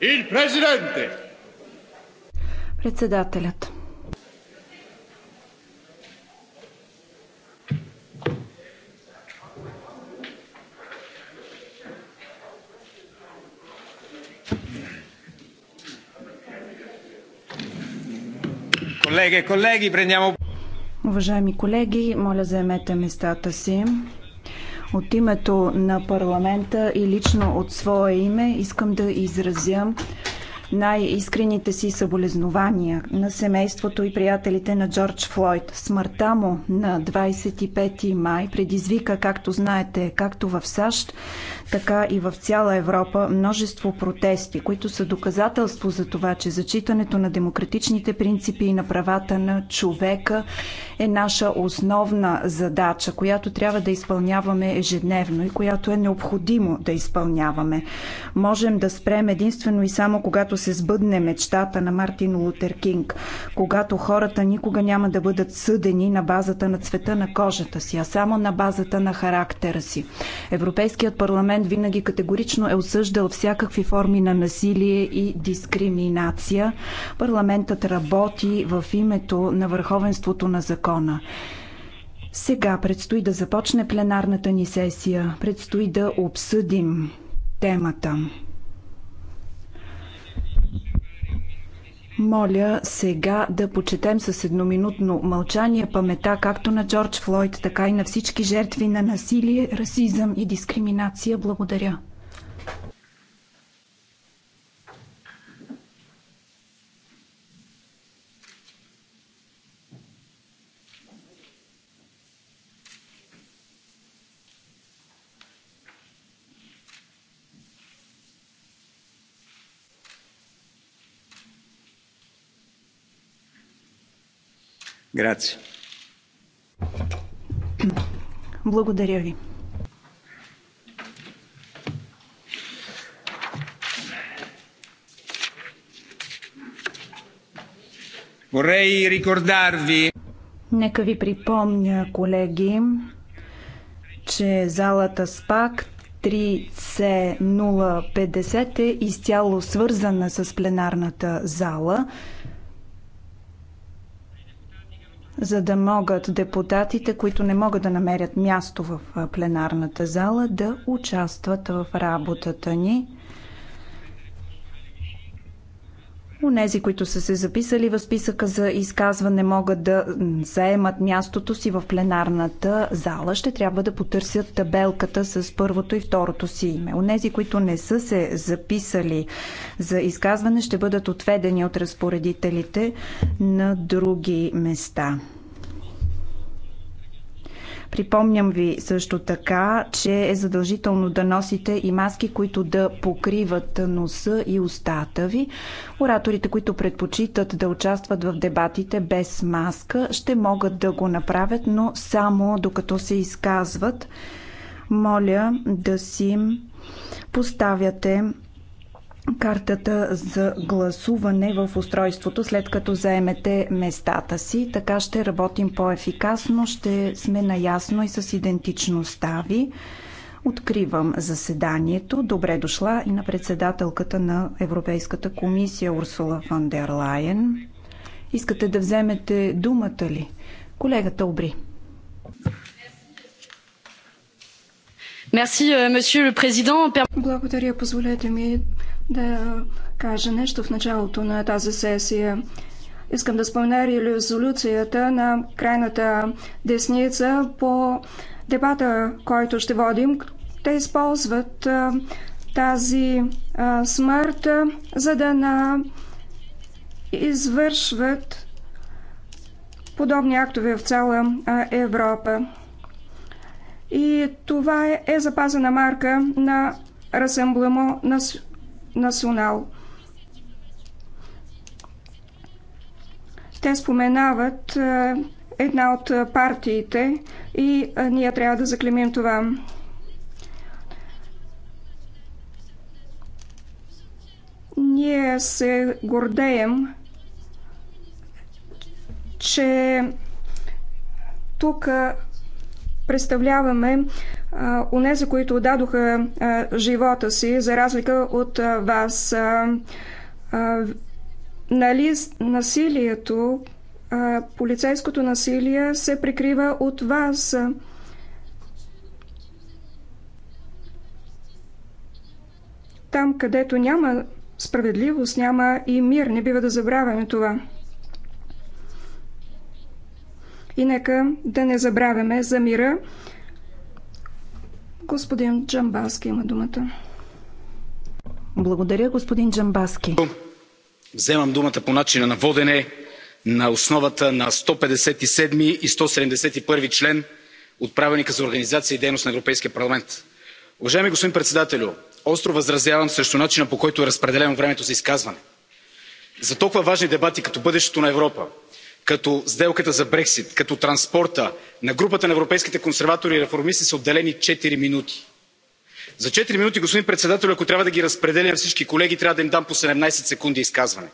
Il Presidente! Председателят. Колеги, колеги, Уважаеми колеги, моля заемете местата си. От името на парламента и лично от свое име искам да изразя най-искрените си съболезнования на семейството и приятелите на Джордж Флойд. Смъртта му на 25 май предизвика, както знаете, както в САЩ, така и в цяла Европа множество протести, които са доказателство за това, че зачитането на демократичните принципи и на правата на човека е наша основна задача, която трябва да изпълняваме ежедневно и която е необходимо да изпълняваме. Можем да спрем единствено и само когато се сбъдне мечтата на Мартин Лутер Кинг, когато хората никога няма да бъдат съдени на базата на цвета на кожата си, а само на базата на характера си. Европейският парламент винаги категорично е осъждал всякакви форми на насилие и дискриминация. Парламентът работи в името на върховенството на закона закона. Сега предстои да започне пленарната ни сесия, предстои да обсъдим темата. Моля сега да почетем с едноминутно мълчание памета както на Джордж Флойд, така и на всички жертви на насилие, расизъм и дискриминация. Благодаря. Грация. Благодаря ви. Vorrei ricordarvi. Нека ви припомня, колеги, че залата СПАК 3C050 е изцяло свързана с пленарната зала за да могат депутатите, които не могат да намерят място в пленарната зала, да участват в работата ни. Онези, които са се записали в списъка за изказване, могат да заемат мястото си в пленарната зала. Ще трябва да потърсят табелката с първото и второто си име. Онези, които не са се записали за изказване, ще бъдат отведени от разпоредителите на други места. Припомням ви също така, че е задължително да носите и маски, които да покриват носа и устата ви. Ораторите, които предпочитат да участват в дебатите без маска, ще могат да го направят, но само докато се изказват. Моля да си поставяте картата за гласуване в устройството, след като заемете местата си. Така ще работим по-ефикасно, ще сме наясно и с идентичността ви. Откривам заседанието. Добре дошла и на председателката на Европейската комисия Урсула фон дер Лайен. Искате да вземете думата ли? Колегата Обри. Euh, Благодаря. Позволете ми да кажа нещо в началото на тази сесия. Искам да спомня резолюцията на крайната десница по дебата, който ще водим. Те използват тази смърт, за да на извършват подобни актове в цяла Европа. И това е, е запазена марка на Расемблемо на национал. Те споменават е, една от партиите и е, ние трябва да заклемим това. Ние се гордеем, че тук представляваме онези, които дадоха живота си, за разлика от вас. нали насилието, полицейското насилие се прикрива от вас. Там, където няма справедливост, няма и мир. Не бива да забравяме това. И нека да не забравяме за мира. Господин Джамбаски има думата. Благодаря, господин Джамбаски. Вземам думата по начина на водене на основата на 157 и 171 член от правилника за организация и дейност на Европейския парламент. Уважаеми господин председателю, остро възразявам срещу начина по който е разпределено времето за изказване. За толкова важни дебати като бъдещето на Европа, като сделката за брекзит като транспорта на групата на европейските консерватори и реформисти са отделени четири минути. за четири минути господин председателю ако трябва да ги разпределя на всички колеги трябва да им дам по седемнадесет секунди изказване.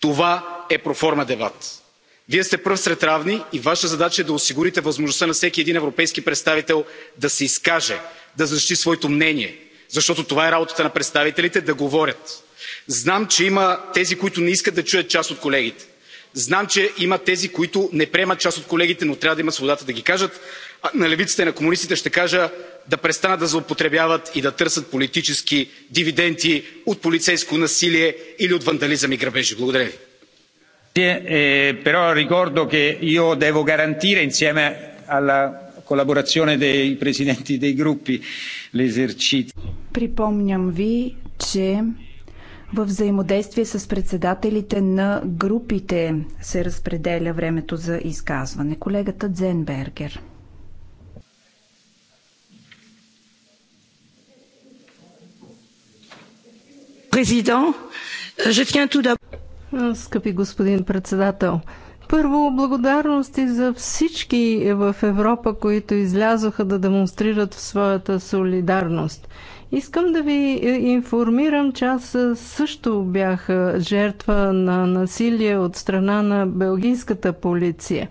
това е проформа дебат. вие сте пръв сред равни и ваша задача е да осигурите възможността на всеки един европейски представител да се изкаже да защити своето мнение защото това е работата на представителите да говорят. знам че има тези които не искат да чуят част от колегите знам че има тези които не приемат част от колегите но трябва да имат свободата да ги кажат. на левицата и на комунистите ще кажа да престанат да злоупотребяват и да търсят политически дивиденти от полицейско насилие или от вандализъм и грабежи. благодаря ви. Е, е, però ricordo che io devo garantire insieme alla collaborazione dei presidenti dei gruppi l'esercizio. Припомням ви, че в взаимодействие с председателите на групите се разпределя времето за изказване. Колегата Дзенбергер. Президент, Скъпи господин председател, първо, благодарности за всички в Европа, които излязоха да демонстрират своята солидарност. Искам да ви е, информирам, че аз е, също бях е, жертва на насилие от страна на белгийската полиция.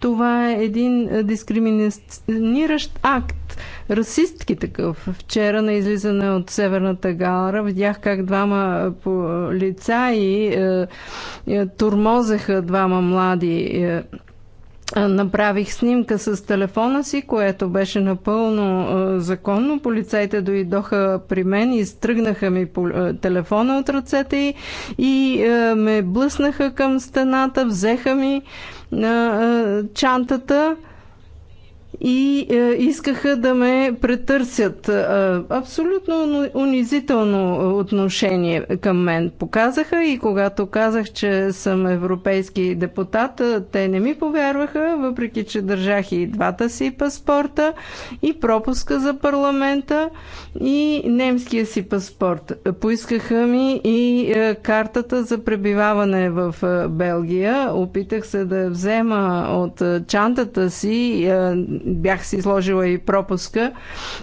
Това е един дискриминиращ акт, расистки такъв. Вчера на излизане от Северната галера видях как двама лица и е, е, турмозеха двама млади е, Направих снимка с телефона си, което беше напълно законно. Полицайите дойдоха при мен, и изтръгнаха ми телефона от ръцете й и ме блъснаха към стената, взеха ми чантата и е, искаха да ме претърсят. Е, абсолютно унизително отношение към мен показаха и когато казах, че съм европейски депутат, е, те не ми повярваха, въпреки че държах и двата си паспорта и пропуска за парламента и немския си паспорт. Поискаха ми и е, картата за пребиваване в е, Белгия. Опитах се да взема от е, чантата си. Бях си сложила и пропуска.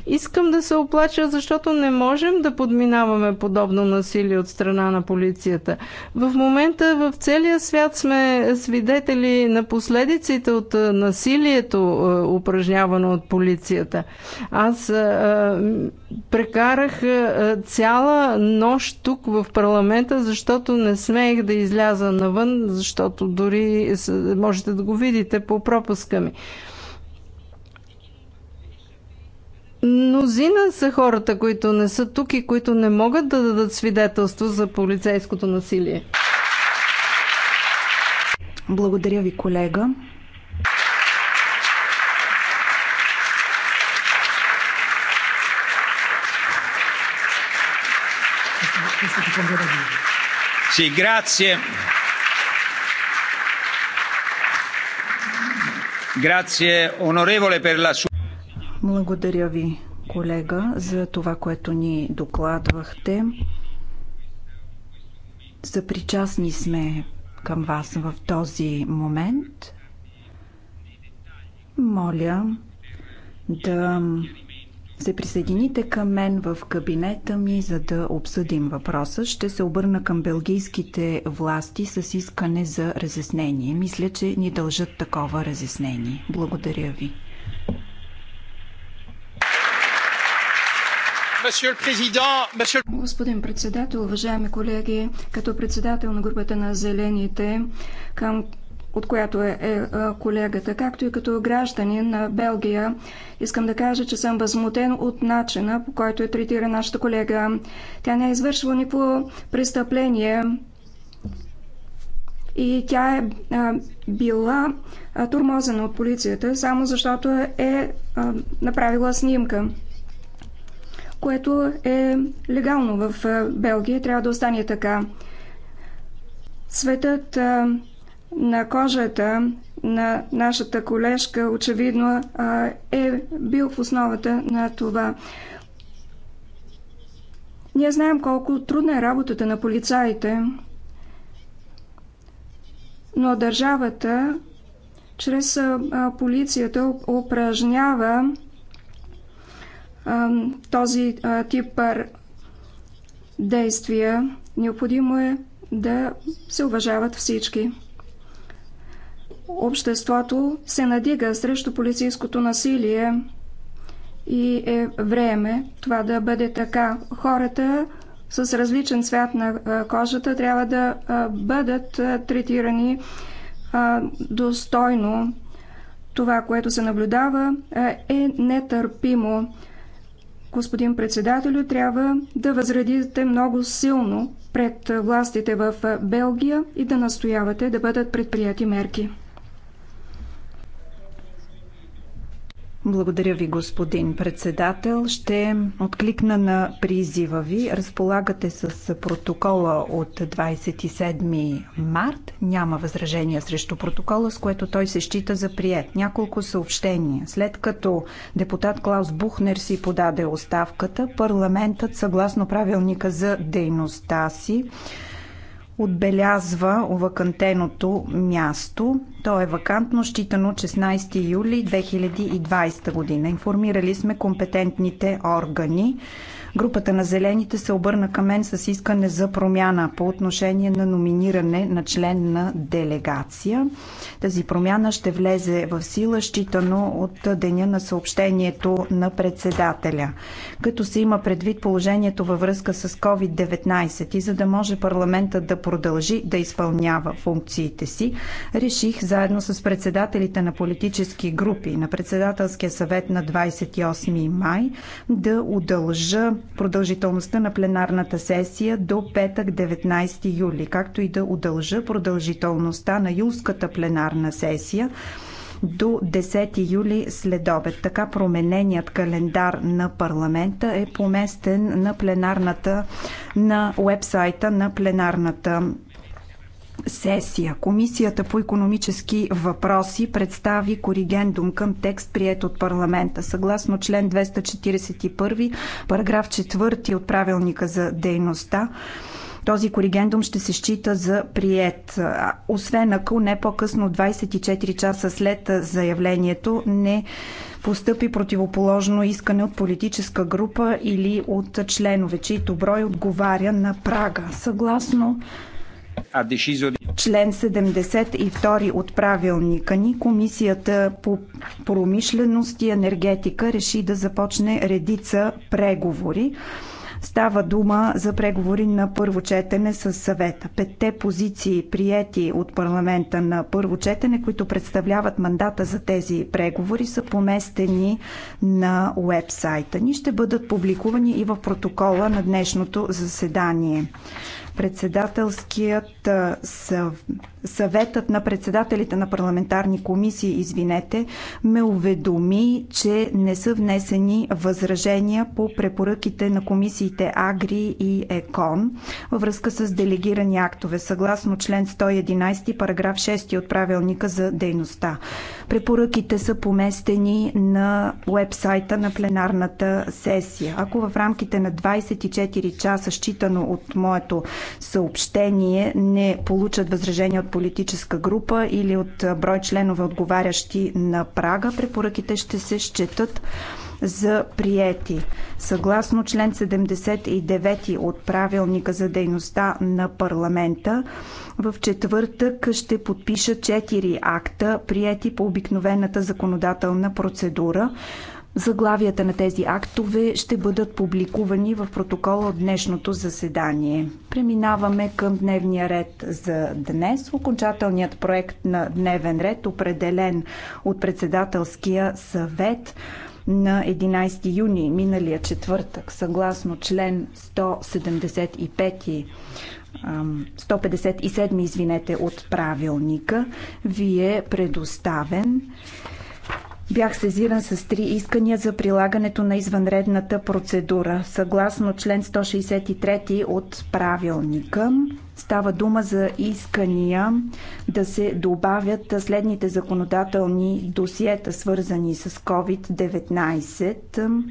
Искам да се оплача, защото не можем да подминаваме подобно насилие от страна на полицията. В момента в целия свят сме свидетели на последиците от насилието, упражнявано от полицията. Аз прекарах е, цяла нощ тук в парламента, защото не смеех да изляза навън, защото дори можете да го видите по пропуска ми. Мнозина са хората, които не са тук и които не могат да дадат свидетелство за полицейското насилие. Благодаря ви, колега. Благодаря ви, колега, за това, което ни докладвахте. Съпричастни сме към вас в този момент. Моля да се присъедините към мен в кабинета ми, за да обсъдим въпроса. Ще се обърна към белгийските власти с искане за разяснение. Мисля, че ни дължат такова разяснение. Благодаря ви. Господин председател, уважаеми колеги, като председател на групата на зелените, към от която е, е, е колегата, както и като гражданин на Белгия. Искам да кажа, че съм възмутен от начина, по който е третира нашата колега. Тя не е извършила никакво престъпление и тя е, е била турмозена от полицията, само защото е направила снимка което е легално в Белгия. Трябва да остане така. Светът на кожата на нашата колежка очевидно е бил в основата на това. Ние знаем колко трудна е работата на полицаите, но държавата чрез полицията упражнява този тип действия. Необходимо е да се уважават всички. Обществото се надига срещу полицейското насилие и е време това да бъде така. Хората с различен цвят на кожата трябва да бъдат третирани достойно. Това, което се наблюдава, е нетърпимо. Господин председателю, трябва да възредите много силно пред властите в Белгия и да настоявате да бъдат предприяти мерки. Благодаря ви, господин председател. Ще откликна на призива ви. Разполагате с протокола от 27 март. Няма възражения срещу протокола, с което той се счита за прият. Няколко съобщения. След като депутат Клаус Бухнер си подаде оставката, парламентът, съгласно правилника за дейността си, отбелязва овакантеното място. То е вакантно, считано 16 юли 2020 година. Информирали сме компетентните органи. Групата на зелените се обърна към мен с искане за промяна по отношение на номиниране на член на делегация. Тази промяна ще влезе в сила, считано от деня на съобщението на председателя. Като се има предвид положението във връзка с COVID-19 и за да може парламентът да продължи да изпълнява функциите си, реших заедно с председателите на политически групи на председателския съвет на 28 май да удължа продължителността на пленарната сесия до петък 19 юли, както и да удължа продължителността на юлската пленарна сесия до 10 юли след обед. Така промененият календар на парламента е поместен на пленарната на уебсайта на пленарната сесия. Комисията по економически въпроси представи коригендум към текст, прият от парламента. Съгласно член 241, параграф 4 от правилника за дейността, този коригендум ще се счита за прият, освен ако не по-късно 24 часа след заявлението не постъпи противоположно искане от политическа група или от членове, чието брой отговаря на прага. Съгласно Член 72 от правилника ни Комисията по промишленост и енергетика реши да започне редица преговори. Става дума за преговори на първо четене с съвета. Петте позиции, приети от парламента на първо четене, които представляват мандата за тези преговори, са поместени на уебсайта ни. Ще бъдат публикувани и в протокола на днешното заседание председателският съвет съветът на председателите на парламентарни комисии, извинете, ме уведоми, че не са внесени възражения по препоръките на комисиите Агри и ЕКОН във връзка с делегирани актове, съгласно член 111, параграф 6 от правилника за дейността. Препоръките са поместени на вебсайта на пленарната сесия. Ако в рамките на 24 часа, считано от моето съобщение, не получат възражения от политическа група или от брой членове отговарящи на прага, препоръките ще се счетат за приети. Съгласно член 79 от правилника за дейността на парламента, в четвъртък ще подпиша 4 акта, приети по обикновената законодателна процедура. Заглавията на тези актове ще бъдат публикувани в протокола от днешното заседание. Преминаваме към дневния ред за днес. Окончателният проект на дневен ред, определен от председателския съвет на 11 юни миналия четвъртък, съгласно член 175 157 извинете, от правилника, ви е предоставен. Бях сезиран с три искания за прилагането на извънредната процедура. Съгласно член 163 от правилника, става дума за искания да се добавят следните законодателни досиета, свързани с COVID-19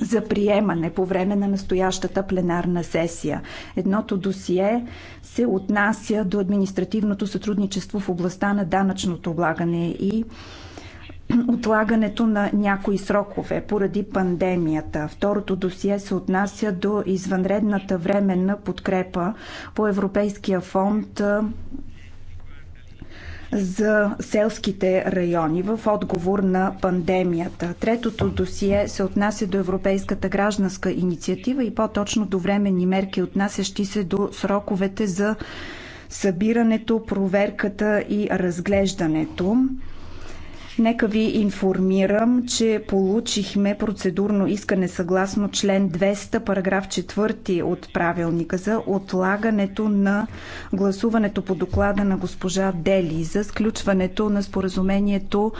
за приемане по време на настоящата пленарна сесия. Едното досие се отнася до административното сътрудничество в областта на данъчното облагане и отлагането на някои срокове поради пандемията. Второто досие се отнася до извънредната временна подкрепа по Европейския фонд за селските райони в отговор на пандемията. Третото досие се отнася до Европейската гражданска инициатива и по-точно до временни мерки, отнасящи се до сроковете за събирането, проверката и разглеждането. Нека ви информирам, че получихме процедурно искане съгласно член 200, параграф 4 от правилника за отлагането на гласуването по доклада на госпожа Дели за сключването на споразумението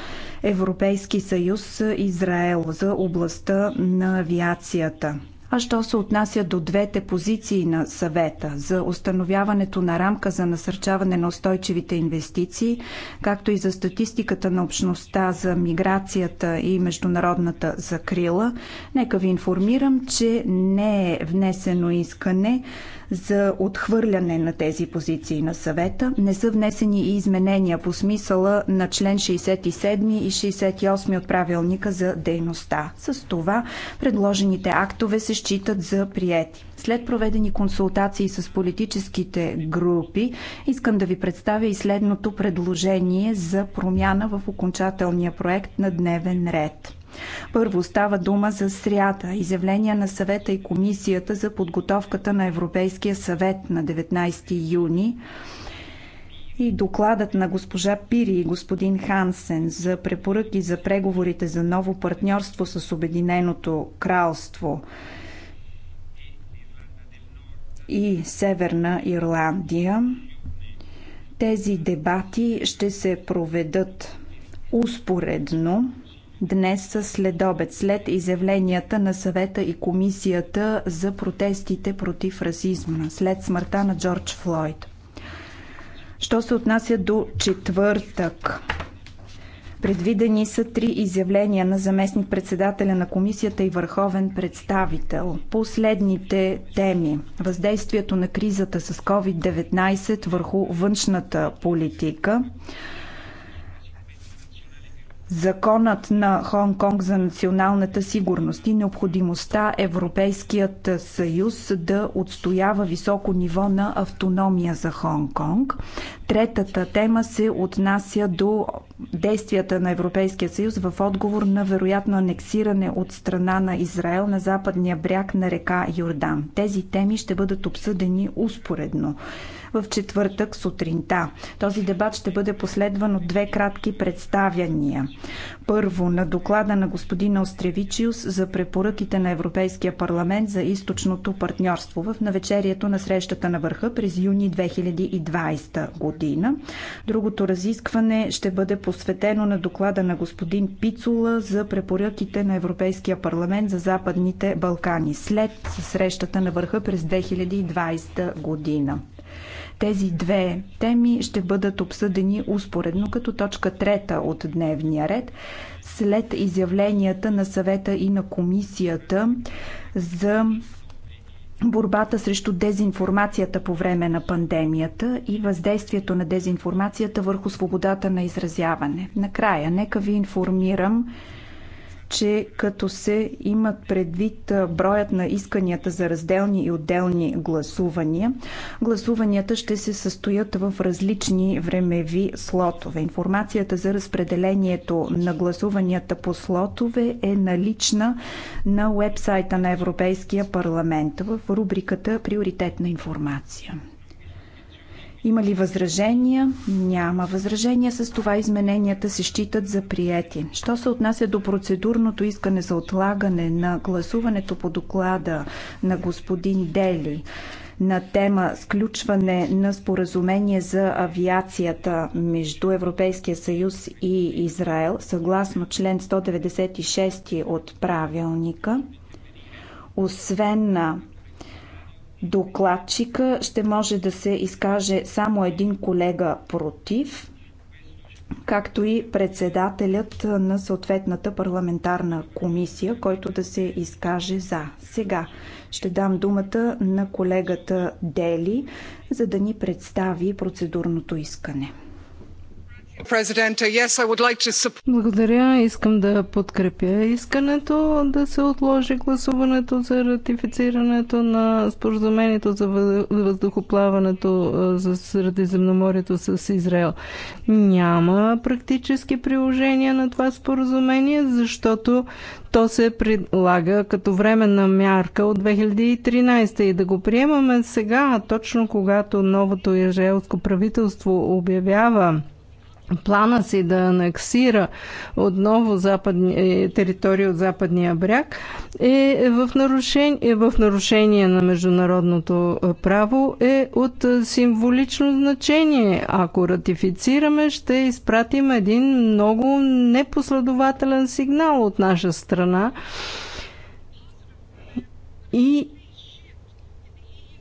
Европейски съюз Израел за областта на авиацията. А що се отнася до двете позиции на съвета за установяването на рамка за насърчаване на устойчивите инвестиции, както и за статистиката на общността за миграцията и международната закрила, нека ви информирам, че не е внесено искане за отхвърляне на тези позиции на съвета. Не са внесени и изменения по смисъла на член 67 и 68 от правилника за дейността. С това предложените актове се считат за приети. След проведени консултации с политическите групи, искам да ви представя и следното предложение за промяна в окончателния проект на дневен ред. Първо става дума за сряда, изявление на съвета и комисията за подготовката на Европейския съвет на 19 юни и докладът на госпожа Пири и господин Хансен за препоръки за преговорите за ново партньорство с Обединеното кралство и Северна Ирландия. Тези дебати ще се проведат успоредно днес след обед, след изявленията на съвета и комисията за протестите против расизма, след смъртта на Джордж Флойд. Що се отнася до четвъртък? Предвидени са три изявления на заместник председателя на комисията и върховен представител. Последните теми – въздействието на кризата с COVID-19 върху външната политика – законът на Хонг Конг за националната сигурност и необходимостта Европейският съюз да отстоява високо ниво на автономия за Хонг Конг. Третата тема се отнася до действията на Европейския съюз в отговор на вероятно анексиране от страна на Израел на западния бряг на река Йордан. Тези теми ще бъдат обсъдени успоредно в четвъртък сутринта. Този дебат ще бъде последван от две кратки представяния. Първо, на доклада на господин Остревичиус за препоръките на Европейския парламент за източното партньорство в навечерието на срещата на върха през юни 2020 година. Другото разискване ще бъде посветено на доклада на господин Пицула за препоръките на Европейския парламент за Западните Балкани след срещата на върха през 2020 година. Тези две теми ще бъдат обсъдени успоредно като точка трета от дневния ред след изявленията на съвета и на комисията за борбата срещу дезинформацията по време на пандемията и въздействието на дезинформацията върху свободата на изразяване. Накрая, нека ви информирам, че като се имат предвид броят на исканията за разделни и отделни гласувания, гласуванията ще се състоят в различни времеви слотове. Информацията за разпределението на гласуванията по слотове е налична на уебсайта на Европейския парламент в рубриката Приоритетна информация. Има ли възражения? Няма възражения. С това измененията се считат за приети. Що се отнася до процедурното искане за отлагане на гласуването по доклада на господин Дели на тема сключване на споразумение за авиацията между Европейския съюз и Израел, съгласно член 196 от правилника, освен на докладчика ще може да се изкаже само един колега против, както и председателят на съответната парламентарна комисия, който да се изкаже за. Сега ще дам думата на колегата Дели, за да ни представи процедурното искане. Благодаря. Искам да подкрепя искането да се отложи гласуването за ратифицирането на споразумението за въздухоплаването за Средиземноморието с Израел. Няма практически приложения на това споразумение, защото то се предлага като временна мярка от 2013 и да го приемаме сега, точно когато новото израелско правителство обявява плана си да анексира отново западни, е, територии от западния бряг е в, нарушение, е в нарушение на международното е, право е от е, символично значение. Ако ратифицираме, ще изпратим един много непоследователен сигнал от наша страна и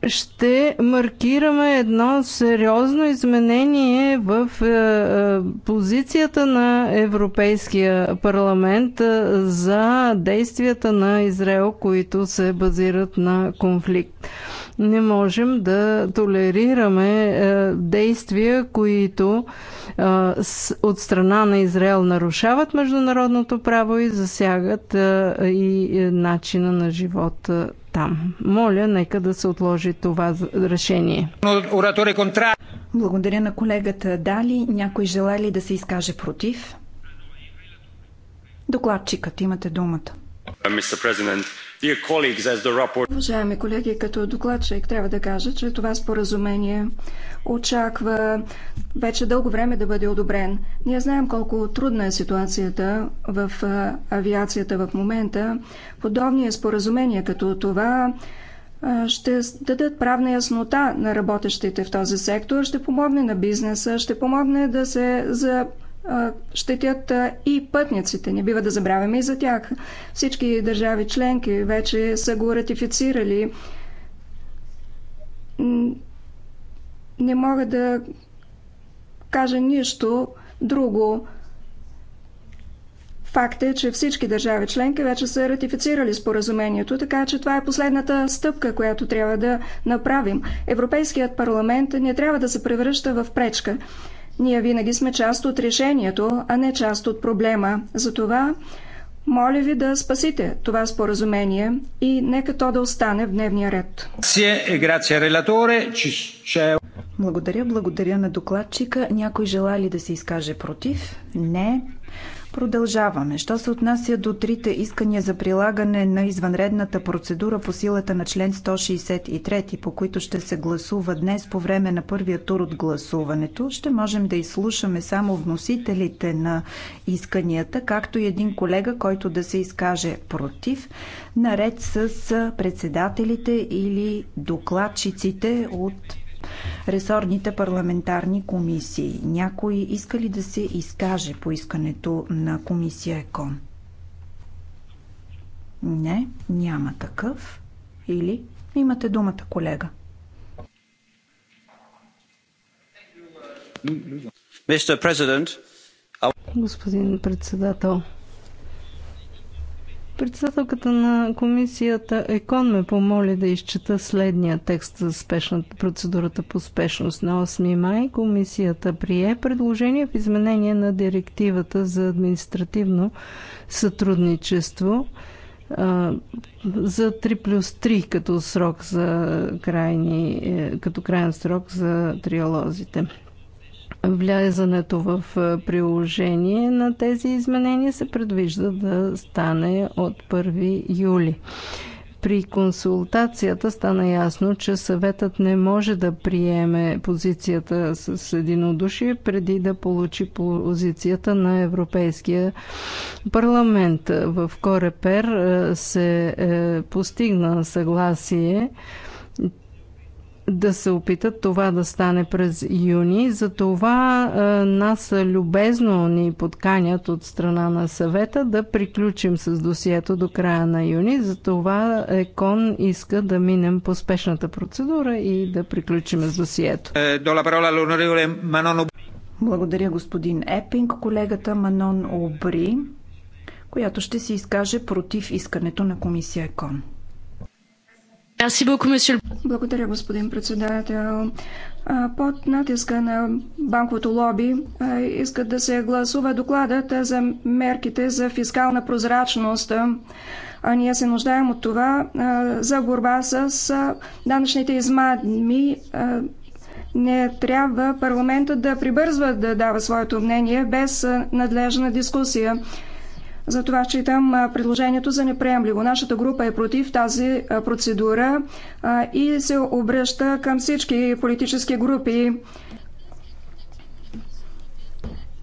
ще маркираме едно сериозно изменение в е, е, позицията на Европейския парламент е, за действията на Израел, които се базират на конфликт. Не можем да толерираме действия, които от страна на Израел нарушават международното право и засягат и начина на живота там. Моля, нека да се отложи това решение. Е Благодаря на колегата Дали. Някой желая ли да се изкаже против? Докладчикът, имате думата. Uh, Уважаеми колеги, като докладчик трябва да кажа, че това споразумение очаква вече дълго време да бъде одобрен. Ние знаем колко трудна е ситуацията в авиацията в момента. Подобни споразумения като това ще дадат правна яснота на работещите в този сектор, ще помогне на бизнеса, ще помогне да се за щетят и пътниците. Не бива да забравяме и за тях. Всички държави членки вече са го ратифицирали. Не мога да кажа нищо друго. Факт е, че всички държави членки вече са ратифицирали споразумението, така че това е последната стъпка, която трябва да направим. Европейският парламент не трябва да се превръща в пречка. Ние винаги сме част от решението, а не част от проблема. Затова моля ви да спасите това споразумение и нека то да остане в дневния ред. E благодаря, благодаря на докладчика. Някой желали да се изкаже против? Не. Продължаваме. Що се отнася до трите искания за прилагане на извънредната процедура по силата на член 163, по които ще се гласува днес по време на първия тур от гласуването, ще можем да изслушаме само вносителите на исканията, както и един колега, който да се изкаже против, наред с председателите или докладчиците от ресорните парламентарни комисии. Някой иска ли да се изкаже по искането на комисия ЕКОН? Не, няма такъв. Или имате думата, колега. Господин председател, Председателката на комисията ЕКОН ме помоли да изчета следния текст за спешната, процедурата по спешност. На 8 май комисията прие предложение в изменение на директивата за административно сътрудничество за 3 плюс 3 като срок за крайни, е, като крайен срок за триолозите. Влязането в приложение на тези изменения се предвижда да стане от 1 юли. При консултацията стана ясно, че съветът не може да приеме позицията с единодушие преди да получи позицията на Европейския парламент. В Корепер се е, постигна съгласие да се опитат това да стане през юни. За това е, нас любезно ни подканят от страна на съвета да приключим с досието до края на юни. За това ЕКОН иска да минем по спешната процедура и да приключим с досието. Е, Благодаря господин Епинг, колегата Манон Обри, която ще се изкаже против искането на комисия ЕКОН. Благодаря, господин председател. Под натиска на банковото лоби искат да се гласува докладът за мерките за фискална прозрачност. А ние се нуждаем от това за борба с данъчните измами. Не трябва парламентът да прибързва да дава своето мнение без надлежна дискусия. Затова считам предложението за неприемливо. Нашата група е против тази процедура и се обръща към всички политически групи.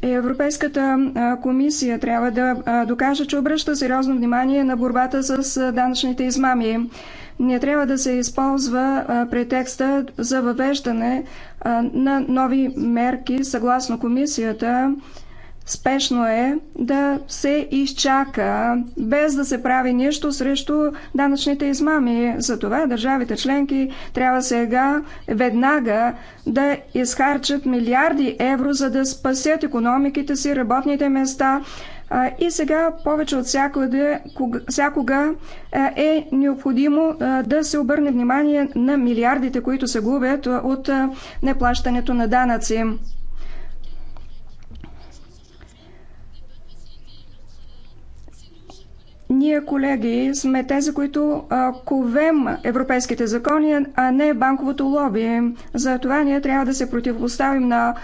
Европейската комисия трябва да докаже, че обръща сериозно внимание на борбата с данъчните измами. Не трябва да се използва претекста за въвеждане на нови мерки, съгласно комисията, Спешно е да се изчака, без да се прави нищо срещу данъчните измами. Затова държавите членки трябва сега веднага да изхарчат милиарди евро, за да спасят економиките си, работните места. И сега повече от всякога, всякога е необходимо да се обърне внимание на милиардите, които се губят от неплащането на данъци. Ние, колеги, сме тези, които а, ковем европейските закони, а не банковото лоби. Затова ние трябва да се противопоставим на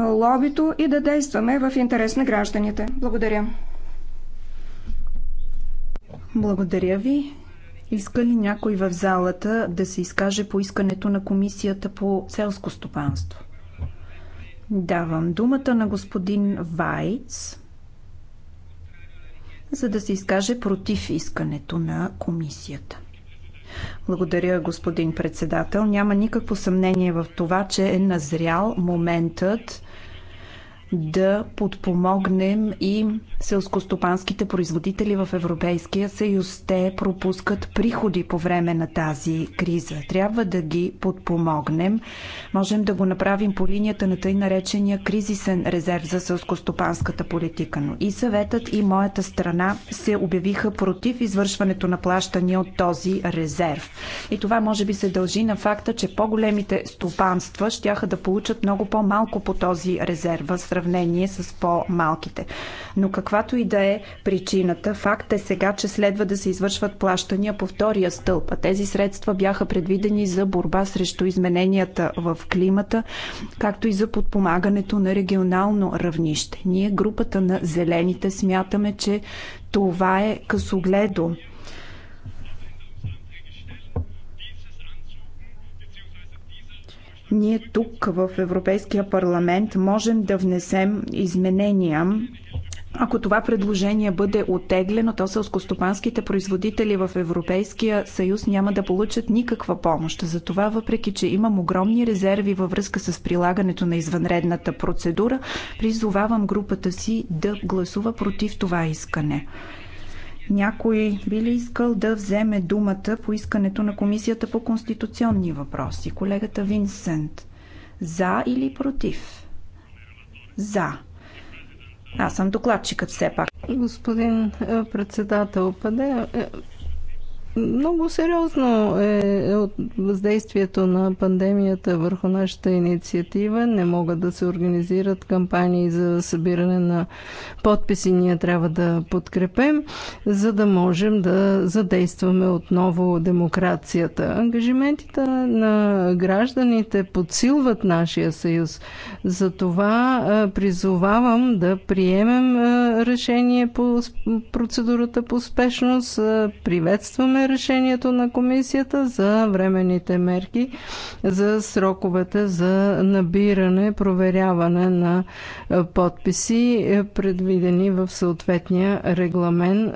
лобито и да действаме в интерес на гражданите. Благодаря. Благодаря ви. Иска ли някой в залата да се изкаже по искането на Комисията по селско стопанство? Давам думата на господин Вайц за да се изкаже против искането на комисията. Благодаря, господин председател. Няма никакво съмнение в това, че е назрял моментът да подпомогнем и селскостопанските производители в Европейския съюз. Те пропускат приходи по време на тази криза. Трябва да ги подпомогнем. Можем да го направим по линията на тъй наречения кризисен резерв за селскостопанската политика. Но и съветът, и моята страна се обявиха против извършването на плащания от този резерв. И това може би се дължи на факта, че по-големите стопанства щяха да получат много по-малко по този резерв в сравнение с по-малките. Но каквато и да е причината, факт е сега, че следва да се извършват плащания по втория стълб. А тези средства бяха предвидени за борба срещу измененията в климата, както и за подпомагането на регионално равнище. Ние, групата на зелените, смятаме, че това е късогледо Ние тук в Европейския парламент можем да внесем изменения ако това предложение бъде оттеглено, то селскостопанските производители в Европейския съюз няма да получат никаква помощ. Затова, въпреки че имам огромни резерви във връзка с прилагането на извънредната процедура, призовавам групата си да гласува против това искане. Някой би ли искал да вземе думата по искането на Комисията по конституционни въпроси? Колегата Винсент. За или против? За. Аз съм докладчикът все пак. Господин е, председател, много сериозно е, е от въздействието на пандемията върху нашата инициатива. Не могат да се организират кампании за събиране на подписи. Ние трябва да подкрепем, за да можем да задействаме отново демокрацията. Ангажиментите на гражданите подсилват нашия съюз. Затова е, призовавам да приемем е, решение по процедурата по спешност. Приветстваме решението на комисията за временните мерки за сроковете за набиране, проверяване на е, подписи, е, предвидени в съответния регламент,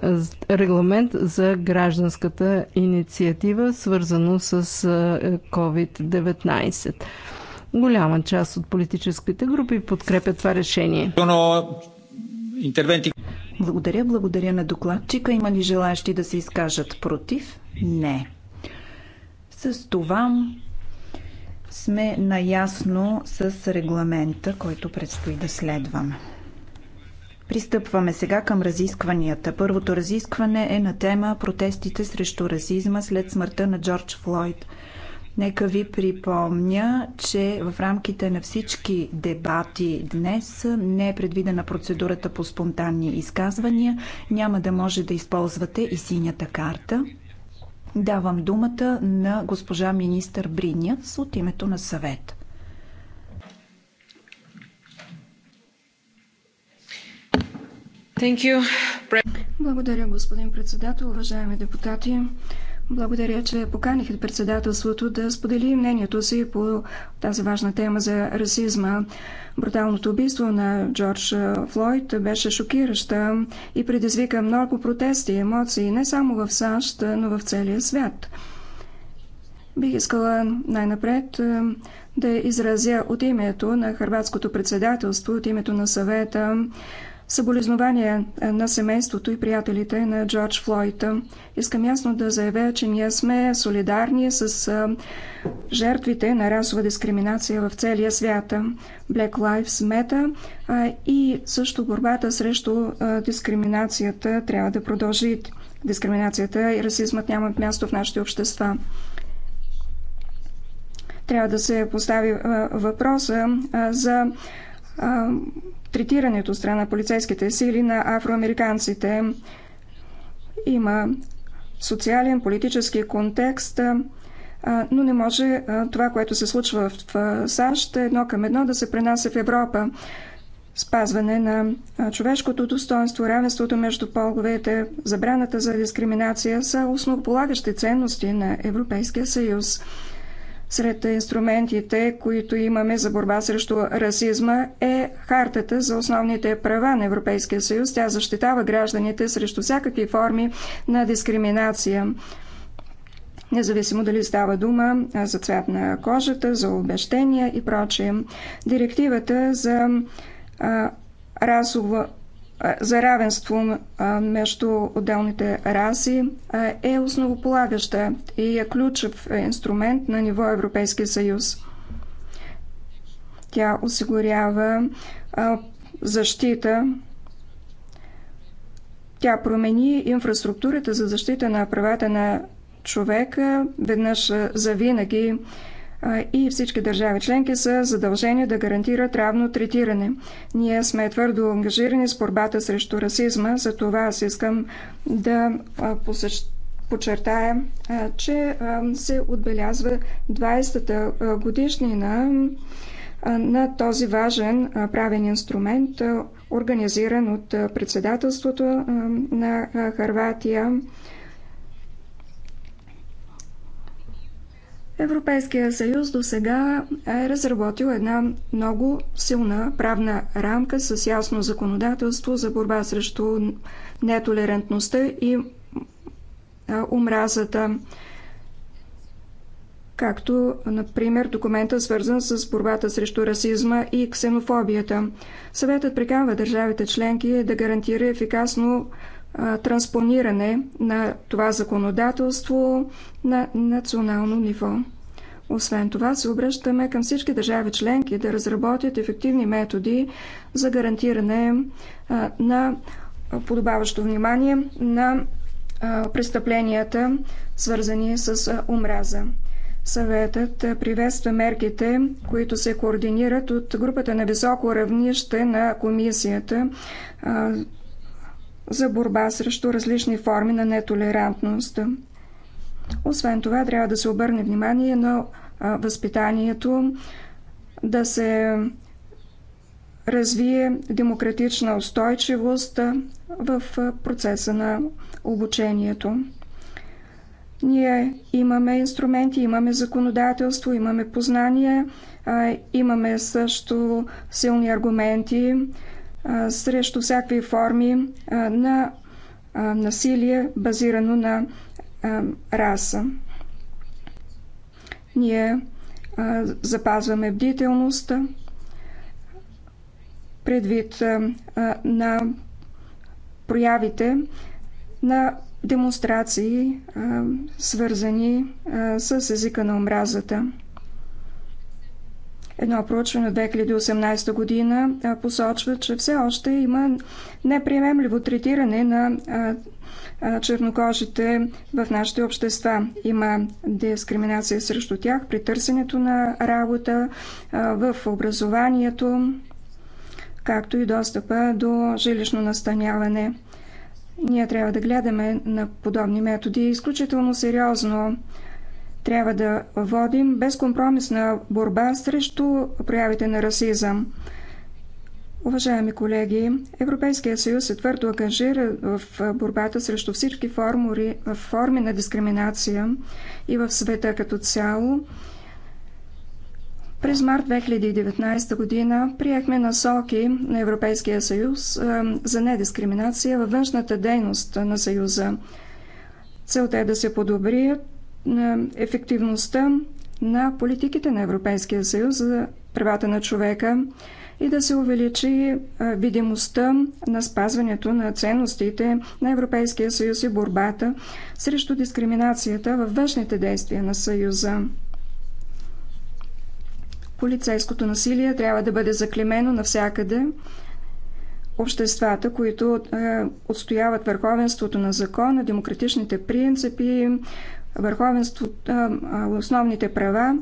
регламент за гражданската инициатива, свързано с е, COVID-19 голяма част от политическите групи подкрепят това решение. Благодаря, благодаря на докладчика. Има ли желаящи да се изкажат против? Не. С това сме наясно с регламента, който предстои да следваме. Пристъпваме сега към разискванията. Първото разискване е на тема протестите срещу расизма след смъртта на Джордж Флойд. Нека ви припомня, че в рамките на всички дебати днес не е предвидена процедурата по спонтанни изказвания. Няма да може да използвате и синята карта. Давам думата на госпожа министър Бриняц от името на съвет. Благодаря, господин председател, уважаеми депутати. Благодаря, че поканих председателството да сподели мнението си по тази важна тема за расизма. Бруталното убийство на Джордж Флойд беше шокираща и предизвика много протести и емоции не само в САЩ, но в целия свят. Бих искала най-напред да изразя от името на Харватското председателство, от името на съвета, Съболезнования е, на семейството и приятелите на Джордж Флойд. Искам ясно да заявя, че ние сме солидарни с е, жертвите на расова дискриминация в целия свят. Black Lives Matter е, и също борбата срещу дискриминацията трябва да продължи. Дискриминацията и расизмът нямат място в нашите общества трябва да се постави въпроса за третирането страна на полицейските сили на афроамериканците. Има социален, политически контекст, но не може това, което се случва в САЩ, едно към едно да се пренася в Европа. Спазване на човешкото достоинство, равенството между половете, забраната за дискриминация са основополагащи ценности на Европейския съюз. Сред инструментите, които имаме за борба срещу расизма е Хартата за основните права на Европейския съюз. Тя защитава гражданите срещу всякакви форми на дискриминация. Независимо дали става дума за цвят на кожата, за обещения и прочее. Директивата за расово за равенство между отделните раси е основополагаща и е ключов инструмент на ниво Европейския съюз. Тя осигурява защита. Тя промени инфраструктурата за защита на правата на човека веднъж за винаги и всички държави членки са задължени да гарантират равно третиране. Ние сме твърдо ангажирани с борбата срещу расизма, за това аз искам да посещам подчертая, че се отбелязва 20-та годишнина на този важен правен инструмент, организиран от председателството на Харватия Европейския съюз до сега е разработил една много силна правна рамка с ясно законодателство за борба срещу нетолерантността и омразата, както, например, документа свързан с борбата срещу расизма и ксенофобията. Съветът приканва държавите членки да гарантира ефикасно транспониране на това законодателство на национално ниво. Освен това, се обръщаме към всички държави членки да разработят ефективни методи за гарантиране на подобаващо внимание на престъпленията, свързани с омраза. Съветът приветства мерките, които се координират от групата на високо равнище на комисията за борба срещу различни форми на нетолерантност. Освен това, трябва да се обърне внимание на възпитанието, да се развие демократична устойчивост в процеса на обучението. Ние имаме инструменти, имаме законодателство, имаме познания, имаме също силни аргументи, срещу всякакви форми на насилие, базирано на раса. Ние запазваме бдителността, предвид на проявите на демонстрации, свързани с езика на омразата. Едно проучване от 2018 година посочва, че все още има неприемливо третиране на чернокожите в нашите общества. Има дискриминация срещу тях при търсенето на работа, в образованието, както и достъпа до жилищно настаняване. Ние трябва да гледаме на подобни методи изключително сериозно. Трябва да водим безкомпромисна борба срещу проявите на расизъм. Уважаеми колеги, Европейския съюз се твърдо ангажира в борбата срещу всички формури, форми на дискриминация и в света като цяло. През март 2019 година приехме насоки на Европейския съюз за недискриминация във външната дейност на съюза. Целта е да се подобрят на ефективността на политиките на Европейския съюз за правата на човека и да се увеличи видимостта на спазването на ценностите на Европейския съюз и борбата срещу дискриминацията във външните действия на съюза. Полицейското насилие трябва да бъде заклемено навсякъде. Обществата, които отстояват върховенството на закона, демократичните принципи, върховенството, основните права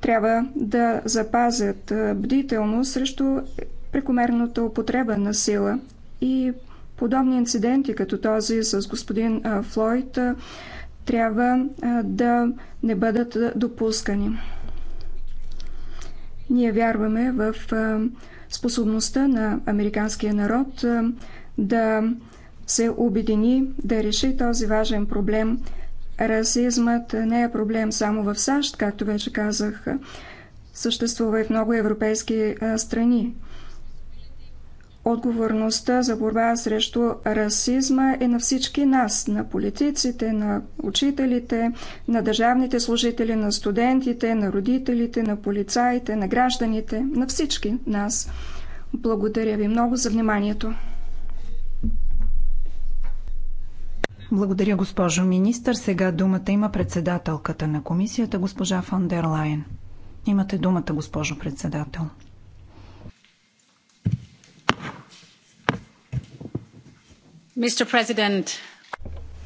трябва да запазят бдително срещу прекомерната употреба на сила и подобни инциденти, като този с господин Флойд, трябва да не бъдат допускани. Ние вярваме в способността на американския народ да се обедини, да реши този важен проблем. Расизмът не е проблем само в САЩ, както вече казах. Съществува и в много европейски страни. Отговорността за борба срещу расизма е на всички нас, на политиците, на учителите, на държавните служители, на студентите, на родителите, на полицаите, на гражданите, на всички нас. Благодаря ви много за вниманието. Благодаря, госпожо министър. Сега думата има председателката на комисията, госпожа Фон дер Лайен. Имате думата, госпожо председател.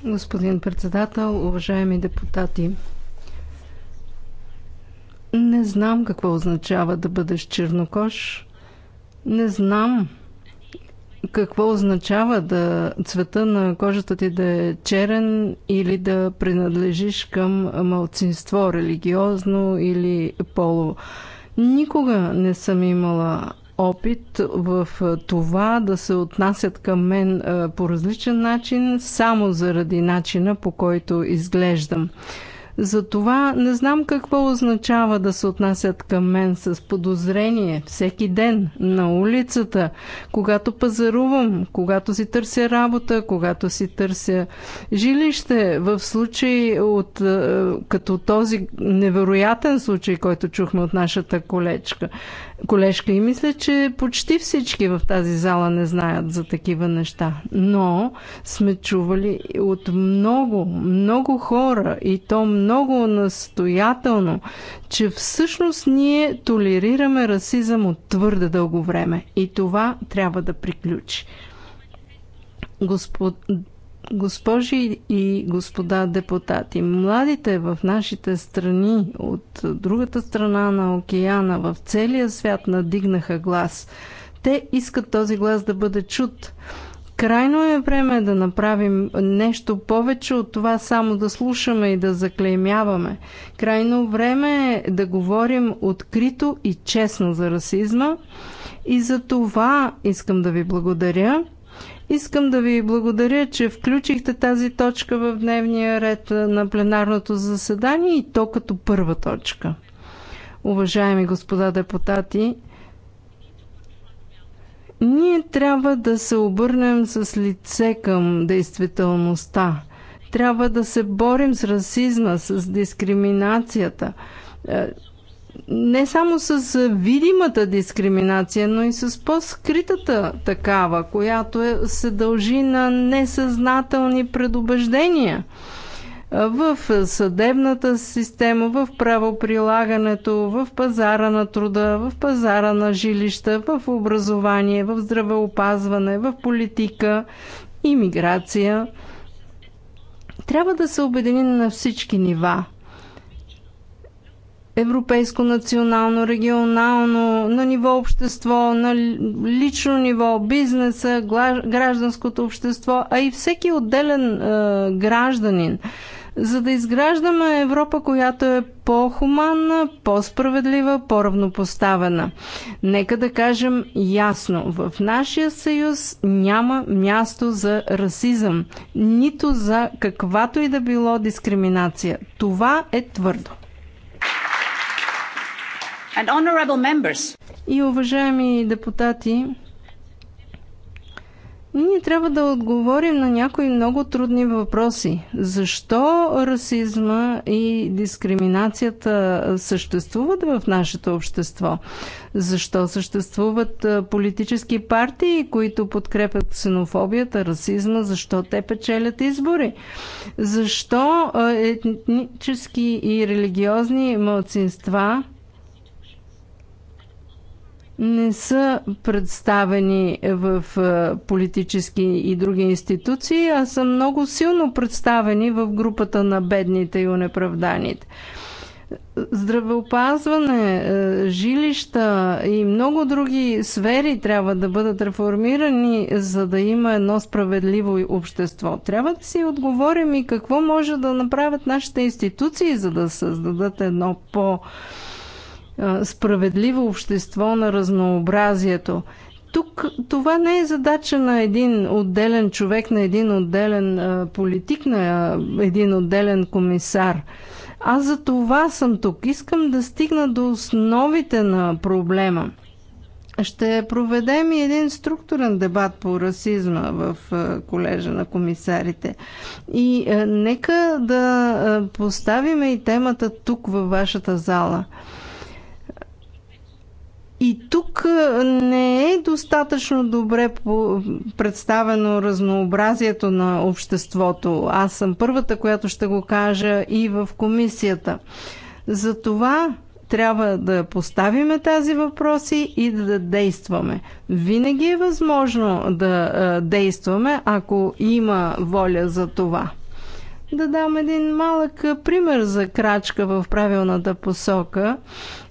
Господин председател, уважаеми депутати, не знам какво означава да бъдеш чернокож. Не знам какво означава да цвета на кожата ти да е черен или да принадлежиш към малцинство, религиозно или полово. Никога не съм имала опит в това да се отнасят към мен по различен начин, само заради начина по който изглеждам. Затова не знам какво означава да се отнасят към мен с подозрение всеки ден на улицата, когато пазарувам, когато си търся работа, когато си търся жилище. В случай от, е, като този невероятен случай, който чухме от нашата колечка колежка и мисля, че почти всички в тази зала не знаят за такива неща. Но сме чували от много, много хора и то много настоятелно, че всъщност ние толерираме расизъм от твърде дълго време и това трябва да приключи. Господ... Госпожи и господа депутати, младите в нашите страни, от другата страна на океана, в целия свят надигнаха глас. Те искат този глас да бъде чут. Крайно е време да направим нещо повече от това само да слушаме и да заклеймяваме. Крайно време е да говорим открито и честно за расизма. И за това искам да ви благодаря. Искам да ви благодаря, че включихте тази точка в дневния ред на пленарното заседание и то като първа точка. Уважаеми господа депутати, ние трябва да се обърнем с лице към действителността. Трябва да се борим с расизма, с дискриминацията е, не само с видимата дискриминация, но и с по-скритата такава, която е, се дължи на несъзнателни предубеждения в съдебната система, в правоприлагането, в пазара на труда, в пазара на жилища, в образование, в здравеопазване, в политика, имиграция. Трябва да се обедини на всички нива – европейско, национално, регионално, на ниво общество, на лично ниво, бизнеса, гражданското общество, а и всеки отделен е, гражданин. За да изграждаме Европа, която е по-хуманна, по-справедлива, по-равнопоставена. Нека да кажем ясно, в нашия съюз няма място за расизъм, нито за каквато и да било дискриминация. Това е твърдо. И уважаеми депутати, ние трябва да отговорим на някои много трудни въпроси. Защо расизма и дискриминацията съществуват в нашето общество? Защо съществуват политически партии, които подкрепят ксенофобията, расизма? Защо те печелят избори? Защо етнически и религиозни мълцинства – не са представени в политически и други институции, а са много силно представени в групата на бедните и унеправданите здравеопазване, жилища и много други сфери трябва да бъдат реформирани, за да има едно справедливо общество. Трябва да си отговорим и какво може да направят нашите институции, за да създадат едно по- справедливо общество на разнообразието. Тук това не е задача на един отделен човек, на един отделен политик, на един отделен комисар. Аз за това съм тук. Искам да стигна до основите на проблема. Ще проведем и един структурен дебат по расизма в колежа на комисарите. И нека да поставим и темата тук във вашата зала. И тук не е достатъчно добре представено разнообразието на обществото. Аз съм първата, която ще го кажа и в комисията. Затова трябва да поставиме тази въпроси и да действаме. Винаги е възможно да действаме, ако има воля за това да дам един малък пример за крачка в правилната посока.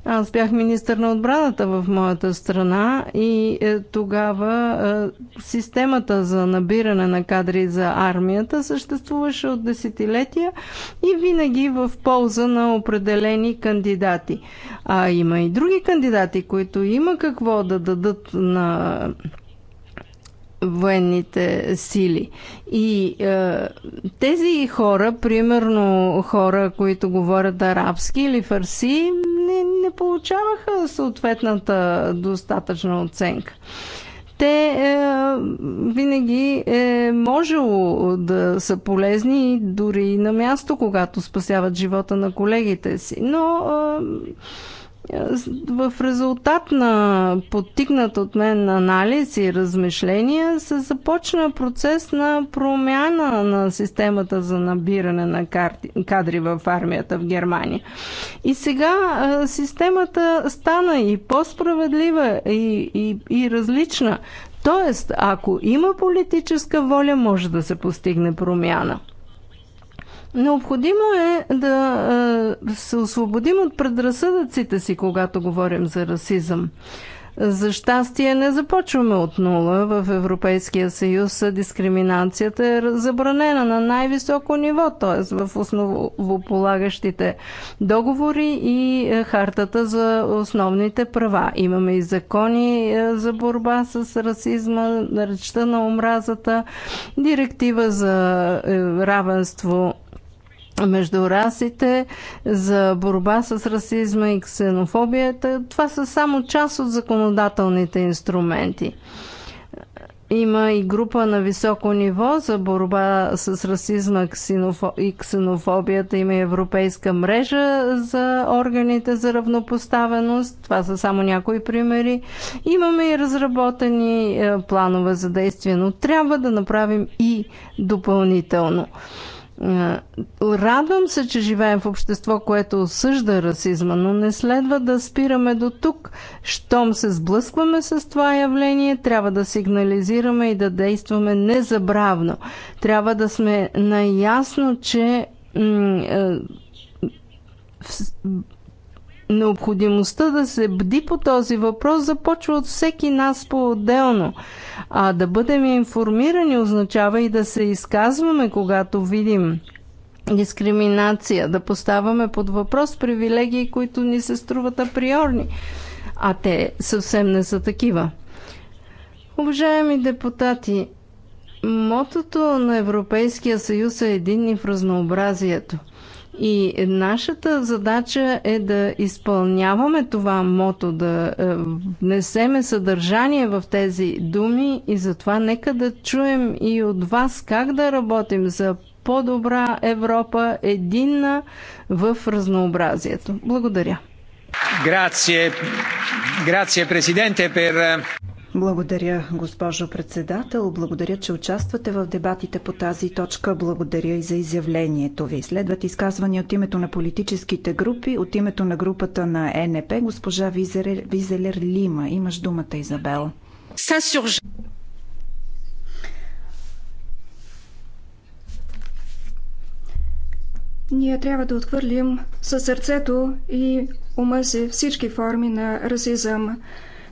Аз бях министър на отбраната в моята страна и е, тогава системата за набиране на кадри за армията съществуваше от десетилетия и винаги в полза на определени кандидати. А има и други кандидати, които има какво да дадат на военните сили. И е, тези хора, примерно хора, които говорят арабски или фарси, не, не получаваха съответната достатъчна оценка те е, винаги е можело да са полезни дори и на място, когато спасяват живота на колегите си. Но е, в резултат на подтигнат от мен анализ и размишления се започна процес на промяна на системата за набиране на кадри в армията в Германия. И сега системата стана и по-справедлива и, и, и различна. Тоест, ако има политическа воля, може да се постигне промяна. Необходимо е, е да се освободим от предразсъдъците си, когато говорим за расизъм. За щастие не започваме от нула. В Европейския съюз дискриминацията е забранена на най-високо ниво, т.е. в основополагащите договори и е, хартата за основните права. Имаме и закони е, за борба с расизма, речта на омразата, директива за равенство между расите, за борба с расизма и ксенофобията. Това са само част от законодателните инструменти. Има и група на високо ниво за борба с расизма и ксенофобията. Има и европейска мрежа за органите за равнопоставеност. Това са само някои примери. Имаме и разработени е, планове за действие, но трябва да направим и допълнително. Радвам се, че живеем в общество, което осъжда расизма, но не следва да спираме до тук. Щом се сблъскваме с това явление, трябва да сигнализираме и да действаме незабравно. Трябва да сме наясно, че необходимостта да се бди по този въпрос започва от всеки нас по-отделно. А да бъдем информирани означава и да се изказваме, когато видим дискриминация, да поставяме под въпрос привилегии, които ни се струват априорни. А те съвсем не са такива. Уважаеми депутати, мотото на Европейския съюз е единни в разнообразието – и нашата задача е да изпълняваме това мото, да е, внесеме съдържание в тези думи и затова нека да чуем и от вас как да работим за по-добра Европа, единна в разнообразието. Благодаря. Grazie, grazie Presidente per... Благодаря, госпожо председател. Благодаря, че участвате в дебатите по тази точка. Благодаря и за изявлението ви. Следват изказвания от името на политическите групи, от името на групата на е НП. Госпожа Визелер, Визелер Лима, имаш думата, Изабел. Ние трябва да отхвърлим със сърцето и ума си всички форми на расизъм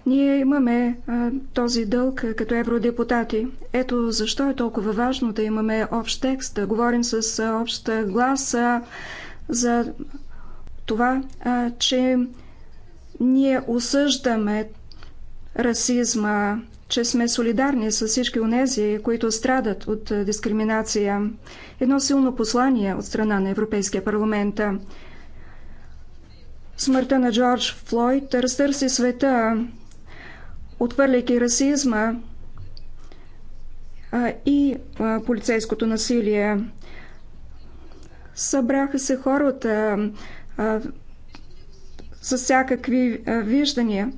ние имаме а, този дълг като евродепутати. Ето защо е толкова важно да имаме общ текст, да говорим с а, общ глас а, за това, а, че ние осъждаме расизма, че сме солидарни с всички онези, които страдат от дискриминация. Едно силно послание от страна на Европейския парламент. Смъртта на Джордж Флойд разтърси света отвърляйки расизма и полицейското насилие. Събраха се хората с всякакви виждания.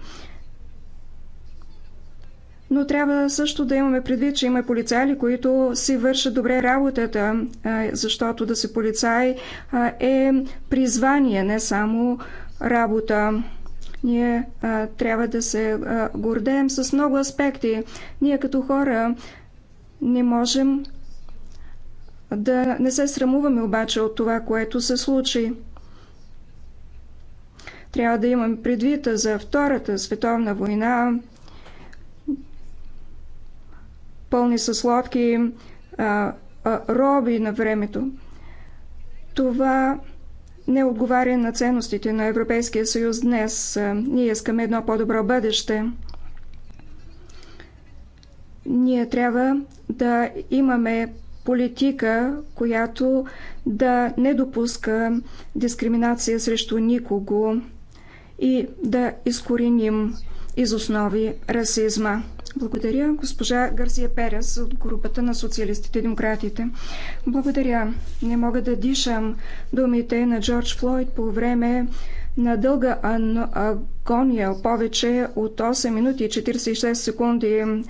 Но трябва също да имаме предвид, че има полицаи, които си вършат добре работата, защото да си полицай е призвание, не само работа. Ние а, трябва да се а, гордеем с много аспекти. Ние като хора не можем да не се срамуваме обаче от това, което се случи. Трябва да имаме предвид за Втората световна война, пълни с лодки, а, а, роби на времето. Това не отговаря на ценностите на Европейския съюз днес. Ние искаме едно по-добро бъдеще. Ние трябва да имаме политика, която да не допуска дискриминация срещу никого и да изкореним из основи расизма. Благодаря, госпожа Гарсия Перес от групата на социалистите и демократите. Благодаря. Не мога да дишам думите на Джордж Флойд по време на дълга агония, повече от 8 минути и 46 секунди.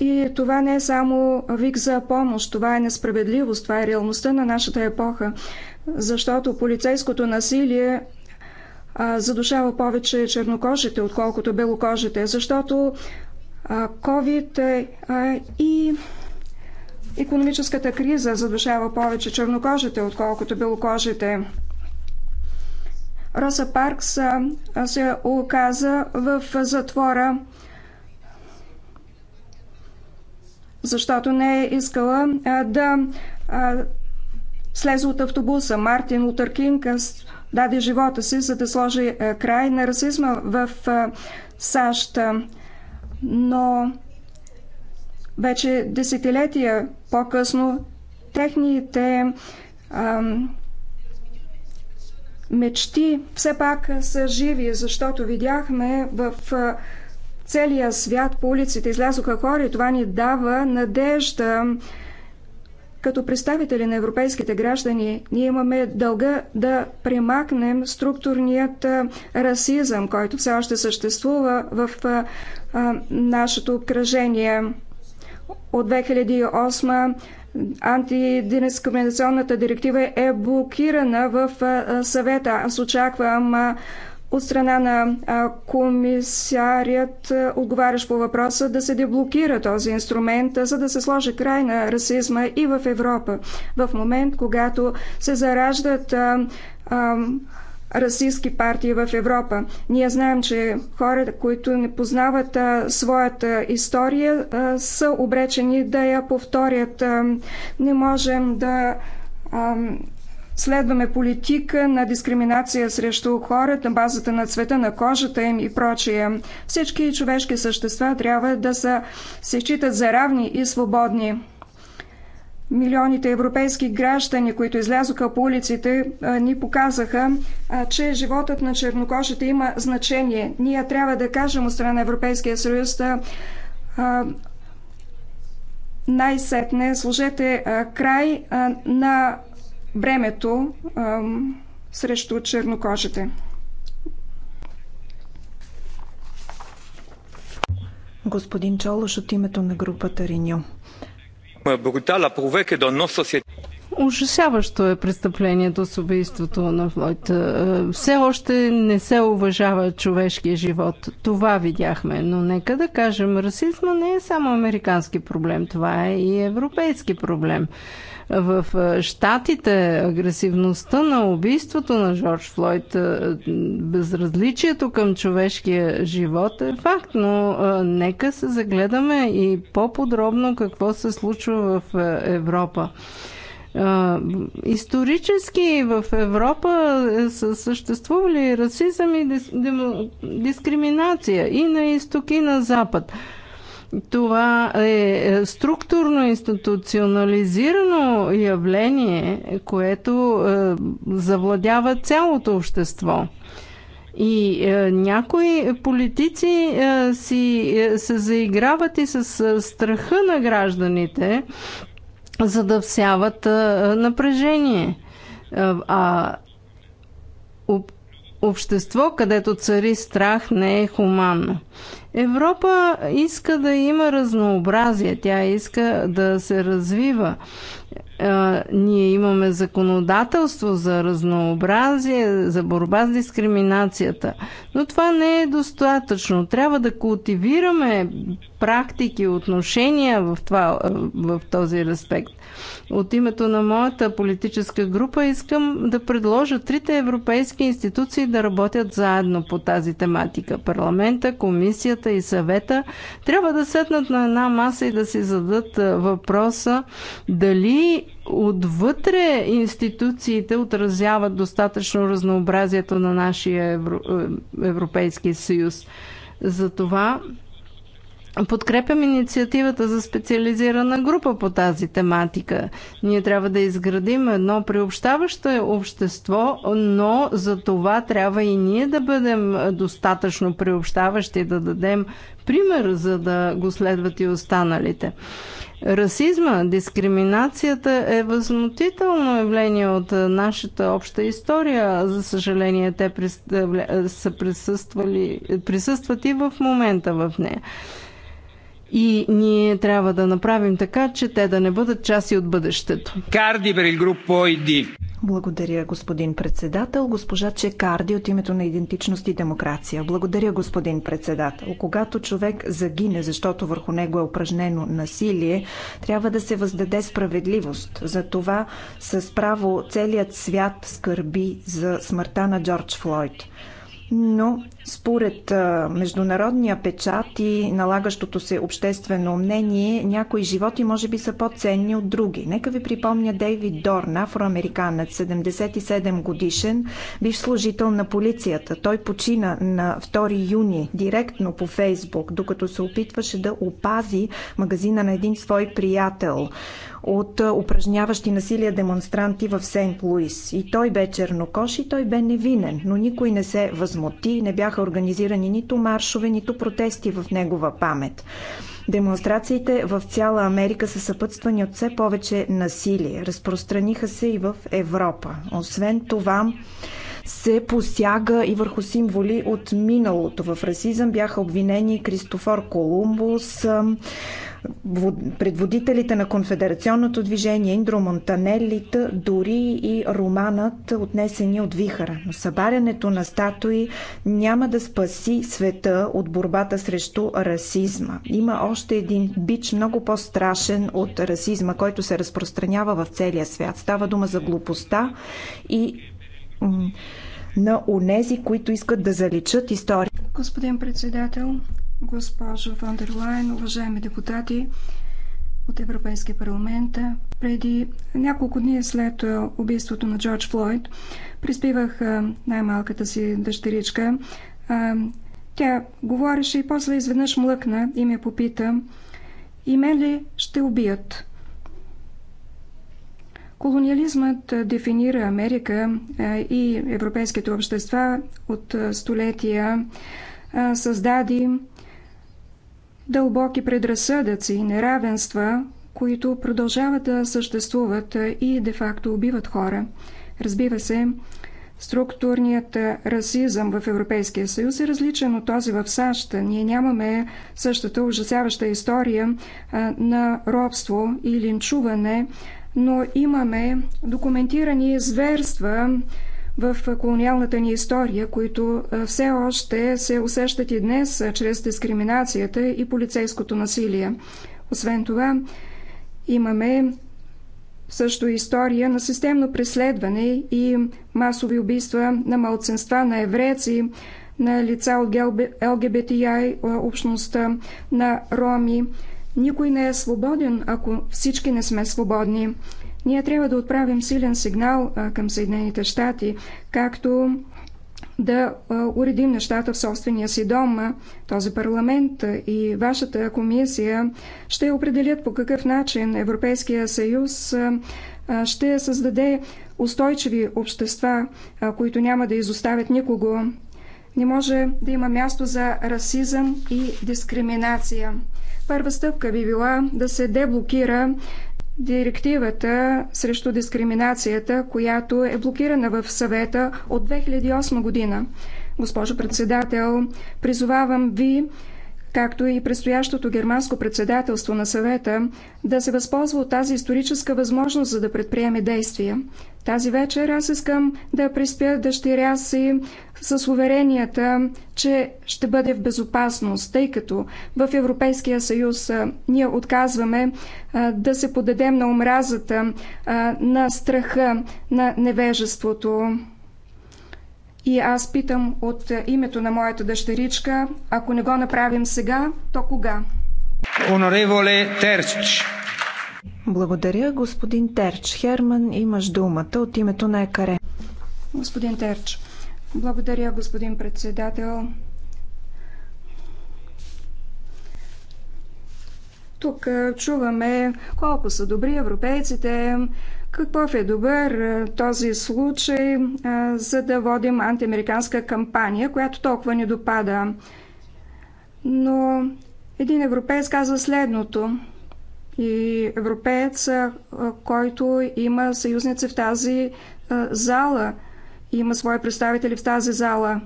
И това не е само вик за помощ, това е несправедливост, това е реалността на нашата епоха, защото полицейското насилие задушава повече чернокожите, отколкото белокожите, защото COVID е, и економическата криза задушава повече чернокожите, отколкото белокожите. Роса Паркс се оказа в затвора, защото не е искала да слезе от автобуса. Мартин Лутър Кинг даде живота си, за да сложи е, край на расизма в е, САЩ. Но вече десетилетия по-късно техните ам, е, мечти все пак са живи, защото видяхме в целия свят по улиците излязоха хора и това ни дава надежда. Като представители на европейските граждани, ние имаме дълга да премахнем структурният расизъм, който все още съществува в нашето обкръжение. От 2008 антидискриминационната директива е блокирана в съвета. Аз очаквам от страна на комисарият, отговарящ по въпроса, да се деблокира този инструмент, за да се сложи край на расизма и в Европа. В момент, когато се зараждат расистски партии в Европа. Ние знаем, че хората, които не познават а, своята история, а, са обречени да я повторят. А, не можем да Следваме политика на дискриминация срещу хората на базата на цвета на кожата им и прочие. Всички човешки същества трябва да са, се считат за равни и свободни. Милионите европейски граждани, които излязоха по улиците, ни показаха, че животът на чернокожите има значение. Ние трябва да кажем от страна на Европейския съюз да най-сетне сложете край на бремето ам, срещу чернокожите. Господин Чолош от името на групата Риньо. Ужасяващо е престъплението с убийството на Флойд. Е, все още не се уважава човешкия живот. Това видяхме. Но нека да кажем, расизма не е само американски проблем. Това е и европейски проблем. В Штатите агресивността на убийството на Джордж Флойд, безразличието към човешкия живот е факт, но нека се загледаме и по-подробно какво се случва в Европа. Исторически в Европа е, са съществували расизъм и дискриминация и на изток, и на запад. Това е, е структурно институционализирано явление, което е, завладява цялото общество. И е, някои политици е, си е, се заиграват и с е, страха на гражданите, за да всяват е, напрежение. Е, а об, общество, където цари страх, не е хуманно. Европа иска да има разнообразие, тя иска да се развива. Е, ние имаме законодателство за разнообразие, за борба с дискриминацията, но това не е достатъчно. Трябва да култивираме практики, отношения в, това, в този респект. От името на моята политическа група искам да предложа трите европейски институции да работят заедно по тази тематика. Парламента, комисията и съвета трябва да седнат на една маса и да си зададат въпроса дали отвътре институциите отразяват достатъчно разнообразието на нашия Евро... Е, европейски съюз. Затова Подкрепям инициативата за специализирана група по тази тематика. Ние трябва да изградим едно приобщаващо общество, но за това трябва и ние да бъдем достатъчно приобщаващи, да дадем пример, за да го следват и останалите. Расизма, дискриминацията е възмутително явление от нашата обща история. За съжаление, те са присъствали, присъстват и в момента в нея и ние трябва да направим така, че те да не бъдат части от бъдещето. Карди при група ID. Благодаря, господин председател. Госпожа Чекарди от името на идентичност и демокрация. Благодаря, господин председател. Когато човек загине, защото върху него е упражнено насилие, трябва да се въздаде справедливост. За това с право целият свят скърби за смъртта на Джордж Флойд но според международния печат и налагащото се обществено мнение, някои животи може би са по-ценни от други. Нека ви припомня Дейвид Дорн, афроамериканец, 77 годишен, бивш служител на полицията. Той почина на 2 юни директно по Фейсбук, докато се опитваше да опази магазина на един свой приятел от упражняващи насилие демонстранти в Сент Луис. И той бе чернокош и той бе невинен, но никой не се възмути, не бяха бяха организирани нито маршове, нито протести в негова памет. Демонстрациите в цяла Америка са съпътствани от все повече насилие. Разпространиха се и в Европа. Освен това, се посяга и върху символи от миналото. В расизъм бяха обвинени Кристофор Колумбус, предводителите на конфедерационното движение Индро Монтанелита, дори и романът отнесени от вихара. Но събарянето на статуи няма да спаси света от борбата срещу расизма. Има още един бич, много по-страшен от расизма, който се разпространява в целия свят. Става дума за глупостта и на онези, които искат да заличат историята. Господин председател, госпожо Вандерлайн, уважаеми депутати от Европейския парламент. Преди няколко дни след е, убийството на Джордж Флойд приспивах е, най-малката си дъщеричка. Е, тя говореше и после изведнъж млъкна и ме попита и мен ли ще убият? Колониализмът дефинира Америка и европейските общества от столетия, създади дълбоки предразсъдъци и неравенства, които продължават да съществуват и де-факто убиват хора. Разбира се, структурният расизъм в Европейския съюз е различен от този в САЩ. Ние нямаме същата ужасяваща история на робство и линчуване, но имаме документирани зверства, в колониалната ни история, които все още се усещат и днес чрез дискриминацията и полицейското насилие. Освен това, имаме също история на системно преследване и масови убийства на малцинства, на евреци, на лица от ЛГБТИ общността, на роми. Никой не е свободен, ако всички не сме свободни. Ние трябва да отправим силен сигнал към Съединените щати, както да уредим нещата в собствения си дом. Този парламент и вашата комисия ще определят по какъв начин Европейския съюз ще създаде устойчиви общества, които няма да изоставят никого. Не може да има място за расизъм и дискриминация. Първа стъпка би била да се деблокира директивата срещу дискриминацията, която е блокирана в съвета от 2008 година. Госпожо председател, призовавам ви, както и предстоящото германско председателство на съвета, да се възползва от тази историческа възможност, за да предприеме действия. Тази вечер аз искам да приспя дъщеря си с уверенията, че ще бъде в безопасност, тъй като в Европейския съюз ние отказваме да се подадем на омразата, на страха, на невежеството. И аз питам от името на моята дъщеричка, ако не го направим сега, то кога? Онореволе Терч. Благодаря, господин Терч. Херман, имаш думата от името на ЕКАРЕ. Господин Терч, благодаря, господин председател. Тук чуваме колко са добри европейците, какъв е добър този случай, за да водим антиамериканска кампания, която толкова ни допада. Но един европеец каза следното – и европеец, който има съюзници в тази зала, има свои представители в тази зала.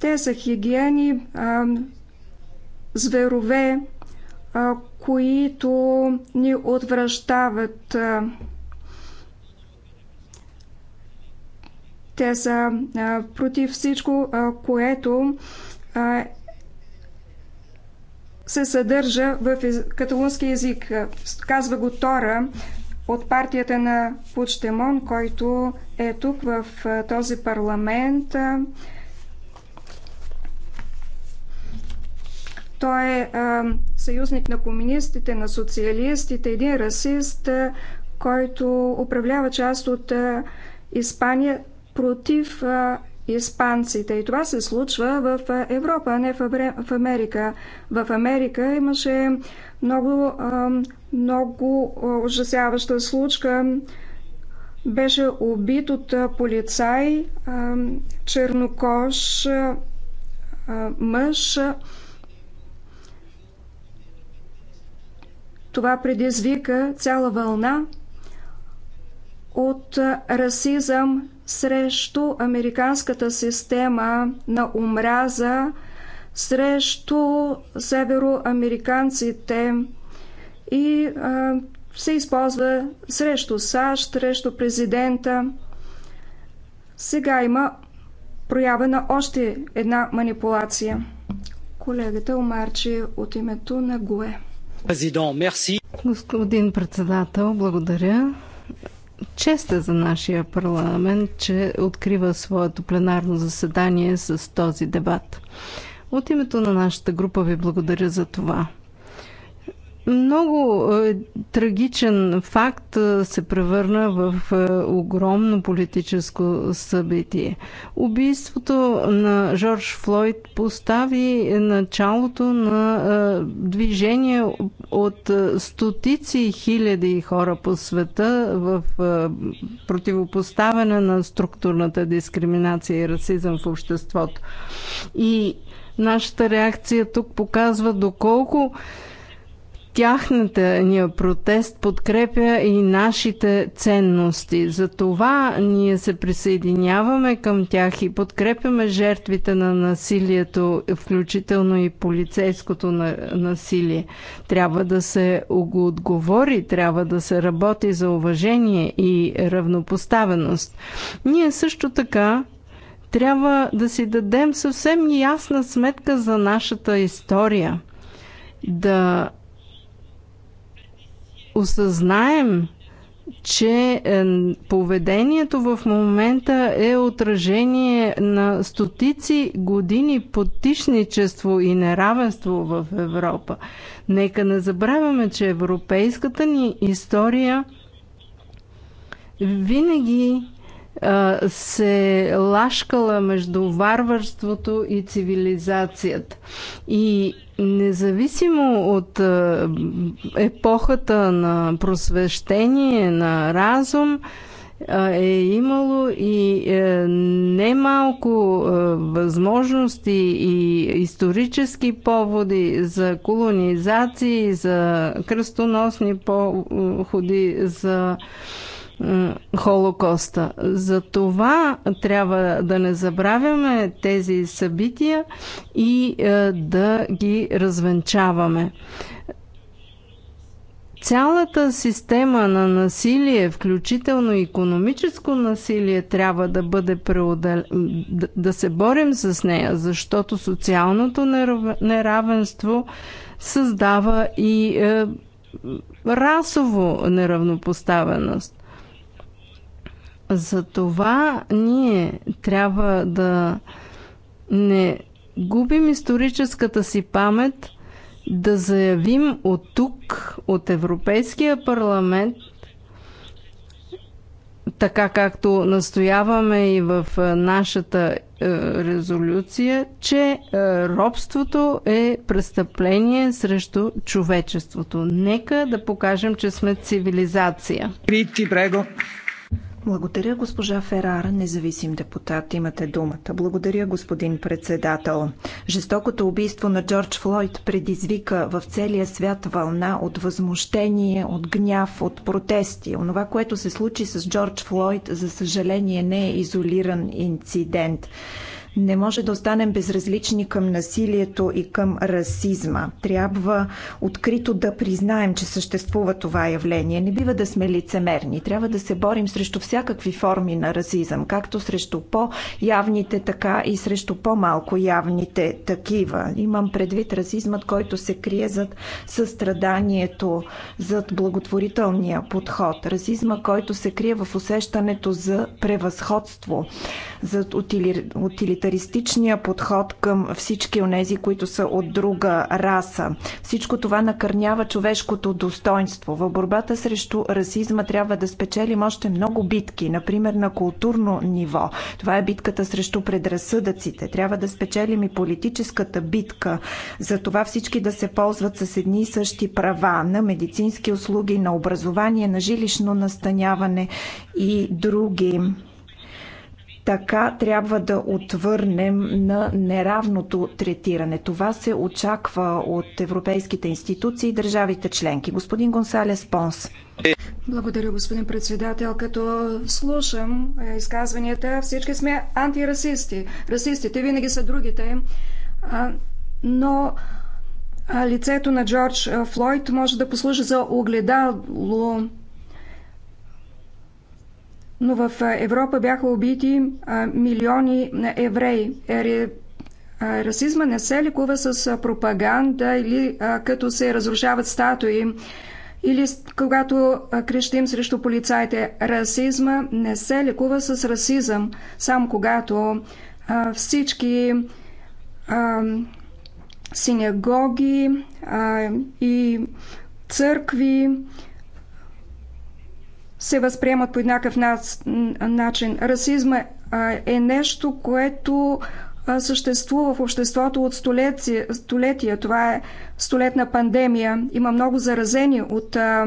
Те са хигиени, зверове, които ни отвръщават. Те са против всичко, което се съдържа в каталунски язик. Казва го Тора от партията на Пучтемон, който е тук в този парламент. Той е съюзник на комунистите, на социалистите, един расист, който управлява част от Испания против испанците. И това се случва в Европа, а не в Америка. В Америка имаше много, много ужасяваща случка. Беше убит от полицай, чернокож, мъж. Това предизвика цяла вълна от расизъм срещу американската система на омраза, срещу североамериканците и а, се използва срещу САЩ, срещу президента. Сега има проява на още една манипулация. Колегата Омарчи от името на ГУЕ. Господин председател, благодаря чест е за нашия парламент, че открива своето пленарно заседание с този дебат. От името на нашата група ви благодаря за това. Много е, трагичен факт е, се превърна в е, огромно политическо събитие. Убийството на Жорж Флойд постави началото на е, движение от е, стотици хиляди хора по света в е, противопоставяне на структурната дискриминация и расизъм в обществото. И нашата реакция тук показва доколко тяхната ния протест подкрепя и нашите ценности. Затова ние се присъединяваме към тях и подкрепяме жертвите на насилието, включително и полицейското насилие. Трябва да се го отговори, трябва да се работи за уважение и равнопоставеност. Ние също така трябва да си дадем съвсем ясна сметка за нашата история – да осъзнаем, че е, поведението в момента е отражение на стотици години потишничество и неравенство в Европа. Нека не забравяме, че европейската ни история винаги се лашкала между варварството и цивилизацията. И независимо от епохата на просвещение, на разум, е имало и е, немалко е, възможности и исторически поводи за колонизации, за кръстоносни походи, е, за Холокоста. За това трябва да не забравяме тези събития и е, да ги развенчаваме. Цялата система на насилие, включително економическо насилие, трябва да бъде преодол... да се борим с нея, защото социалното неравенство създава и е, расово неравнопоставеност. За това ние трябва да не губим историческата си памет, да заявим от тук, от Европейския парламент, така както настояваме и в е, нашата е, резолюция, че е, робството е престъпление срещу човечеството. Нека да покажем, че сме цивилизация. Прити, прего. Благодаря, госпожа Ферара, независим депутат. Имате думата. Благодаря, господин председател. Жестокото убийство на Джордж Флойд предизвика в целия свят вълна от възмущение, от гняв, от протести. Онова, което се случи с Джордж Флойд, за съжаление, не е изолиран инцидент. Не може да останем безразлични към насилието и към расизма. Трябва открито да признаем, че съществува това явление. Не бива да сме лицемерни. Трябва да се борим срещу всякакви форми на расизъм, както срещу по-явните, така и срещу по-малко явните такива. Имам предвид расизмът, който се крие зад състраданието, зад благотворителния подход. Расизма, който се крие в усещането за превъзходство, зад утилитаризъм милитаристичния подход към всички онези, които са от друга раса. Всичко това накърнява човешкото достоинство. В борбата срещу расизма трябва да спечелим още много битки, например на културно ниво. Това е битката срещу предразсъдъците. Трябва да спечелим и политическата битка. За това всички да се ползват с едни и същи права на медицински услуги, на образование, на жилищно настаняване и други така трябва да отвърнем на неравното третиране. Това се очаква от европейските институции и държавите членки. Господин Гонсалес Понс. Благодаря, господин председател. Като слушам е, изказванията, всички сме антирасисти. Расистите винаги са другите. Но лицето на Джордж Флойд може да послужи за огледало но в Европа бяха убити милиони евреи. Расизма не се ликува с пропаганда или като се разрушават статуи или когато крещим срещу полицаите. Расизма не се лекува с расизъм, само когато а, всички а, синагоги а, и църкви се възприемат по еднакъв начин. Расизма е нещо, което съществува в обществото от столетия. столетия. Това е столетна пандемия. Има много заразени от а,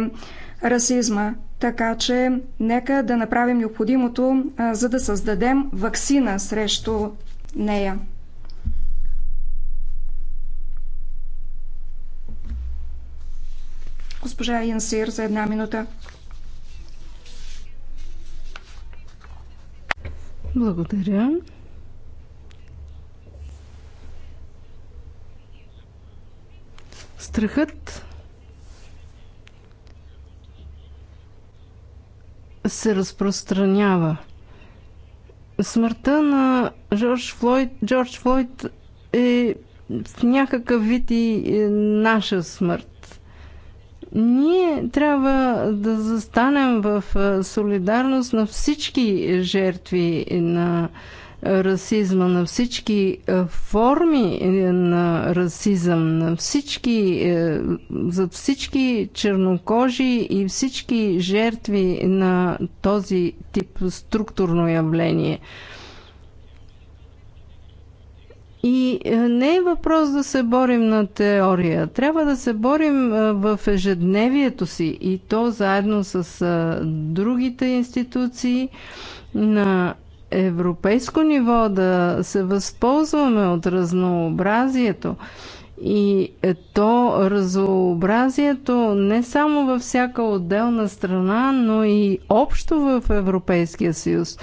расизма. Така че нека да направим необходимото, а, за да създадем вакцина срещу нея. Госпожа Янсир за една минута. Благодаря. Страхът се разпространява. Смъртта на Джордж Флойд, Джордж Флойд е в някакъв вид и е, наша смърт. Ние трябва да застанем в е, солидарност на всички жертви на е, расизма, на всички е, форми на расизъм, на всички, за всички чернокожи и всички жертви на този тип структурно явление – и е, не е въпрос да се борим на теория. Трябва да се борим е, в ежедневието си и то заедно с е, другите институции на европейско ниво да се възползваме от разнообразието. И то разнообразието не само във всяка отделна страна, но и общо в Европейския съюз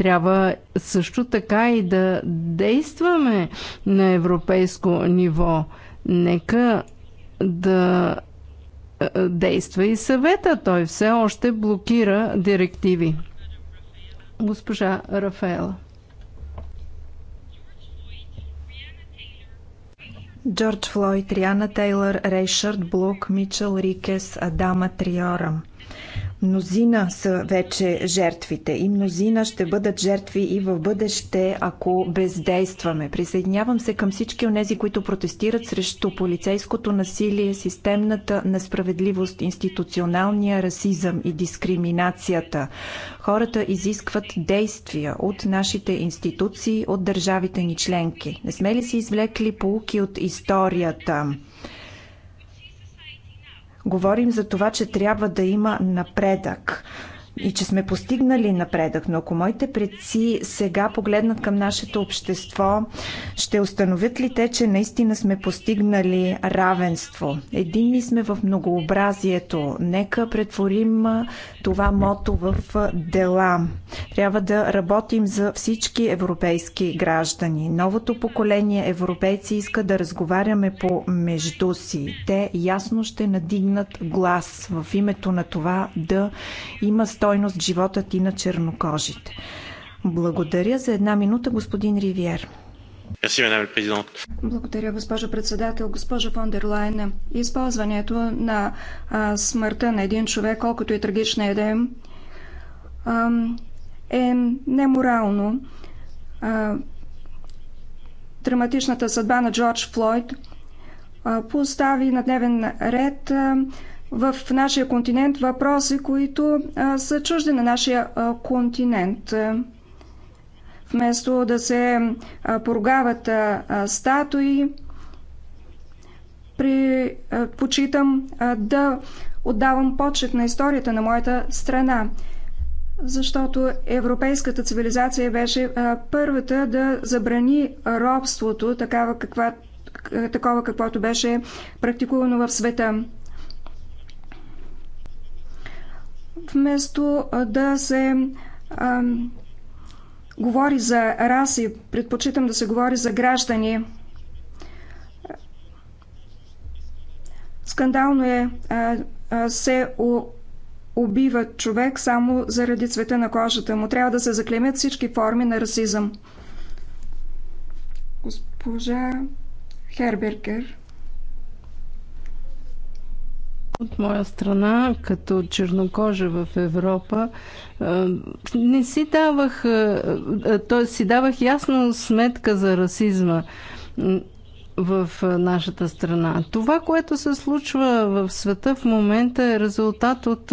трябва също така и да действаме на европейско ниво. Нека да е, е, действа и съвета. Той все още блокира директиви. Госпожа Рафаела. Джордж Флойд, Риана Тейлър, Рейшард Блок, Мичел Рикес, Адама Триора – Мнозина са вече жертвите и мнозина ще бъдат жертви и в бъдеще, ако бездействаме. Присъединявам се към всички от тези, които протестират срещу полицейското насилие, системната несправедливост, институционалния расизъм и дискриминацията. Хората изискват действия от нашите институции, от държавите ни членки. Не сме ли си извлекли полуки от историята? Говорим за това, че трябва да има напредък и че сме постигнали напредък, но ако моите предци сега погледнат към нашето общество, ще установят ли те, че наистина сме постигнали равенство? Единни сме в многообразието. Нека претворим това мото в дела. Трябва да работим за всички европейски граждани. Новото поколение европейци иска да разговаряме между си. Те ясно ще надигнат глас в името на това да има стойност стойност живота ти на чернокожите. Благодаря за една минута, господин Ривиер. Благодаря, госпожо председател. Госпожо Фондерлайн, Лайн, използването на а, смъртта на един човек, колкото и трагична е да е, е неморално. А, драматичната съдба на Джордж Флойд а, постави на дневен ред а, в нашия континент въпроси, които а, са чужди на нашия а, континент. Вместо да се а, поругават а, статуи, при, а, почитам а, да отдавам почет на историята на моята страна, защото европейската цивилизация беше а, първата да забрани робството, такава каква, такова каквото беше практикувано в света. Вместо да се а, говори за раси, предпочитам да се говори за граждани. Скандално е, а, а, се у, убива човек само заради цвета на кожата му. Трябва да се заклемят всички форми на расизъм. Госпожа Хербергер. От моя страна, като чернокожа в Европа, не си давах, т.е. си давах ясно сметка за расизма в нашата страна. Това, което се случва в света в момента е резултат от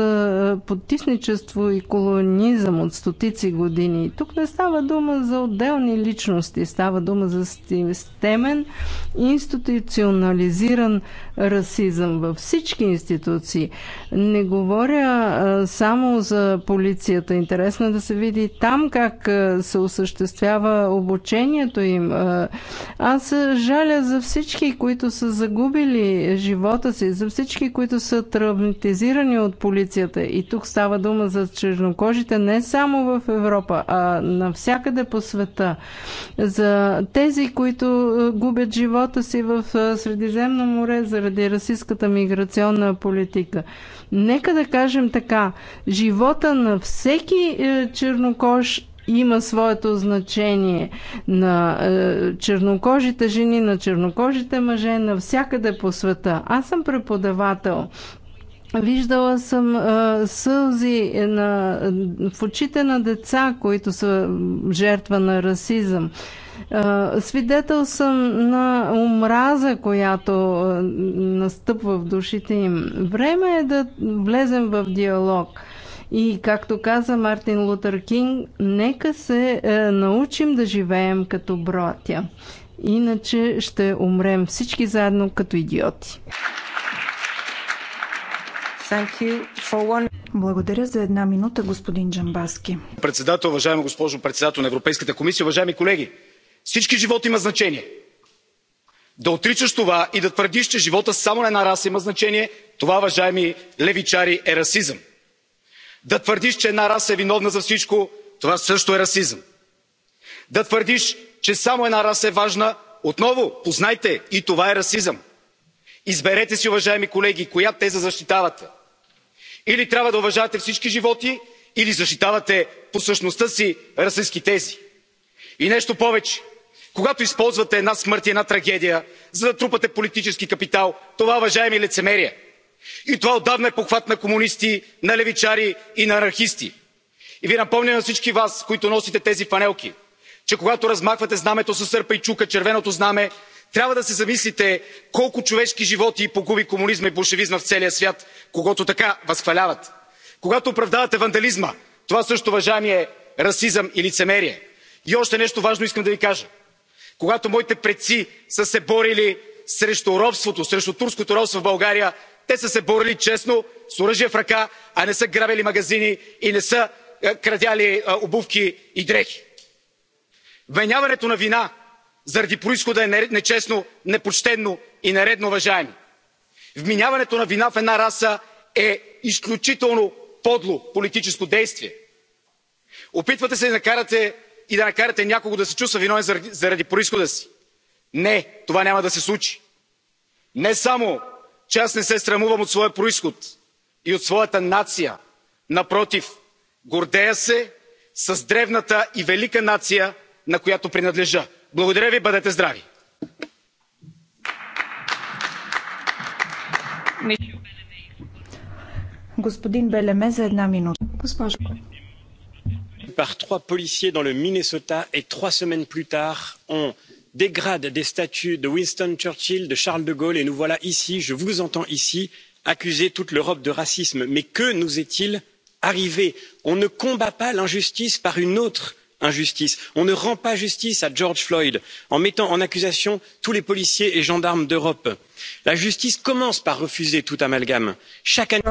потисничество и колонизъм от стотици години. Тук не става дума за отделни личности, става дума за системен, институционализиран расизъм във всички институции. Не говоря само за полицията. Интересно е да се види там как се осъществява обучението им. Аз жаля за за всички, които са загубили живота си, за всички, които са травматизирани от полицията. И тук става дума за чернокожите не само в Европа, а навсякъде по света. За тези, които е, губят живота си в е, Средиземно море заради расистската миграционна политика. Нека да кажем така, живота на всеки е, чернокож има своето значение на е, чернокожите жени, на чернокожите мъже, навсякъде по света. Аз съм преподавател. Виждала съм е, сълзи на, в очите на деца, които са жертва на расизъм. Е, свидетел съм на омраза, която е, настъпва в душите им. Време е да влезем в диалог. И както каза Мартин Лутер Кинг, нека се е, научим да живеем като братя. Иначе ще умрем всички заедно като идиоти. One... Благодаря за една минута, господин Джамбаски. Председател, уважаема госпожо председател на Европейската комисия, уважаеми колеги, всички живот има значение. Да отричаш това и да твърдиш, че живота само на една раса има значение, това, уважаеми левичари, е расизъм да твърдиш че една раса е виновна за всичко това също е расизъм. да твърдиш че само една раса е важна отново познайте и това е расизъм. изберете си уважаеми колеги коя теза защитавате или трябва да уважавате всички животи или защитавате по същността си расистки тези. и нещо повече когато използвате една смърт и една трагедия за да трупате политически капитал това уважаеми е лицемерие и това отдавна е похват на комунисти на левичари и на анархисти. и ви напомням на всички вас които носите тези фанелки че когато размахвате знамето със сърпа и чука червеното знаме трябва да се замислите колко човешки животи погуби комунизмът и болшевизмът в целия свят когото така възхваляват. когато оправдавате вандализма това също уважаеми е расизъм и лицемерие. и още нещо важно искам да ви кажа. когато моите предци са се борили срещу робството срещу турското робство в България те са се борили честно с оръжие в ръка а не са грабели магазини и не са е, крадели е, обувки и дрехи. вменяването на вина заради произхода е нечестно непочтено и нередно уважаеми. вменяването на вина в една раса е изключително подло политическо действие. опитвате се да накарате някого да се чувства виновен заради произхода си. не това няма да се случи! не само че аз не се срамувам от своя произход и от своята нация. напротив гордея се с древната и велика нация на която принадлежа. благодаря ви. бъдете здрави! Господин Белеме за една минута. Госпожо par trois policiers dans le minnesota et trois semaines plus tard ont Dégrade des statues de winston churchill de charles de gaulle et nous voilà ici je vous entends ici accuser toute l'europe de racisme. mais que nous est il arrivé? on ne combat pas l'injustice par une autre injustice on ne rend pas justice à george floyd en mettant en accusation tous les policiers et gendarmes d'europe. la justice commence par refuser tout amalgame. chaque année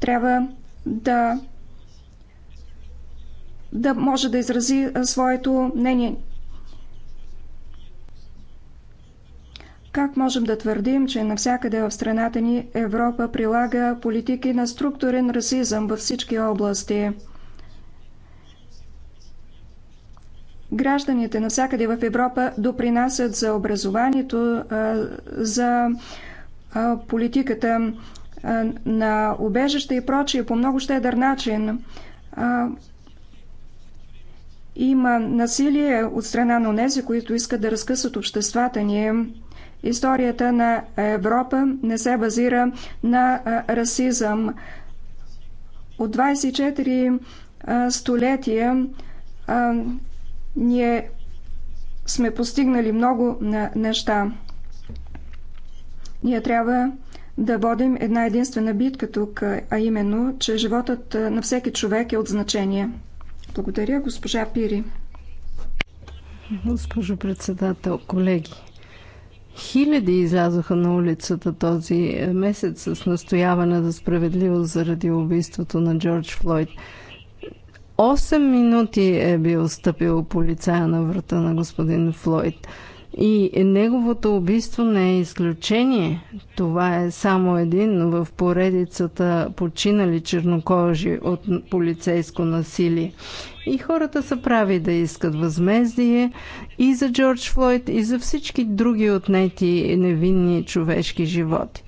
трябва да да може да изрази своето мнение. Как можем да твърдим, че навсякъде в страната ни Европа прилага политики на структурен расизъм във всички области? Гражданите навсякъде в Европа допринасят за образованието, за политиката на убежище и прочие по много щедър начин. Има насилие от страна на тези, които искат да разкъсат обществата ни. Историята на Европа не се базира на расизъм. От 24 столетия ние сме постигнали много неща. Ние трябва да водим една единствена битка тук, а именно, че животът на всеки човек е от значение. Благодаря, госпожа Пири. Госпожо председател, колеги, хиляди излязоха на улицата този месец с настояване за справедливост заради убийството на Джордж Флойд. 8 минути е бил стъпил полицая на врата на господин Флойд. И неговото убийство не е изключение. Това е само един в поредицата починали чернокожи от полицейско насилие. И хората са прави да искат възмездие и за Джордж Флойд, и за всички други отнети невинни човешки животи.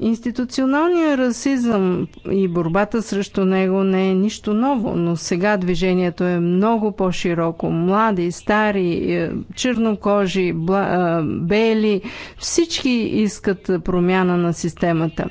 Институционалният расизъм и борбата срещу него не е нищо ново, но сега движението е много по-широко. Млади, стари, е, чернокожи, е, бели, всички искат промяна на системата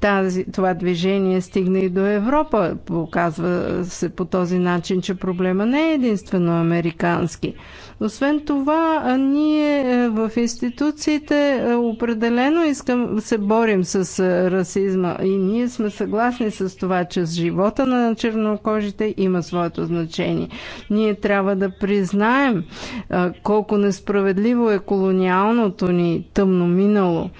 тази, това движение стигне и до Европа. Показва се по този начин, че проблема не е единствено американски. Освен това, ние е, в институциите е, определено искам, се борим с е, расизма и ние сме съгласни с това, че с живота на чернокожите има своето значение. Ние трябва да признаем колко несправедливо е колониалното ни тъмно минало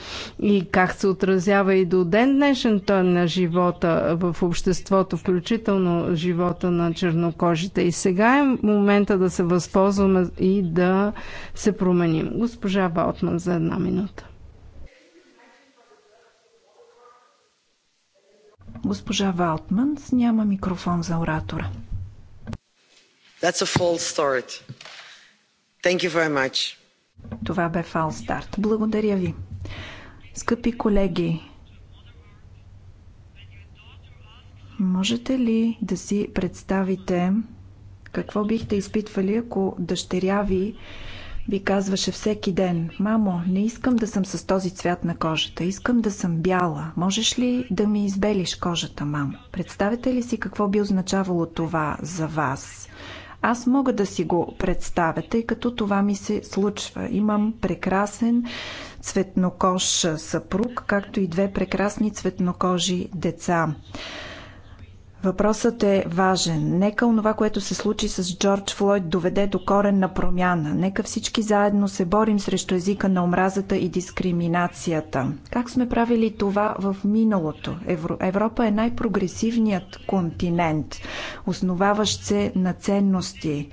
и как се отразява и до ден днес днешен тон на живота в обществото, включително живота на чернокожите. И сега е момента да се възползваме и да се променим. Госпожа Балтман за една минута. Госпожа Валтман няма микрофон за оратора. That's a false start. Thank you very much. Това бе фал старт. Благодаря ви. Скъпи колеги, Можете ли да си представите какво бихте изпитвали, ако дъщеря ви ви казваше всеки ден, мамо, не искам да съм с този цвят на кожата, искам да съм бяла. Можеш ли да ми избелиш кожата, мамо? Представете ли си какво би означавало това за вас? Аз мога да си го представя, тъй като това ми се случва. Имам прекрасен цветнокож съпруг, както и две прекрасни цветнокожи деца. Въпросът е важен. Нека онова, което се случи с Джордж Флойд, доведе до корен на промяна. Нека всички заедно се борим срещу езика на омразата и дискриминацията. Как сме правили това в миналото? Евро... Европа е най-прогресивният континент, основаващ се на ценности.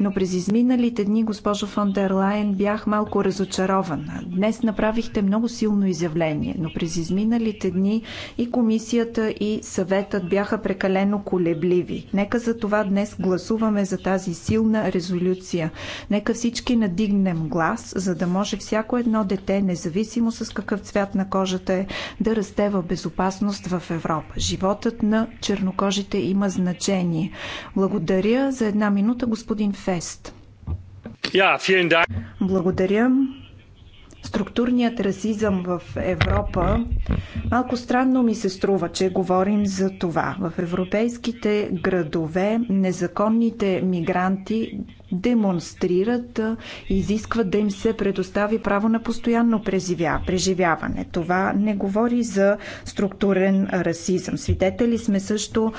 Но през изминалите дни, госпожо фон дер Лайен, бях малко разочарована. Днес направихте много силно изявление, но през изминалите дни и комисията и съветът бяха прекалено прекалено колебливи. Нека за това днес гласуваме за тази силна резолюция. Нека всички надигнем глас, за да може всяко едно дете, независимо с какъв цвят на кожата е, да расте в безопасност в Европа. Животът на чернокожите има значение. Благодаря за една минута, господин Фест. Благодаря структурният расизъм в Европа, малко странно ми се струва, че говорим за това. В европейските градове незаконните мигранти демонстрират, изискват да им се предостави право на постоянно преживяване. Това не говори за структурен расизъм. Свидетели сме също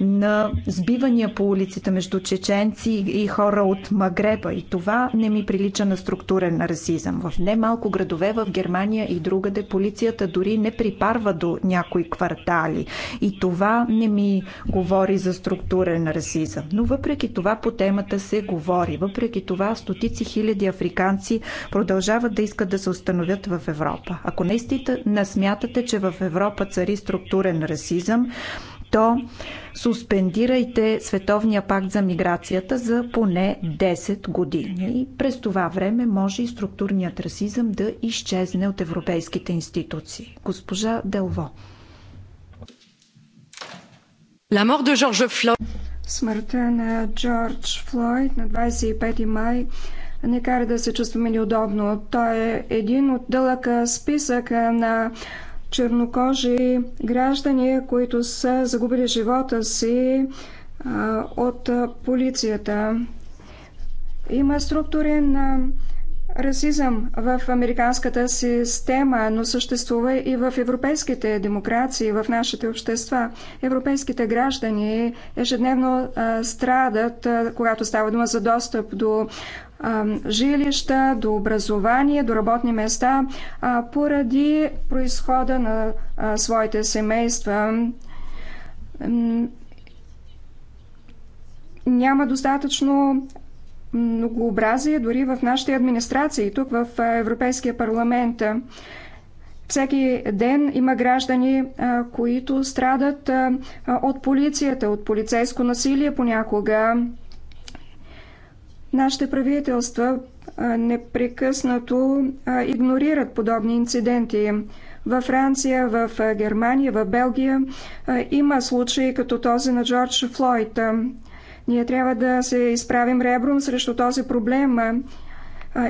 на сбивания по улиците между чеченци и хора от Магреба. И това не ми прилича на структурен расизъм. В немалко градове в Германия и другаде полицията дори не припарва до някои квартали. И това не ми говори за структурен расизъм. Но въпреки това по темата се говори отговори. Въпреки това, стотици хиляди африканци продължават да искат да се установят в Европа. Ако наистина смятате, че в Европа цари структурен расизъм, то суспендирайте Световния пакт за миграцията за поне 10 години. И през това време може и структурният расизъм да изчезне от европейските институции. Госпожа Делво. La mort de George Floyd. Смъртта на Джордж Флойд на 25 май не кара да се чувстваме неудобно. Той е един от дълъг списък на чернокожи граждани, които са загубили живота си от полицията. Има структури на Расизъм в американската система, но съществува и в европейските демокрации, в нашите общества. Европейските граждани ежедневно а, страдат, а, когато става дума за достъп до а, жилища, до образование, до работни места, а, поради происхода на а, своите семейства няма достатъчно многообразие дори в нашите администрации, тук в Европейския парламент. Всеки ден има граждани, които страдат от полицията, от полицейско насилие понякога. Нашите правителства непрекъснато игнорират подобни инциденти. Във Франция, в Германия, в Белгия има случаи като този на Джордж Флойд. Ние трябва да се изправим ребром срещу този проблем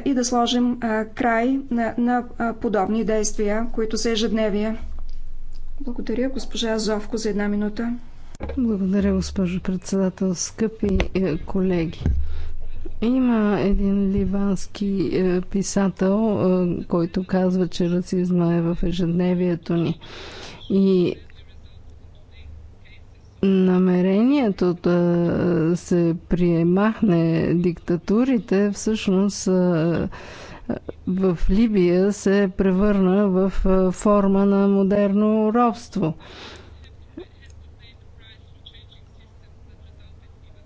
и да сложим край на, на подобни действия, които са ежедневие. Благодаря, госпожа Зовко, за една минута. Благодаря, госпожо председател. Скъпи е, колеги, има един ливански е, писател, е, който казва, че расизма е в ежедневието ни. И намерението да се приемахне диктатурите всъщност в Либия се превърна в форма на модерно робство.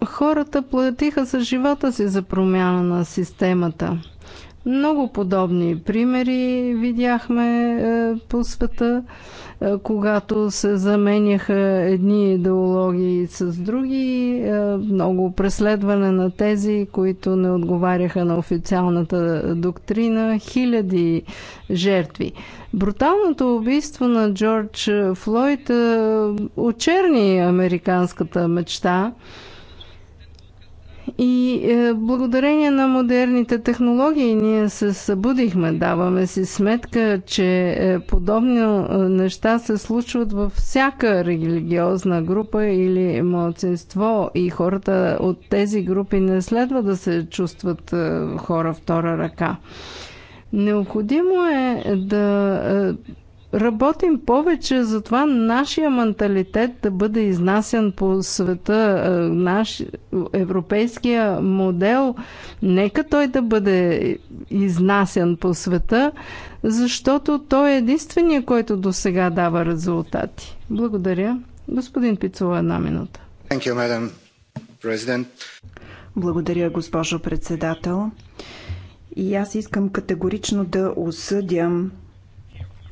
Хората платиха с живота си за промяна на системата. Много подобни примери видяхме е, по света. Е, когато се заменяха едни идеологии с други, е, много преследване на тези, които не отговаряха на официалната доктрина, хиляди жертви. Бруталното убийство на Джордж Флойд е, очерни американската мечта – и е, благодарение на модерните технологии ние се събудихме, даваме си сметка, че е, подобни е, неща се случват във всяка религиозна група или младсинство и хората от тези групи не следва да се чувстват е, хора втора ръка. Необходимо е да е, работим повече за това нашия менталитет да бъде изнасян по света, е, наш европейския модел, нека той да бъде изнасян по света, защото той е единствения, който до сега дава резултати. Благодаря. Господин Пицова, една минута. You, Благодаря, госпожо председател. И аз искам категорично да осъдям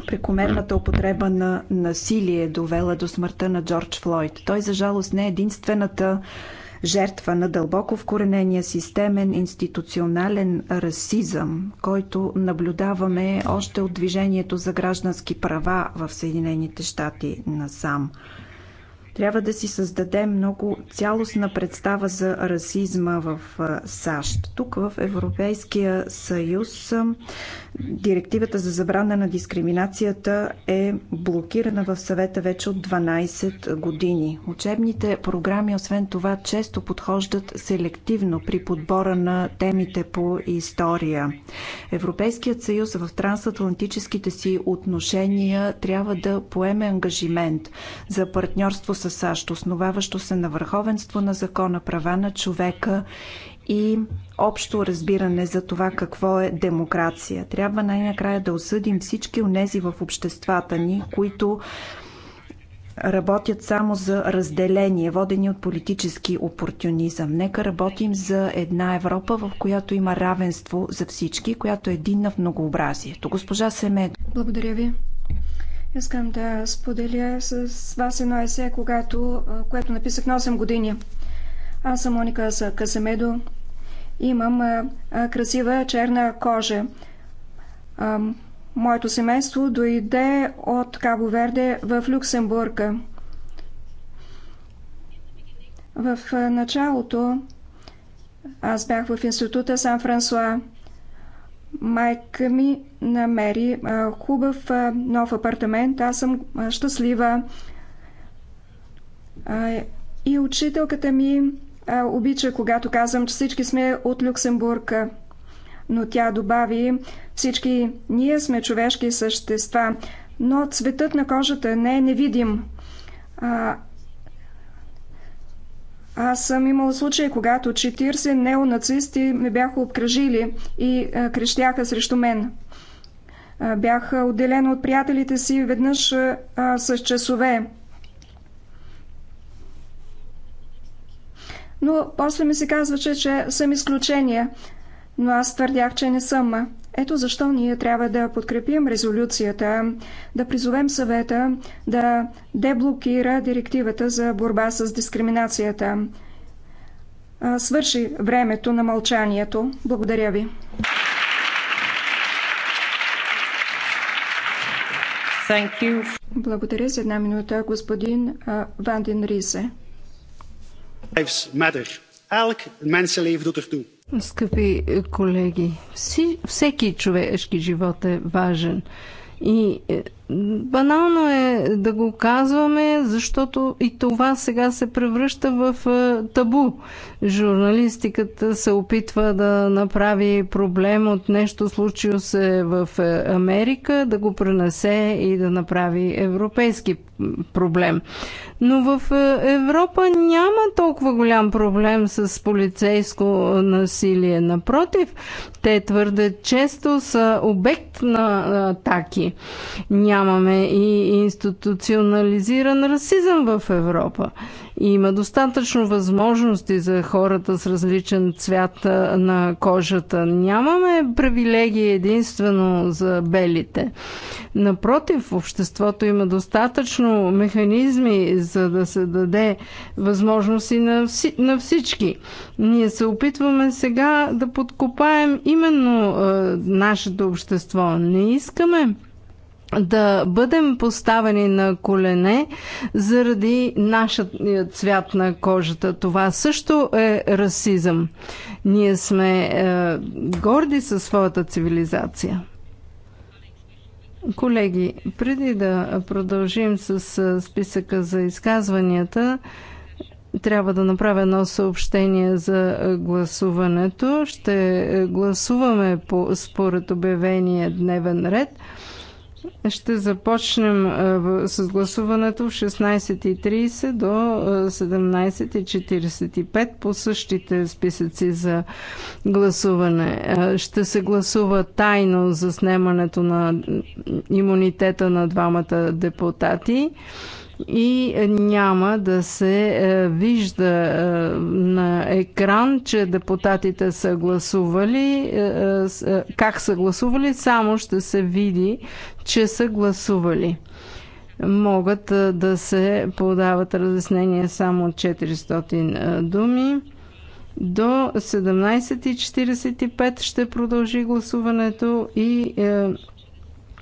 Прекомерната употреба на насилие е довела до смъртта на Джордж Флойд. Той, за жалост, не е единствената жертва на дълбоко вкоренения системен институционален расизъм, който наблюдаваме още от движението за граждански права в Съединените щати насам. Трябва да си създадем много цялостна представа за расизма в САЩ. Тук в Европейския съюз директивата за забрана на дискриминацията е блокирана в съвета вече от 12 години. Учебните програми, освен това, често подхождат селективно при подбора на темите по история. Европейският съюз в трансатлантическите си отношения трябва да поеме ангажимент за партньорство с за САЩ, основаващо се на върховенство на закона, права на човека и общо разбиране за това какво е демокрация. Трябва най-накрая да осъдим всички унези в обществата ни, които работят само за разделение, водени от политически опортюнизъм. Нека работим за една Европа, в която има равенство за всички, която е единна в многообразието. Госпожа Семедо. Благодаря ви. Искам да споделя с вас едно есе, когато, което написах на 8 години. Аз съм Моника Казамедо. Имам а, а, красива черна кожа. А, моето семейство дойде от Кабо Верде в Люксембург. В началото аз бях в института Сан Франсуа майка ми намери хубав нов апартамент. Аз съм щастлива. И учителката ми обича, когато казвам, че всички сме от Люксембург. Но тя добави, всички ние сме човешки същества, но цветът на кожата не е невидим. Аз съм имал случай, когато 40 неонацисти ме бяха обкръжили и е, крещяха срещу мен. Е, Бях отделена от приятелите си веднъж е, с часове. Но после ми се казваше, че съм изключение но аз твърдях, че не съм. Ето защо ние трябва да подкрепим резолюцията, да призовем съвета да деблокира директивата за борба с дискриминацията. Свърши времето на мълчанието. Благодаря ви. Thank you. Благодаря за една минута, господин Вандин Рисе. Elk menselijk doet ertoe. Скъпи колеги, всеки човешки живот е важен и е, Банално е да го казваме, защото и това сега се превръща в е, табу. Журналистиката се опитва да направи проблем от нещо случило се в е, Америка, да го пренесе и да направи европейски проблем. Но в е, Европа няма толкова голям проблем с полицейско насилие. Напротив, те твърде често са обект на атаки. Няма Нямаме и институционализиран расизъм в Европа. И има достатъчно възможности за хората с различен цвят на кожата. Нямаме привилегии единствено за белите. Напротив, обществото има достатъчно механизми, за да се даде възможности на, вси, на всички. Ние се опитваме сега да подкопаем именно е, нашето общество. Не искаме да бъдем поставени на колене заради нашия цвят на кожата. Това също е расизъм. Ние сме е, горди със своята цивилизация. Колеги, преди да продължим с е, списъка за изказванията, трябва да направя едно съобщение за гласуването. Ще е, гласуваме по, според обявения дневен ред. Ще започнем с гласуването в 16.30 до 17.45 по същите списъци за гласуване. Ще се гласува тайно за снемането на имунитета на двамата депутати и няма да се е, вижда е, на екран, че депутатите са гласували, е, как са гласували, само ще се види, че са гласували. Могат да се подават разяснения само 400 думи. До 17.45 ще продължи гласуването и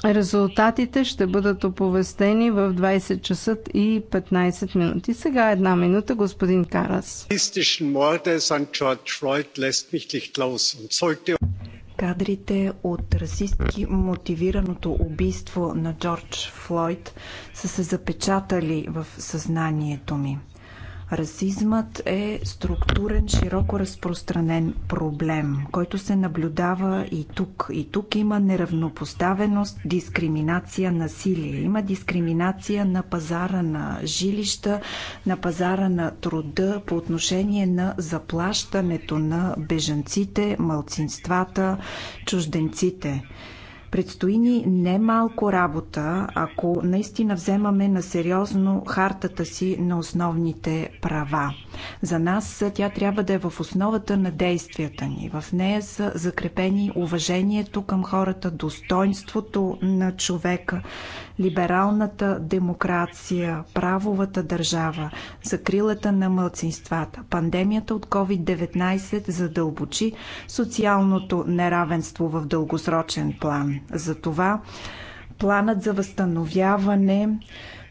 Резултатите ще бъдат оповестени в 20 часа и 15 минути. Сега една минута, господин Карас. Кадрите от расистки мотивираното убийство на Джордж Флойд са се запечатали в съзнанието ми. Расизмът е структурен, широко разпространен проблем, който се наблюдава и тук. И тук има неравнопоставеност, дискриминация, насилие. Има дискриминация на пазара на жилища, на пазара на труда по отношение на заплащането на бежанците, малцинствата, чужденците. Предстои ни немалко работа, ако наистина вземаме на сериозно хартата си на основните права. За нас тя трябва да е в основата на действията ни. В нея са закрепени уважението към хората, достоинството на човека, либералната демокрация, правовата държава, закрилата на мълцинствата. Пандемията от COVID-19 задълбочи социалното неравенство в дългосрочен план. Затова планът за възстановяване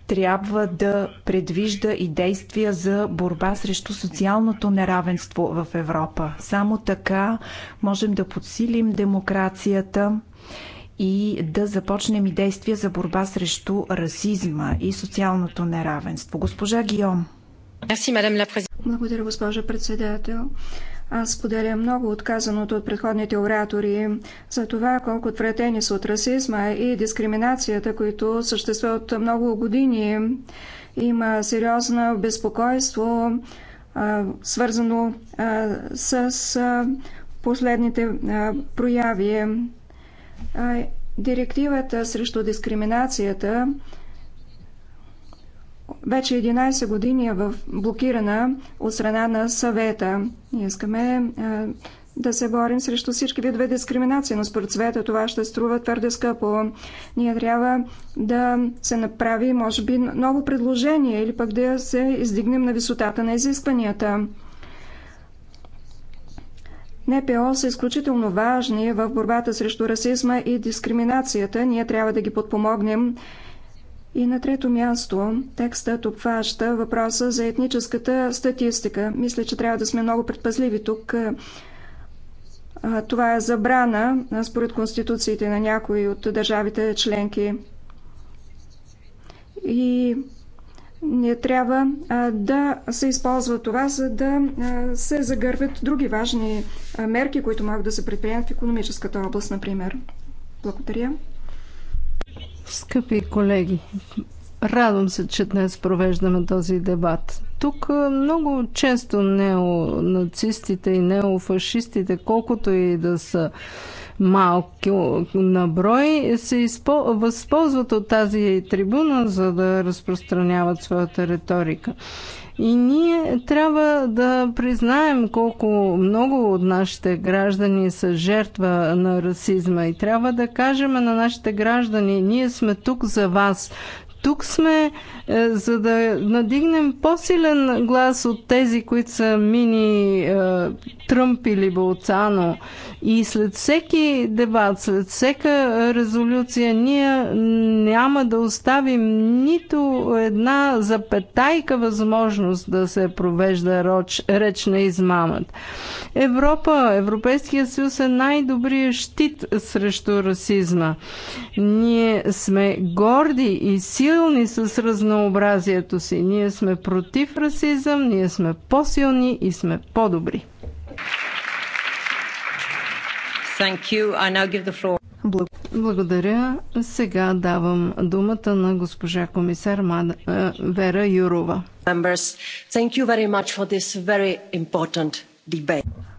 трябва да предвижда и действия за борба срещу социалното неравенство в Европа. Само така можем да подсилим демокрацията, и да започнем и действия за борба срещу расизма и социалното неравенство. Госпожа Гиом. Благодаря, госпожа председател. Аз поделя много от казаното от предходните оратори за това колко отвратени са от расизма и дискриминацията, които съществуват много години. Има сериозно безпокойство, свързано с последните прояви Директивата срещу дискриминацията вече 11 години е в блокирана от страна на съвета. Ние искаме да се борим срещу всички видове дискриминация, но според света това ще струва твърде скъпо. Ние трябва да се направи, може би, ново предложение или пък да се издигнем на висотата на изискванията. НПО са изключително важни в борбата срещу расизма и дискриминацията. Ние трябва да ги подпомогнем. И на трето място текстът обхваща въпроса за етническата статистика. Мисля, че трябва да сме много предпазливи тук. Това е забрана според конституциите на някои от държавите членки. И не трябва да се използва това, за да се загърбят други важни мерки, които могат да се предприемат в економическата област, например. Благодаря. Скъпи колеги, радвам се, че днес провеждаме този дебат. Тук много често неонацистите и неофашистите, колкото и да са малки наброй, се изпо... възползват от тази трибуна, за да разпространяват своята риторика. И ние трябва да признаем колко много от нашите граждани са жертва на расизма и трябва да кажем на нашите граждани, ние сме тук за вас. Тук сме, е, за да надигнем по-силен глас от тези, които са мини е, Тръмп или Болцано. И след всеки дебат, след всека резолюция, ние няма да оставим нито една запетайка възможност да се провежда реч на измамът. Европа, Европейския съюз е най-добрият щит срещу расизма. Ние сме горди и силни силни с разнообразието си. Ние сме против расизъм, ние сме по-силни и сме по-добри. Благодаря. Сега давам думата на госпожа комисар е, Вера Юрова.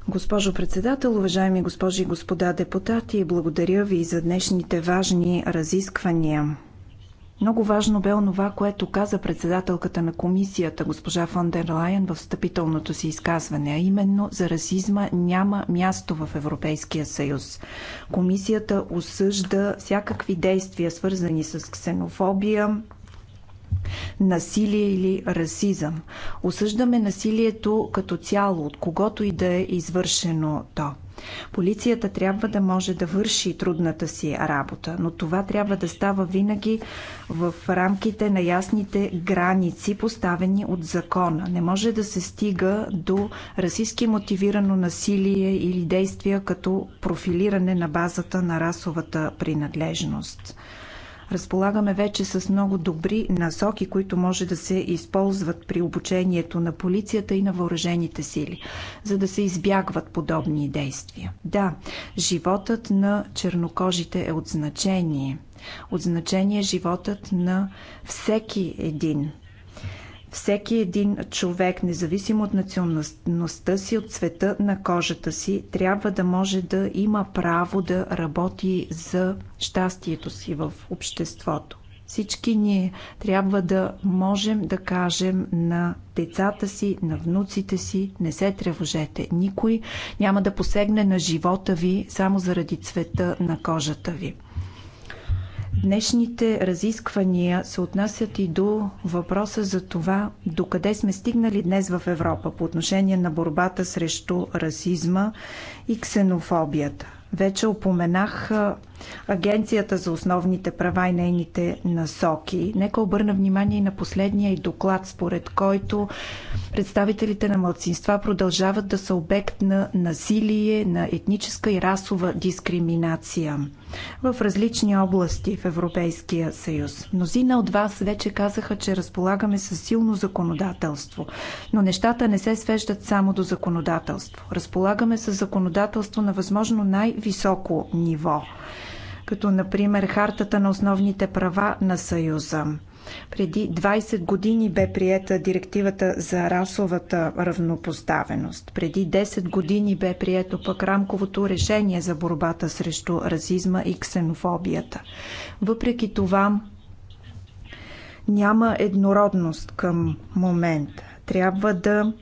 Госпожо председател, уважаеми госпожи и господа депутати, благодаря ви за днешните важни разисквания. Много важно бе онова, което каза председателката на комисията, госпожа фон дер Лайен, в встъпителното си изказване, а именно за расизма няма място в Европейския съюз. Комисията осъжда всякакви действия, свързани с ксенофобия, насилие или расизъм. Осъждаме насилието като цяло, от когото и да е извършено то. Полицията трябва да може да върши трудната си работа, но това трябва да става винаги в рамките на ясните граници, поставени от закона. Не може да се стига до расистски мотивирано насилие или действия като профилиране на базата на расовата принадлежност. Разполагаме вече с много добри насоки, които може да се използват при обучението на полицията и на въоръжените сили, за да се избягват подобни действия. Да, животът на чернокожите е от значение. От значение е животът на всеки един всеки един човек, независимо от националността си, от цвета на кожата си, трябва да може да има право да работи за щастието си в обществото. Всички ние трябва да можем да кажем на децата си, на внуците си, не се тревожете. Никой няма да посегне на живота ви само заради цвета на кожата ви. Днешните разисквания се отнасят и до въпроса за това докъде сме стигнали днес в Европа по отношение на борбата срещу расизма и ксенофобията. Вече опоменах Агенцията за основните права и нейните насоки. Нека обърна внимание и на последния и доклад, според който представителите на младсинства продължават да са обект на насилие, на етническа и расова дискриминация в различни области в Европейския съюз. Мнозина от вас вече казаха, че разполагаме с силно законодателство, но нещата не се свеждат само до законодателство. Разполагаме с законодателство на възможно най високо ниво, като например Хартата на основните права на Съюза. Преди 20 години бе приета директивата за расовата равнопоставеност. Преди 10 години бе прието пък рамковото решение за борбата срещу расизма и ксенофобията. Въпреки това, няма еднородност към момента. Трябва да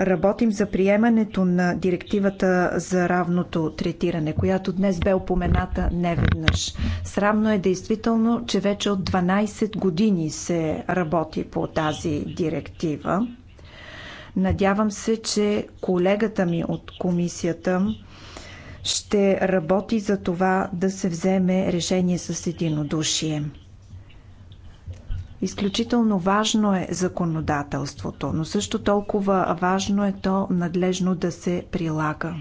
Работим за приемането на директивата за равното третиране, която днес бе упомената неведнъж. Срамно е действително, че вече от 12 години се работи по тази директива. Надявам се, че колегата ми от комисията ще работи за това да се вземе решение с единодушие. Изключително важно е законодателството, но също толкова важно е то надлежно да се прилага.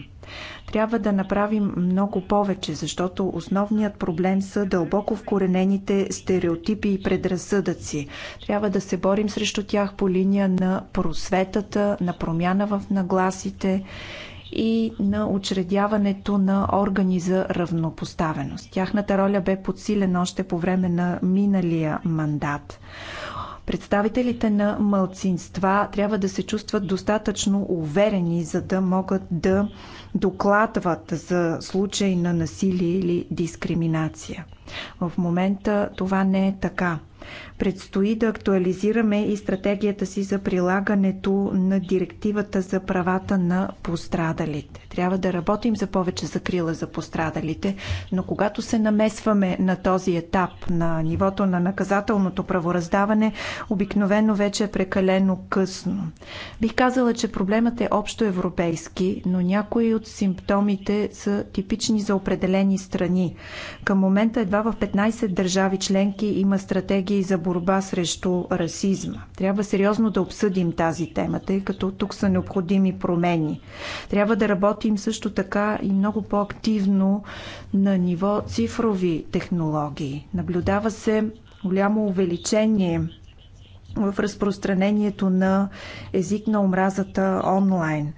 Трябва да направим много повече, защото основният проблем са дълбоко вкоренените стереотипи и предразсъдъци. Трябва да се борим срещу тях по линия на просветата, на промяна в нагласите и на учредяването на органи за равнопоставеност. Тяхната роля бе подсилена още по време на миналия мандат. Представителите на мълцинства трябва да се чувстват достатъчно уверени, за да могат да докладват за случай на насилие или дискриминация. В момента това не е така. Предстои да актуализираме и стратегията си за прилагането на директивата за правата на пострадалите. Трябва да работим за повече закрила за пострадалите, но когато се намесваме на този етап на нивото на наказателното правораздаване, обикновено вече е прекалено късно. Бих казала, че проблемът е общо европейски, но някои от симптомите са типични за определени страни. Към момента едва в 15 държави членки има стратегии стратегии за борба срещу расизма. Трябва сериозно да обсъдим тази тема, тъй като тук са необходими промени. Трябва да работим също така и много по-активно на ниво цифрови технологии. Наблюдава се голямо увеличение в разпространението на език на омразата онлайн.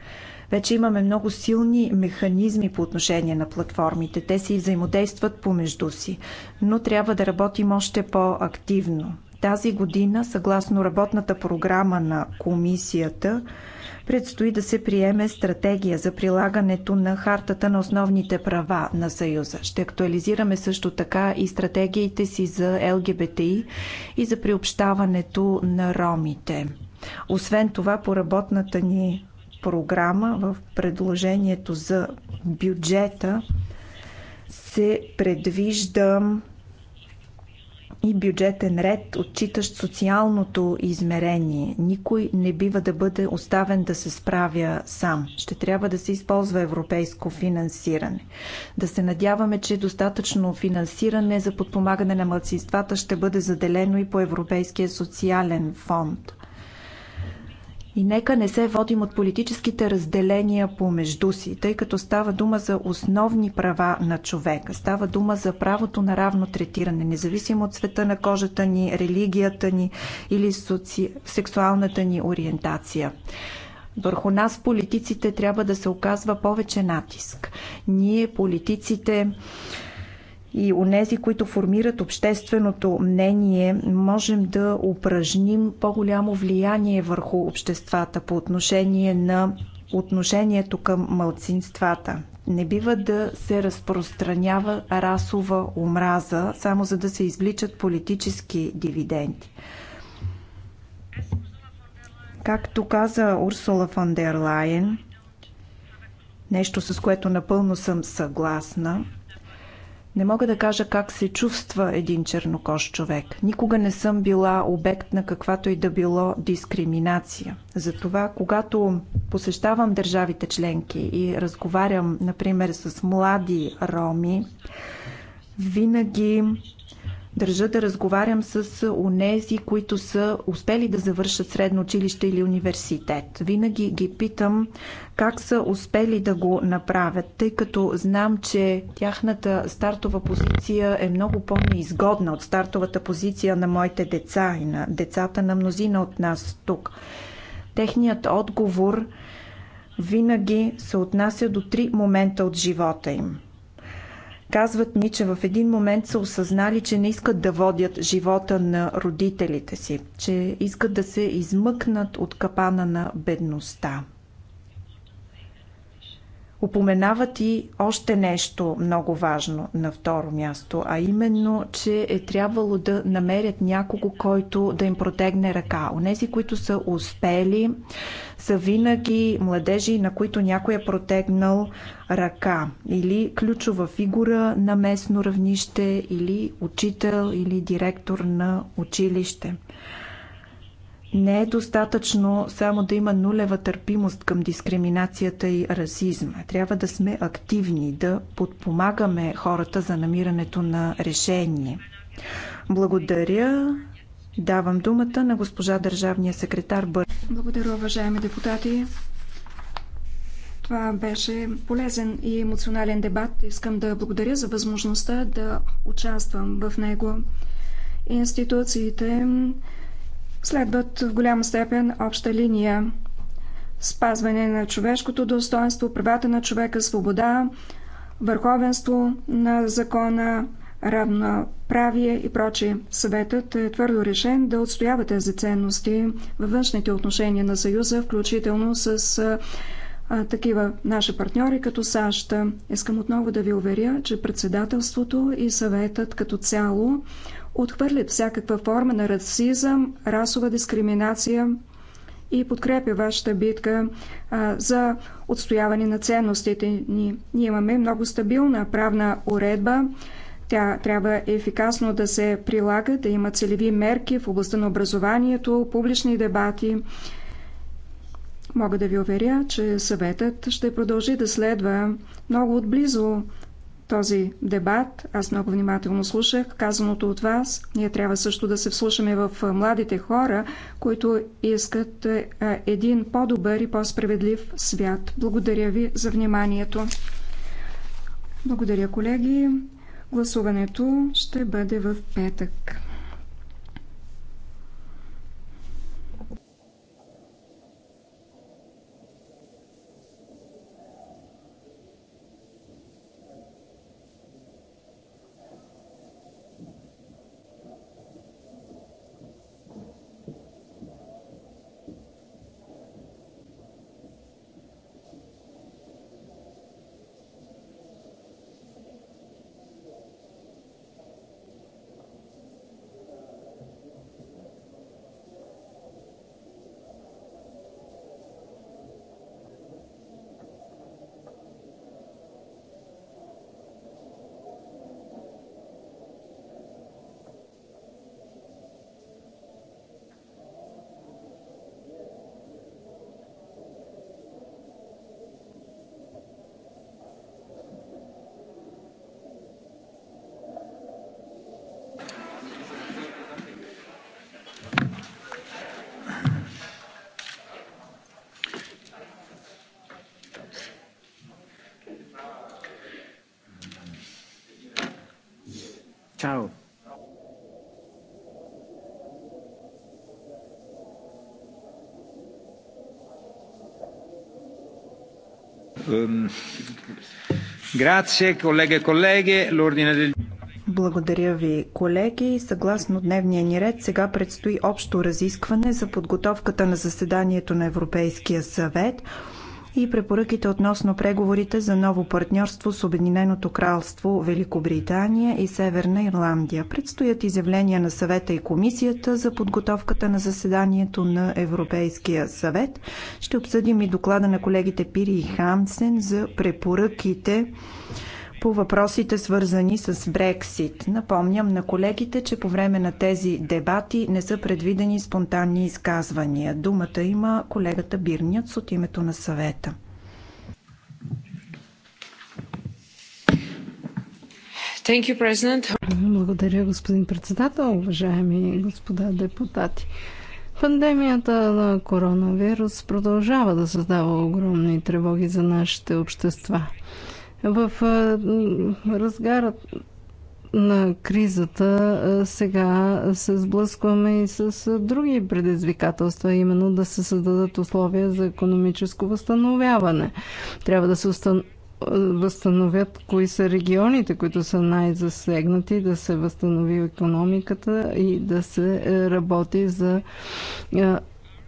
Вече имаме много силни механизми по отношение на платформите. Те си взаимодействат помежду си, но трябва да работим още по-активно. Тази година, съгласно работната програма на комисията, предстои да се приеме стратегия за прилагането на хартата на основните права на Съюза. Ще актуализираме също така и стратегиите си за ЛГБТИ и за приобщаването на ромите. Освен това, по работната ни програма в предложението за бюджета се предвижда и бюджетен ред, отчитащ социалното измерение. Никой не бива да бъде оставен да се справя сам. Ще трябва да се използва европейско финансиране. Да се надяваме, че достатъчно финансиране за подпомагане на младсинствата ще бъде заделено и по Европейския социален фонд. И нека не се водим от политическите разделения помежду си, тъй като става дума за основни права на човека. Става дума за правото на равно третиране, независимо от цвета на кожата ни, религията ни или соци... сексуалната ни ориентация. Върху нас, политиците, трябва да се оказва повече натиск. Ние, политиците, и онези, които формират общественото мнение, можем да упражним по-голямо влияние върху обществата по отношение на отношението към мълцинствата. Не бива да се разпространява расова омраза, само за да се извличат политически дивиденти. Както каза Урсула фон дер Лайен, нещо с което напълно съм съгласна – не мога да кажа как се чувства един чернокож човек. Никога не съм била обект на каквато и да било дискриминация. Затова, когато посещавам държавите членки и разговарям, например, с млади роми, винаги Държа да разговарям с онези, които са успели да завършат средно училище или университет. Винаги ги питам как са успели да го направят, тъй като знам, че тяхната стартова позиция е много по-неизгодна от стартовата позиция на моите деца и на децата на мнозина от нас тук. Техният отговор винаги се отнася до три момента от живота им Казват ми, че в един момент са осъзнали, че не искат да водят живота на родителите си, че искат да се измъкнат от капана на бедността. Упоменават и още нещо много важно на второ място, а именно, че е трябвало да намерят някого, който да им протегне ръка. Онези, които са успели, са винаги младежи, на които някой е протегнал ръка или ключова фигура на местно равнище, или учител, или директор на училище. Не е достатъчно само да има нулева търпимост към дискриминацията и расизма. Трябва да сме активни, да подпомагаме хората за намирането на решение. Благодаря. Давам думата на госпожа държавния секретар Бър. Благодаря, уважаеми депутати. Това беше полезен и емоционален дебат. Искам да благодаря за възможността да участвам в него. Институциите следват в голяма степен обща линия. Спазване на човешкото достоинство, правата на човека, свобода, върховенство на закона, равноправие и прочие. Съветът е твърдо решен да отстоява тези ценности във външните отношения на Съюза, включително с а, такива наши партньори като САЩ. Искам отново да ви уверя, че председателството и съветът като цяло отхвърлят всякаква форма на расизъм, расова дискриминация и подкрепя вашата битка а, за отстояване на ценностите ни. Ние имаме много стабилна правна уредба, тя трябва ефикасно да се прилага, да има целеви мерки в областта на образованието, публични дебати. Мога да ви уверя, че съветът ще продължи да следва много отблизо този дебат. Аз много внимателно слушах казаното от вас. Ние трябва също да се вслушаме в младите хора, които искат е, един по-добър и по-справедлив свят. Благодаря ви за вниманието. Благодаря, колеги. Гласуването ще бъде в петък. Благодаря ви, колеги. Съгласно дневния ни ред, сега предстои общо разискване за подготовката на заседанието на Европейския съвет и препоръките относно преговорите за ново партньорство с Обединеното кралство Великобритания и Северна Ирландия. Предстоят изявления на съвета и комисията за подготовката на заседанието на Европейския съвет. Ще обсъдим и доклада на колегите Пири и Хансен за препоръките по въпросите свързани с Брексит. Напомням на колегите, че по време на тези дебати не са предвидени спонтанни изказвания. Думата има колегата Бирняц от името на съвета. You, Благодаря, господин председател, уважаеми господа депутати. Пандемията на коронавирус продължава да създава огромни тревоги за нашите общества. В разгара на кризата сега се сблъскваме и с други предизвикателства, именно да се създадат условия за економическо възстановяване. Трябва да се възстановят кои са регионите, които са най-засегнати, да се възстанови економиката и да се е, работи за е,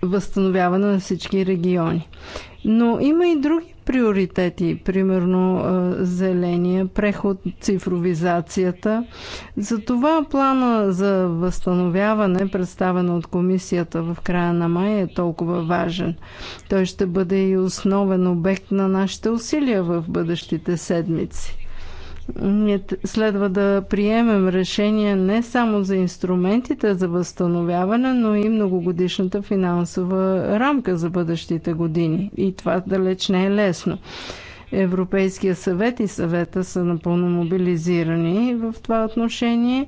възстановяване на всички региони. Но има и други приоритети, примерно зеления преход, цифровизацията. Затова плана за възстановяване, представен от комисията в края на май, е толкова важен. Той ще бъде и основен обект на нашите усилия в бъдещите седмици ние следва да приемем решение не само за инструментите за възстановяване, но и многогодишната финансова рамка за бъдещите години. И това далеч не е лесно. Европейския съвет и съвета са напълно мобилизирани в това отношение.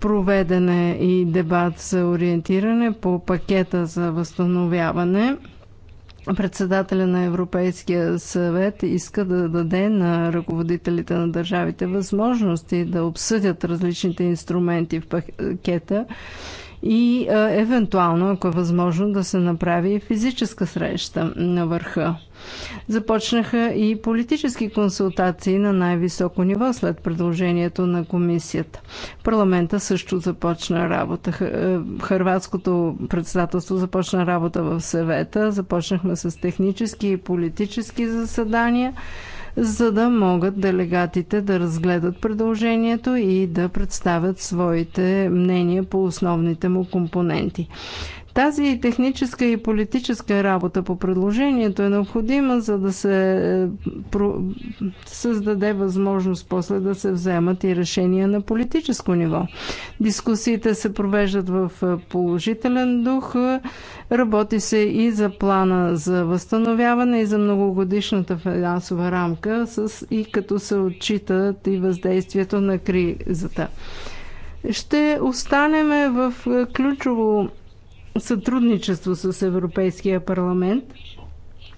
Проведен е и дебат за ориентиране по пакета за възстановяване – председателя на Европейския съвет иска да даде на ръководителите на държавите възможности да обсъдят различните инструменти в пакета и е, евентуално, ако е възможно, да се направи физическа среща на върха. Започнаха и политически консултации на най-високо ниво след предложението на комисията. Парламента също започна работа. Хърватското е, председателство започна работа в съвета. Започнахме с технически и политически заседания за да могат делегатите да разгледат предложението и да представят своите мнения по основните му компоненти. Тази техническа и политическа работа по предложението е необходима, за да се е, създаде възможност после да се вземат и решения на политическо ниво. Дискусиите се провеждат в е, положителен дух, работи се и за плана за възстановяване и за многогодишната финансова рамка и като се отчитат и въздействието на кризата ще останеме в е, ключово сътрудничество с Европейския парламент.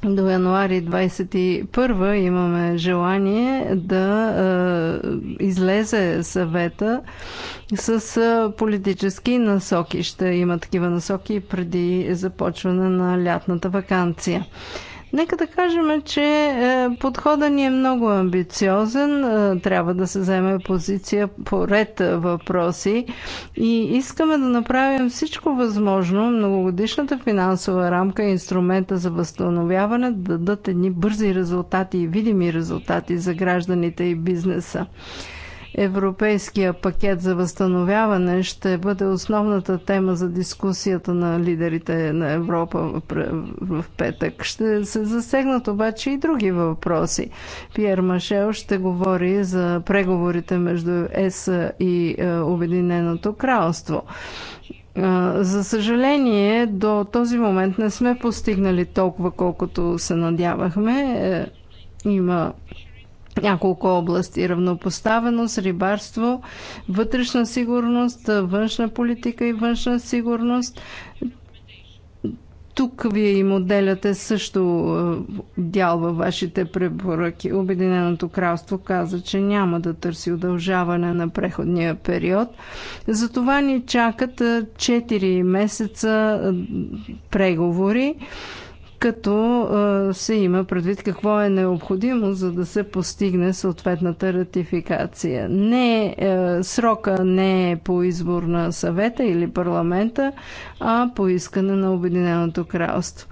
До януари 21 имаме желание да е, излезе съвета с е, политически насоки. Ще има такива насоки преди започване на лятната вакансия. Нека да кажем, че е, подхода ни е много амбициозен, е, трябва да се вземе позиция по ред въпроси и искаме да направим всичко възможно многогодишната финансова рамка и инструмента за възстановяване да дадат едни бързи резултати и видими резултати за гражданите и бизнеса. Европейския пакет за възстановяване ще бъде основната тема за дискусията на лидерите на Европа в петък. Ще се засегнат обаче и други въпроси. Пьер Машел ще говори за преговорите между ЕС и е, Обединеното кралство. Е, за съжаление, до този момент не сме постигнали толкова, колкото се надявахме. Е, има няколко области равнопоставеност, рибарство, вътрешна сигурност, външна политика и външна сигурност. Тук вие им отделяте също е, дял във вашите препоръки. Обединеното кралство каза, че няма да търси удължаване на преходния период. Затова ни чакат 4 е, месеца е, преговори като се има предвид какво е необходимо, за да се постигне съответната ратификация. Не, е, срока не е по избор на съвета или парламента, а по искане на Обединеното кралство.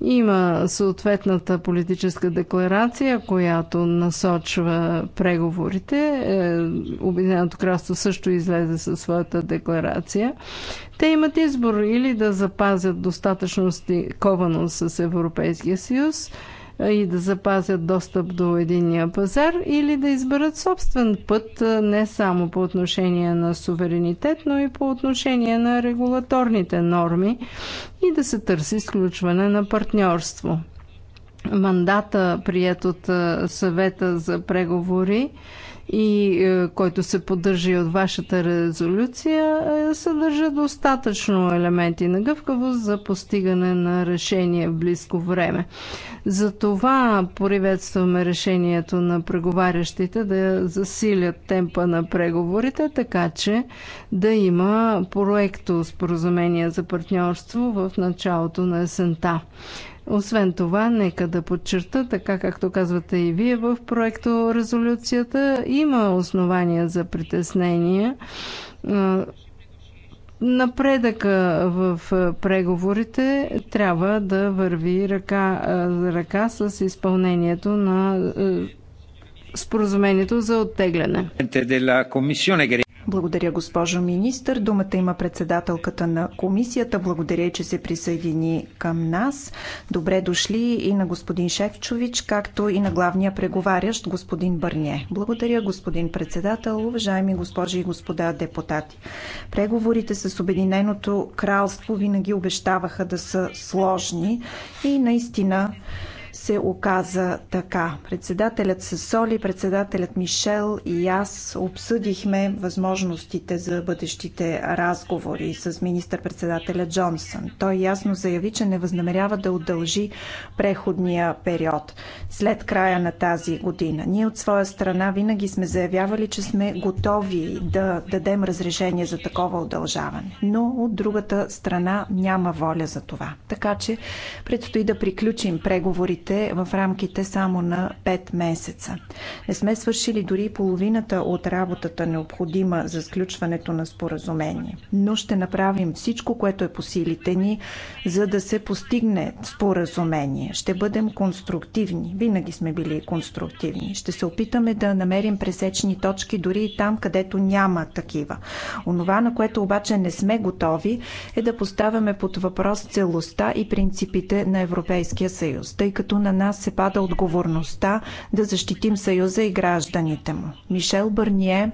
Има съответната политическа декларация, която насочва преговорите. Е, Обединеното кралство също излезе със своята декларация. Те имат избор или да запазят достатъчно стиковано с Европа, Европейския съюз и да запазят достъп до единния пазар или да изберат собствен път не само по отношение на суверенитет, но и по отношение на регулаторните норми и да се търси сключване на партньорство. Мандата, прият от съвета за преговори, и е, който се поддържа от вашата резолюция, е, съдържа достатъчно елементи на гъвкавост за постигане на решение в близко време. Затова приветстваме решението на преговарящите да засилят темпа на преговорите, така че да има проекто споразумение за партньорство в началото на есента. Освен това, нека да подчерта, така както казвате и вие в проекто резолюцията, има основания за притеснения. Напредъка в преговорите трябва да върви ръка, ръка с изпълнението на споразумението за оттегляне. Благодаря, госпожо министър. Думата има председателката на комисията. Благодаря, че се присъедини към нас. Добре дошли и на господин Шефчович, както и на главния преговарящ господин Бърне. Благодаря, господин председател, уважаеми госпожи и господа депутати. Преговорите с Обединеното кралство винаги обещаваха да са сложни и наистина се оказа така. Председателят Соли, председателят Мишел и аз обсъдихме възможностите за бъдещите разговори с министър-председателя Джонсън. Той ясно заяви, че не възнамерява да удължи преходния период след края на тази година. Ние от своя страна винаги сме заявявали, че сме готови да дадем разрешение за такова удължаване. Но от другата страна няма воля за това. Така че предстои да приключим преговорите отговорите в рамките само на 5 месеца. Не сме свършили дори половината от работата необходима за сключването на споразумение, но ще направим всичко, което е по силите ни, за да се постигне споразумение. Ще бъдем конструктивни. Винаги сме били конструктивни. Ще се опитаме да намерим пресечни точки дори и там, където няма такива. Онова, на което обаче не сме готови, е да поставяме под въпрос целостта и принципите на Европейския съюз, тъй като на нас се пада отговорността да защитим Съюза и гражданите му. Мишел Бърние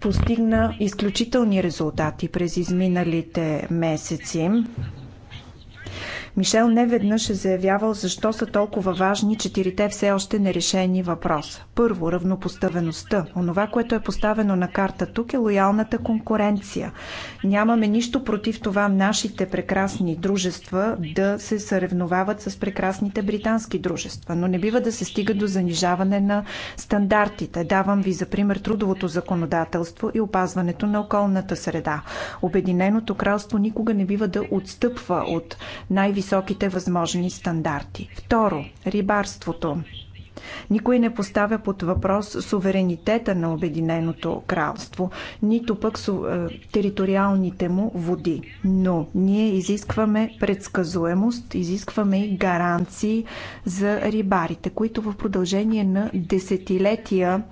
постигна изключителни резултати през изминалите месеци. Мишел неведнъж е заявявал защо са толкова важни четирите все още нерешени въпроса. Първо, равнопоставеността. Онова, което е поставено на карта тук е лоялната конкуренция. Нямаме нищо против това нашите прекрасни дружества да се съревновават с прекрасните британски дружества, но не бива да се стига до занижаване на стандартите. Давам ви за пример трудовото законодателство и опазването на околната среда. Обединеното кралство никога не бива да отстъпва от най-високите най-високите възможни стандарти. Второ, рибарството. Никой не поставя под въпрос суверенитета на Обединеното кралство, нито пък су, е, териториалните му води. Но ние изискваме предсказуемост, изискваме и гаранции за рибарите, които в продължение на десетилетия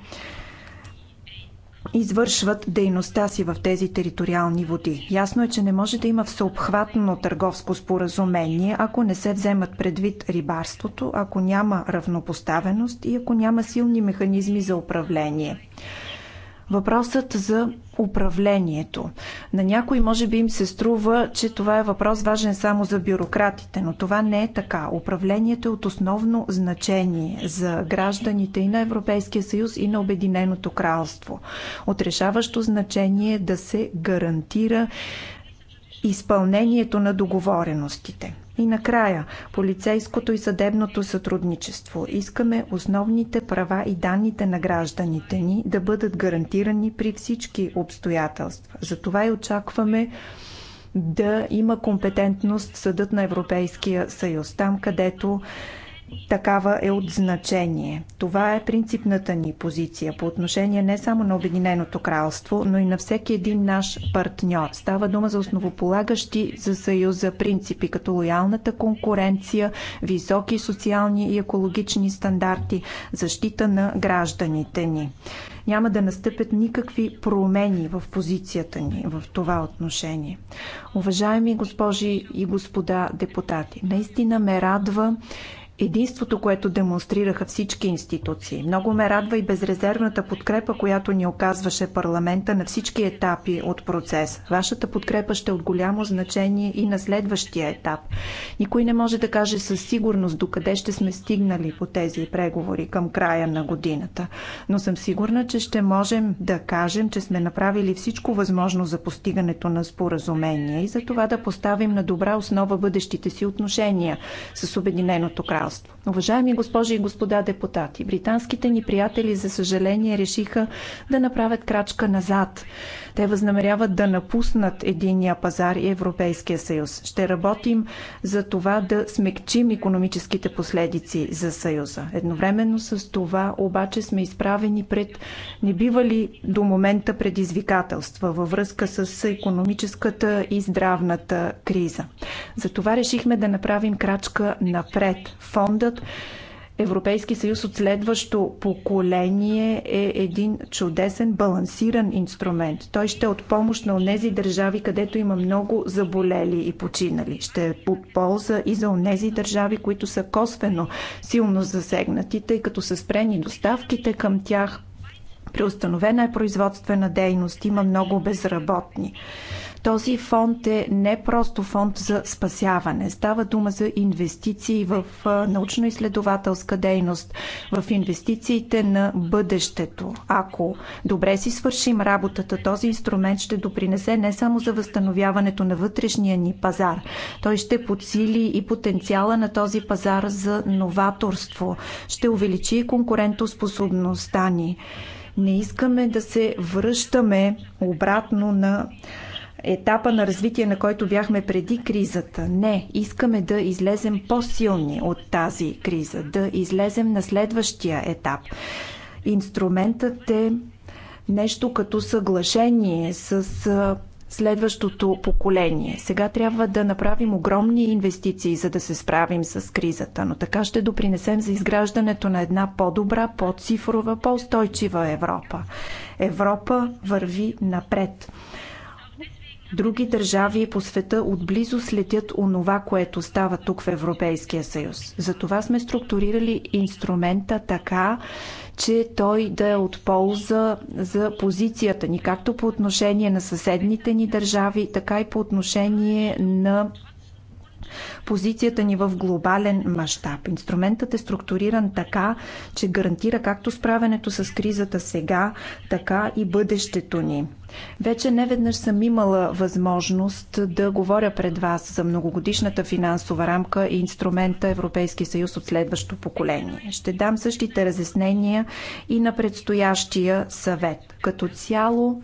извършват дейността си в тези териториални води. Ясно е, че не може да има всеобхватно търговско споразумение, ако не се вземат предвид рибарството, ако няма равнопоставеност и ако няма силни механизми за управление. Въпросът за управлението. На някои може би им се струва, че това е въпрос важен само за бюрократите, но това не е така. Управлението е от основно значение за гражданите и на Европейския съюз и на Обединеното кралство. От решаващо значение е да се гарантира изпълнението на договореностите. И накрая, полицейското и съдебното сътрудничество. Искаме основните права и данните на гражданите ни да бъдат гарантирани при всички обстоятелства. Затова и очакваме да има компетентност съдът на Европейския съюз, там където такава е от значение. Това е принципната ни позиция по отношение не само на Обединеното кралство, но и на всеки един наш партньор. Става дума за основополагащи за Съюза принципи, като лоялната конкуренция, високи социални и екологични стандарти, защита на гражданите ни. Няма да настъпят никакви промени в позицията ни в това отношение. Уважаеми госпожи и господа депутати, наистина ме радва, единството, което демонстрираха всички институции. Много ме радва и безрезервната подкрепа, която ни оказваше парламента на всички етапи от процес. Вашата подкрепа ще е от голямо значение и на следващия етап. Никой не може да каже със сигурност докъде ще сме стигнали по тези преговори към края на годината. Но съм сигурна, че ще можем да кажем, че сме направили всичко възможно за постигането на споразумение и за това да поставим на добра основа бъдещите си отношения с Обединеното кралство кралство. Уважаеми госпожи и господа депутати, британските ни приятели, за съжаление, решиха да направят крачка назад те възнамеряват да напуснат единния пазар и Европейския съюз. Ще работим за това да смекчим економическите последици за съюза. Едновременно с това обаче сме изправени пред небивали до момента предизвикателства във връзка с економическата и здравната криза. Затова решихме да направим крачка напред. Фондът Европейски съюз от следващо поколение е един чудесен балансиран инструмент. Той ще е от помощ на онези държави, където има много заболели и починали. Ще е от полза и за онези държави, които са косвено силно засегнати, тъй като са спрени доставките към тях, преустановена е производствена дейност, има много безработни. Този фонд е не просто фонд за спасяване. Става дума за инвестиции в научно-изследователска дейност, в инвестициите на бъдещето. Ако добре си свършим работата, този инструмент ще допринесе не само за възстановяването на вътрешния ни пазар, той ще подсили и потенциала на този пазар за новаторство, ще увеличи конкурентоспособността ни. Не искаме да се връщаме обратно на етапа на развитие, на който бяхме преди кризата. Не, искаме да излезем по-силни от тази криза, да излезем на следващия етап. Инструментът е нещо като съглашение с следващото поколение. Сега трябва да направим огромни инвестиции, за да се справим с кризата, но така ще допринесем за изграждането на една по-добра, по-цифрова, по-устойчива Европа. Европа върви напред. Други държави по света отблизо следят онова, което става тук в Европейския съюз. Затова сме структурирали инструмента така, че той да е от полза за позицията ни, както по отношение на съседните ни държави, така и по отношение на позицията ни в глобален мащаб. Инструментът е структуриран така, че гарантира както справянето с кризата сега, така и бъдещето ни. Вече не веднъж съм имала възможност да говоря пред вас за многогодишната финансова рамка и инструмента Европейски съюз от следващо поколение. Ще дам същите разяснения и на предстоящия съвет. Като цяло,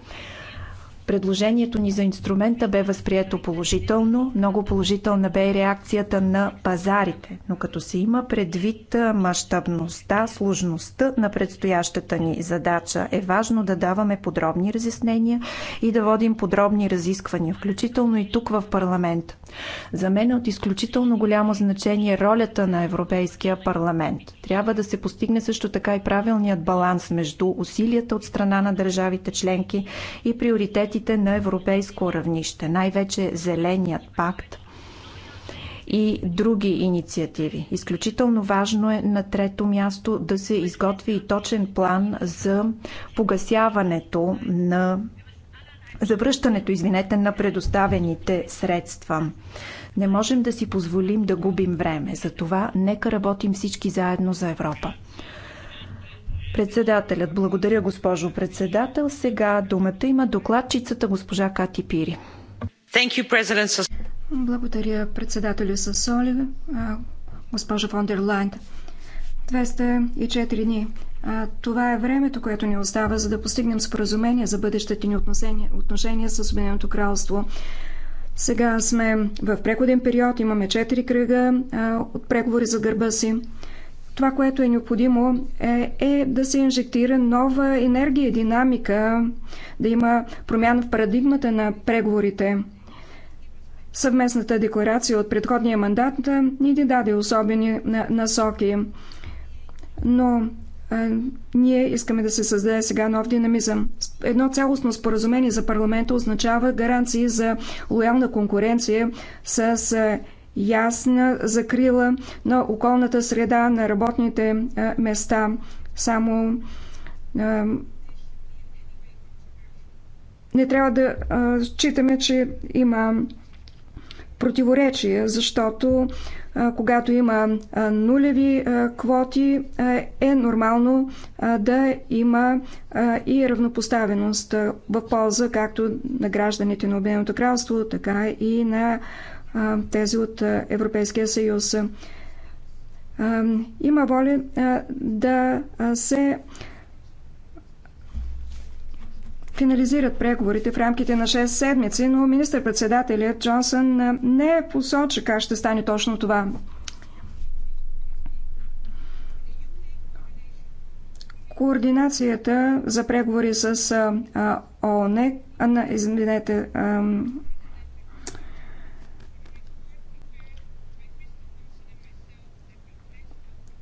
Предложението ни за инструмента бе възприето положително, много положителна бе и реакцията на пазарите, но като се има предвид мащабността, сложността на предстоящата ни задача, е важно да даваме подробни разяснения и да водим подробни разисквания, включително и тук в парламент. За мен е от изключително голямо значение ролята на Европейския парламент. Трябва да се постигне също така и правилният баланс между усилията от страна на държавите членки и приоритетите проектите на европейско равнище, най-вече Зеленият пакт и други инициативи. Изключително важно е на трето място да се изготви и точен план за погасяването на завръщането, извинете, на предоставените средства. Не можем да си позволим да губим време. Затова нека работим всички заедно за Европа. Председателят, благодаря госпожо председател. Сега думата има докладчицата госпожа Кати Пири. You, благодаря председателю Сасоли, госпожа фон дер Лайн. 204 дни. Това е времето, което ни остава, за да постигнем споразумение за бъдещите ни отношения, отношения с Обединеното кралство. Сега сме в преходен период, имаме четири кръга от преговори за гърба си. Това, което е необходимо е, е да се инжектира нова енергия, динамика, да има промяна в парадигмата на преговорите. Съвместната декларация от предходния мандат ни не даде особени насоки, но а, ние искаме да се създаде сега нов динамизъм. Едно цялостно споразумение за парламента означава гаранции за лоялна конкуренция с ясна закрила на околната среда, на работните е, места. Само е, не трябва да е, считаме, че има противоречие, защото когато има нулеви квоти, е нормално да има и равнопоставеност в полза както на гражданите на Обединеното кралство, така и на тези от Европейския съюз. Има воля да се финализират преговорите в рамките на 6 седмици, но министър-председателят Джонсън не е посочи как ще стане точно това. Координацията за преговори с ООН, е, извинете,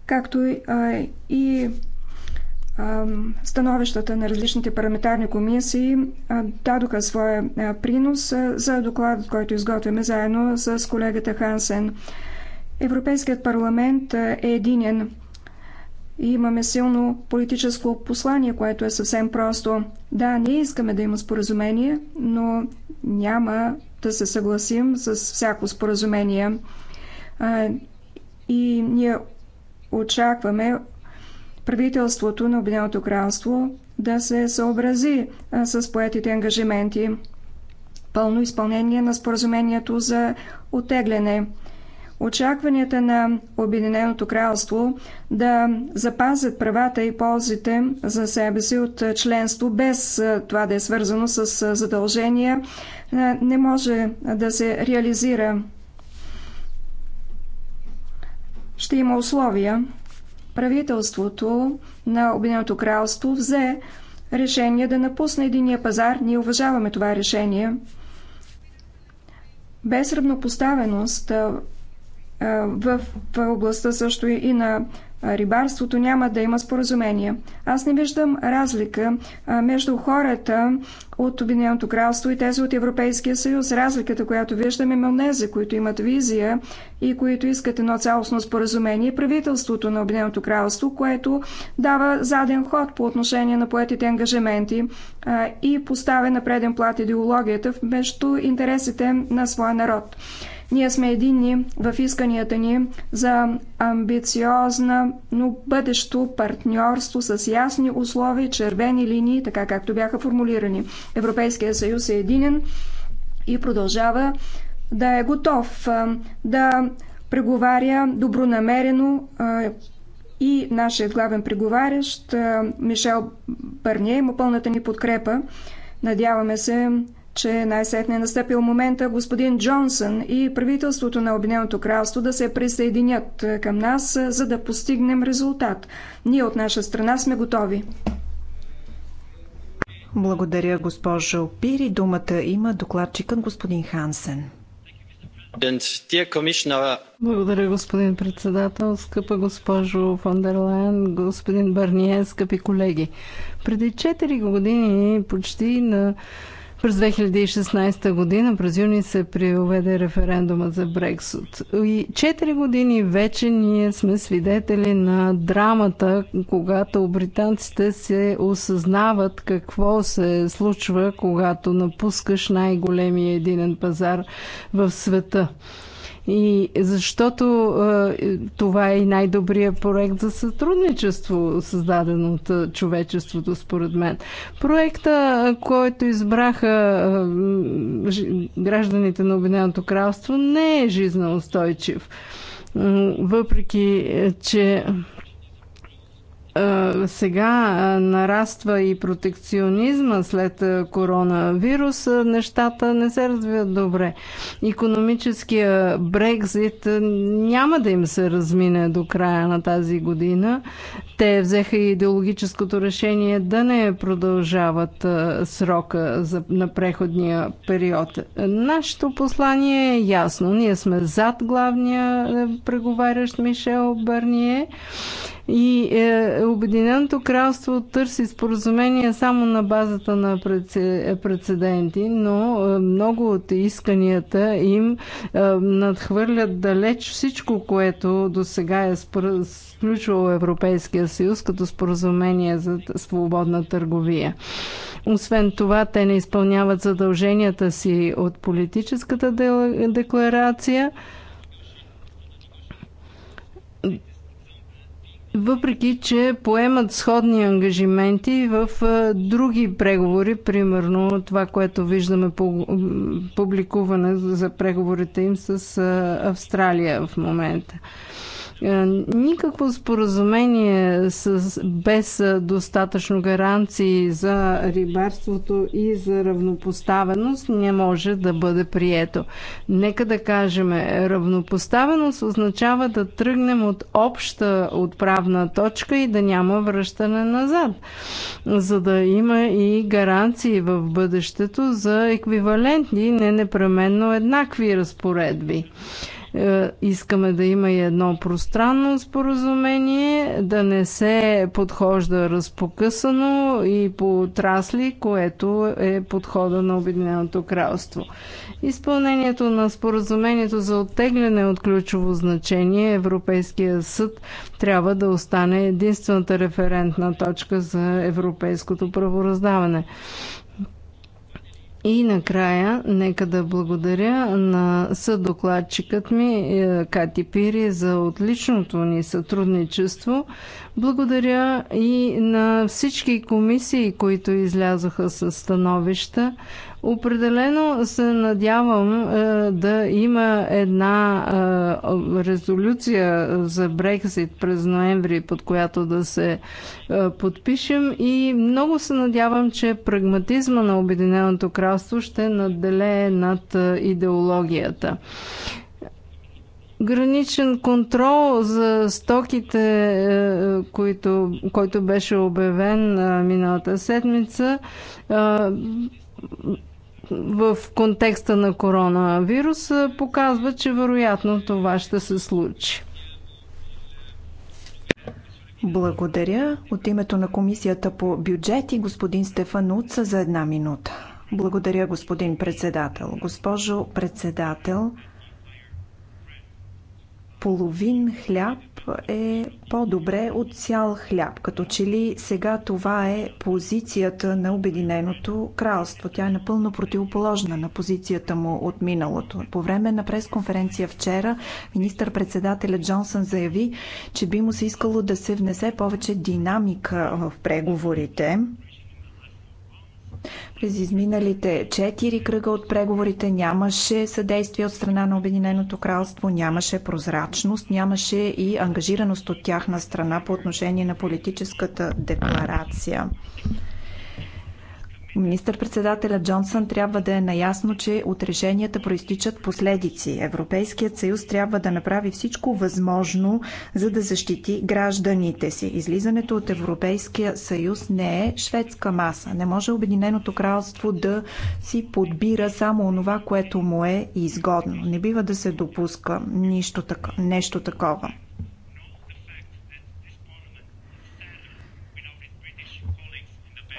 както и становищата на различните парламентарни комисии дадоха своя принос за докладът, който изготвяме заедно с колегата Хансен. Европейският парламент е единен. И имаме силно политическо послание, което е съвсем просто. Да, ние искаме да има споразумение, но няма да се съгласим с всяко споразумение. И ние очакваме правителството на Обединеното кралство да се съобрази с поетите ангажименти. Пълно изпълнение на споразумението за отегляне. Очакванията на Обединеното кралство да запазят правата и ползите за себе си от членство, без това да е свързано с задължения, не може да се реализира ще има условия. Правителството на Обединеното кралство взе решение да напусне единия пазар. Ние уважаваме това решение. Без равнопоставеност в областта също и на рибарството няма да има споразумение. Аз не виждам разлика между хората от Обединеното кралство и тези от Европейския съюз. Разликата, която виждаме, мълнези, които имат визия и които искат едно цялостно споразумение, правителството на Обединеното кралство, което дава заден ход по отношение на поетите ангажименти и поставя на преден плат идеологията вместо интересите на своя народ. Ние сме единни в исканията ни за амбициозна, но бъдещо партньорство с ясни условия, червени линии, така както бяха формулирани. Европейския съюз е единен и продължава да е готов да преговаря добронамерено и нашият главен преговарящ Мишел Бърние има пълната ни подкрепа. Надяваме се че най-сетне е настъпил момента господин Джонсън и правителството на Обединеното кралство да се присъединят е, към нас, е, за да постигнем резултат. Ние от наша страна сме готови. Благодаря, госпожо Пири. Думата има докладчикът господин Хансен. Благодаря, господин председател, скъпа госпожо Фондерлайн, господин Барние, скъпи колеги. Преди 4 години почти на през 2016 година, през юни, се приведе референдума за Брексит. И 4 години вече ние сме свидетели на драмата, когато британците се осъзнават какво се случва, когато напускаш най-големия единен пазар в света. И защото е, това е и най-добрият проект за сътрудничество, създаден от човечеството, според мен. Проекта, който избраха гражданите на Обединеното кралство, не е жизнеустойчив. Въпреки, е, че е, сега е, нараства и протекционизма след е, коронавирус, нещата не се развиват добре. Економическия Брекзит няма да им се размине до края на тази година. Те взеха и идеологическото решение да не продължават срока на преходния период. Нашето послание е ясно. Ние сме зад главния преговарящ Мишел Бърние и е, Обединеното кралство търси споразумение само на базата на прецеденти, но е, много от исканията им е, надхвърлят далеч всичко, което до сега е спр... Европейския съюз като споразумение за свободна търговия. Освен това, те не изпълняват задълженията си от политическата декларация. въпреки че поемат сходни ангажименти в други преговори, примерно това, което виждаме по публикуване за преговорите им с Австралия в момента. Е, никакво споразумение с, без е, достатъчно гаранции за рибарството и за равнопоставеност не може да бъде прието. Нека да кажем, е, равнопоставеност означава да тръгнем от обща отправна точка и да няма връщане назад, за да има и гаранции в бъдещето за еквивалентни, не непременно еднакви разпоредби. Е, искаме да има и едно пространно споразумение, да не се подхожда разпокъсано и по отрасли, което е подхода на Обединеното кралство. Изпълнението на споразумението за оттегляне от ключово значение Европейския съд трябва да остане единствената референтна точка за европейското правораздаване. И накрая, нека да благодаря на съдокладчикът ми е, Кати Пири за отличното ни сътрудничество. Благодаря и на всички комисии, които излязоха с становища. Определено се надявам е, да има една е, резолюция за Брексит през ноември, под която да се е, подпишем и много се надявам, че прагматизма на Обединеното кралство ще надделее над идеологията граничен контрол за стоките, който, който беше обявен миналата седмица в контекста на коронавирус показва, че вероятно това ще се случи. Благодаря. От името на Комисията по бюджет и господин Стефан Уца за една минута. Благодаря, господин председател. Госпожо председател, половин хляб е по-добре от цял хляб. Като че ли сега това е позицията на Обединеното кралство. Тя е напълно противоположна на позицията му от миналото. По време на пресконференция вчера министър-председателят Джонсън заяви, че би му се искало да се внесе повече динамика в преговорите през изминалите четири кръга от преговорите нямаше съдействие от страна на Обединеното кралство, нямаше прозрачност, нямаше и ангажираност от тяхна страна по отношение на политическата декларация. Министър-председателя Джонсън трябва да е наясно, че от решенията проистичат последици. Европейският съюз трябва да направи всичко възможно, за да защити гражданите си. Излизането от Европейския съюз не е шведска маса. Не може Обединеното кралство да си подбира само онова, което му е изгодно. Не бива да се допуска нищо, нещо такова.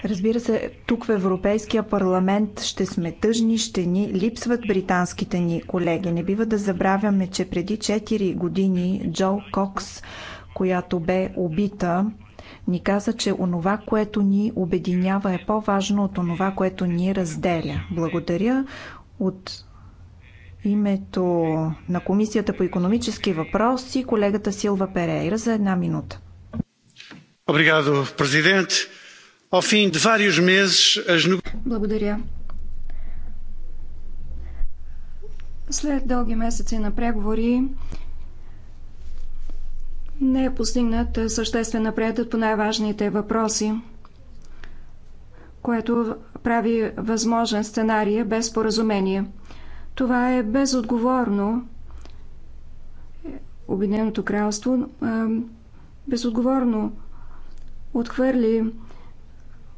Разбира се, тук в Европейския парламент ще сме тъжни, ще ни липсват британските ни колеги. Не бива да забравяме, че преди 4 години Джо Кокс, която бе убита, ни каза, че онова, което ни обединява е по-важно от онова, което ни разделя. Благодаря от името на Комисията по економически въпроси колегата Силва Перейра за една минута. Обригадо, президент. Ao fim de vários meses, as Благодаря. След дълги месеци на преговори не е постигнат съществен напредък по най-важните въпроси, което прави възможен сценария без поразумение. Това е безотговорно. Обединеното кралство безотговорно отхвърли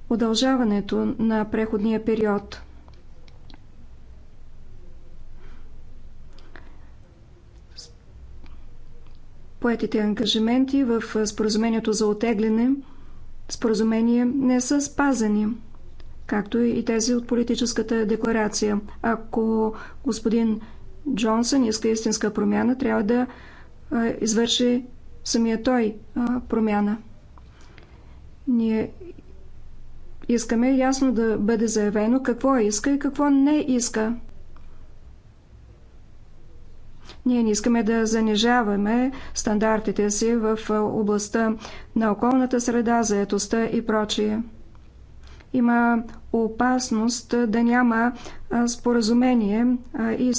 удължаването на преходния период. Поетите ангажименти в споразумението за отегляне споразумение не са спазени, както и тези от политическата декларация. Ако господин Джонсън иска истинска промяна, трябва да извърши самия той промяна. Ние Искаме ясно да бъде заявено какво иска и какво не иска. Ние не искаме да занижаваме стандартите си в областта на околната среда, заетостта и прочие. Има опасност да няма споразумение и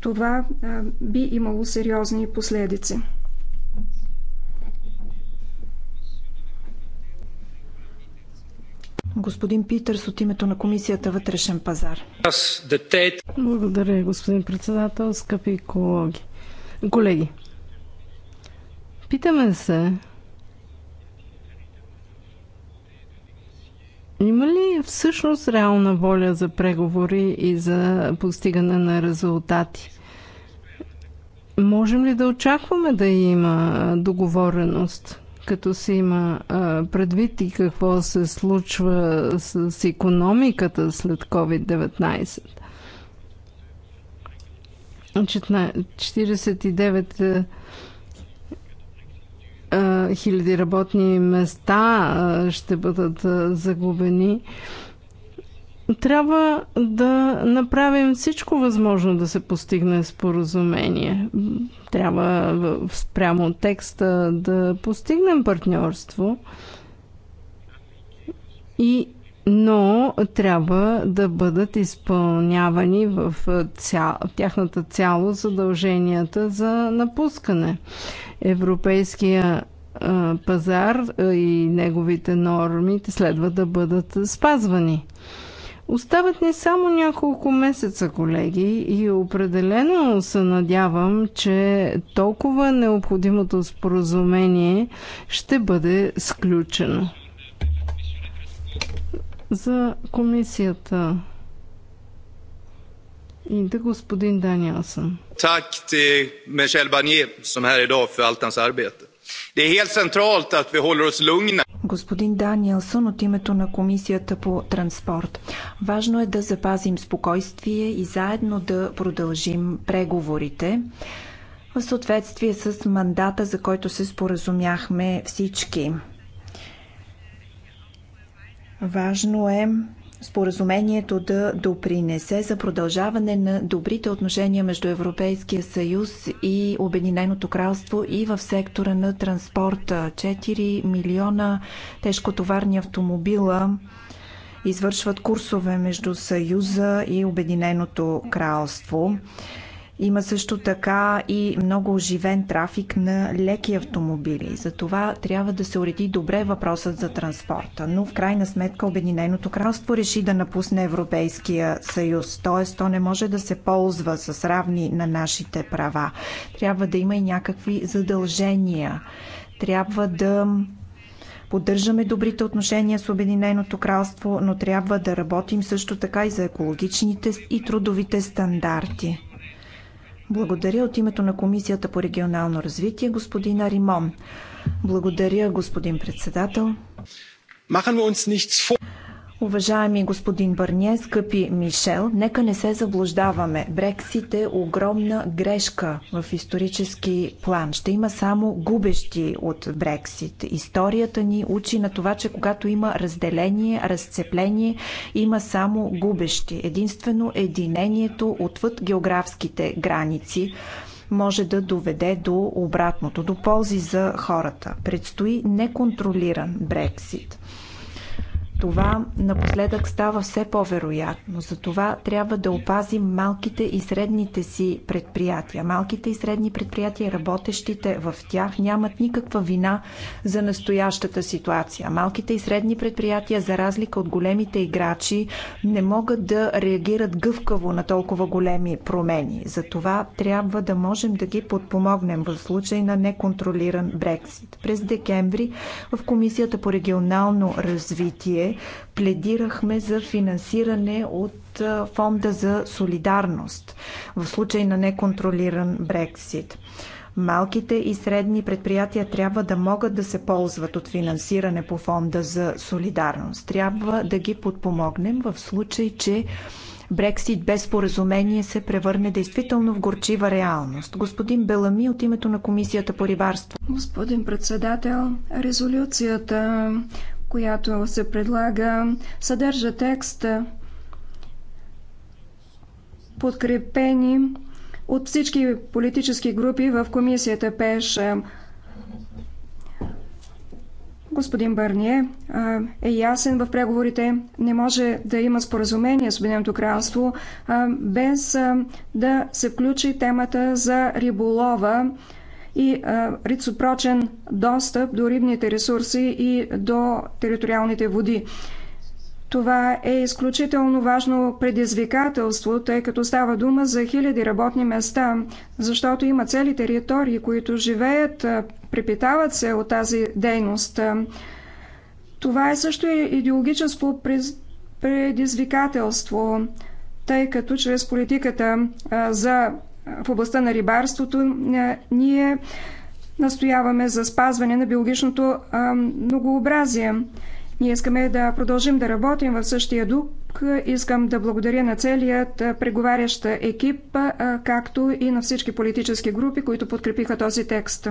това би имало сериозни последици. Господин Питърс от името на Комисията Вътрешен пазар. Благодаря, господин председател, скъпи екологи. Колеги, питаме се, Има ли всъщност реална воля за преговори и за постигане на резултати? Можем ли да очакваме да има договореност? като се има предвид и какво се случва с економиката след COVID-19. 49 хиляди работни места ще бъдат загубени трябва да направим всичко възможно да се постигне споразумение. Трябва спрямо текста да постигнем партньорство. И, но трябва да бъдат изпълнявани в ця, тяхната цяло задълженията за напускане. Европейския пазар и неговите норми следва да бъдат спазвани. Остават ни само няколко месеца, колеги, и определено се надявам, че толкова необходимото споразумение ще бъде сключено. За комисията и да господин Даниелсън. Tack till Michel Barnier som här idag för allt hans arbete. Det är helt centralt att vi håller oss lugna. Господин Даниелсон от името на Комисията по транспорт. Важно е да запазим спокойствие и заедно да продължим преговорите в съответствие с мандата, за който се споразумяхме всички. Важно е споразумението да допринесе за продължаване на добрите отношения между Европейския съюз и Обединеното кралство и в сектора на транспорта. 4 милиона тежкотоварни автомобила извършват курсове между Съюза и Обединеното кралство. Има също така и много оживен трафик на леки автомобили. За това трябва да се уреди добре въпросът за транспорта. Но в крайна сметка Обединеното кралство реши да напусне Европейския съюз. Т.е. то не може да се ползва с равни на нашите права. Трябва да има и някакви задължения. Трябва да Поддържаме добрите отношения с Обединеното кралство, но трябва да работим също така и за екологичните и трудовите стандарти. Благодаря от името на Комисията по регионално развитие, господин Аримон. Благодаря, господин председател. Уважаеми господин Бърние, скъпи Мишел, нека не се заблуждаваме. Брексит е огромна грешка в исторически план. Ще има само губещи от Брексит. Историята ни учи на това, че когато има разделение, разцепление, има само губещи. Единствено единението отвъд географските граници може да доведе до обратното, до ползи за хората. Предстои неконтролиран Брексит. Това напоследък става все по-вероятно. Затова трябва да опазим малките и средните си предприятия. Малките и средни предприятия, работещите в тях, нямат никаква вина за настоящата ситуация. Малките и средни предприятия, за разлика от големите играчи, не могат да реагират гъвкаво на толкова големи промени. Затова трябва да можем да ги подпомогнем в случай на неконтролиран Брексит. През декември в Комисията по регионално развитие пледирахме за финансиране от Фонда за солидарност в случай на неконтролиран Брексит. Малките и средни предприятия трябва да могат да се ползват от финансиране по Фонда за солидарност. Трябва да ги подпомогнем в случай, че Брексит без споразумение се превърне действително в горчива реалност. Господин Белами от името на Комисията по рибарство. Господин председател, резолюцията която се предлага, съдържа текст подкрепени от всички политически групи в комисията ПЕШ. Господин Бърние е ясен в преговорите. Не може да има споразумение с Обединеното кралство без да се включи темата за риболова и реципрочен достъп до рибните ресурси и до териториалните води. Това е изключително важно предизвикателство, тъй като става дума за хиляди работни места, защото има цели територии, които живеят, препитават се от тази дейност. Това е също и идеологическо предизвикателство, тъй като чрез политиката за в областта на рибарството ние настояваме за спазване на биологичното многообразие. Ние искаме да продължим да работим в същия дух. Искам да благодаря на целият преговарящ екип, както и на всички политически групи, които подкрепиха този текст.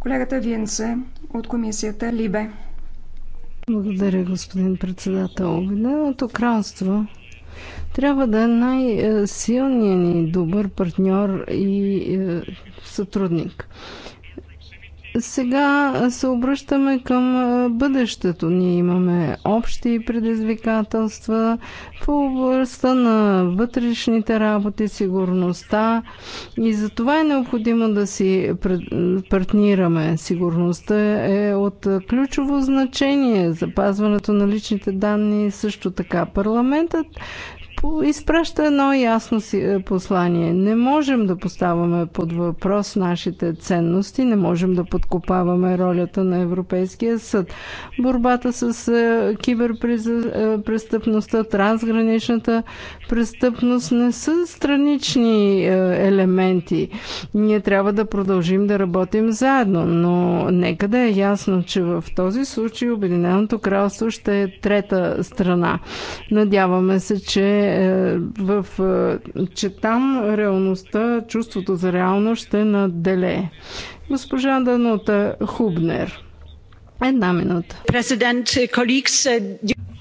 Колегата Винце от комисията Либе. Благодаря, господин председател. Обединеното кралство трябва да е най-силният ни добър партньор и е, сътрудник. Сега се обръщаме към е, бъдещето. Ние имаме общи предизвикателства в областта на вътрешните работи, сигурността и за това е необходимо да си партнираме. Сигурността е от ключово значение. Запазването на личните данни също така. Парламентът изпраща едно ясно е, послание. Не можем да поставяме под въпрос нашите ценности, не можем да подкопаваме ролята на Европейския съд. Борбата с е, киберпрестъпността, е, трансграничната престъпност не са странични елементи. Ние трябва да продължим да работим заедно, но нека да е ясно, че в този случай Обединеното кралство ще е трета страна. Надяваме се, че е, в, е, че там реалността, чувството за реалност ще наделее. Госпожа Данута Хубнер. Една минута. Президент, колегс,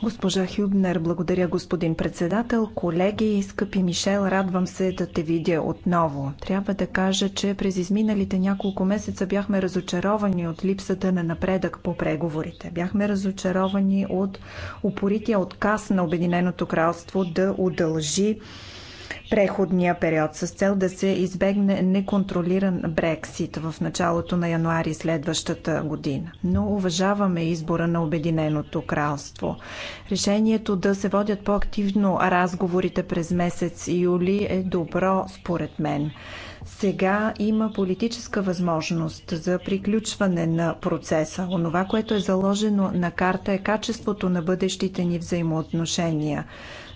Госпожа Хюбнер, благодаря господин председател, колеги, скъпи Мишел, радвам се да те видя отново. Трябва да кажа, че през изминалите няколко месеца бяхме разочаровани от липсата на напредък по преговорите. Бяхме разочаровани от упорития отказ на Обединеното кралство да удължи преходния период с цел да се избегне неконтролиран Брексит в началото на януари следващата година. Но уважаваме избора на Обединеното кралство. Решението да се водят по-активно разговорите през месец юли е добро според мен. Сега има политическа възможност за приключване на процеса. Онова, което е заложено на карта е качеството на бъдещите ни взаимоотношения.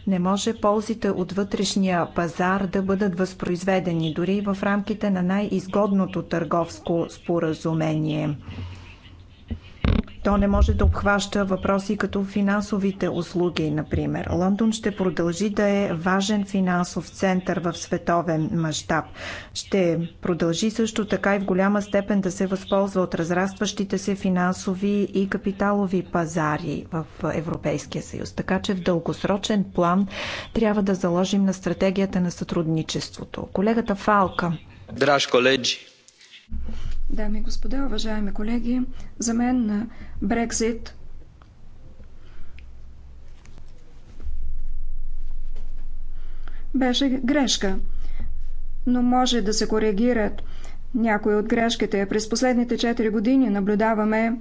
Не може ползите от вътрешния пазар да бъдат възпроизведени дори в рамките на най-изгодното търговско споразумение. То не може да обхваща въпроси като финансовите услуги, например. Лондон ще продължи да е важен финансов център в световен мащаб. Ще продължи също така и в голяма степен да се възползва от разрастващите се финансови и капиталови пазари в Европейския съюз. Така че в дългосрочен план трябва да заложим на стратегията на сътрудничеството. Колегата Фалка. Драж колеги, Дами и господа, уважаеми колеги, за мен Брекзит беше грешка, но може да се коригират някои от грешките. През последните 4 години наблюдаваме,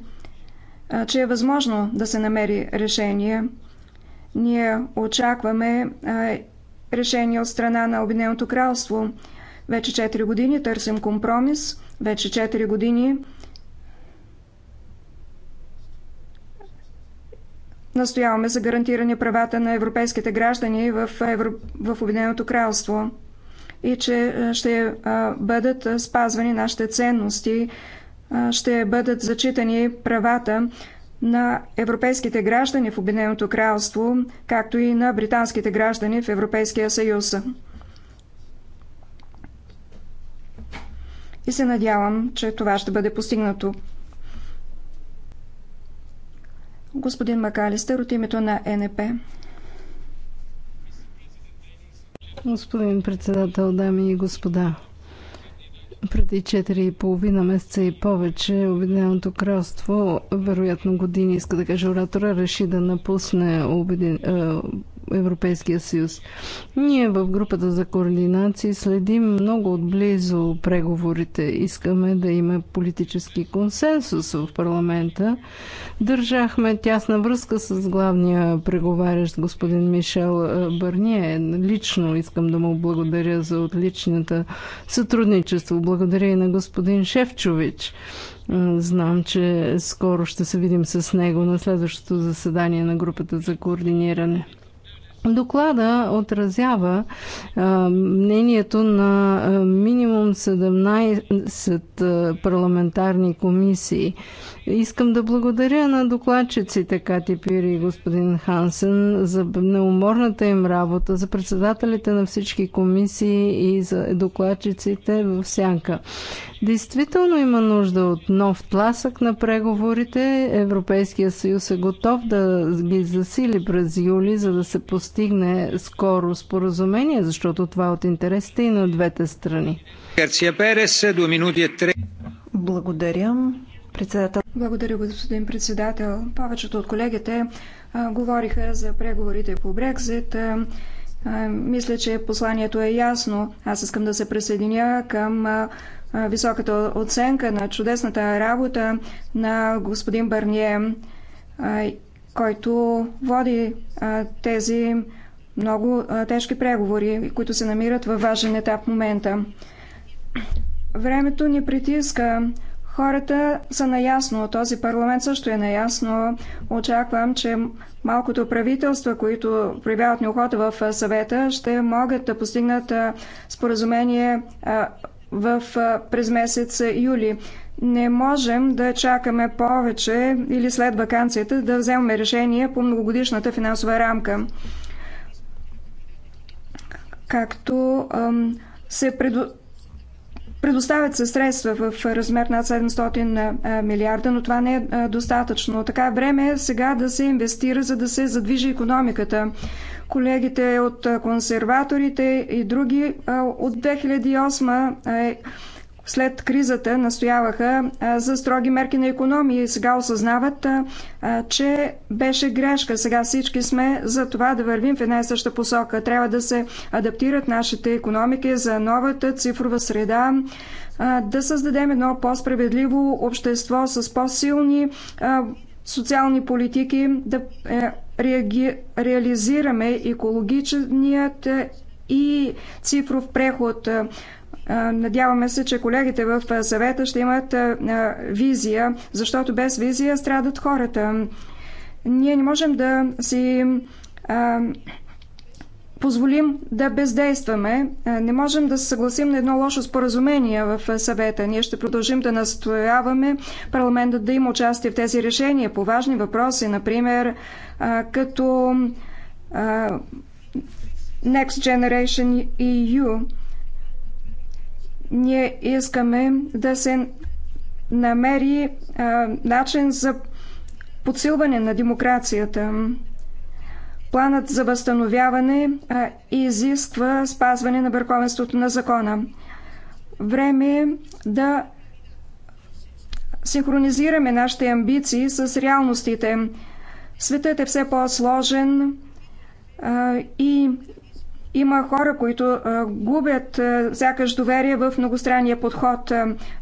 че е възможно да се намери решение. Ние очакваме решение от страна на Обединеното кралство. Вече 4 години търсим компромис, вече 4 години. Настояваме за гарантиране правата на европейските граждани в, Европ... в Обединеното кралство и че ще бъдат спазвани нашите ценности, ще бъдат зачитани правата на европейските граждани в Обединеното кралство, както и на британските граждани в Европейския съюз. и се надявам, че това ще бъде постигнато. Господин Макалистър от името на НП. Господин председател, дами и господа, преди 4,5 месеца и повече Обединеното кралство, вероятно години, иска да кажа оратора, реши да напусне обедин... Е, Европейския съюз. Ние в групата за координации следим много отблизо преговорите. Искаме да има политически консенсус в парламента. Държахме тясна връзка с главния преговарящ господин Мишел Бърние. Лично искам да му благодаря за отличната сътрудничество. Благодаря и на господин Шевчович. Знам, че скоро ще се видим с него на следващото заседание на групата за координиране. Доклада отразява а, мнението на а, минимум 17 парламентарни комисии. Искам да благодаря на докладчиците Кати Пири и господин Хансен за неуморната им работа, за председателите на всички комисии и за докладчиците в сянка. Действително има нужда от нов тласък на преговорите. Европейския съюз е готов да ги засили през юли, за да се постигне скоро споразумение, защото това е от интересите и на двете страни. Благодаря. Председател. Благодаря, господин председател. Повечето от колегите а, говориха за преговорите по Брекзит. А, а, мисля, че посланието е ясно. Аз искам да се присъединя към а, а, високата оценка на чудесната работа на господин Барние, а, който води а, тези много а, тежки преговори, които се намират във важен етап в момента. Времето ни притиска. Хората са наясно, този парламент също е наясно. Очаквам, че малкото правителства, които проявяват неохота в съвета, ще могат да постигнат споразумение в, през месец юли. Не можем да чакаме повече или след вакансията да вземем решение по многогодишната финансова рамка. Както се предотвратява Предоставят се средства в размер над 700 милиарда, но това не е достатъчно. Така е време е сега да се инвестира, за да се задвижи економиката. Колегите от консерваторите и други от 2008 след кризата настояваха за строги мерки на економии. Сега осъзнават, че беше грешка. Сега всички сме за това да вървим в една и съща посока. Трябва да се адаптират нашите економики за новата цифрова среда, да създадем едно по-справедливо общество с по-силни социални политики, да е, реаги... реализираме екологичният и цифров преход Надяваме се, че колегите в съвета ще имат визия, защото без визия страдат хората. Ние не можем да си позволим да бездействаме. Не можем да се съгласим на едно лошо споразумение в съвета. Ние ще продължим да настояваме парламентът да има участие в тези решения по важни въпроси, например като Next Generation EU – ние искаме да се намери а, начин за подсилване на демокрацията. Планът за възстановяване а, изисква спазване на върховенството на закона. Време е да синхронизираме нашите амбиции с реалностите. Светът е все по-сложен и има хора, които губят сякаш доверие в многостранния подход.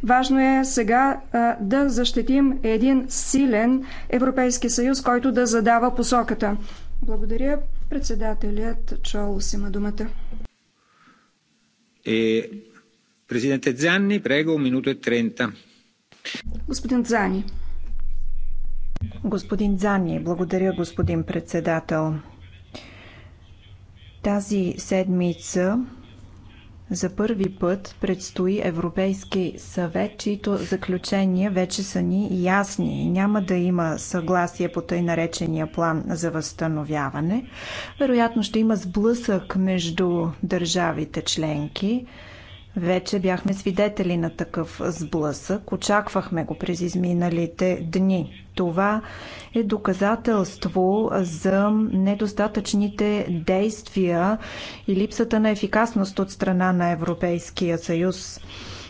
Важно е сега да защитим един силен Европейски съюз, който да задава посоката. Благодаря. Председателят Чолос има думата. Е, президент Дзанни, прего, минута 30. Господин Дзани. Господин Дзани, благодаря, господин председател. Тази седмица за първи път предстои Европейски съвет, чието заключения вече са ни ясни. Няма да има съгласие по тъй наречения план за възстановяване. Вероятно ще има сблъсък между държавите членки. Вече бяхме свидетели на такъв сблъсък. Очаквахме го през изминалите дни. Това е доказателство за недостатъчните действия и липсата на ефикасност от страна на Европейския съюз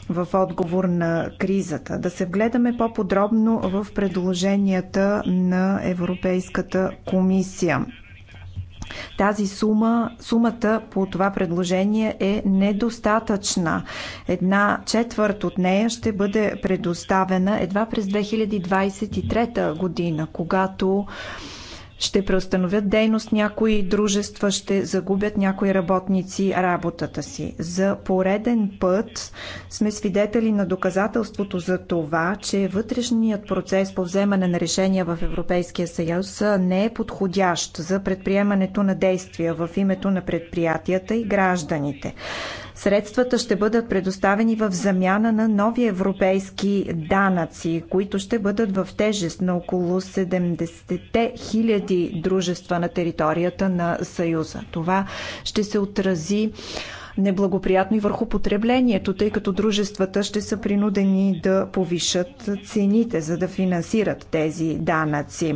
в отговор на кризата. Да се вгледаме по-подробно в предложенията на Европейската комисия. Тази сума, сумата по това предложение е недостатъчна. Една четвърт от нея ще бъде предоставена едва през 2023 година, когато ще преустановят дейност някои дружества, ще загубят някои работници работата си. За пореден път сме свидетели на доказателството за това, че вътрешният процес по вземане на решения в Европейския съюз не е подходящ за предприемането на действия в името на предприятията и гражданите. Средствата ще бъдат предоставени в замяна на нови европейски данъци, които ще бъдат в тежест на около 70 хиляди дружества на територията на Съюза. Това ще се отрази неблагоприятно и върху потреблението, тъй като дружествата ще са принудени да повишат цените, за да финансират тези данъци.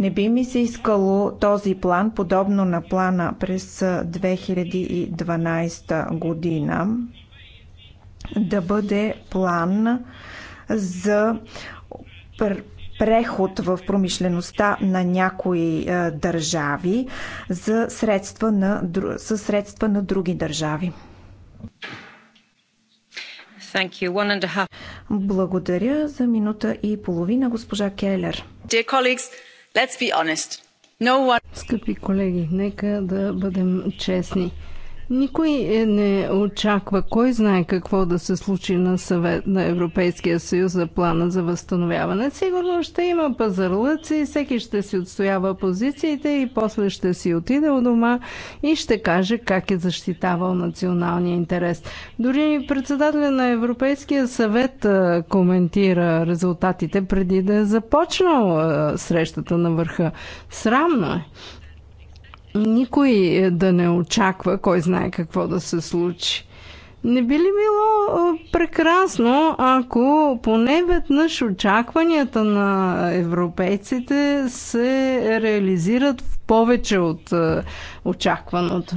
Не би ми се искало този план, подобно на плана през 2012 година, да бъде план за преход в промишлеността на някои държави за средства на, със средства на други държави. Благодаря за минута и половина, госпожа Келер. Let's be honest. No one... Скъпи колеги, нека да бъдем честни. Никой е, не очаква, кой знае какво да се случи на съвет на Европейския съюз за плана за възстановяване. Сигурно ще има пазарлъци, всеки ще си отстоява позициите и после ще си отиде от дома и ще каже как е защитавал националния интерес. Дори председателя на Европейския съвет е, коментира резултатите преди да е започнал е, срещата на върха. Срамно е никой е, да не очаква, кой знае какво да се случи. Не би ли било е, прекрасно, ако поне веднъж очакванията на европейците се реализират в повече от е, очакваното?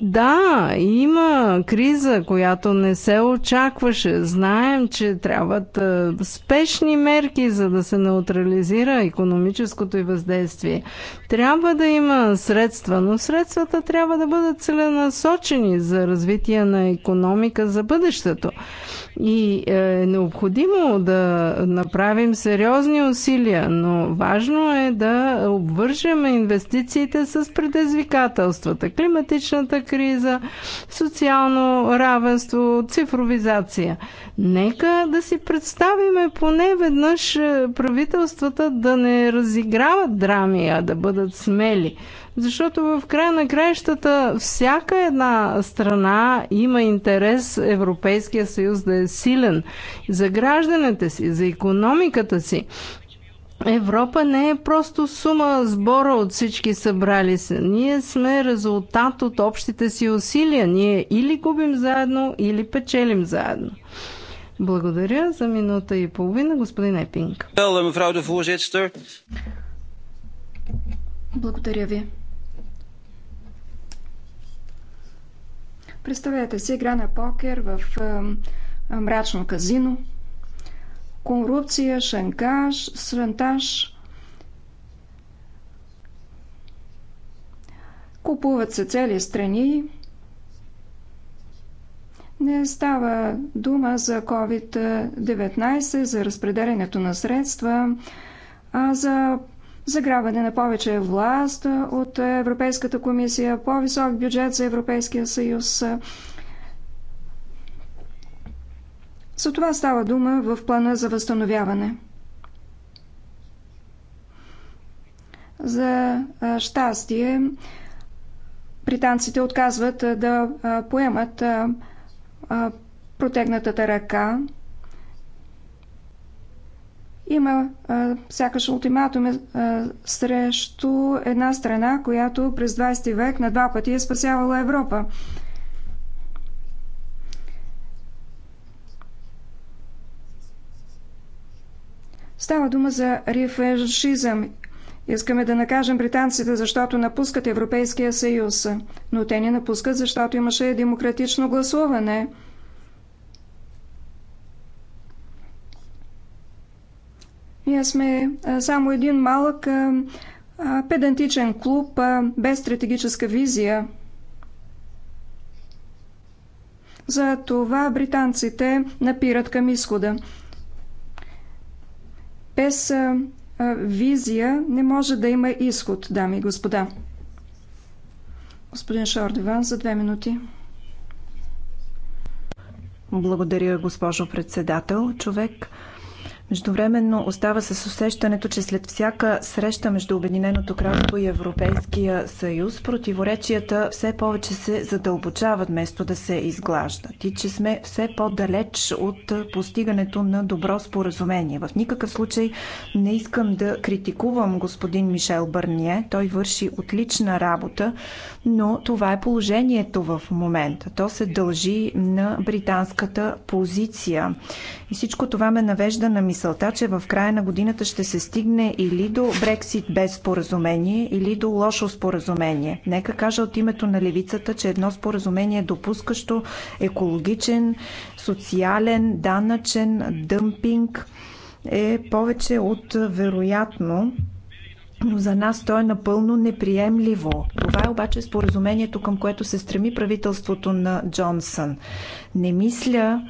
Да, има криза, която не се очакваше. Знаем, че трябват е, спешни мерки, за да се неутрализира економическото и въздействие. Трябва да има средства, но средствата трябва да бъдат целенасочени за развитие на економика за бъдещето. И е, е необходимо да направим сериозни усилия, но важно е да обвържем инвестициите с предизвикателствата. Климатичната криза, социално равенство, цифровизация. Нека да си представиме поне веднъж е, правителствата да не разиграват драми, а да бъдат смели. Защото в края на краищата всяка една страна има интерес Европейския съюз да е силен за гражданите си, за економиката си. Европа не е просто сума сбора от всички събрали се. Ние сме резултат от общите си усилия. Ние или губим заедно, или печелим заедно. Благодаря за минута и половина, господин Епинг. Eh, Благодаря ви. Представете си игра на покер в мрачно казино – корупция, шантаж, шантаж. Купуват се цели страни. Не става дума за COVID-19, за разпределението на средства, а за заграване на повече власт от Европейската комисия, по-висок бюджет за Европейския съюз, За това става дума в плана за възстановяване. За щастие, британците отказват да поемат протегнатата ръка. Има сякаш ултиматум срещу една страна, която през 20 век на два пъти е спасявала Европа. Става дума за рефершизъм. Искаме да накажем британците, защото напускат Европейския съюз. Но те не напускат, защото имаше демократично гласуване. Ние сме само един малък педантичен клуб без стратегическа визия. За това британците напират към изхода. Без визия не може да има изход, дами и господа. Господин Шордиван, за две минути. Благодаря, госпожо председател. Човек Междувременно остава с усещането, че след всяка среща между Обединеното кралство и Европейския съюз противоречията все повече се задълбочават, вместо да се изглаждат и че сме все по-далеч от постигането на добро споразумение. В никакъв случай не искам да критикувам господин Мишел Бърние. Той върши отлична работа, но това е положението в момента. То се дължи на британската позиция. И всичко това ме навежда на мисля, мисълта, че в края на годината ще се стигне или до Брексит без споразумение, или до лошо споразумение. Нека кажа от името на левицата, че едно споразумение е допускащо екологичен, социален, данъчен дъмпинг е повече от вероятно но за нас то е напълно неприемливо. Това е обаче споразумението, към което се стреми правителството на Джонсън. Не мисля,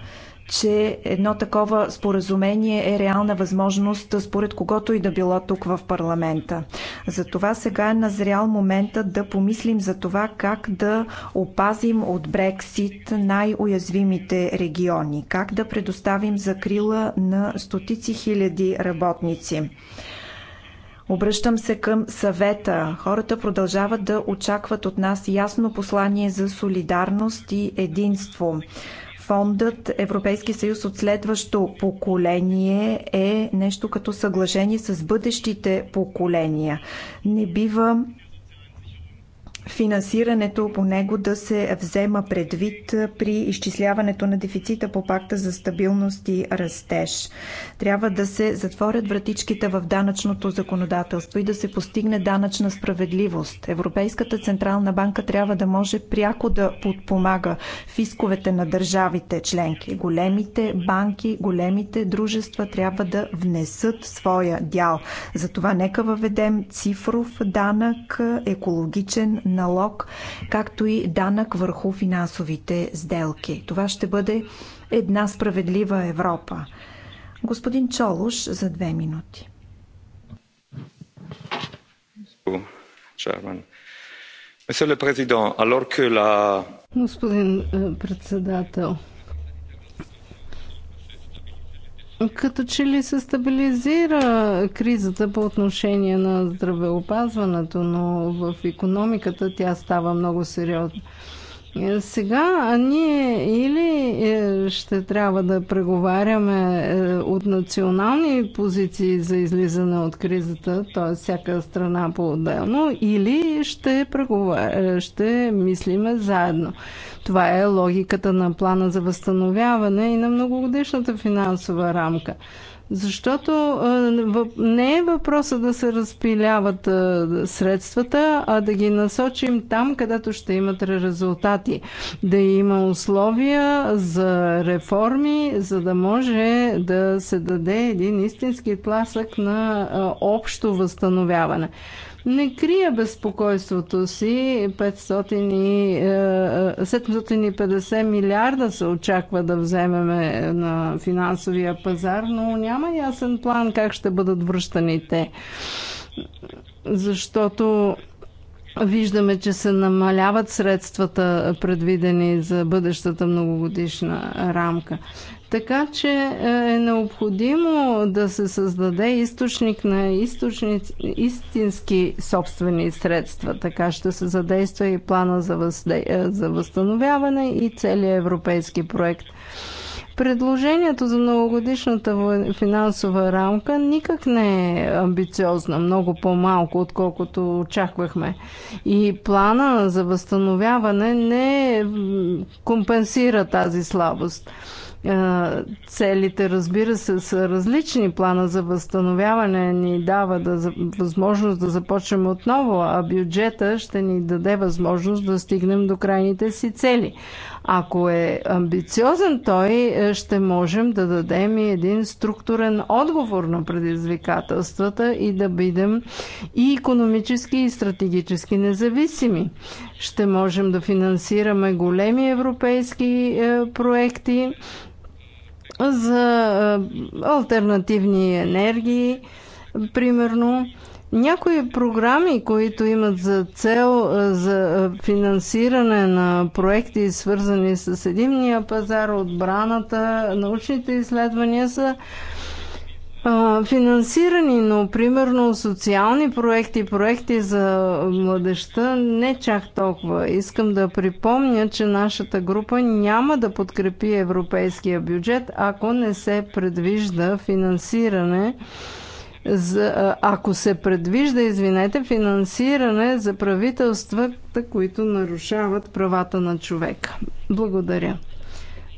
че едно такова споразумение е реална възможност според когото и да било тук в парламента. Затова сега е назрял момента да помислим за това как да опазим от Брексит най-уязвимите региони, как да предоставим закрила на стотици хиляди работници. Обръщам се към съвета. Хората продължават да очакват от нас ясно послание за солидарност и единство. Фондът Европейски съюз от следващо поколение е нещо като съглашение с бъдещите поколения. Не бива финансирането по него да се взема предвид при изчисляването на дефицита по пакта за стабилност и растеж. Трябва да се затворят вратичките в данъчното законодателство и да се постигне данъчна справедливост. Европейската централна банка трябва да може пряко да подпомага фисковете на държавите членки. Големите банки, големите дружества трябва да внесат своя дял. Затова нека въведем цифров данък, екологичен налог, както и данък върху финансовите сделки. Това ще бъде една справедлива Европа. Господин Чолуш за две минути. Господин е, председател, като че ли се стабилизира кризата по отношение на здравеопазването, но в економиката тя става много сериозна. Е, сега ние или е, ще трябва да преговаряме е, от национални позиции за излизане от кризата, т.е. всяка страна по-отделно, или ще, преговар... ще мислиме заедно. Това е логиката на плана за възстановяване и на многогодишната финансова рамка. Защото не е въпроса да се разпиляват средствата, а да ги насочим там, където ще имат резултати. Да има условия за реформи, за да може да се даде един истински тласък на общо възстановяване. Не крия безпокойството си. 500, 750 е, е, милиарда се очаква да вземеме на финансовия пазар, но няма ясен план как ще бъдат връщани те. Защото Виждаме, че се намаляват средствата, предвидени за бъдещата многогодишна рамка. Така че е, е необходимо да се създаде източник на източниц... истински собствени средства. Така ще се задейства и плана за, възде... Е, за възстановяване и целият европейски проект. Предложението за многогодишната финансова рамка никак не е амбициозна, много по-малко, отколкото очаквахме. И плана за възстановяване не е, компенсира тази слабост. Целите, разбира се, са различни. Плана за възстановяване ни дава да, възможност да започнем отново, а бюджета ще ни даде възможност да стигнем до крайните си цели. Ако е амбициозен той, е, ще можем да дадем и един структурен отговор на предизвикателствата и да бидем и економически, и стратегически независими. Ще можем да финансираме големи европейски е, проекти за е, альтернативни енергии, примерно някои програми, които имат за цел е, за е, финансиране на проекти, свързани с единния пазар, отбраната, научните изследвания са финансирани, но примерно социални проекти, проекти за младеща не чак толкова. Искам да припомня, че нашата група няма да подкрепи европейския бюджет, ако не се предвижда финансиране за, ако се предвижда, извинете, финансиране за правителствата, които нарушават правата на човека. Благодаря.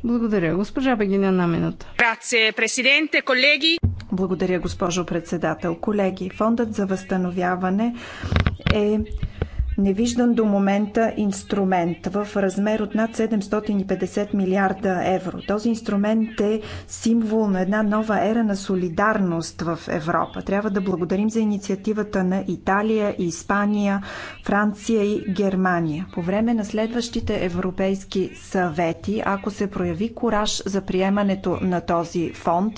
Благодаря. Госпожа Бегиня на минута. Грация, президенте, колеги. Благодаря, госпожо председател. Колеги, Фондът за възстановяване е невиждан до момента инструмент в размер от над 750 милиарда евро. Този инструмент е символ на една нова ера на солидарност в Европа. Трябва да благодарим за инициативата на Италия, Испания, Франция и Германия. По време на следващите европейски съвети, ако се прояви кораж за приемането на този фонд,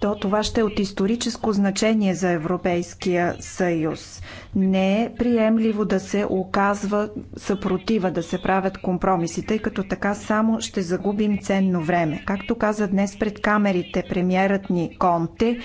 то това ще е от историческо значение за Европейския съюз. Не е приемливо да се оказва съпротива, да се правят компромиси, тъй като така само ще загубим ценно време. Както каза днес пред камерите премьерът ни Конте,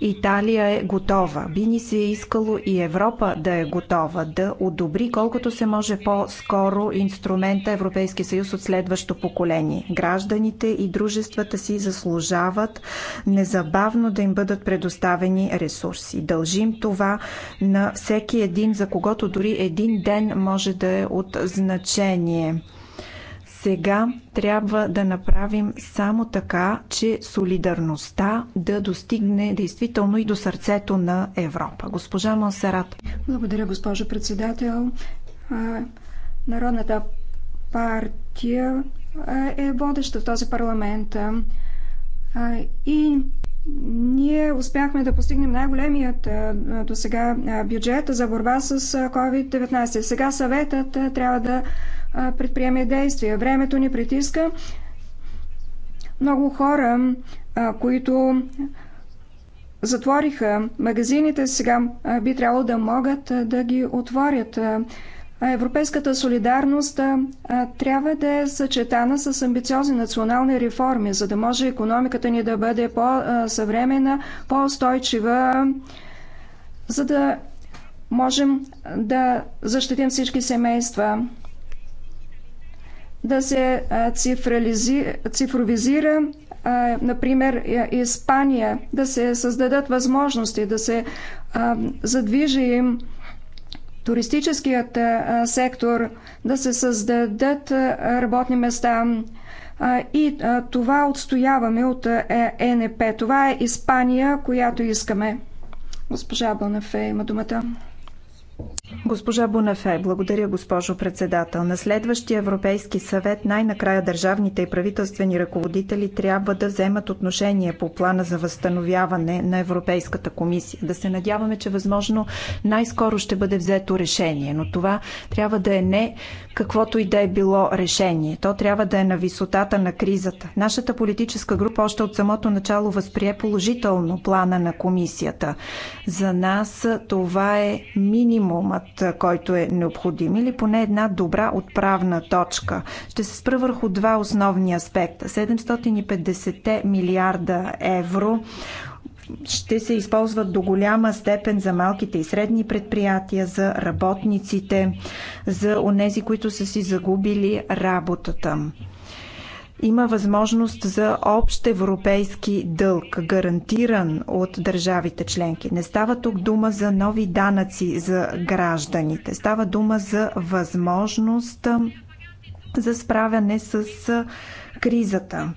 Италия е готова. Би ни се е искало и Европа да е готова, да одобри колкото се може по-скоро инструмента Европейски съюз от следващо поколение. Гражданите и дружествата си заслужават незабавно незабавно да им бъдат предоставени ресурси. Дължим това на всеки един, за когото дори един ден може да е от значение. Сега трябва да направим само така, че солидарността да достигне действително и до сърцето на Европа. Госпожа Монсерат. Благодаря, госпожо председател. Народната партия е водеща в този парламент. И ние успяхме да постигнем най-големият до сега бюджет за борба с COVID-19. Сега съветът трябва да предприеме действия. Времето ни притиска. Много хора, които затвориха магазините, сега би трябвало да могат да ги отворят. Европейската солидарност трябва да е съчетана с амбициозни национални реформи, за да може економиката ни да бъде по-съвременна, по-устойчива, за да можем да защитим всички семейства, да се цифровизира, например, Испания, да се създадат възможности, да се задвижи им туристическият сектор, да се създадат работни места. И това отстояваме от е, ЕНП. Е това е Испания, която искаме. Госпожа Бонафе има думата. Госпожа Бунафе, благодаря госпожо председател. На следващия Европейски съвет най-накрая държавните и правителствени ръководители трябва да вземат отношение по плана за възстановяване на Европейската комисия. Да се надяваме, че възможно най-скоро ще бъде взето решение, но това трябва да е не каквото и да е било решение. То трябва да е на висотата на кризата. Нашата политическа група още от самото начало възприе положително плана на комисията. За нас това е минимумът подходът, който е необходим или поне една добра отправна точка. Ще се спра върху два основни аспекта. 750 милиарда евро ще се използват до голяма степен за малките и средни предприятия, за работниците, за онези, които са си загубили работата. Има възможност за общ европейски дълг, гарантиран от държавите членки. Не става тук дума за нови данъци за гражданите. Става дума за възможност за справяне с кризата.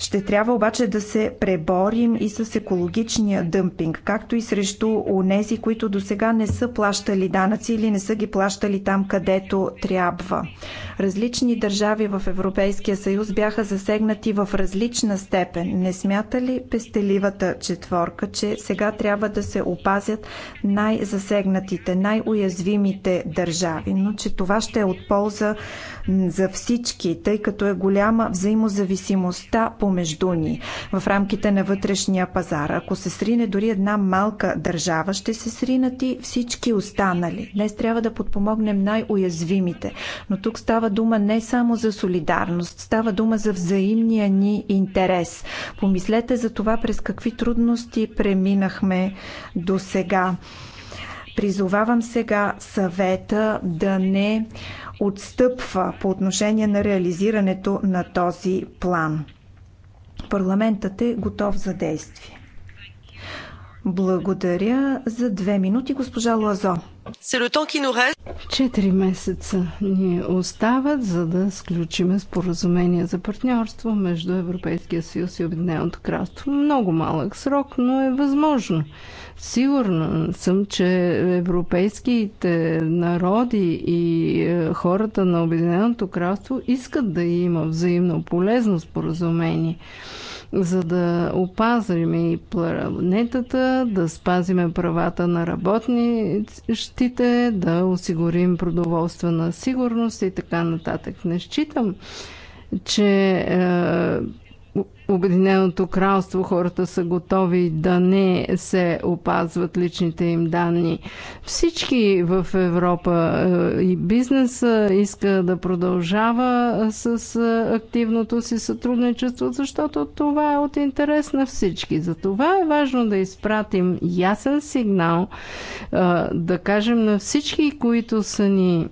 Ще трябва обаче да се преборим и с екологичния дъмпинг, както и срещу онези, които до сега не са плащали данъци или не са ги плащали там, където трябва. Различни държави в Европейския съюз бяха засегнати в различна степен. Не смята ли пестеливата четворка, че сега трябва да се опазят най-засегнатите, най-уязвимите държави, но че това ще е от полза за всички, тъй като е голяма взаимозависимостта помежду ни в рамките на вътрешния пазар. Ако се срине дори една малка държава, ще се сринат и всички останали. Днес трябва да подпомогнем най-уязвимите. Но тук става дума не само за солидарност, става дума за взаимния ни интерес. Помислете за това през какви трудности преминахме до сега. Призовавам сега съвета да не отстъпва по отношение на реализирането на този план. Парламентът е готов за действие. Благодаря за две минути, госпожа Лазо. Четири месеца ни остават, за да сключиме споразумение за партньорство между Европейския съюз и Обединеното кралство. Много малък срок, но е възможно. Сигурна съм, че европейските народи и е, хората на Обединеното кралство искат да има взаимно полезно споразумение, за да опазим и планетата, да спазиме правата на работнищите, да осигурим продоволствена сигурност и така нататък. Не считам, че е, Обединеното кралство хората са готови да не се опазват личните им данни. Всички в Европа е, и бизнеса иска да продължава с е, активното си сътрудничество, защото това е от интерес на всички. Затова е важно да изпратим ясен сигнал, е, да кажем на всички, които са ни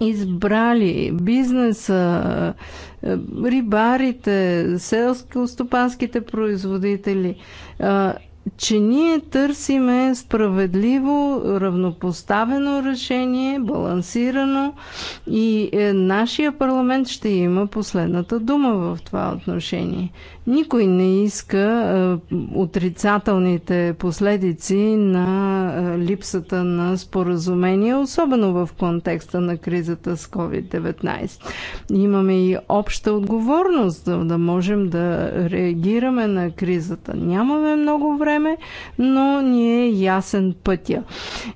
избрали бизнеса, е, рибарите, селско-стопанските производители, е, че ние търсиме справедливо, равнопоставено решение, балансирано и е, нашия парламент ще има последната дума в това отношение. Никой не иска е, отрицателните последици на е, липсата на споразумение, особено в контекста на кризата с COVID-19. Имаме и обща отговорност да, да можем да реагираме на кризата. Нямаме много време, но ни е ясен пътя.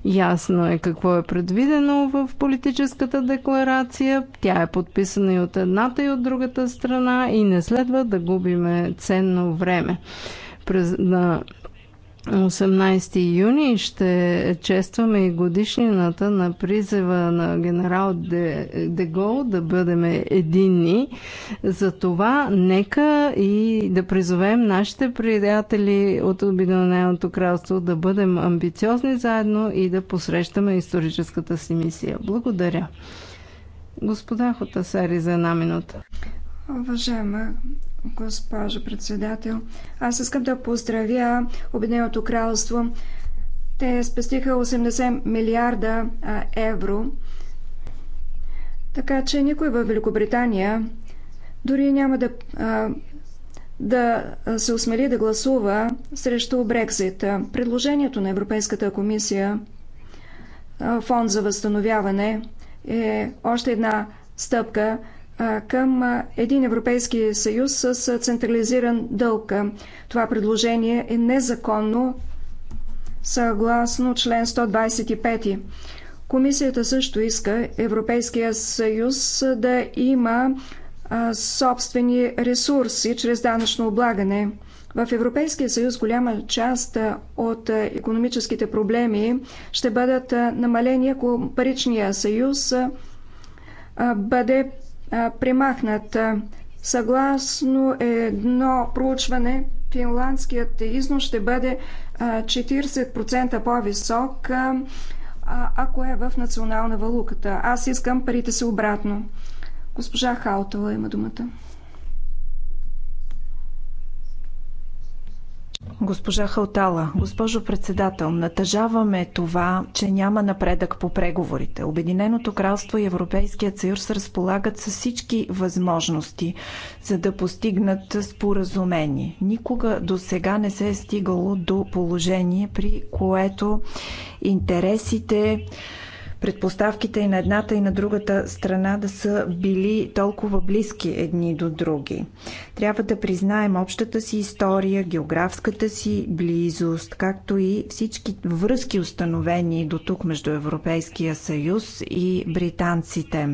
Ясно е какво е предвидено в политическата декларация. Тя е подписана и от едната и от другата страна и не следва да губиме ценно време. През, на 18 юни ще честваме и годишнината на призева на генерал Дегол да бъдем единни. За това нека и да призовем нашите приятели от Обединеното кралство да бъдем амбициозни заедно и да посрещаме историческата си мисия. Благодаря. Господа Хотасари за една минута. Уважаема госпожо председател. Аз искам да поздравя Обединеното кралство. Те спестиха 80 милиарда евро. Така че никой в Великобритания дори няма да, да се осмели да гласува срещу Брексит. Предложението на Европейската комисия Фонд за възстановяване е още една стъпка към един Европейски съюз с централизиран дълг. Това предложение е незаконно съгласно член 125. Комисията също иска Европейския съюз да има собствени ресурси чрез данъчно облагане. В Европейския съюз голяма част от економическите проблеми ще бъдат намалени, ако паричния съюз бъде премахнат. Съгласно едно проучване, финландският износ ще бъде 40% по-висок, ако е в национална валуката. Аз искам парите си обратно. Госпожа Халтова, има думата. Госпожа Халтала, госпожо председател, натъжаваме това, че няма напредък по преговорите. Обединеното кралство и Европейският съюз разполагат с всички възможности, за да постигнат споразумение. Никога до сега не се е стигало до положение, при което интересите, предпоставките и на едната и на другата страна да са били толкова близки едни до други. Трябва да признаем общата си история, географската си близост, както и всички връзки установени до тук между Европейския съюз и британците.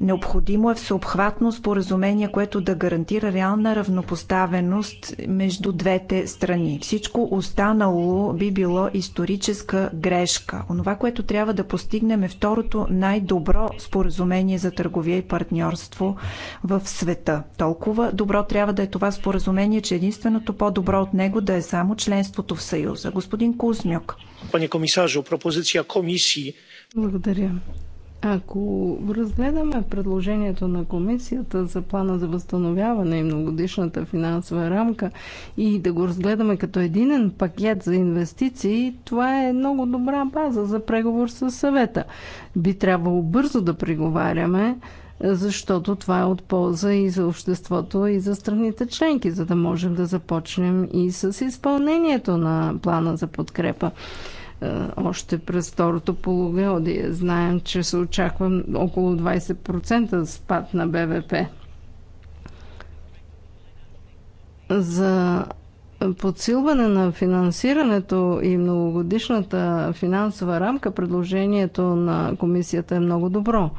Необходимо е всеобхватно споразумение, което да гарантира реална равнопоставеност между двете страни. Всичко останало би било историческа грешка. Онова, което трябва да постигнем е второто най-добро споразумение за търговия и партньорство в света. Толкова добро трябва да е това споразумение, че единственото по-добро от него да е само членството в Съюза. Господин Кузмюк. Пане комисажо, пропозиция комисии. Благодаря. Ако разгледаме предложението на комисията за плана за възстановяване и многодишната финансова рамка и да го разгледаме като единен пакет за инвестиции, това е много добра база за преговор с съвета. Би трябвало бързо да преговаряме, защото това е от полза и за обществото, и за страните членки, за да можем да започнем и с изпълнението на плана за подкрепа. Е, още през второто полугодие. Знаем, че се очаква около 20% спад на БВП. За подсилване на финансирането и многогодишната финансова рамка предложението на комисията е много добро.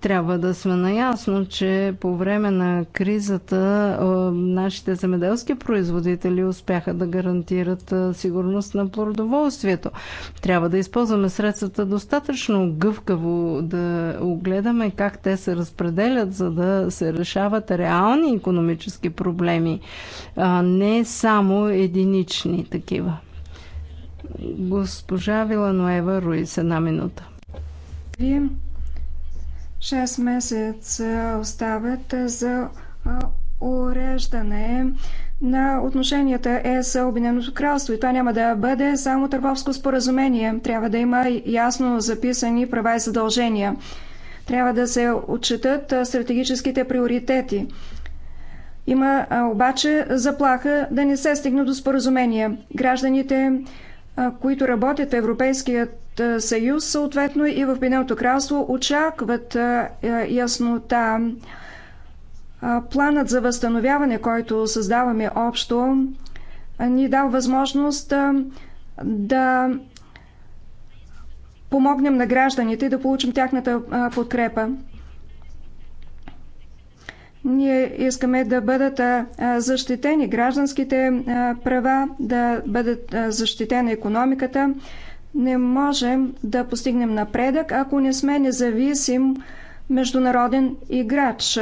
Трябва да сме наясно, че по време на кризата нашите земеделски производители успяха да гарантират сигурност на продоволствието. Трябва да използваме средствата достатъчно гъвкаво, да огледаме как те се разпределят, за да се решават реални економически проблеми, а не само единични такива. Госпожа Виланоева Руис, една минута. Вие 6 месеца остават за уреждане на отношенията е С Обединеното кралство. И това няма да бъде само търговско споразумение. Трябва да има ясно записани права и задължения. Трябва да се отчитат стратегическите приоритети. Има обаче заплаха да не се стигне до споразумение. Гражданите които работят в Европейският съюз, съответно и в Обединеното кралство, очакват яснота. Планът за възстановяване, който създаваме общо, ни дава възможност да помогнем на гражданите и да получим тяхната подкрепа. Ние искаме да бъдат защитени гражданските права, да бъдат защитена економиката. Не можем да постигнем напредък, ако не сме независим международен играч.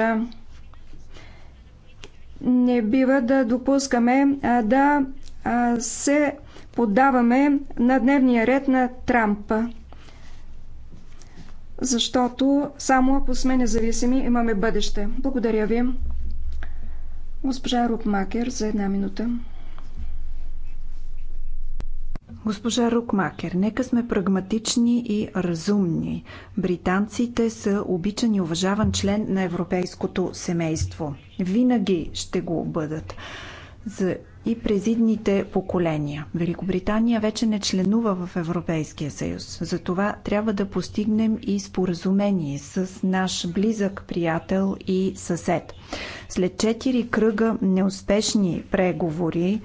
Не бива да допускаме да се поддаваме на дневния ред на Трампа защото само ако сме независими, имаме бъдеще. Благодаря ви. Госпожа Рукмакер за една минута. Госпожа Рукмакер, нека сме прагматични и разумни. Британците са обичан и уважаван член на европейското семейство. Винаги ще го бъдат. За и през идните поколения. Великобритания вече не членува в Европейския съюз. Затова трябва да постигнем и споразумение с наш близък приятел и съсед. След четири кръга неуспешни преговори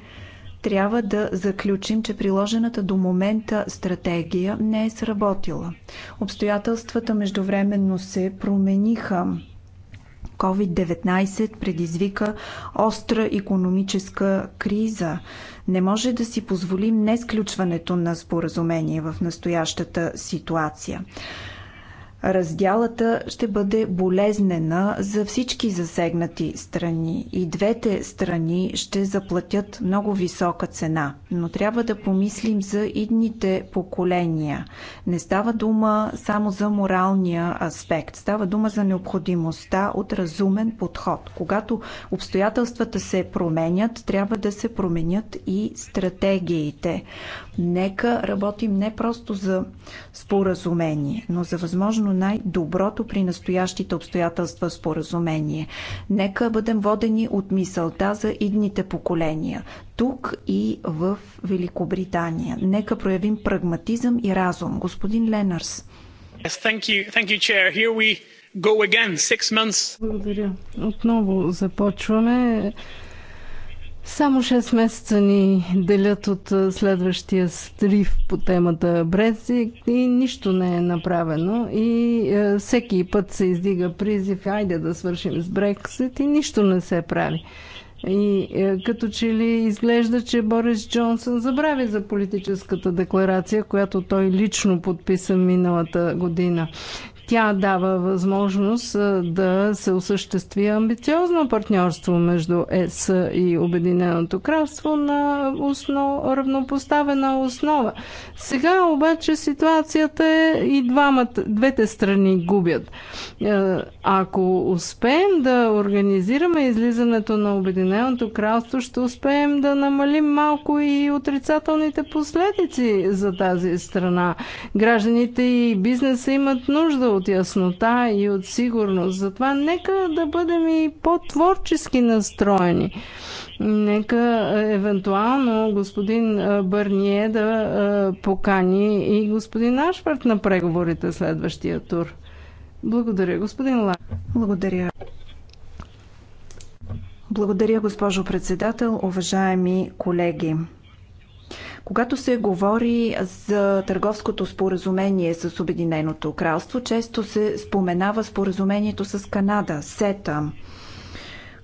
трябва да заключим, че приложената до момента стратегия не е сработила. Обстоятелствата междувременно се промениха. COVID-19 предизвика остра економическа криза. Не може да си позволим не сключването на споразумение в настоящата ситуация. Раздялата ще бъде болезнена за всички засегнати страни. И двете страни ще заплатят много висока цена. Но трябва да помислим за идните поколения. Не става дума само за моралния аспект. Става дума за необходимостта от разумен подход. Когато обстоятелствата се променят, трябва да се променят и стратегиите. Нека работим не просто за споразумение, но за възможно възможно най-доброто при настоящите обстоятелства споразумение. Нека бъдем водени от мисълта за идните поколения тук и в Великобритания. Нека проявим прагматизъм и разум. Господин Ленърс. Yes, thank you. Thank you, Chair. Here we go again, six months. Благодаря. Отново започваме. Само 6 месеца ни делят от следващия стрив по темата Брези и нищо не е направено. И всеки път се издига призив, айде да свършим с Брексит и нищо не се прави. И е, като че ли изглежда, че Борис Джонсън забрави за политическата декларация, която той лично подписа миналата година. Тя дава възможност да се осъществи амбициозно партньорство между ЕС и Обединеното кралство на основ, равнопоставена основа. Сега обаче ситуацията е и двамата, двете страни губят. Ако успеем да организираме излизането на Обединеното кралство, ще успеем да намалим малко и отрицателните последици за тази страна. Гражданите и бизнеса имат нужда от от яснота и от сигурност. Затова нека да бъдем и по-творчески настроени. Нека е, евентуално господин е, Бърние да е, покани и господин Ашвард на преговорите следващия тур. Благодаря, господин Ла. Благодаря. Благодаря, госпожо председател, уважаеми колеги. Когато се говори за търговското споразумение с Обединеното кралство, често се споменава споразумението с Канада, СЕТА,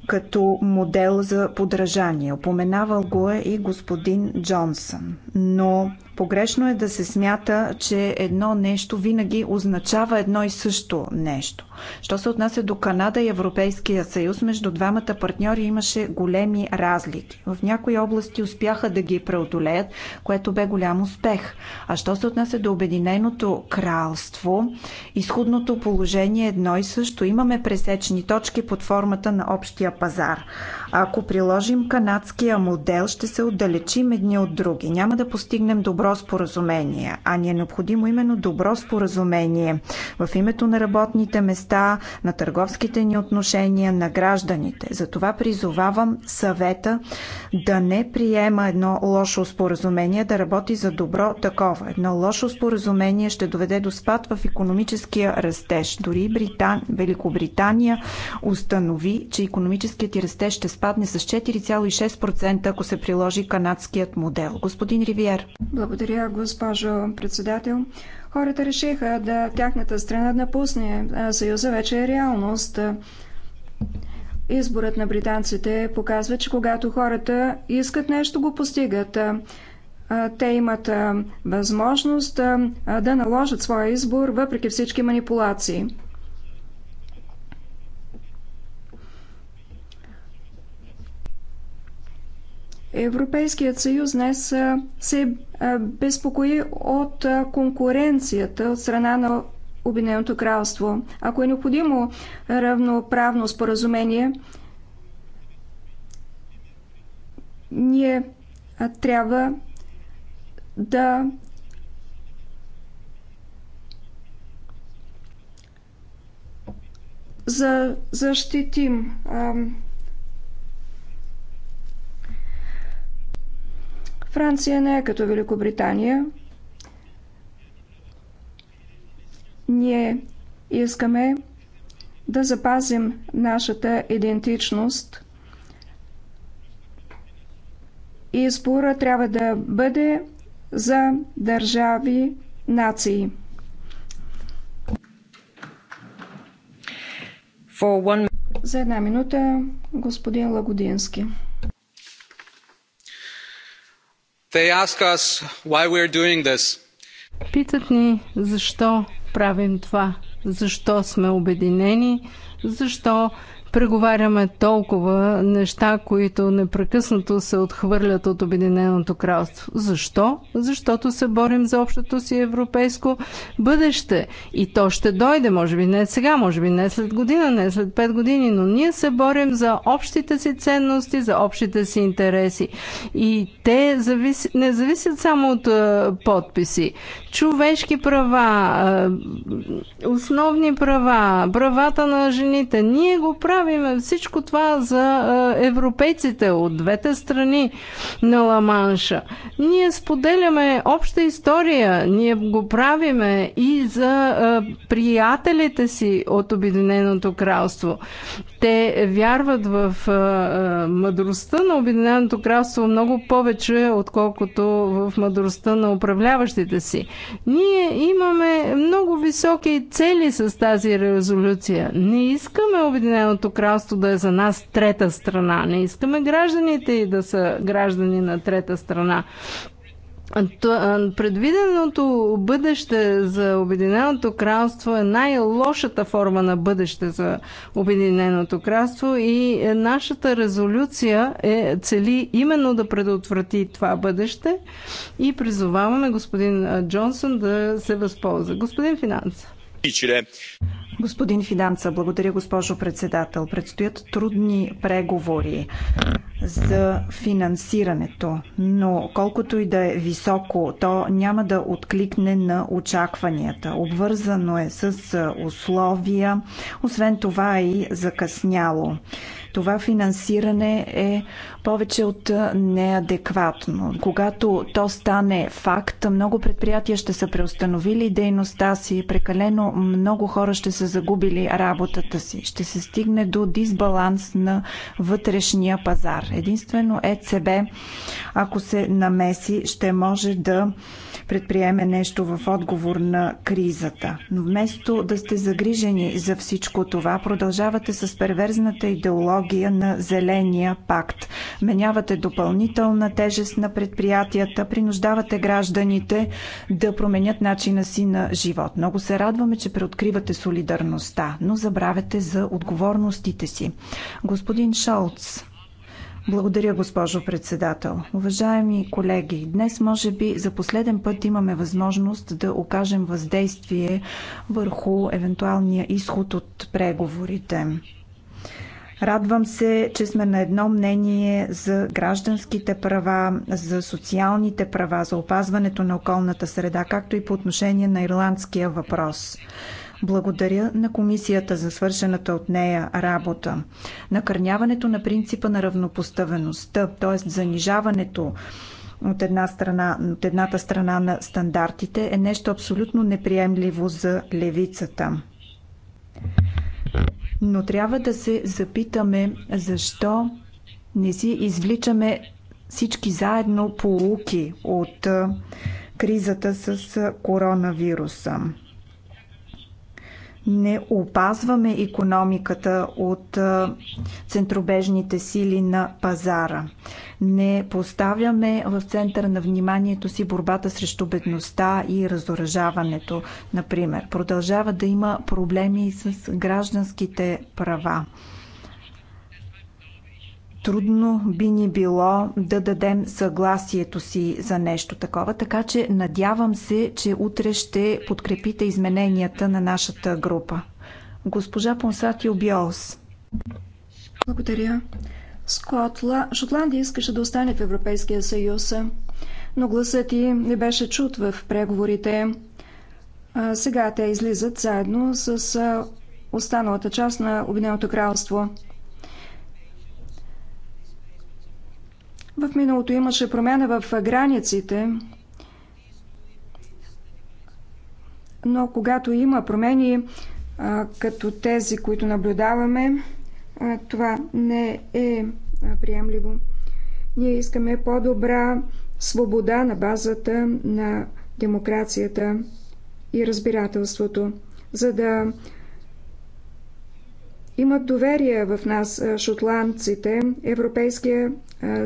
като модел за подражание. Опоменавал го е и господин Джонсън. Но Погрешно е да се смята, че едно нещо винаги означава едно и също нещо. Що се отнася до Канада и Европейския съюз, между двамата партньори имаше големи разлики. В някои области успяха да ги преодолеят, което бе голям успех. А що се отнася до Обединеното кралство, изходното положение е едно и също. Имаме пресечни точки под формата на общия пазар. Ако приложим канадския модел, ще се отдалечим едни от други. Няма да постигнем добро споразумение, а ни е необходимо именно добро споразумение в името на работните места, на търговските ни отношения, на гражданите. Затова призовавам съвета да не приема едно лошо споразумение, да работи за добро такова. Едно лошо споразумение ще доведе до спад в економическия растеж. Дори Британ... Великобритания установи, че економическият ти растеж ще спадне с 4,6%, ако се приложи канадският модел. Господин Ривиер. Благодаря, госпожо председател. Хората решиха да тяхната страна напусне. Съюза вече е реалност. Изборът на британците показва, че когато хората искат нещо, го постигат. Те имат възможност да наложат своя избор, въпреки всички манипулации. Европейският съюз днес се безпокои от конкуренцията от страна на Обединеното кралство. Ако е необходимо равноправно споразумение, ние трябва да защитим Франция не е като Великобритания. Ние искаме да запазим нашата идентичност. и спора трябва да бъде за държави, нации. За една минута господин Лагодински. Питат ни защо правим това, защо сме обединени, защо преговаряме толкова неща, които непрекъснато се отхвърлят от Обединеното кралство. Защо? Защото се борим за общото си европейско бъдеще. И то ще дойде, може би не сега, може би не след година, не след пет години, но ние се борим за общите си ценности, за общите си интереси. И те завис... не зависят само от е, подписи. Човешки права, е, основни права, правата на жените, ние го правим правим всичко това за европейците от двете страни на Ламанша. Ние споделяме обща история, ние го правиме и за приятелите си от Обединеното кралство. Те вярват в мъдростта на Обединеното кралство много повече, отколкото в мъдростта на управляващите си. Ние имаме много високи цели с тази резолюция. Не искаме Обединеното Обединеното кралство да е за нас трета страна. Не искаме гражданите и да са граждани на трета страна. Предвиденото бъдеще за Обединеното кралство е най-лошата форма на бъдеще за Обединеното кралство и нашата резолюция е цели именно да предотврати това бъдеще и призоваваме господин Джонсон да се възползва. Господин Финанса. Господин Фиданца, благодаря госпожо председател. Предстоят трудни преговори за финансирането, но колкото и да е високо, то няма да откликне на очакванията. Обвързано е с условия, освен това е и закъсняло това финансиране е повече от неадекватно. Когато то стане факт, много предприятия ще са преустановили дейността си, прекалено много хора ще са загубили работата си. Ще се стигне до дисбаланс на вътрешния пазар. Единствено ЕЦБ, ако се намеси, ще може да предприеме нещо в отговор на кризата. Но вместо да сте загрижени за всичко това, продължавате с перверзната идеология аналогия на Зеления пакт. Менявате допълнителна тежест на предприятията, принуждавате гражданите да променят начина си на живот. Много се радваме, че преоткривате солидарността, но забравяте за отговорностите си. Господин Шолц, благодаря, госпожо председател. Уважаеми колеги, днес може би за последен път имаме възможност да окажем въздействие върху евентуалния изход от преговорите. Радвам се, че сме на едно мнение за гражданските права, за социалните права, за опазването на околната среда, както и по отношение на ирландския въпрос. Благодаря на комисията за свършената от нея работа. Накърняването на принципа на равнопоставеността, т.е. занижаването от, една страна, от едната страна на стандартите е нещо абсолютно неприемливо за левицата. Но трябва да се запитаме защо не си извличаме всички заедно полуки от кризата с коронавируса не опазваме економиката от центробежните сили на пазара. Не поставяме в център на вниманието си борбата срещу бедността и разоръжаването, например. Продължава да има проблеми с гражданските права трудно би ни било да дадем съгласието си за нещо такова, така че надявам се, че утре ще подкрепите измененията на нашата група. Госпожа Понсатио Биолс. Благодаря. Скотла, Шотландия искаше да остане в Европейския съюз, но гласът ти не беше чут в преговорите. А, сега те излизат заедно с останалата част на Обединеното кралство. В миналото имаше промяна в границите, но когато има промени като тези, които наблюдаваме, това не е приемливо. Ние искаме по-добра свобода на базата на демокрацията и разбирателството, за да имат доверие в нас, шотландците. Европейския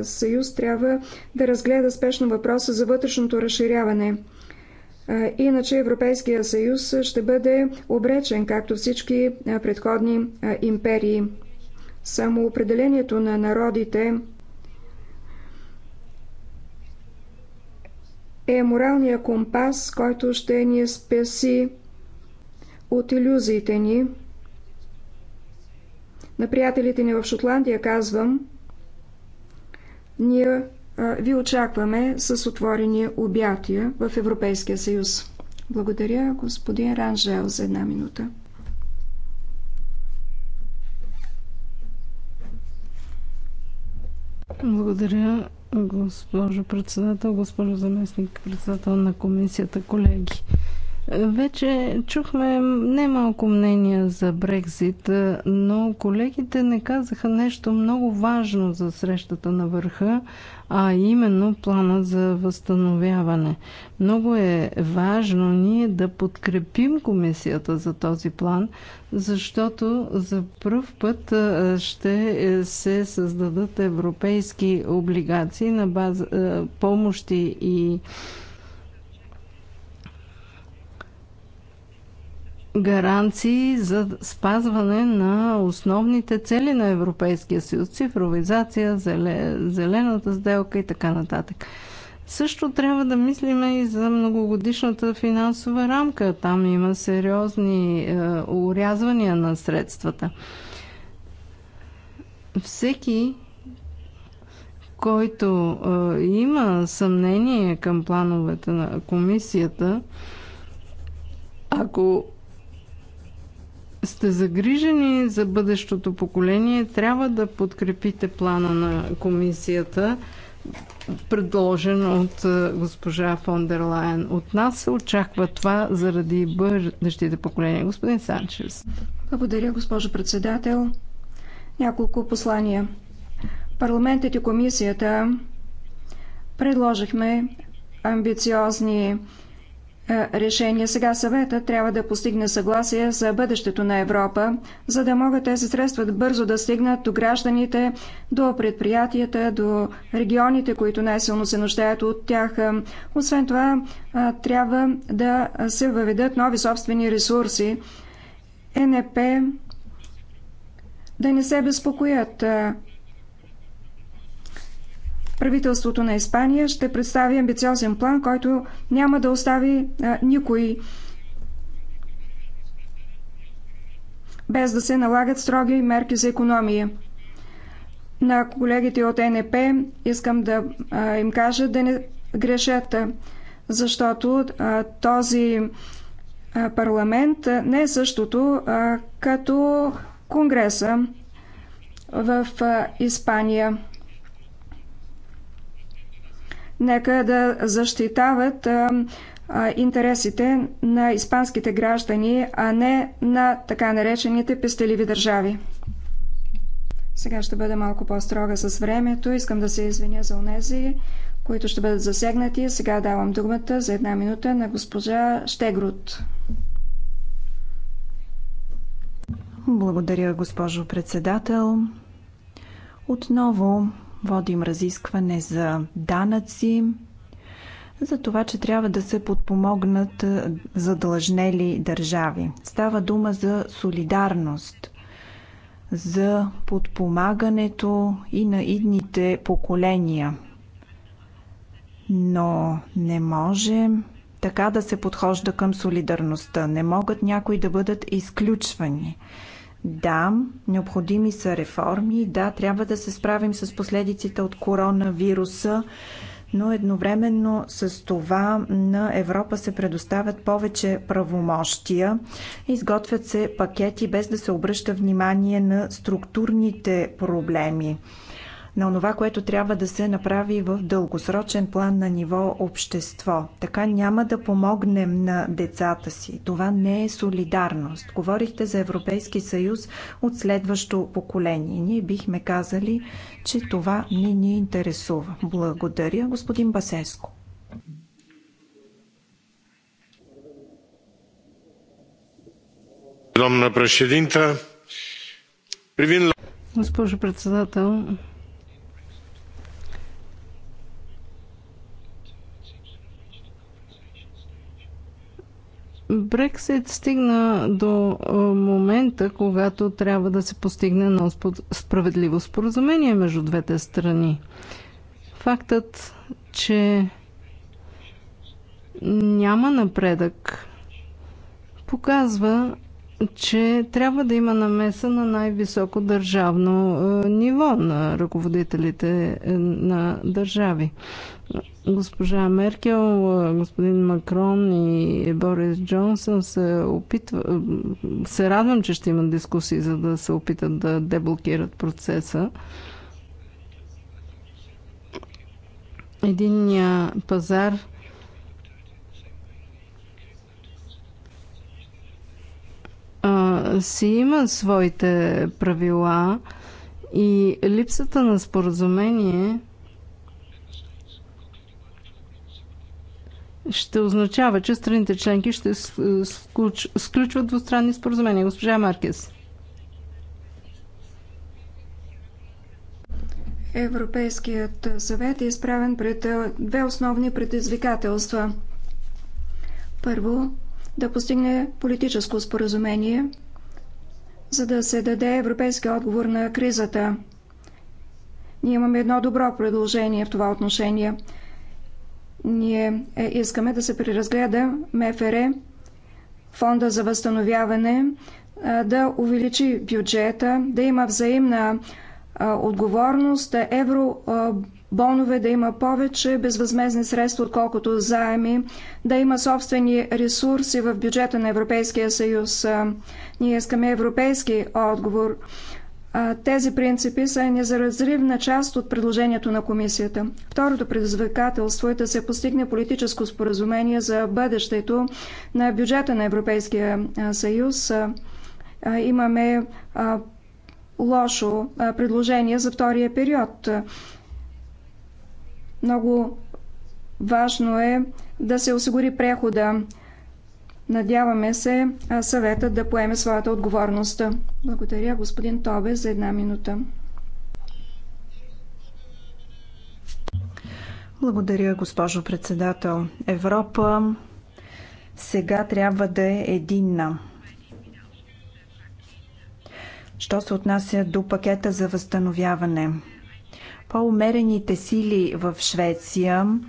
съюз трябва да разгледа спешно въпроса за вътрешното разширяване. Иначе Европейския съюз ще бъде обречен, както всички предходни империи. Само определението на народите е моралния компас, който ще ни спаси от иллюзиите ни – на приятелите ни в Шотландия казвам, ние ви очакваме с отворени обятия в Европейския съюз. Благодаря, господин Ранжел, за една минута. Благодаря, госпожо председател, госпожо заместник председател на комисията, колеги. Вече чухме немалко мнения за Брекзит, но колегите не казаха нещо много важно за срещата на върха, а именно плана за възстановяване. Много е важно ние да подкрепим комисията за този план, защото за първ път ще е, се създадат европейски облигации на база помощи и гаранции за спазване на основните цели на Европейския съюз цифровизация, зелената сделка и така нататък. Също трябва да мислиме и за многогодишната финансова рамка. Там има сериозни е, урязвания на средствата. Всеки, който е, има съмнение към плановете на комисията, ако сте загрижени за бъдещото поколение, трябва да подкрепите плана на комисията, предложен от госпожа фон дер Лайен. От нас се очаква това заради бъдещите поколения. Господин Санчес. Благодаря, госпожо председател. Няколко послания. Парламентът и комисията предложихме амбициозни е, решение. Сега съвета трябва да постигне съгласие за бъдещето на Европа, за да могат тези средства бързо да стигнат до гражданите, до предприятията, до регионите, които най-силно се нуждаят от тях. Е, освен това, е, трябва да се въведат нови собствени ресурси. ЕНП да не се безпокоят Правителството на Испания ще представи амбициозен план, който няма да остави никой без да се налагат строги мерки за економия. На колегите от НП искам да им кажа да не грешат, защото този парламент не е същото като Конгреса в Испания нека да защитават интересите на испанските граждани, а не на така наречените пестеливи държави. Сега ще бъда малко по-строга с времето. Искам да се извиня за онези, които ще бъдат засегнати. Сега давам думата за една минута на госпожа Штегрут. Благодаря, госпожо председател. Отново Водим разискване за данъци, за това, че трябва да се подпомогнат е, задлъжнели държави. Става дума за солидарност, за подпомагането и на идните поколения. Но не може така да се подхожда към солидарността. Не могат някои да бъдат изключвани. Да, необходими са реформи. Да, трябва да се справим с последиците от коронавируса, но едновременно с това на Европа се предоставят повече правомощия. Изготвят се пакети без да се обръща внимание на структурните проблеми на това, което трябва да се направи в дългосрочен план на ниво общество. Така няма да помогнем на децата си. Това не е солидарност. Говорихте за Европейски съюз от следващо поколение. Ние бихме казали, че това не ни интересува. Благодаря, господин Басеско. Госпожо председател, Брексит стигна до момента, когато трябва да се постигне едно справедливо споразумение между двете страни. Фактът, че няма напредък, показва, че трябва да има намеса на най-високо държавно е, ниво на ръководителите е, на държави. Госпожа Меркел, е, господин Макрон и Борис Джонсън се опитва... Се радвам, че ще имат дискусии, за да се опитат да деблокират процеса. Единния пазар а, си има своите правила и липсата на споразумение ще означава, че страните членки ще сключват двустранни споразумения. Госпожа Маркес. Европейският съвет е изправен пред две основни предизвикателства. Първо, да постигне политическо споразумение, за да се даде европейски отговор на кризата. Ние имаме едно добро предложение в това отношение. Ние е, искаме да се преразгледа МФР, фонда за възстановяване, да увеличи бюджета, да има взаимна отговорност, евро бонове, да има повече безвъзмезни средства, отколкото заеми, да има собствени ресурси в бюджета на Европейския съюз. Ние искаме европейски отговор. Тези принципи са незаразривна част от предложението на комисията. Второто предизвикателство е да се постигне политическо споразумение за бъдещето на бюджета на Европейския съюз. Имаме лошо предложение за втория период. Много важно е да се осигури прехода. Надяваме се съвета да поеме своята отговорност. Благодаря господин Тобе за една минута. Благодаря, госпожо председател. Европа сега трябва да е единна. Що се отнася до пакета за възстановяване? По-умерените сили в Швеция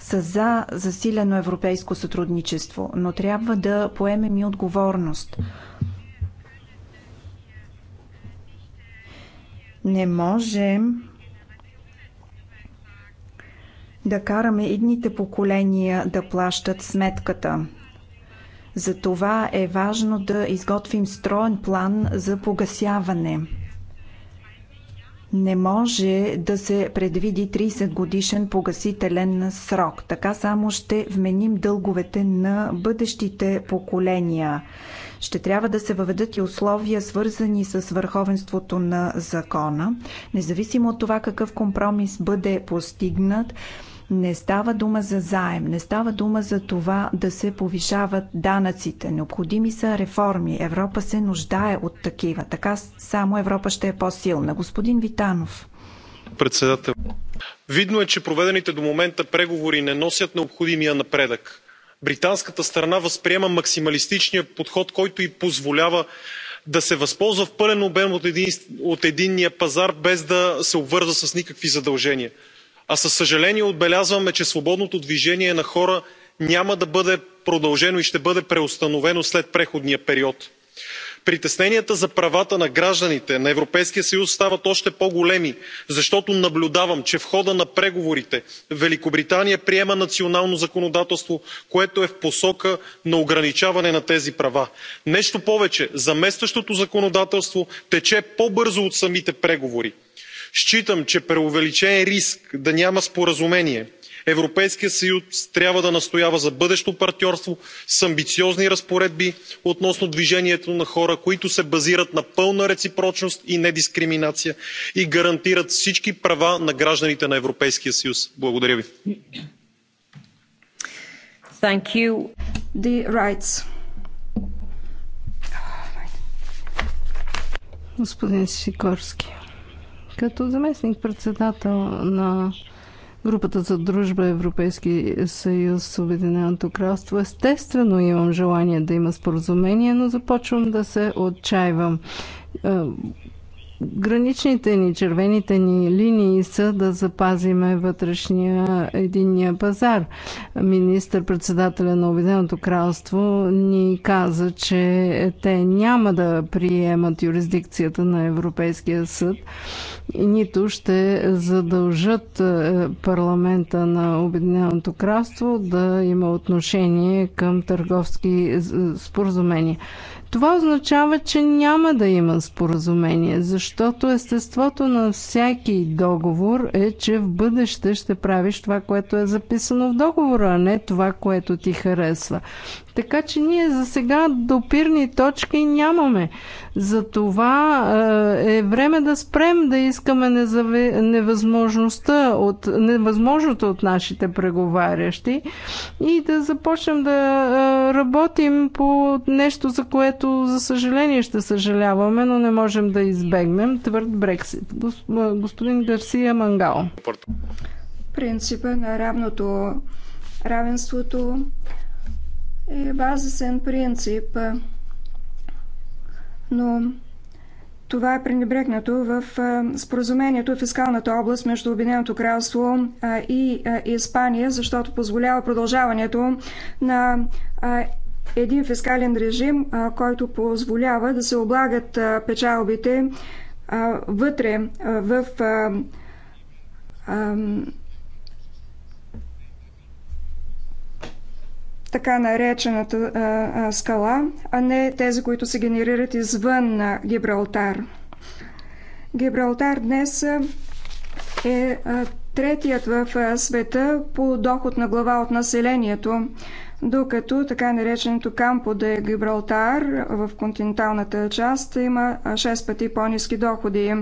са за засилено европейско сътрудничество, но трябва да поемем и отговорност. Не можем да караме идните поколения да плащат сметката. Затова е важно да изготвим строен план за погасяване – не може да се предвиди 30 годишен погасителен срок. Така само ще вменим дълговете на бъдещите поколения. Ще трябва да се въведат и условия, свързани с върховенството на закона. Независимо от това какъв компромис бъде постигнат, не става дума за заем, не става дума за това да се повишават данъците. Необходими са реформи. Европа се нуждае от такива. Така само Европа ще е по-силна. Господин Витанов. Председател. Видно е, че проведените до момента преговори не носят необходимия напредък. Британската страна възприема максималистичния подход, който й позволява да се възползва в пълен обем от, един, от единния пазар, без да се обвързва с никакви задължения а със съжаление отбелязваме че свободното движение на хора няма да бъде продължено и ще бъде преустановено след преходния период. притесненията за правата на гражданите на европейския съюз стават още по големи защото наблюдавам че в хода на преговорите великобритания приема национално законодателство което е в посока на ограничаване на тези права. нещо повече заместващото законодателство тече по бързо от самите преговори считам че при увеличен е риск да няма споразумение европейският съюз трябва да настоява за бъдещо партньорство с амбициозни разпоредби относно движението на хора които се базират на пълна реципрочност и недискриминация и гарантират всички права на гражданите на европейския съюз. благодаря ви. Господин Сикорски. Като заместник-председател на групата за дружба Европейски съюз с Обединеното кралство. Естествено имам желание да има споразумение, но започвам да се отчаивам. Е, Граничните ни, червените ни линии са да запазиме вътрешния единния пазар. Министър-председателя на Обединеното кралство ни каза, че те няма да приемат юрисдикцията на Европейския съд, нито ще задължат е, парламента на Обединеното кралство да има отношение към търговски е, споразумения. Това означава, че няма да има споразумение, защото естеството на всяки договор е, че в бъдеще ще правиш това, което е записано в договора, а не това, което ти харесва. Така че ние за сега допирни точки нямаме. Затова е, е време да спрем да искаме невъзможността от, невъзможното от нашите преговарящи и да започнем да е, работим по нещо, за което за съжаление ще съжаляваме, но не можем да избегнем твърд Брексит. Е, господин Гарсия Мангал. Принципа на равното равенството е базисен принцип, но това е пренебрегнато в споразумението в фискалната област между Обединеното кралство и Испания, защото позволява продължаването на един фискален режим, който позволява да се облагат печалбите вътре в така наречената а, а, скала, а не тези, които се генерират извън на Гибралтар. Гибралтар днес е а, третият в а, света по доход на глава от населението, докато така нареченото Кампо де Гибралтар в континенталната част има 6 пъти по-низки доходи.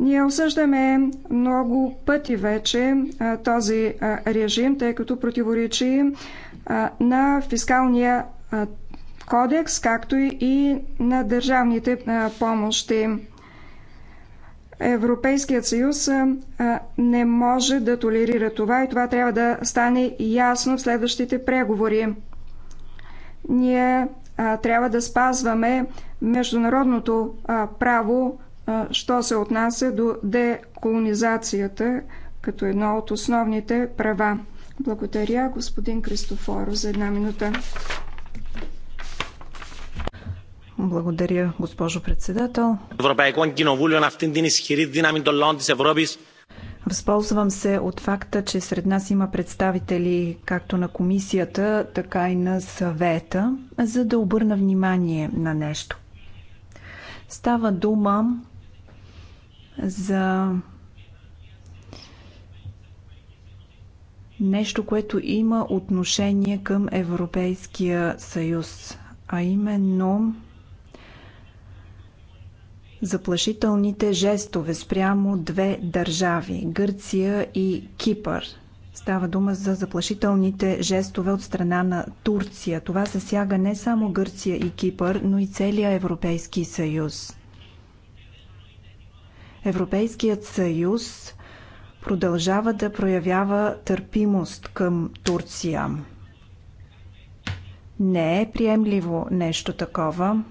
Ние осъждаме много пъти вече а, този а, режим, тъй като противоречи на фискалния кодекс, както и на държавните помощи. Европейският съюз не може да толерира това и това трябва да стане ясно в следващите преговори. Ние трябва да спазваме международното право, що се отнася до деколонизацията като едно от основните права. Благодаря, господин Кристофоро, за една минута. Благодаря, госпожо председател. Възползвам се от факта, че сред нас има представители както на комисията, така и на съвета, за да обърна внимание на нещо. Става дума за нещо, което има отношение към Европейския съюз, а именно заплашителните жестове спрямо две държави Гърция и Кипър. Става дума за заплашителните жестове от страна на Турция. Това засяга не само Гърция и Кипър, но и целия Европейски съюз. Европейският съюз продължава да проявява търпимост към Турция. Не е приемливо нещо такова.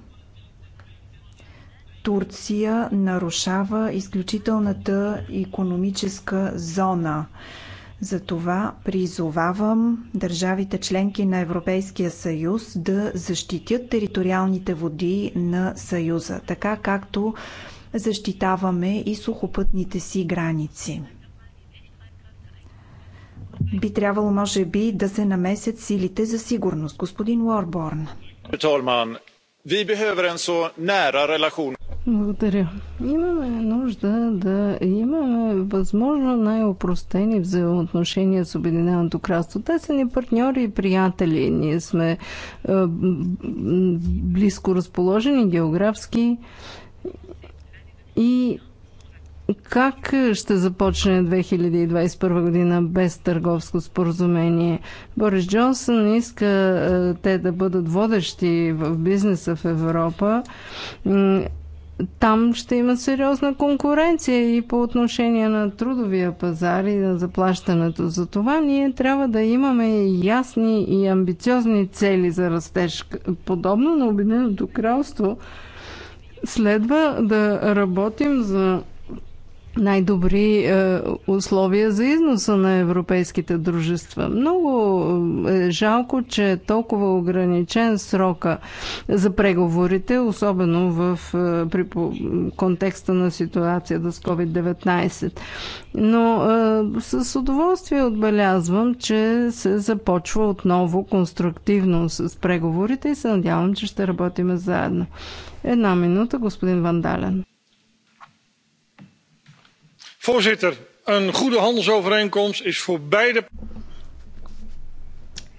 Турция нарушава изключителната економическа зона. Затова призовавам държавите членки на Европейския съюз да защитят териториалните води на съюза, така както защитаваме и сухопътните си граници би трябвало, може би, да се намесят силите за сигурност. Господин Уорборн. Благодаря. Имаме нужда да имаме възможно най-опростени взаимоотношения с Обединеното кралство. Те са ни партньори и приятели. Ние сме е, близко разположени географски и как ще започне 2021 година без търговско споразумение? Борис Джонсън иска е, те да бъдат водещи в бизнеса в Европа. Там ще има сериозна конкуренция и по отношение на трудовия пазар и на заплащането. За това ние трябва да имаме ясни и амбициозни цели за растеж. Подобно на Обединеното кралство, следва да работим за най-добри е, условия за износа на европейските дружества. Много е жалко, че е толкова ограничен срока за преговорите, особено в е, при по, контекста на ситуацията с COVID-19. Но е, с удоволствие отбелязвам, че се започва отново конструктивно с преговорите и се надявам, че ще работим заедно. Една минута, господин Вандален. Voorzitter, een goede handelsovereenkomst is voor beide.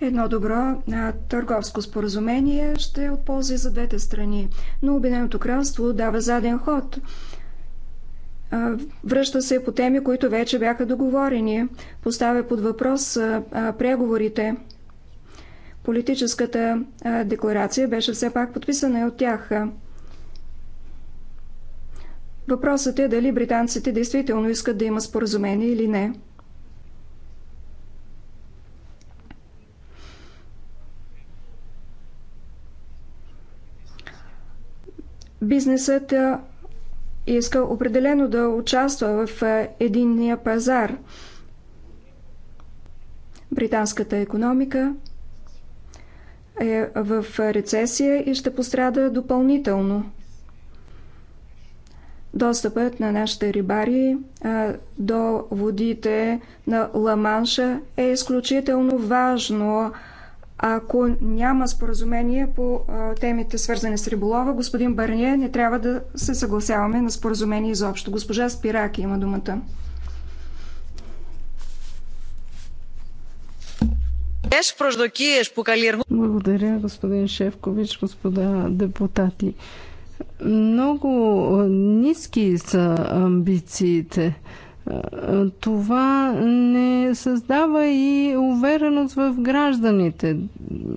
Едно добро търговско споразумение ще е от ползи за двете страни, но Обединеното кралство дава заден ход. връща се по теми, които вече бяха договорени. Поставя под въпрос преговорите. Политическата декларация беше все пак подписана и от тях. Въпросът е дали британците действително искат да има споразумение или не. Бизнесът иска определено да участва в единния пазар. Британската економика е в рецесия и ще пострада допълнително. Достъпът на нашите рибари до водите на Ламанша е изключително важно. Ако няма споразумение по темите свързани с риболова, господин Барние, не трябва да се съгласяваме на споразумение изобщо. Госпожа Спираки има думата. Благодаря, господин Шевкович, господа депутати. Много ниски са амбициите това не създава и увереност в гражданите.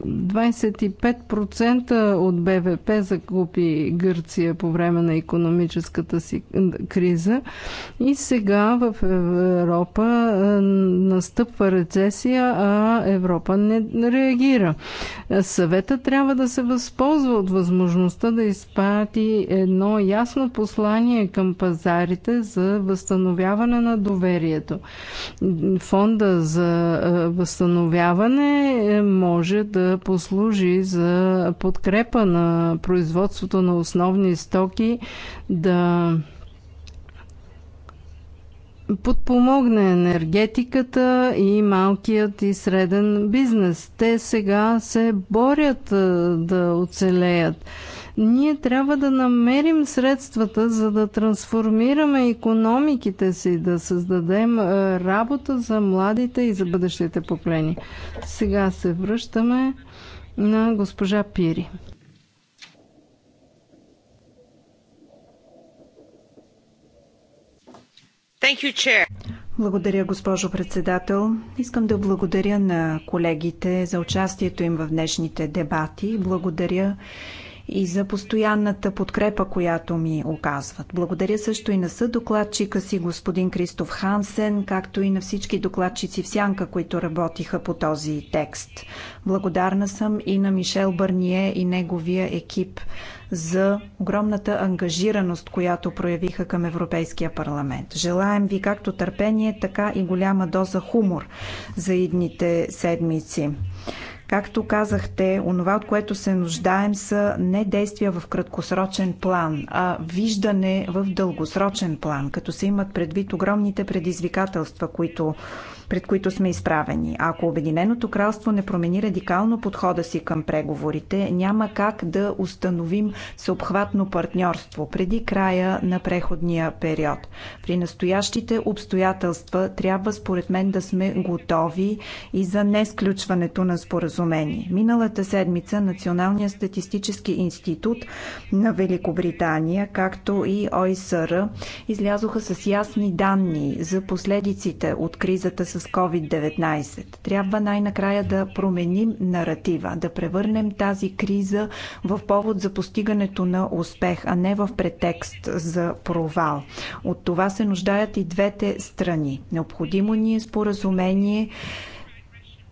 25% от БВП закупи Гърция по време на економическата си криза и сега в Европа настъпва рецесия, а Европа не реагира. Съвета трябва да се възползва от възможността да изпрати едно ясно послание към пазарите за възстановяване на доверието. Фонда за възстановяване е, може да послужи за подкрепа на производството на основни стоки, да подпомогне енергетиката и малкият и среден бизнес. Те сега се борят да оцелеят. Ние трябва да намерим средствата, за да трансформираме економиките си, да създадем е, работа за младите и за бъдещите поколения. Сега се връщаме на госпожа Пири. Благодаря, госпожо председател. Искам да благодаря на колегите за участието им в днешните дебати. Благодаря и за постоянната подкрепа, която ми оказват. Благодаря също и на съдокладчика си господин Кристоф Хансен, както и на всички докладчици в Сянка, които работиха по този текст. Благодарна съм и на Мишел Бърние и неговия екип за огромната ангажираност, която проявиха към Европейския парламент. Желаем ви както търпение, така и голяма доза хумор за идните седмици. Както казахте, онова, от което се нуждаем са не действия в краткосрочен план, а виждане в дългосрочен план, като се имат предвид огромните предизвикателства, които пред които сме изправени. Ако Обединеното кралство не промени радикално подхода си към преговорите, няма как да установим съобхватно партньорство преди края на преходния период. При настоящите обстоятелства трябва според мен да сме готови и за несключването на споразумение. Миналата седмица Националния статистически институт на Великобритания, както и ОИСР, излязоха с ясни данни за последиците от кризата с с COVID-19. Трябва най-накрая да променим наратива, да превърнем тази криза в повод за постигането на успех, а не в претекст за провал. От това се нуждаят и двете страни. Необходимо ни е споразумение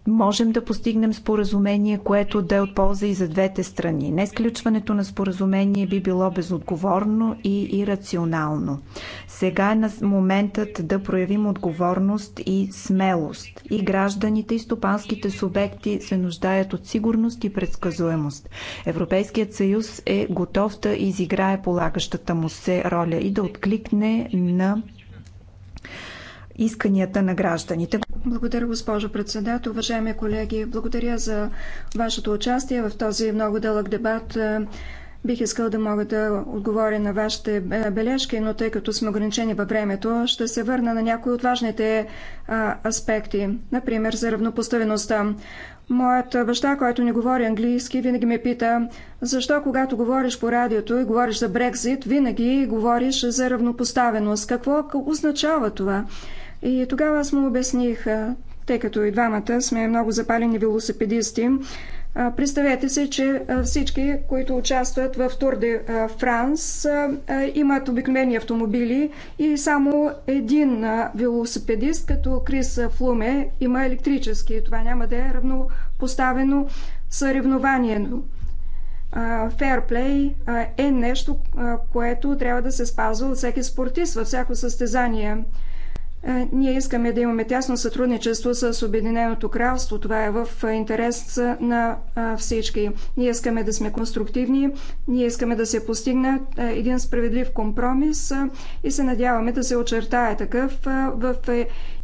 можем да постигнем споразумение, което да е от полза и за двете страни. Не сключването на споразумение би било безотговорно и ирационално. Сега е на моментът да проявим отговорност и смелост. И гражданите и стопанските субекти се нуждаят от сигурност и предсказуемост. Европейският съюз е готов да изиграе полагащата му се роля и да откликне на исканията на гражданите. Благодаря, госпожо председател. Уважаеми колеги, благодаря за вашето участие в този много дълъг дебат. Е, бих искал да мога да отговоря на вашите е, бележки, но тъй като сме ограничени във времето, ще се върна на някои от важните е, аспекти. Например, за равнопоставеността. Моят баща, който не говори английски, винаги ме пита, защо когато говориш по радиото и говориш за Брекзит, винаги говориш за равнопоставеност. Какво означава това? И тогава аз му обясних, тъй като и двамата сме много запалени велосипедисти, Представете се, че всички, които участват в Тур де Франс, имат обикновени автомобили и само един велосипедист, като Крис Флуме, има електрически. Това няма да е равнопоставено съревнованието. Ферплей е нещо, което трябва да се спазва от всеки спортист във всяко състезание. Е, ние искаме да имаме тясно сътрудничество с Обединеното кралство. Това е в е, интерес на всички. Ние искаме да сме конструктивни, ние искаме да се постигне е, един справедлив компромис и се надяваме да се очертае такъв в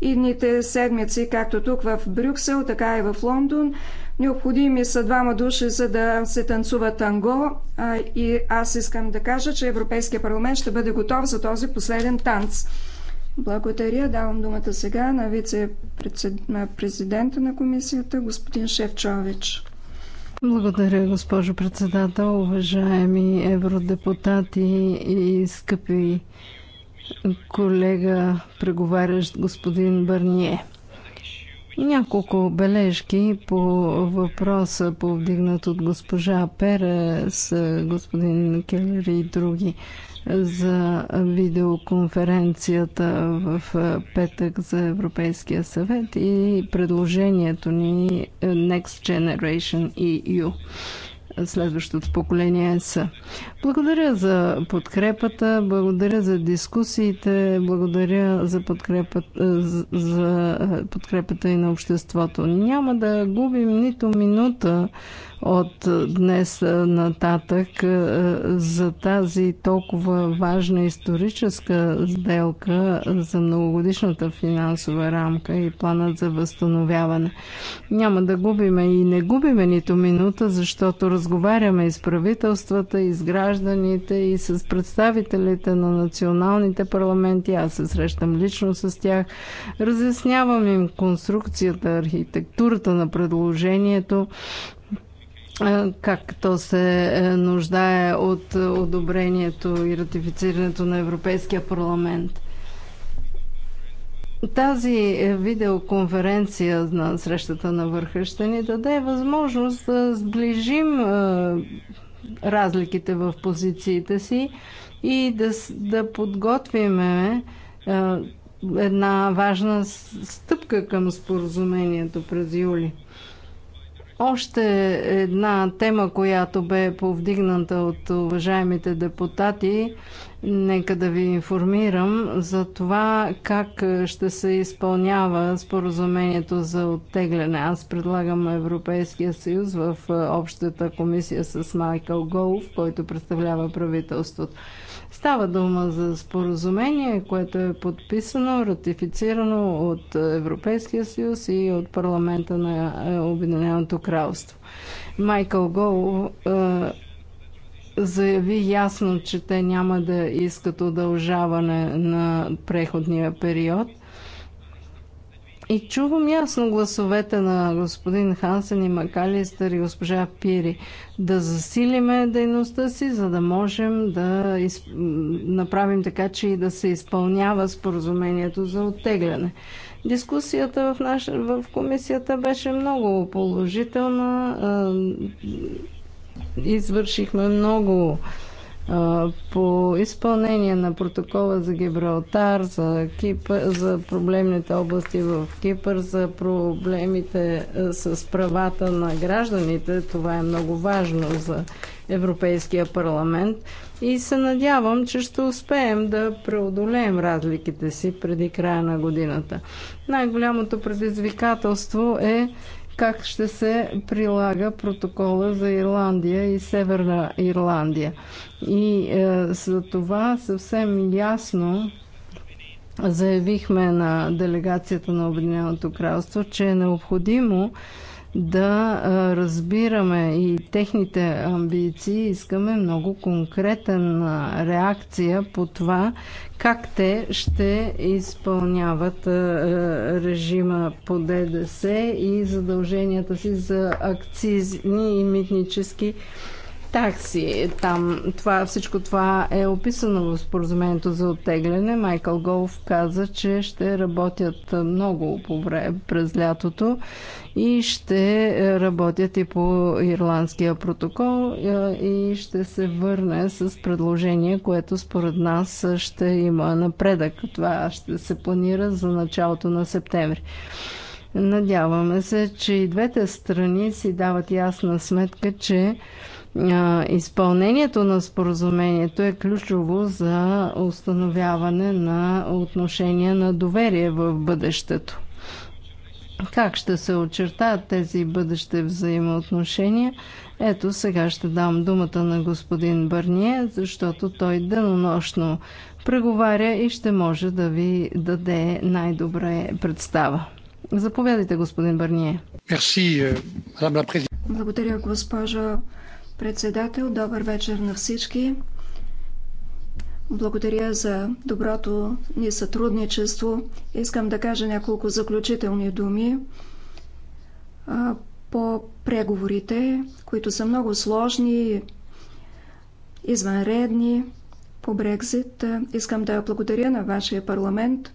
идните седмици, както тук в Брюксел, така и в Лондон. Необходими са двама души, за да се танцува танго и аз искам да кажа, че Европейския парламент ще бъде готов за този последен танц. Благодаря. Давам думата сега на вице-президента на комисията, господин Шевчович. Благодаря, госпожо председател, уважаеми евродепутати и скъпи колега, преговарящ господин Бърние. Няколко бележки по въпроса, повдигнат от госпожа Пера с господин Келери и други за видеоконференцията в е, петък за Европейския съвет и предложението ни е, Next Generation EU следващото поколение са. Благодаря за подкрепата, благодаря за дискусиите, благодаря за подкрепата, за е, подкрепата и на обществото. Няма да губим нито минута от днес нататък за тази толкова важна историческа сделка за многогодишната финансова рамка и планът за възстановяване. Няма да губиме и не губиме нито минута, защото разговаряме и с правителствата, и с гражданите, и с представителите на националните парламенти. Аз се срещам лично с тях. Разяснявам им конструкцията, архитектурата на предложението как то се е, нуждае от е, одобрението и ратифицирането на Европейския парламент. Тази е, видеоконференция на срещата на върха ще ни даде възможност да сближим разликите в позициите си и да, да подготвим една важна стъпка към споразумението през юли. Още една тема, която бе повдигната от уважаемите депутати, нека да ви информирам за това как ще се изпълнява споразумението за оттегляне. Аз предлагам Европейския съюз в общата комисия с Майкъл Голф, който представлява правителството. Става дума за споразумение, което е подписано, ратифицирано от Европейския съюз и от парламента на е, Обединеното кралство. Майкъл Гол е, заяви ясно, че те няма да искат удължаване на преходния период – и чувам ясно гласовете на господин Хансен и Макалистър и госпожа Пири да засилиме дейността си, за да можем да из... направим така, че и да се изпълнява споразумението за оттегляне. Дискусията в, наш... в комисията беше много положителна. Извършихме много по изпълнение на протокола за Гибралтар, за, Кипър, за проблемните области в Кипър, за проблемите с правата на гражданите. Това е много важно за Европейския парламент и се надявам, че ще успеем да преодолеем разликите си преди края на годината. Най-голямото предизвикателство е как ще се прилага протокола за Ирландия и Северна Ирландия. И е, за това съвсем ясно заявихме на делегацията на Обединеното кралство, че е необходимо да разбираме и техните амбиции. Искаме много конкретна реакция по това как те ще изпълняват режима по ДДС и задълженията си за акцизни и митнически такси. Там това, всичко това е описано в споразумението за оттегляне. Майкъл Голф каза, че ще работят много по време през лятото и ще е, работят и по ирландския протокол е, и ще се върне с предложение, което според нас ще има напредък. Това ще се планира за началото на септември. Надяваме се, че и двете страни си дават ясна сметка, че изпълнението на споразумението е ключово за установяване на отношения на доверие в бъдещето. Как ще се очертаят тези бъдещи взаимоотношения? Ето сега ще дам думата на господин Бърние, защото той денонощно преговаря и ще може да ви даде най-добре представа. Заповядайте, господин Бърние. Euh, Благодаря, госпожа. Председател, добър вечер на всички. Благодаря за доброто ни сътрудничество. Искам да кажа няколко заключителни думи по преговорите, които са много сложни, извънредни по Брекзит. Искам да благодаря на вашия парламент,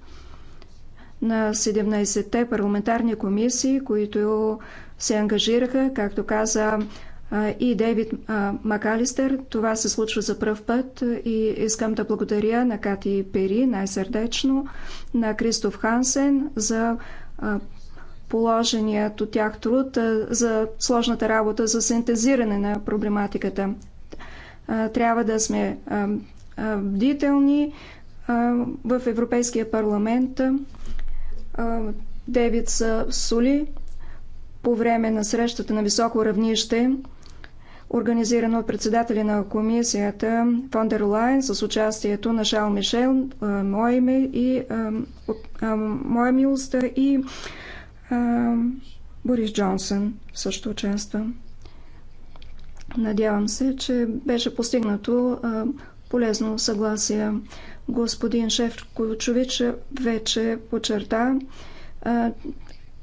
на 17-те парламентарни комисии, които се ангажираха, както каза и Дейвид Макалистър. Това се случва за пръв път и искам да благодаря на Кати Пери най-сърдечно, на Кристоф Хансен за положеният от тях труд, за сложната работа за синтезиране на проблематиката. Трябва да сме бдителни в Европейския парламент. Девица Сули по време на срещата на високо равнище Организирано от председателя на комисията Фондер Лайн с участието на Шал Мишел, Моеми и и Борис Джонсън също участва. Надявам се, че беше постигнато полезно съгласие. Господин Шеф Кучович вече подчерта,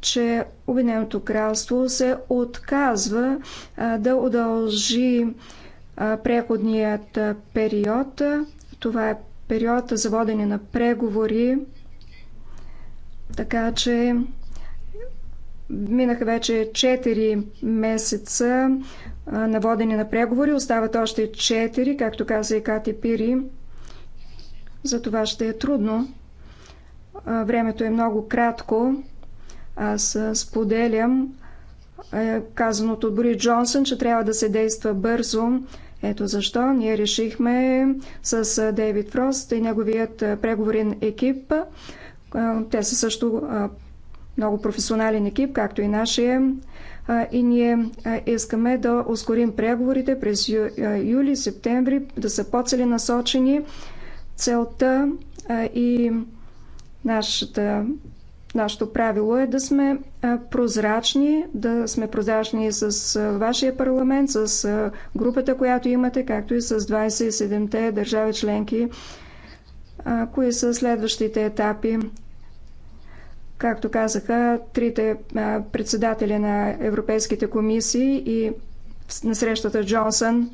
че Обединеното кралство се отказва да удължи преходният период. Това е период за водене на преговори, така че минаха вече 4 месеца на водене на преговори. Остават още 4, както каза и Кати Пири. За това ще е трудно. Времето е много кратко. Аз споделям е, казаното от Бори Джонсън, че трябва да се действа бързо. Ето защо ние решихме с Дейвид Фрост и неговият преговорен екип. Те са също много професионален екип, както и нашия. И ние искаме да ускорим преговорите през юли, септември, да са по насочени. Целта и нашата Нашето правило е да сме прозрачни, да сме прозрачни с вашия парламент, с групата, която имате, както и с 27-те държави членки, кои са следващите етапи. Както казаха трите председатели на европейските комисии и на срещата Джонсън,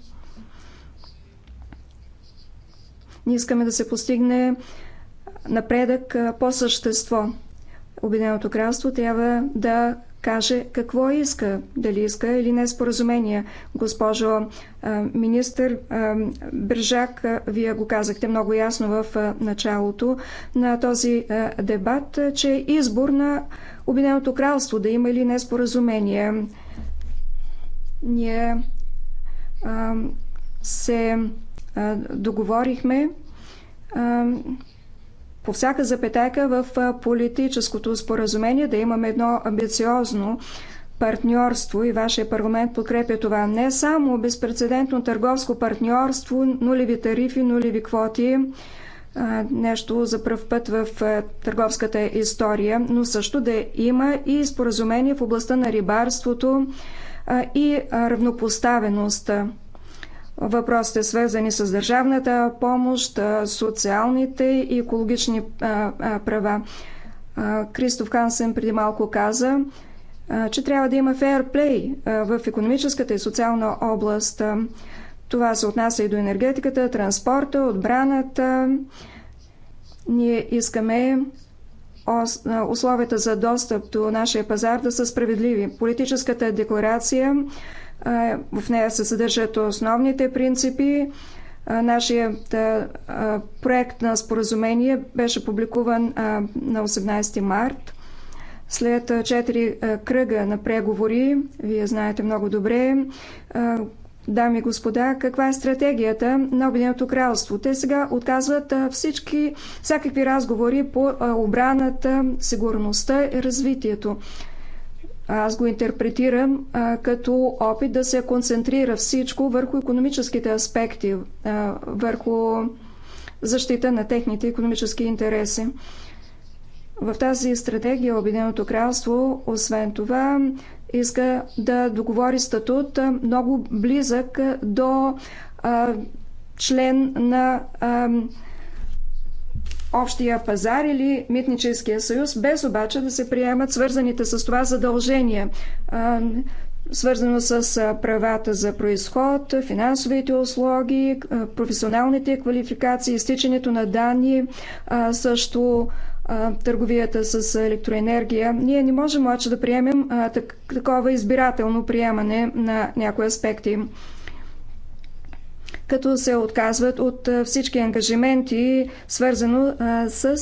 ние искаме да се постигне напредък по същество. Обединеното кралство трябва да каже какво иска, дали иска или не споразумение. Госпожо министър Бържак, вие го казахте много ясно в началото на този дебат, че е избор на Обединеното кралство да има или не споразумение. Ние се договорихме по всяка запетайка в политическото споразумение да имаме едно амбициозно партньорство и вашия парламент подкрепя това. Не само безпредседентно търговско партньорство, нулеви тарифи, нулеви квоти, нещо за пръв път в търговската история, но също да има и споразумение в областта на рибарството и равнопоставеността. Въпросите свързани с държавната помощ, социалните и екологични права. Кристоф Хансен преди малко каза, че трябва да има фейерплей в економическата и социална област. Това се отнася и до енергетиката, транспорта, отбраната. Ние искаме условията за достъп до нашия пазар да са справедливи. Политическата декларация в нея се съдържат основните принципи. Нашият проект на споразумение беше публикуван на 18 март. След четири кръга на преговори, вие знаете много добре, дами и господа, каква е стратегията на Обединеното кралство. Те сега отказват всички, всякакви разговори по обраната, сигурността и развитието. Аз го интерпретирам а, като опит да се концентрира всичко върху економическите аспекти, а, върху защита на техните економически интереси. В тази стратегия Обединеното кралство, освен това, иска да договори статут много близък до а, член на а, общия пазар или митническия съюз, без обаче да се приемат свързаните с това задължения, свързано с правата за происход, финансовите услуги, професионалните квалификации, изтичането на данни, също търговията с електроенергия. Ние не можем обаче да приемем такова избирателно приемане на някои аспекти като се отказват от всички ангажименти, свързано с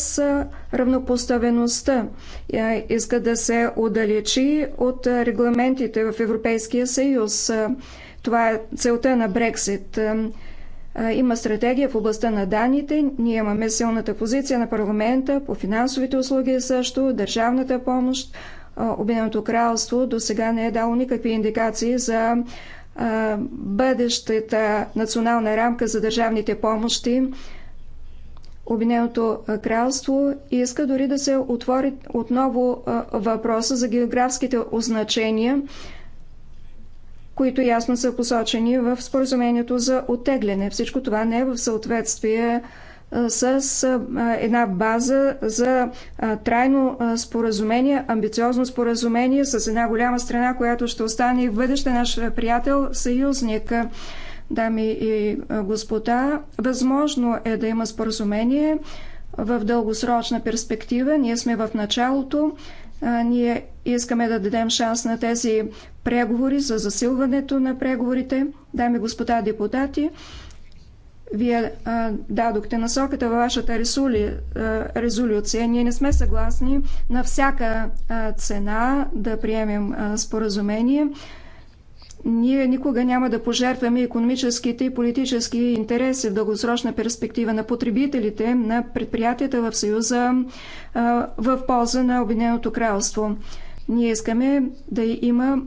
равнопоставеността. Е, иска да се отдалечи от регламентите в Европейския съюз. Това е целта на Брексит. Е, има стратегия в областта на данните. Ние имаме силната позиция на парламента по финансовите услуги също, държавната помощ. Е, Обединеното кралство до сега не е дало никакви индикации за бъдещата национална рамка за държавните помощи. Обединеното кралство иска дори да се отвори отново въпроса за географските означения, които ясно са посочени в споразумението за оттегляне. Всичко това не е в съответствие с една база за трайно споразумение, амбициозно споразумение с една голяма страна, която ще остане и в бъдеще наш приятел, съюзник. Дами и господа, възможно е да има споразумение в дългосрочна перспектива. Ние сме в началото. Ние искаме да дадем шанс на тези преговори за засилването на преговорите. Дами и господа депутати, вие а, дадохте насоката във вашата ресоли, а, резолюция. Ние не сме съгласни на всяка а, цена да приемем а, споразумение. Ние никога няма да пожертваме економическите и политически интереси в дългосрочна перспектива на потребителите, на предприятията в Съюза а, в полза на Обединеното кралство. Ние искаме да има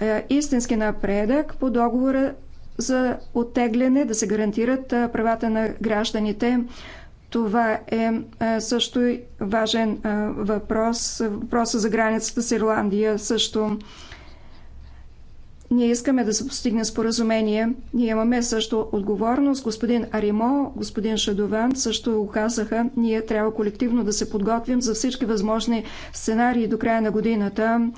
а, истински напредък по договора за оттегляне, да се гарантират правата на гражданите. Това е също важен въпрос. Въпроса за границата с Ирландия също. Ние искаме да се постигне споразумение. Ние имаме също отговорност. Господин Аримо, господин Шадован също казаха, ние трябва колективно да се подготвим за всички възможни сценарии до края на годината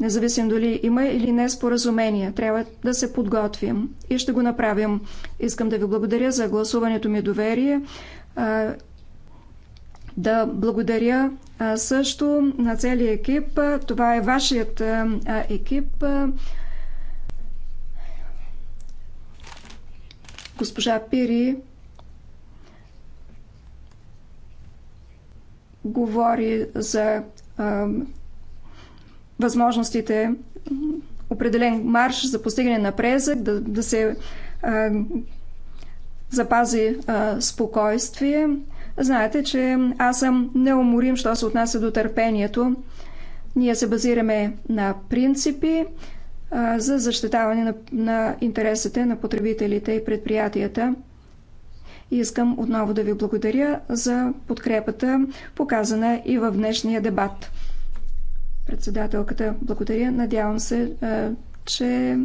независим дали има или не споразумение. Трябва да се подготвим и ще го направим. Искам да ви благодаря за гласуването ми доверие. Да благодаря също на целия екип. Това е вашият екип. Госпожа Пири говори за възможностите, определен марш за постигане на презък, да, да се а, запази а, спокойствие. Знаете, че аз съм неуморим, що се отнася до търпението. Ние се базираме на принципи а, за защитаване на, на интересите на потребителите и предприятията. И искам отново да ви благодаря за подкрепата, показана и в днешния дебат. Председателката, благодаря. Надявам се, че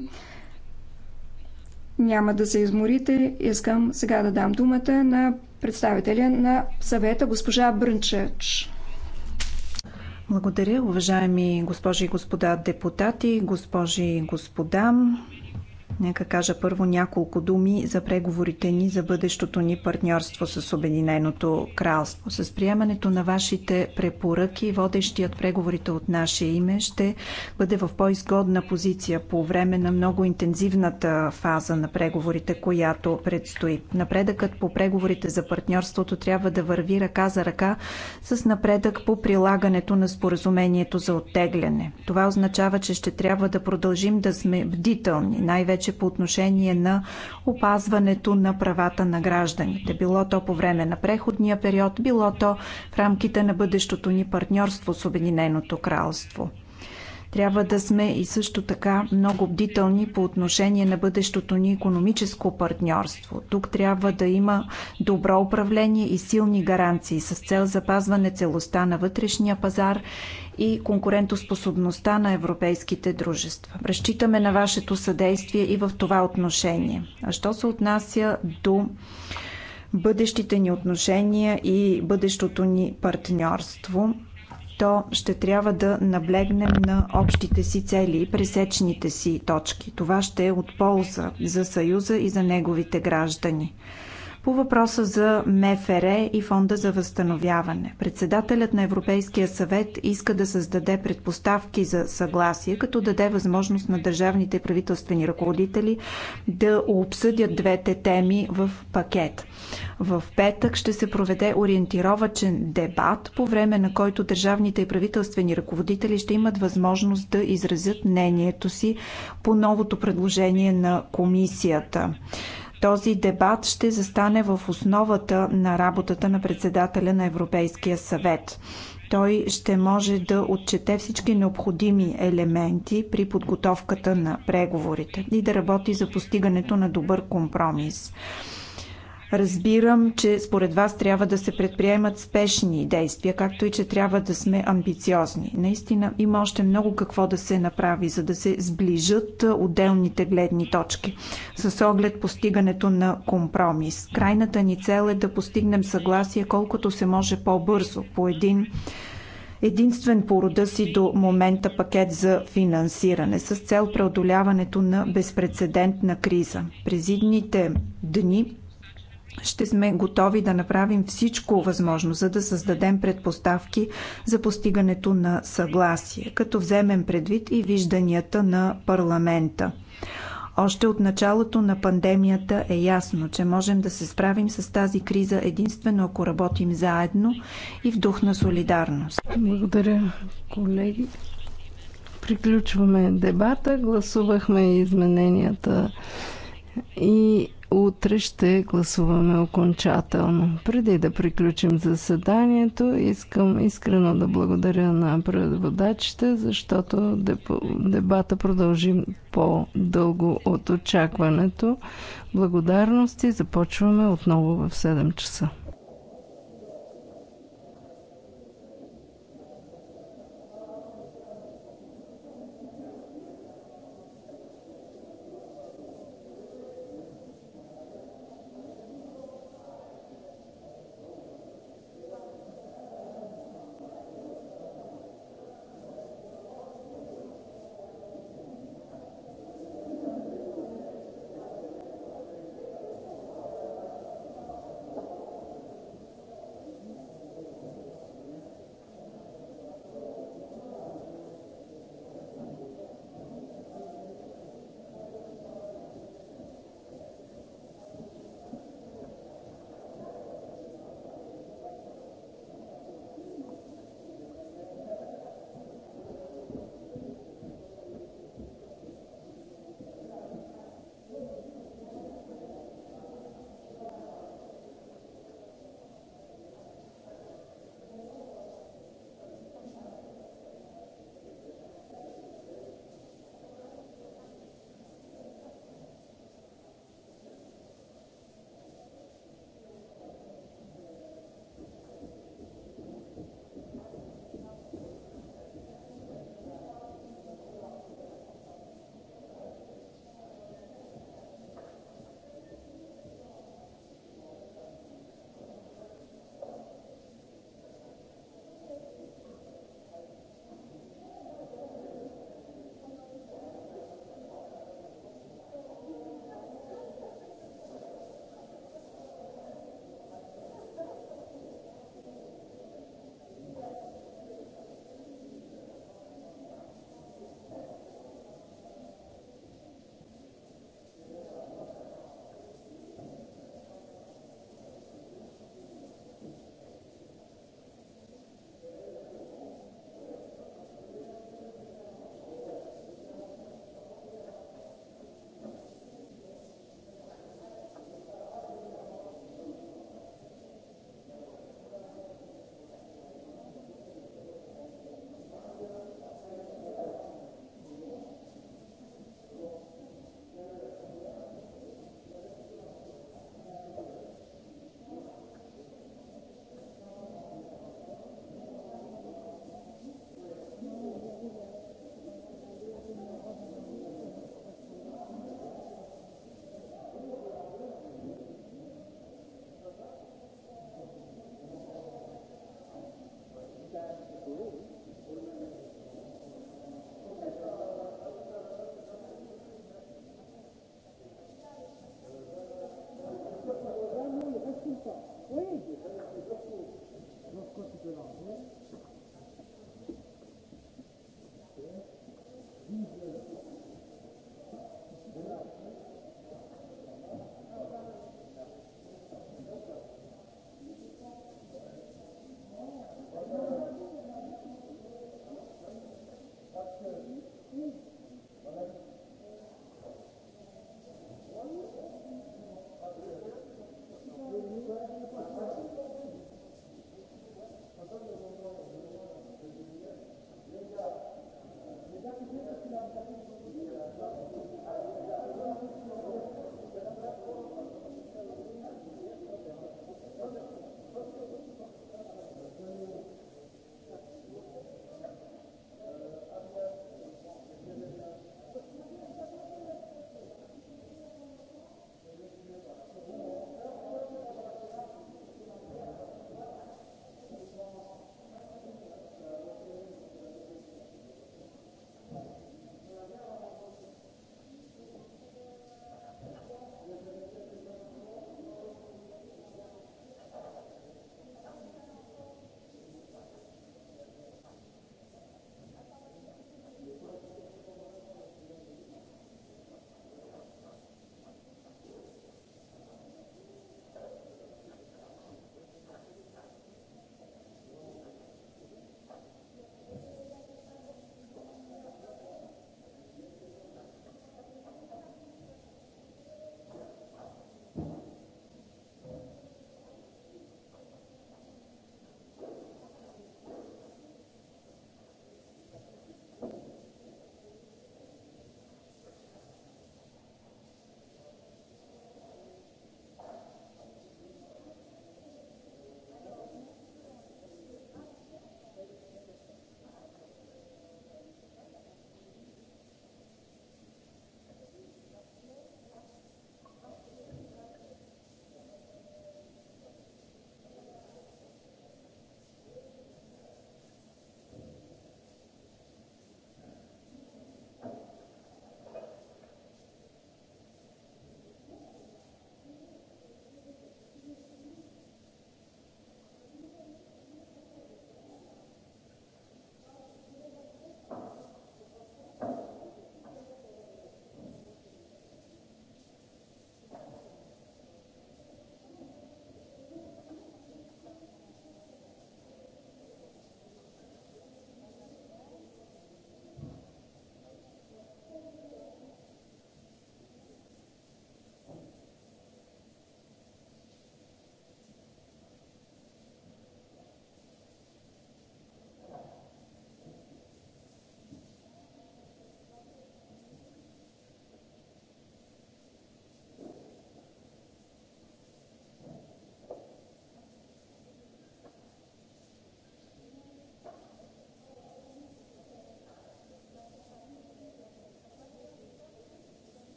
няма да се изморите. Искам сега да дам думата на представителя на съвета, госпожа Брънчеч. Благодаря, уважаеми госпожи и господа депутати, госпожи и господа. Нека кажа първо няколко думи за преговорите ни за бъдещото ни партньорство с Обединеното кралство. С приемането на вашите препоръки, водещият преговорите от наше име ще бъде в по-изгодна позиция по време на много интензивната фаза на преговорите, която предстои. Напредъкът по преговорите за партньорството трябва да върви ръка за ръка с напредък по прилагането на споразумението за оттегляне. Това означава, че ще трябва да продължим да сме бдителни, най-вече вече по отношение на опазването на правата на гражданите. Било то по време на преходния период, било то в рамките на бъдещото ни партньорство с Обединеното кралство. Трябва да сме и също така много бдителни по отношение на бъдещото ни економическо партньорство. Тук трябва да има добро управление и силни гаранции с цел запазване целостта на вътрешния пазар и конкурентоспособността на европейските дружества. Разчитаме на вашето съдействие и в това отношение. А що се отнася до бъдещите ни отношения и бъдещото ни партньорство, то ще трябва да наблегнем на общите си цели и пресечните си точки. Това ще е от полза за Съюза и за неговите граждани. По въпроса за МФР и Фонда за възстановяване, председателят на Европейския съвет иска да създаде предпоставки за съгласие, като даде възможност на държавните правителствени ръководители да обсъдят двете теми в пакет. В петък ще се проведе ориентировачен дебат, по време на който държавните и правителствени ръководители ще имат възможност да изразят мнението си по новото предложение на комисията. Този дебат ще застане в основата на работата на председателя на Европейския съвет. Той ще може да отчете всички необходими елементи при подготовката на преговорите и да работи за постигането на добър компромис. Разбирам, че според вас трябва да се предприемат спешни действия, както и че трябва да сме амбициозни. Наистина има още много какво да се направи, за да се сближат отделните гледни точки с оглед постигането на компромис. Крайната ни цел е да постигнем съгласие колкото се може по-бързо по един единствен по рода си до момента пакет за финансиране с цел преодоляването на безпредседентна криза. През идните дни ще сме готови да направим всичко възможно, за да създадем предпоставки за постигането на съгласие, като вземем предвид и вижданията на парламента. Още от началото на пандемията е ясно, че можем да се справим с тази криза единствено ако работим заедно и в дух на солидарност. Благодаря, колеги. Приключваме дебата. Гласувахме измененията и утре ще гласуваме окончателно. Преди да приключим заседанието, искам искрено да благодаря на преводачите, защото дебата продължи по-дълго от очакването. Благодарности. Започваме отново в 7 часа.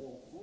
Благодаря.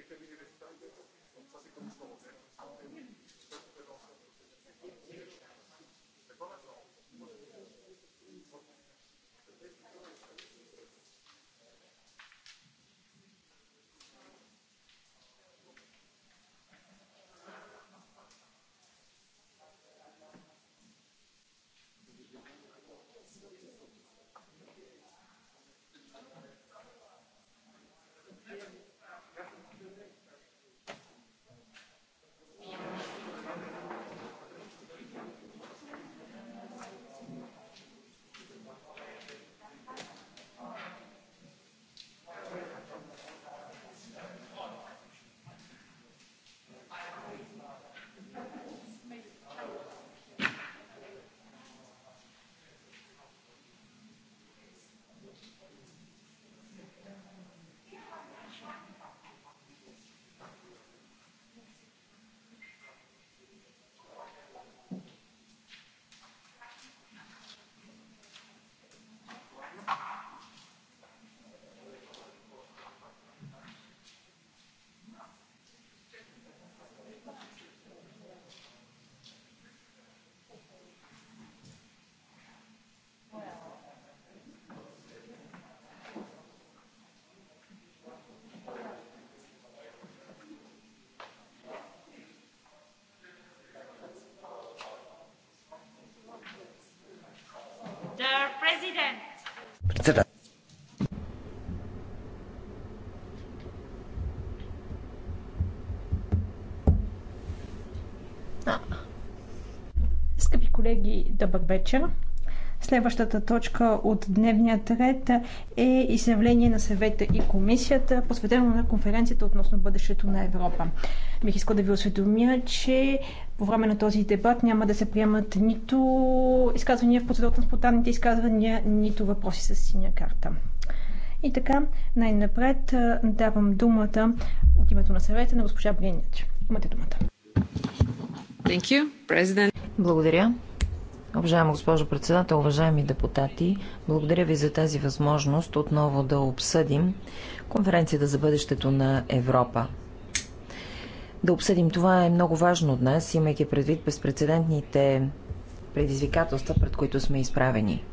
que este viene de Italia, entonces como como Добър вечер. Следващата точка от дневния ред е изявление на съвета и комисията, посветено на конференцията относно бъдещето на Европа. Бих искал да ви осведомя, че по време на този дебат няма да се приемат нито изказвания в процедурата на спонтанните изказвания, нито въпроси с синя карта. И така, най-напред давам думата от името на съвета на госпожа Бринич. Имате думата. Thank you, President. Благодаря, Уважаема госпожо председател, уважаеми депутати, благодаря ви за тази възможност отново да обсъдим конференцията за бъдещето на Европа. Да обсъдим това е много важно днес, имайки предвид безпредседентните предизвикателства, пред които сме изправени.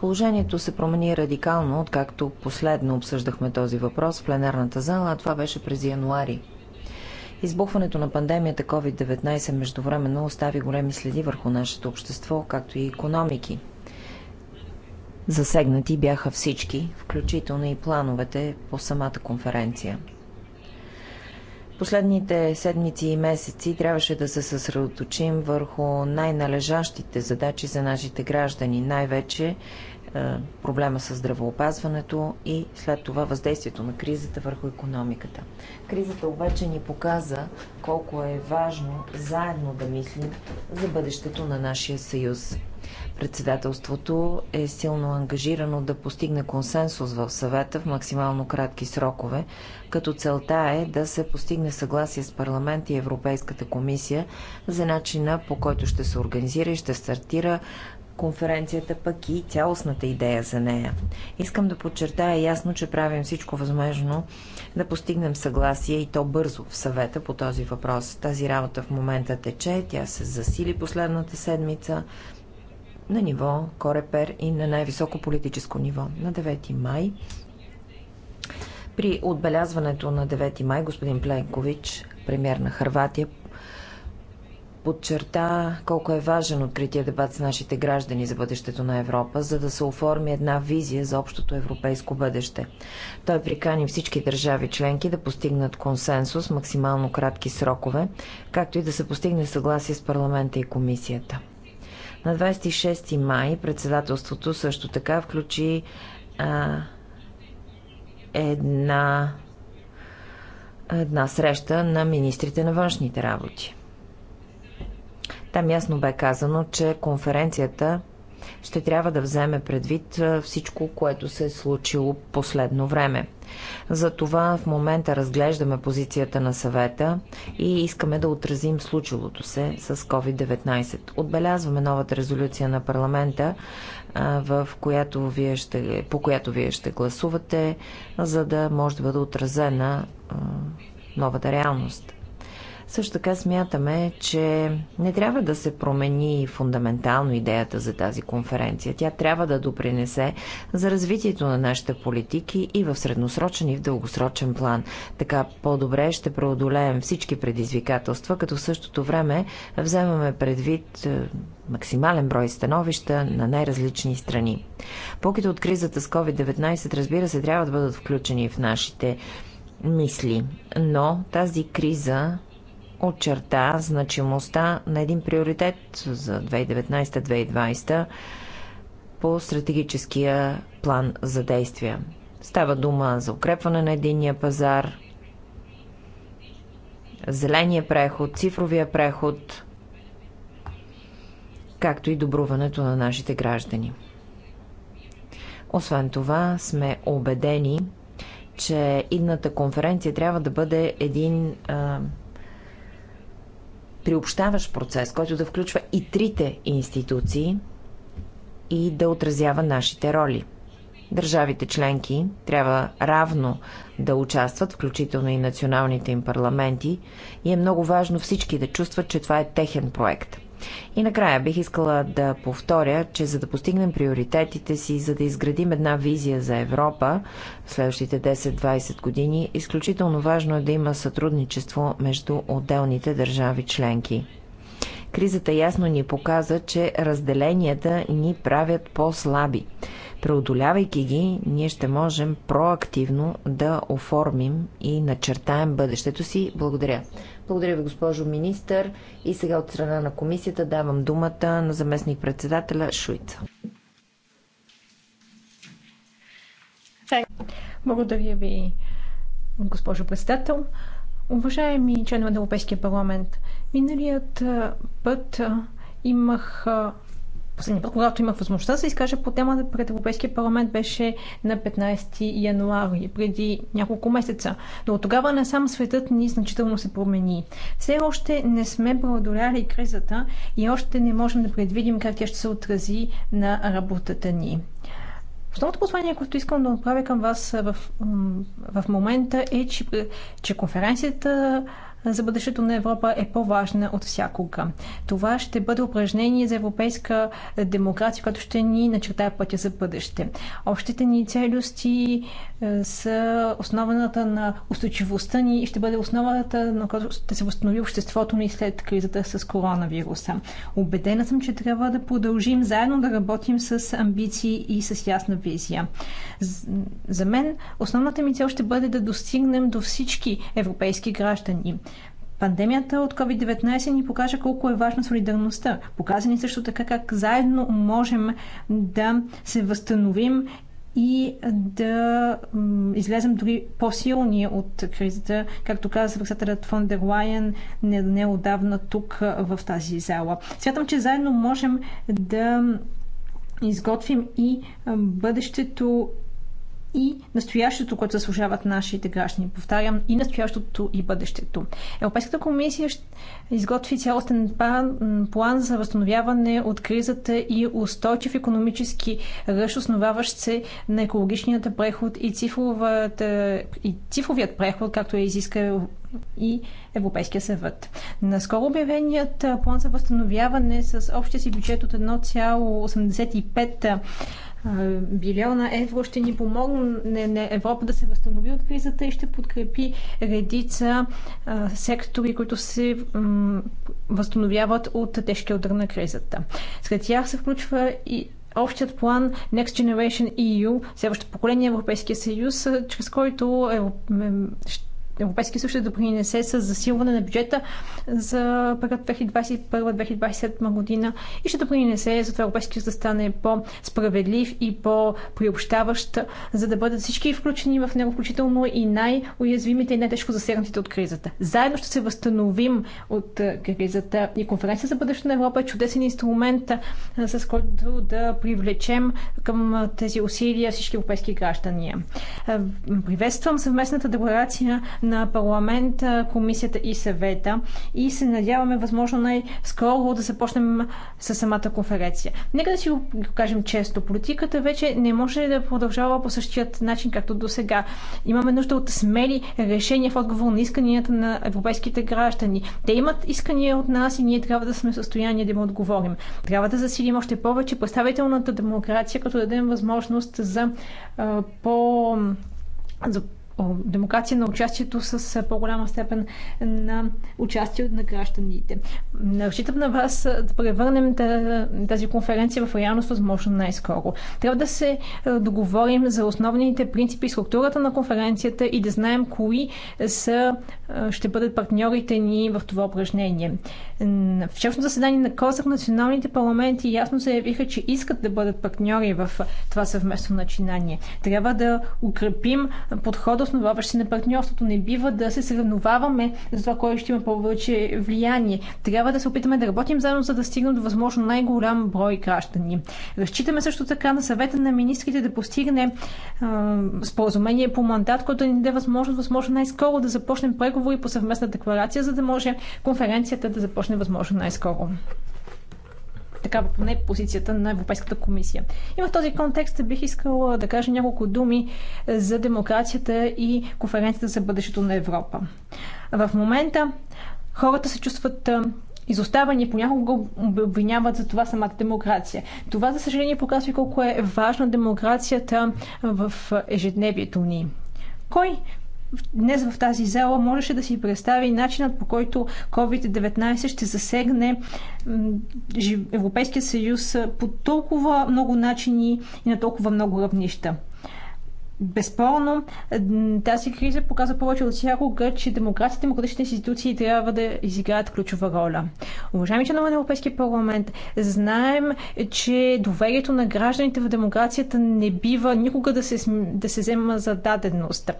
Положението се промени радикално, откакто последно обсъждахме този въпрос в пленарната зала, а това беше през януари. Избухването на пандемията COVID-19 междувременно остави големи следи върху нашето общество, както и економики. Засегнати бяха всички, включително и плановете по самата конференция. Последните седмици и месеци трябваше да се съсредоточим върху най-належащите задачи за нашите граждани, най-вече е, проблема с здравеопазването и след това въздействието на кризата върху економиката. Кризата обаче ни показа колко е важно заедно да мислим за бъдещето на нашия съюз. Председателството е силно ангажирано да постигне консенсус в съвета в максимално кратки срокове, като целта е да се постигне съгласие с парламент и Европейската комисия за начина по който ще се организира и ще стартира конференцията, пък и цялостната идея за нея. Искам да подчертая ясно, че правим всичко възможно да постигнем съгласие и то бързо в съвета по този въпрос. Тази работа в момента тече, тя се засили последната седмица на ниво Корепер и на най-високо политическо ниво. На 9 май при отбелязването на 9 май господин Пленкович, премьер на Харватия, подчерта колко е важен открития дебат с нашите граждани за бъдещето на Европа, за да се оформи една визия за общото европейско бъдеще. Той прикани всички държави членки да постигнат консенсус максимално кратки срокове, както и да се постигне съгласие с парламента и комисията. На 26 май председателството също така включи а, една, една среща на министрите на външните работи. Там ясно бе казано, че конференцията ще трябва да вземе предвид всичко, което се е случило последно време. Затова в момента разглеждаме позицията на съвета и искаме да отразим случилото се с COVID-19. Отбелязваме новата резолюция на парламента, в която вие ще, по която вие ще гласувате, за да може да бъде отразена новата реалност. Също така смятаме, че не трябва да се промени фундаментално идеята за тази конференция. Тя трябва да допринесе за развитието на нашите политики и в средносрочен и в дългосрочен план. Така по-добре ще преодолеем всички предизвикателства, като в същото време вземаме предвид е, максимален брой становища на най-различни страни. Поките от кризата с COVID-19, разбира се, трябва да бъдат включени в нашите мисли, но тази криза очерта значимостта на един приоритет за 2019-2020 по стратегическия план за действия. Става дума за укрепване на единния пазар, зеления преход, цифровия преход, както и добруването на нашите граждани. Освен това, сме убедени, че идната конференция трябва да бъде един а, приобщаващ процес, който да включва и трите институции и да отразява нашите роли. Държавите членки трябва равно да участват, включително и националните им парламенти, и е много важно всички да чувстват, че това е техен проект. И накрая бих искала да повторя, че за да постигнем приоритетите си, за да изградим една визия за Европа в следващите 10-20 години, изключително важно е да има сътрудничество между отделните държави членки. Кризата ясно ни показа, че разделенията ни правят по-слаби. Преодолявайки ги, ние ще можем проактивно да оформим и начертаем бъдещето си. Благодаря. Благодаря ви, госпожо министър. И сега от страна на комисията давам думата на заместник председателя Шуица. Благодаря ви, госпожо председател. Уважаеми членове на Европейския парламент, миналият път имах Последния път, когато имах възможността да се изкажа по темата пред Европейския парламент, беше на 15 януари, преди няколко месеца. Но от тогава сам светът ни значително се промени. Все още не сме преодоляли кризата и още не можем да предвидим как тя ще се отрази на работата ни. Основното послание, което искам да отправя към вас в, в момента е, че, че конференцията за бъдещето на Европа е по-важна от всякога. Това ще бъде упражнение за европейска демокрация, която ще ни начертае пътя за бъдеще. Общите ни целости е, са основаната на устойчивостта ни и ще бъде основата, на която ще се възстанови обществото ни след кризата с коронавируса. Обедена съм, че трябва да продължим заедно да работим с амбиции и с ясна визия. За мен основната ми цел ще бъде да достигнем до всички европейски граждани. Пандемията от COVID-19 ни покажа колко е важна солидарността. Показа ни също така как заедно можем да се възстановим и да излезем дори по-силни от кризата, както каза председателят фон дер Лайен не, не отдавна тук в тази зала. Смятам, че заедно можем да изготвим и бъдещето и настоящето, което заслужават нашите граждани. Повтарям, и настоящото, и бъдещето. Европейската комисия изготви цялостен план за възстановяване от кризата и устойчив економически ръж, основаващ се на екологичният преход и, и цифровият преход, както е изиска и Европейския съвет. Наскоро обявеният план за възстановяване с общия си бюджет от 1,85 билиона евро ще ни помогне на Европа да се възстанови от кризата и ще подкрепи редица сектори, които се възстановяват от тежкия удар на кризата. Сред тях се включва и общият план Next Generation EU, следващото поколение Европейския съюз, чрез който е, ще Европейския съюз ще допринесе с засилване на бюджета за период 2021-2027 година и ще допринесе за това Европейския съюз да стане по-справедлив и по-приобщаващ, за да бъдат всички включени в него, включително и най-уязвимите и най-тежко засегнатите от кризата. Заедно ще се възстановим от е, кризата и конференция за бъдещето на Европа е чудесен инструмент, е, с който да привлечем към е, тези усилия всички европейски граждани. Приветствам съвместната декларация на парламента, комисията и съвета и се надяваме възможно най-скоро да започнем с самата конференция. Нека да си го кажем често. Политиката вече не може да продължава по същият начин, както до сега. Имаме нужда от смели решения в отговор на исканията на европейските граждани. Те имат искания от нас и ние трябва да сме в състояние да им отговорим. Трябва да засилим още повече представителната демокрация, като дадем възможност за по за демокрация на участието с е, по-голяма степен на участие на гражданите. Разчитам на вас да превърнем тази конференция в реалност възможно най-скоро. Трябва да се е, договорим за основните принципи и структурата на конференцията и да знаем кои са е, ще бъдат партньорите ни в това упражнение. В частно заседание на Козак националните парламенти ясно заявиха, че искат да бъдат партньори в това съвместно начинание. Трябва да укрепим подхода, основаващ се на партньорството. Не бива да се съревноваваме за това, кой ще има повече влияние. Трябва да се опитаме да работим заедно, за да стигнем до възможно най-голям брой граждани. Разчитаме също така на съвета на министрите да постигне е, споразумение по мандат, който ни даде възможност, възможно най-скоро да започнем преговори преговори по съвместна декларация, за да може конференцията да започне възможно най-скоро такава поне е позицията на Европейската комисия. И в този контекст бих искала да кажа няколко думи за демокрацията и конференцията за бъдещето на Европа. В момента хората се чувстват изоставани, понякога обвиняват за това самата демокрация. Това, за съжаление, показва колко е важна демокрацията в ежедневието ни. Кой днес в тази зала можеше да си представи начинът по който COVID-19 ще засегне Европейския съюз по толкова много начини и на толкова много равнища. Безспорно, тази криза показа повече от всякога, че демокрацията и демократичните институции трябва да изиграят ключова роля. Уважаеми членове на Европейския парламент, знаем, че доверието на гражданите в демокрацията не бива никога да се, да се взема за даденост.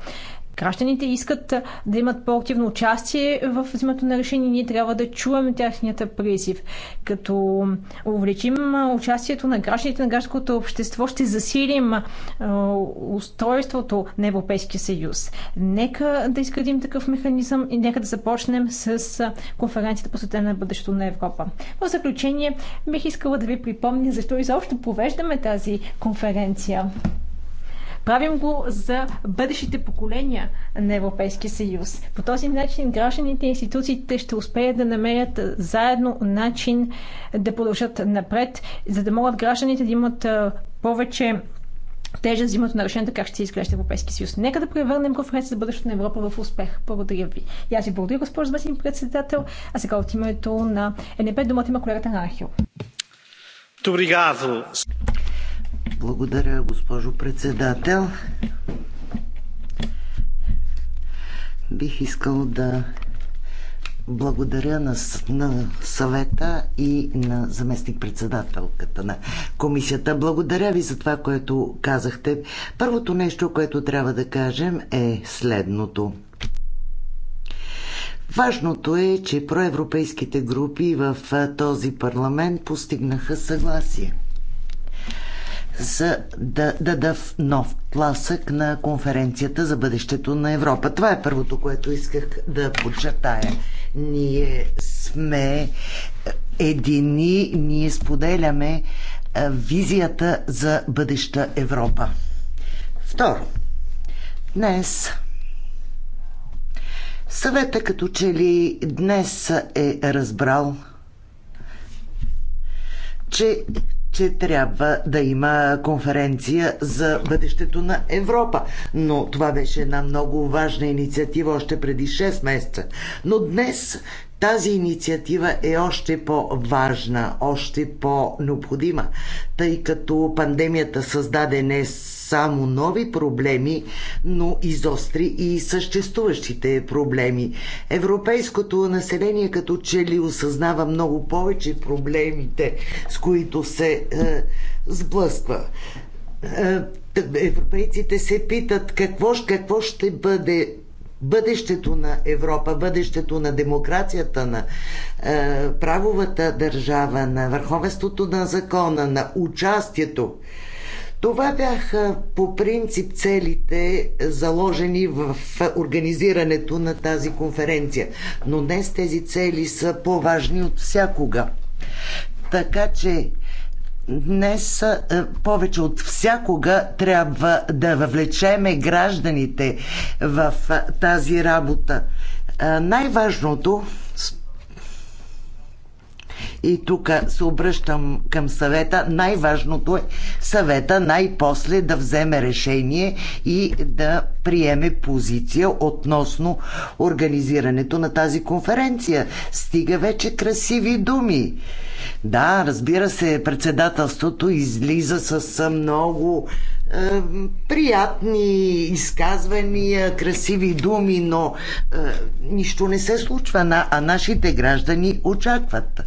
Гражданите искат да имат по-активно участие в взимането на решение. Ние трябва да чуваме тяхният призив. Като увеличим участието на гражданите на гражданското общество, ще засилим устройството на Европейския съюз. Нека да изградим такъв механизъм и нека да започнем с конференцията по на бъдещето на Европа. В заключение бих искала да ви припомня защо изобщо провеждаме тази конференция. Правим го за бъдещите поколения на Европейския съюз. По този начин гражданите и институциите ще успеят да намерят заедно начин да продължат напред, за да могат гражданите да имат повече тежа взимат на решението как ще се изглежда Европейски съюз. Нека да превърнем конференцията за бъдещето на Европа в успех. Благодаря ви. И аз ви благодаря, госпожо заместник председател. А сега от името на ЕНП думата има колегата Ранхил. Добре, благодаря, госпожо председател. Бих искал да благодаря на, на съвета и на заместник-председателката на комисията. Благодаря ви за това, което казахте. Първото нещо, което трябва да кажем е следното. Важното е, че проевропейските групи в този парламент постигнаха съгласие за да дада нов пласък на конференцията за бъдещето на Европа. Това е първото, което исках да подчертая. Ние сме едини, ние споделяме е, визията за бъдеща Европа. Второ, днес съвета като че ли днес е разбрал, че че трябва да има конференция за бъдещето на Европа. Но това беше една много важна инициатива още преди 6 месеца. Но днес тази инициатива е още по-важна, още по-необходима, тъй като пандемията създаде не само нови проблеми, но изостри и съществуващите проблеми. Европейското население като че ли осъзнава много повече проблемите, с които се е, сблъсква. Е, европейците се питат какво, какво ще бъде бъдещето на Европа, бъдещето на демокрацията, на е, правовата държава, на върховенството на закона, на участието. Това бяха по принцип целите заложени в организирането на тази конференция. Но днес тези цели са по-важни от всякога. Така че Днес е, повече от всякога трябва да въвлечеме гражданите в е, тази работа. Е, най-важното, и тук се обръщам към съвета. Най-важното е съвета най-после да вземе решение и да приеме позиция относно организирането на тази конференция. Стига вече красиви думи. Да, разбира се, председателството излиза с много е, приятни изказвания, красиви думи, но е, нищо не се случва, а нашите граждани очакват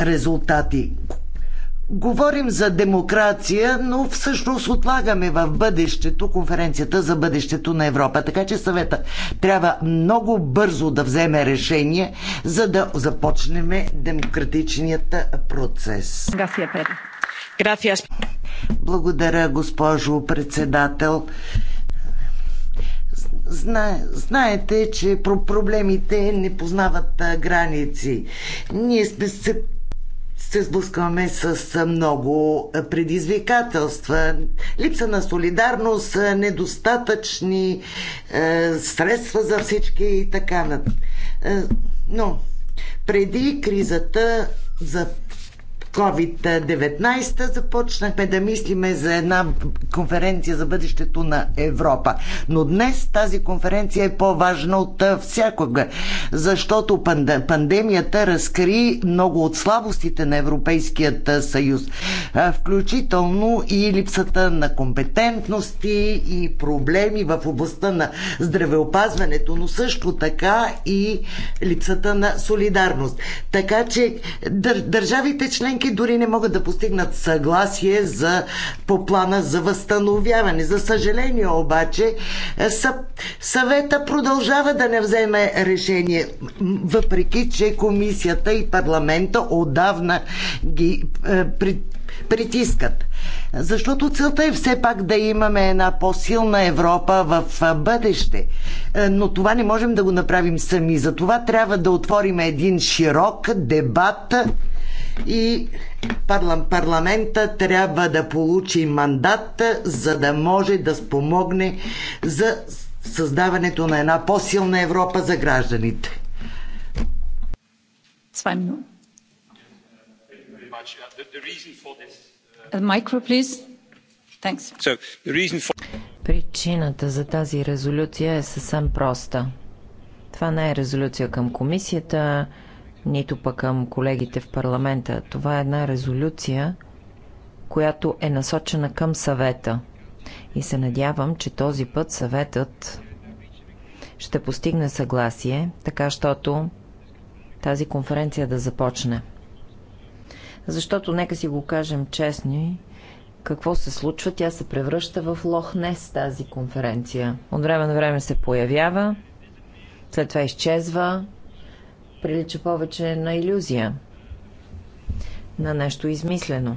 резултати. Говорим за демокрация, но всъщност отлагаме в бъдещето конференцията за бъдещето на Европа. Така че съвета трябва много бързо да вземе решение, за да започнем демократичният процес. Гасия, благодаря, госпожо председател. знаете, че проблемите не познават граници. Ние сме се се сблъскваме с много предизвикателства. Липса на солидарност, недостатъчни средства за всички и така нататък. но преди кризата за COVID-19 започнахме да мислиме за една конференция за бъдещето на Европа. Но днес тази конференция е по-важна от всякога, защото пандемията разкри много от слабостите на Европейският съюз, включително и липсата на компетентности и проблеми в областта на здравеопазването, но също така и липсата на солидарност. Така че държавите членки членки дори не могат да постигнат съгласие за, по плана за възстановяване. За съжаление обаче, е, съвета продължава да не вземе решение, въпреки че комисията и парламента отдавна ги е, при, притискат. Защото целта е все пак да имаме една по-силна Европа в е, бъдеще. Е, но това не можем да го направим сами. Затова трябва да отворим един широк дебат и парламента трябва да получи мандат, за да може да спомогне за създаването на една по-силна Европа за гражданите. Uh, Причината за тази резолюция е съвсем проста. Това не е резолюция към комисията, нито пък към колегите в парламента. Това е една резолюция, която е насочена към съвета. И се надявам, че този път съветът ще постигне съгласие, така щото тази конференция да започне. Защото, нека си го кажем честно, какво се случва? Тя се превръща в лохнес тази конференция. От време на време се появява, след това изчезва, прилича повече на иллюзия, на нещо измислено.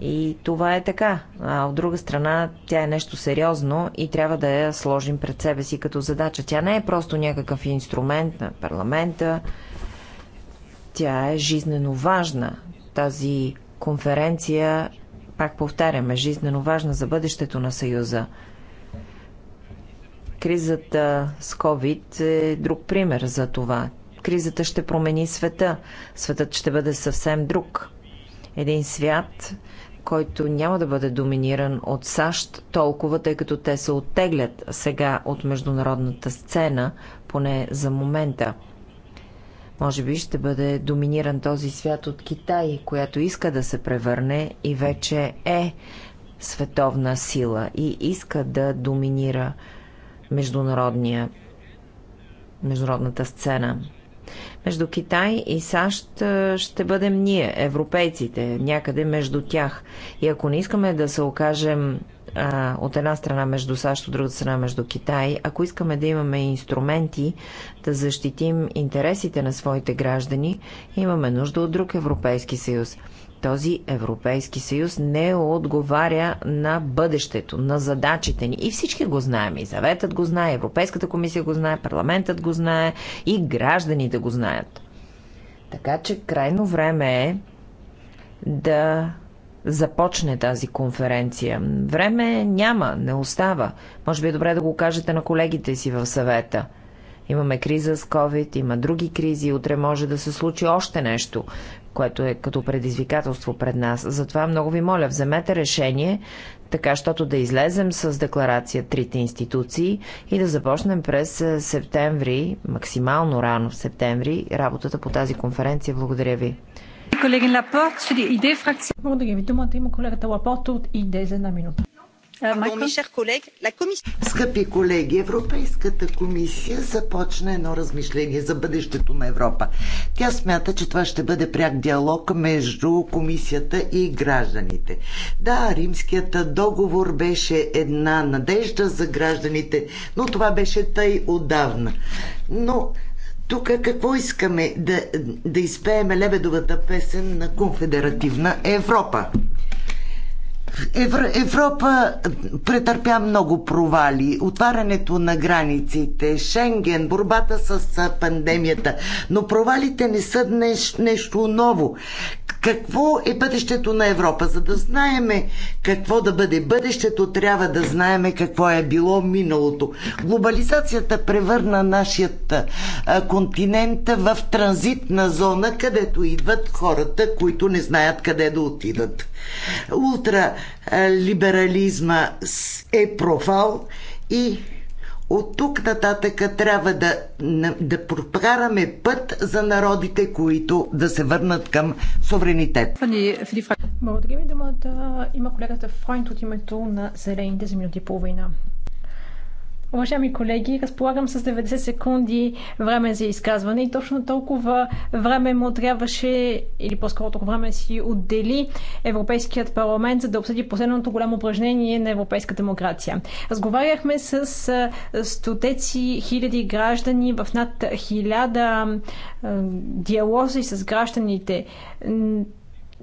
И това е така. А от друга страна, тя е нещо сериозно и трябва да я сложим пред себе си като задача. Тя не е просто някакъв инструмент на парламента. Тя е жизнено важна. Тази конференция, пак повтаряме, жизнено важна за бъдещето на Съюза. Кризата с COVID е друг пример за това кризата ще промени света. Светът ще бъде съвсем друг. Един свят, който няма да бъде доминиран от САЩ толкова, тъй като те се оттеглят сега от международната сцена, поне за момента. Може би ще бъде доминиран този свят от Китай, която иска да се превърне и вече е световна сила и иска да доминира международния, международната сцена. Между Китай и САЩ е, ще бъдем ние, европейците, някъде между тях. И ако не искаме да се окажем а, от една страна между САЩ, от другата страна между Китай, ако искаме да имаме инструменти да защитим интересите на своите граждани, имаме нужда от друг Европейски съюз. Този Европейски съюз не отговаря на бъдещето, на задачите ни. И всички го знаем. И Заветът го знае, Европейската комисия го знае, парламентът го знае и гражданите го знаят. Така че крайно време е да започне тази конференция. Време няма, не остава. Може би е добре да го кажете на колегите си в съвета. Имаме криза с COVID, има други кризи, утре може да се случи още нещо което е като предизвикателство пред нас. Затова много ви моля, вземете решение, така, щото да излезем с декларация трите институции и да започнем през е, септември, максимално рано в септември, работата по тази конференция. Благодаря ви. Колегин Лапорт, Благодаря ви. Думата има колегата Лапорт от иде за една минута. Скъпи колеги, Европейската комисия започна едно размишление за бъдещето на Европа. Тя смята, че това ще бъде пряк диалог между комисията и гражданите. Да, римският договор беше една надежда за гражданите, но това беше тъй отдавна. Но тук какво искаме? Да, да изпееме лебедовата песен на конфедеративна Европа. Европа претърпя много провали. Отварянето на границите, Шенген, борбата с пандемията. Но провалите не са нещо ново. Какво е бъдещето на Европа? За да знаеме какво да бъде бъдещето, трябва да знаеме какво е било миналото. Глобализацията превърна нашият континент в транзитна зона, където идват хората, които не знаят къде да отидат. Ултралиберализма е провал и от тук нататък трябва да, да прокараме път за народите, които да се върнат към суверенитет. Благодаря ви думата. Има колегата Фройнт от името на Зелените за минути и половина. Уважаеми колеги, разполагам с 90 секунди време за изказване и точно толкова време му трябваше, или по-скоро толкова време си отдели Европейският парламент, за да обсъди последното голямо упражнение на европейска демокрация. Разговаряхме с стотеци хиляди граждани в над хиляда диалози с гражданите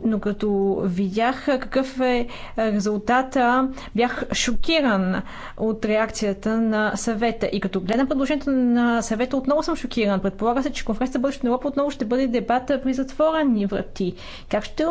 но като видях какъв е резултата, бях шокиран от реакцията на съвета. И като гледам предложението на съвета, отново съм шокиран. Предполага се, че конференцията Бъдещето на Европа отново ще бъде дебата при затворени врати. Как ще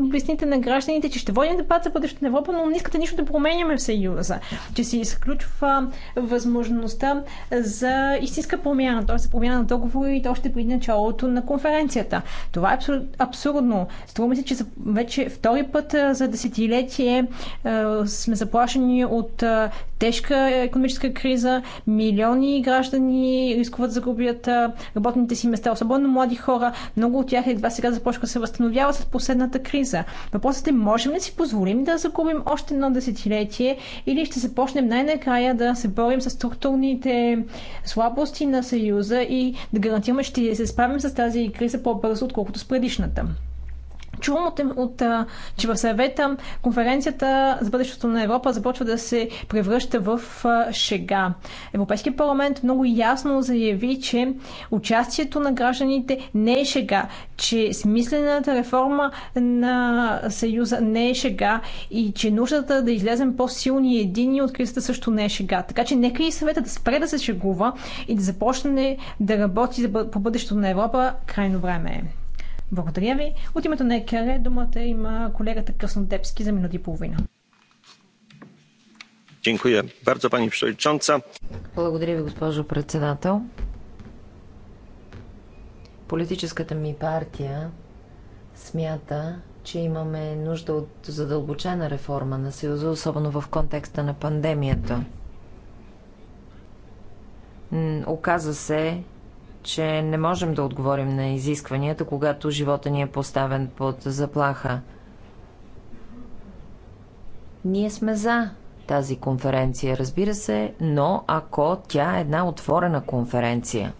обясните на гражданите, че ще водим дебат за бъдещето на Европа, но не искате нищо да променяме в Съюза? Че се изключва възможността за истинска промяна, т.е. за промяна на договори и то ще преди началото на конференцията. Това е абсурдно. Струва мисля, че вече втори път за десетилетие сме заплашени от тежка економическа криза. Милиони граждани рискуват да загубят работните си места, особено млади хора. Много от тях едва сега започва да се възстановява с последната криза. Въпросът е, можем ли си позволим да загубим още едно десетилетие или ще започнем най-накрая да се борим с структурните слабости на Съюза и да гарантираме, че ще се справим с тази криза по-бързо, отколкото с предишната? Чувам от, от, че в съвета конференцията за бъдещето на Европа започва да се превръща в шега. Европейския парламент много ясно заяви, че участието на гражданите не е шега, че смислената реформа на Съюза не е шега и че нуждата да излезем по-силни и едини от кризата също не е шега. Така че нека и съвета да спре да се шегува и да започне да работи по бъдещето на Европа крайно време е. Благодаря ви. От името на ЕКР думата има колегата Краснодепски за минути и половина. Благодаря ви, госпожо председател. Политическата ми партия смята, че имаме нужда от задълбочена реформа на Съюза, особено в контекста на пандемията. Оказа се, че не можем да отговорим на изискванията, когато живота ни е поставен под заплаха. Ние сме за тази конференция, разбира се, но ако тя е една отворена конференция.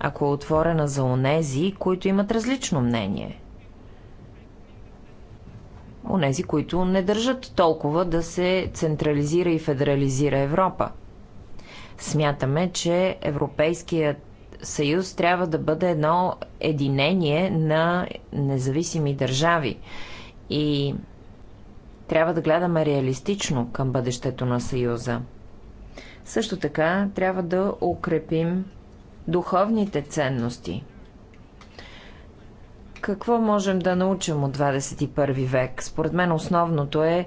Ако е отворена за онези, които имат различно мнение. Онези, които не държат толкова да се централизира и федерализира Европа – Смятаме, че Европейският съюз трябва да бъде едно единение на независими държави. И трябва да гледаме реалистично към бъдещето на съюза. Също така трябва да укрепим духовните ценности. Какво можем да научим от 21 век? Според мен основното е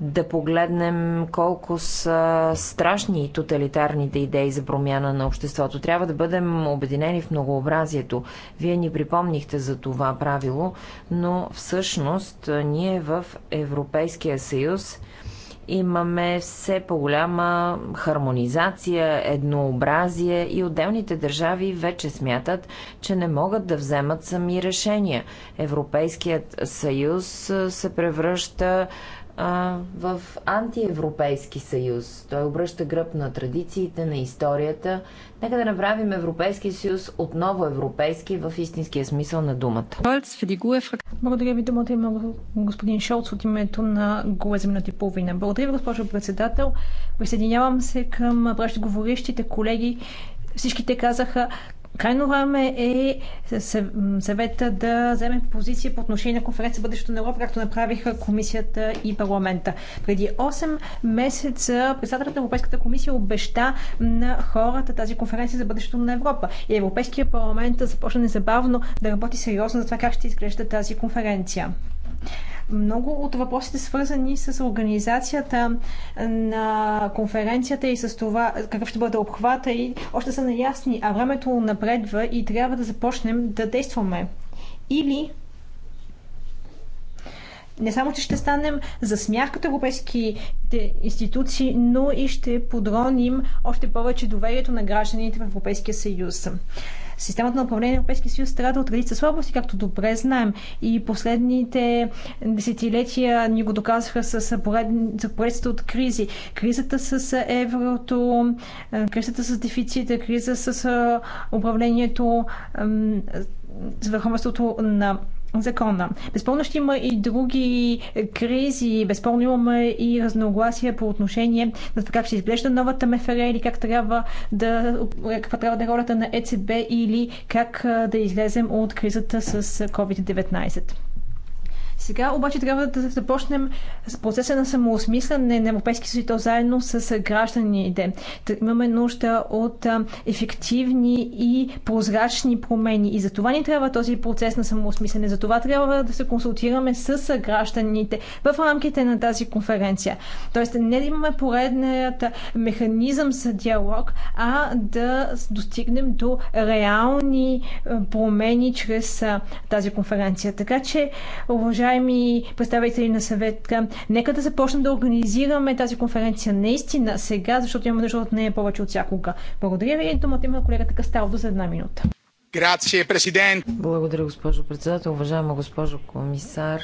да погледнем колко са страшни и тоталитарните идеи за промяна на обществото. Трябва да бъдем обединени в многообразието. Вие ни припомнихте за това правило, но всъщност ние в Европейския съюз имаме все по-голяма хармонизация, еднообразие и отделните държави вече смятат, че не могат да вземат сами решения. Европейският съюз се превръща а, в антиевропейски съюз. Той обръща гръб на традициите, на историята. Нека да направим Европейския съюз отново европейски в истинския смисъл на думата. Е Благодаря ви, думата има господин Шолц от името на Голе за минути половина. Благодаря ви, госпожо председател. Присъединявам се към преждеговорившите колеги. Всички те казаха Крайно време е съвета да вземе позиция по отношение на конференция Бъдещето на Европа, както направиха комисията и парламента. Преди 8 месеца председателят на Европейската комисия обеща на хората тази конференция за бъдещето на Европа. И Европейския парламент започна незабавно да работи сериозно за това как ще изглежда тази конференция. Много от въпросите свързани с организацията на конференцията и с това какъв ще бъде обхвата и още са наясни, а времето напредва и трябва да започнем да действаме. Или не само, че ще станем за смях като европейските институции, но и ще подроним още повече доверието на гражданите в Европейския съюз. Системата на управление на Европейския съюз страда от редица слабости, както добре знаем. И последните десетилетия ни го доказаха с поредицата от кризи. Кризата с еврото, е, кризата с дефицита, криза с е, управлението, с върховенството на закона. Безспорно ще има и други кризи, безспорно имаме и разногласия по отношение на това как ще изглежда новата МФР или как трябва да, каква трябва да е ролята на ЕЦБ или как да излезем от кризата с COVID-19. Сега обаче трябва да започнем с процеса на самоосмислене на Европейски съюз и то заедно с гражданите. Да имаме нужда от ефективни и прозрачни промени. И за това ни трябва този процес на самоосмислене. За това трябва да се консултираме с гражданите в рамките на тази конференция. Тоест не да имаме поредният механизъм за диалог, а да достигнем до реални промени чрез тази конференция. Така че, уважаеми и представители на съветка, нека да започнем да организираме тази конференция наистина сега, защото имаме нужда от нея повече от всякога. Благодаря ви. Думата има колегата Касталдо за една минута. президент! Благодаря, госпожо председател. Уважаема госпожо комисар,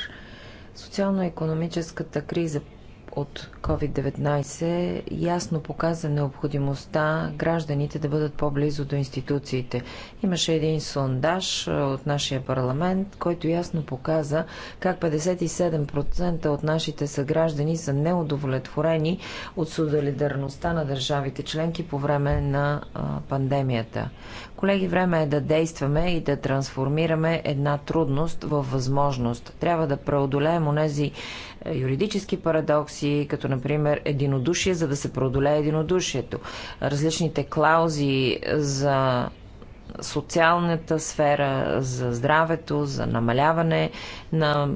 социално-економическата криза от COVID-19 ясно показа необходимостта гражданите да бъдат по-близо до институциите. Имаше един сондаж е, от нашия парламент, който ясно показа как 57% от нашите съграждани са неудовлетворени от солидарността на държавите членки по време на пандемията. Колеги, време е да действаме и да трансформираме една трудност в възможност. Трябва да преодолеем онези юридически парадокси, като например единодушие, за да се преодолее единодушието. Различните клаузи за социалната сфера, за здравето, за намаляване на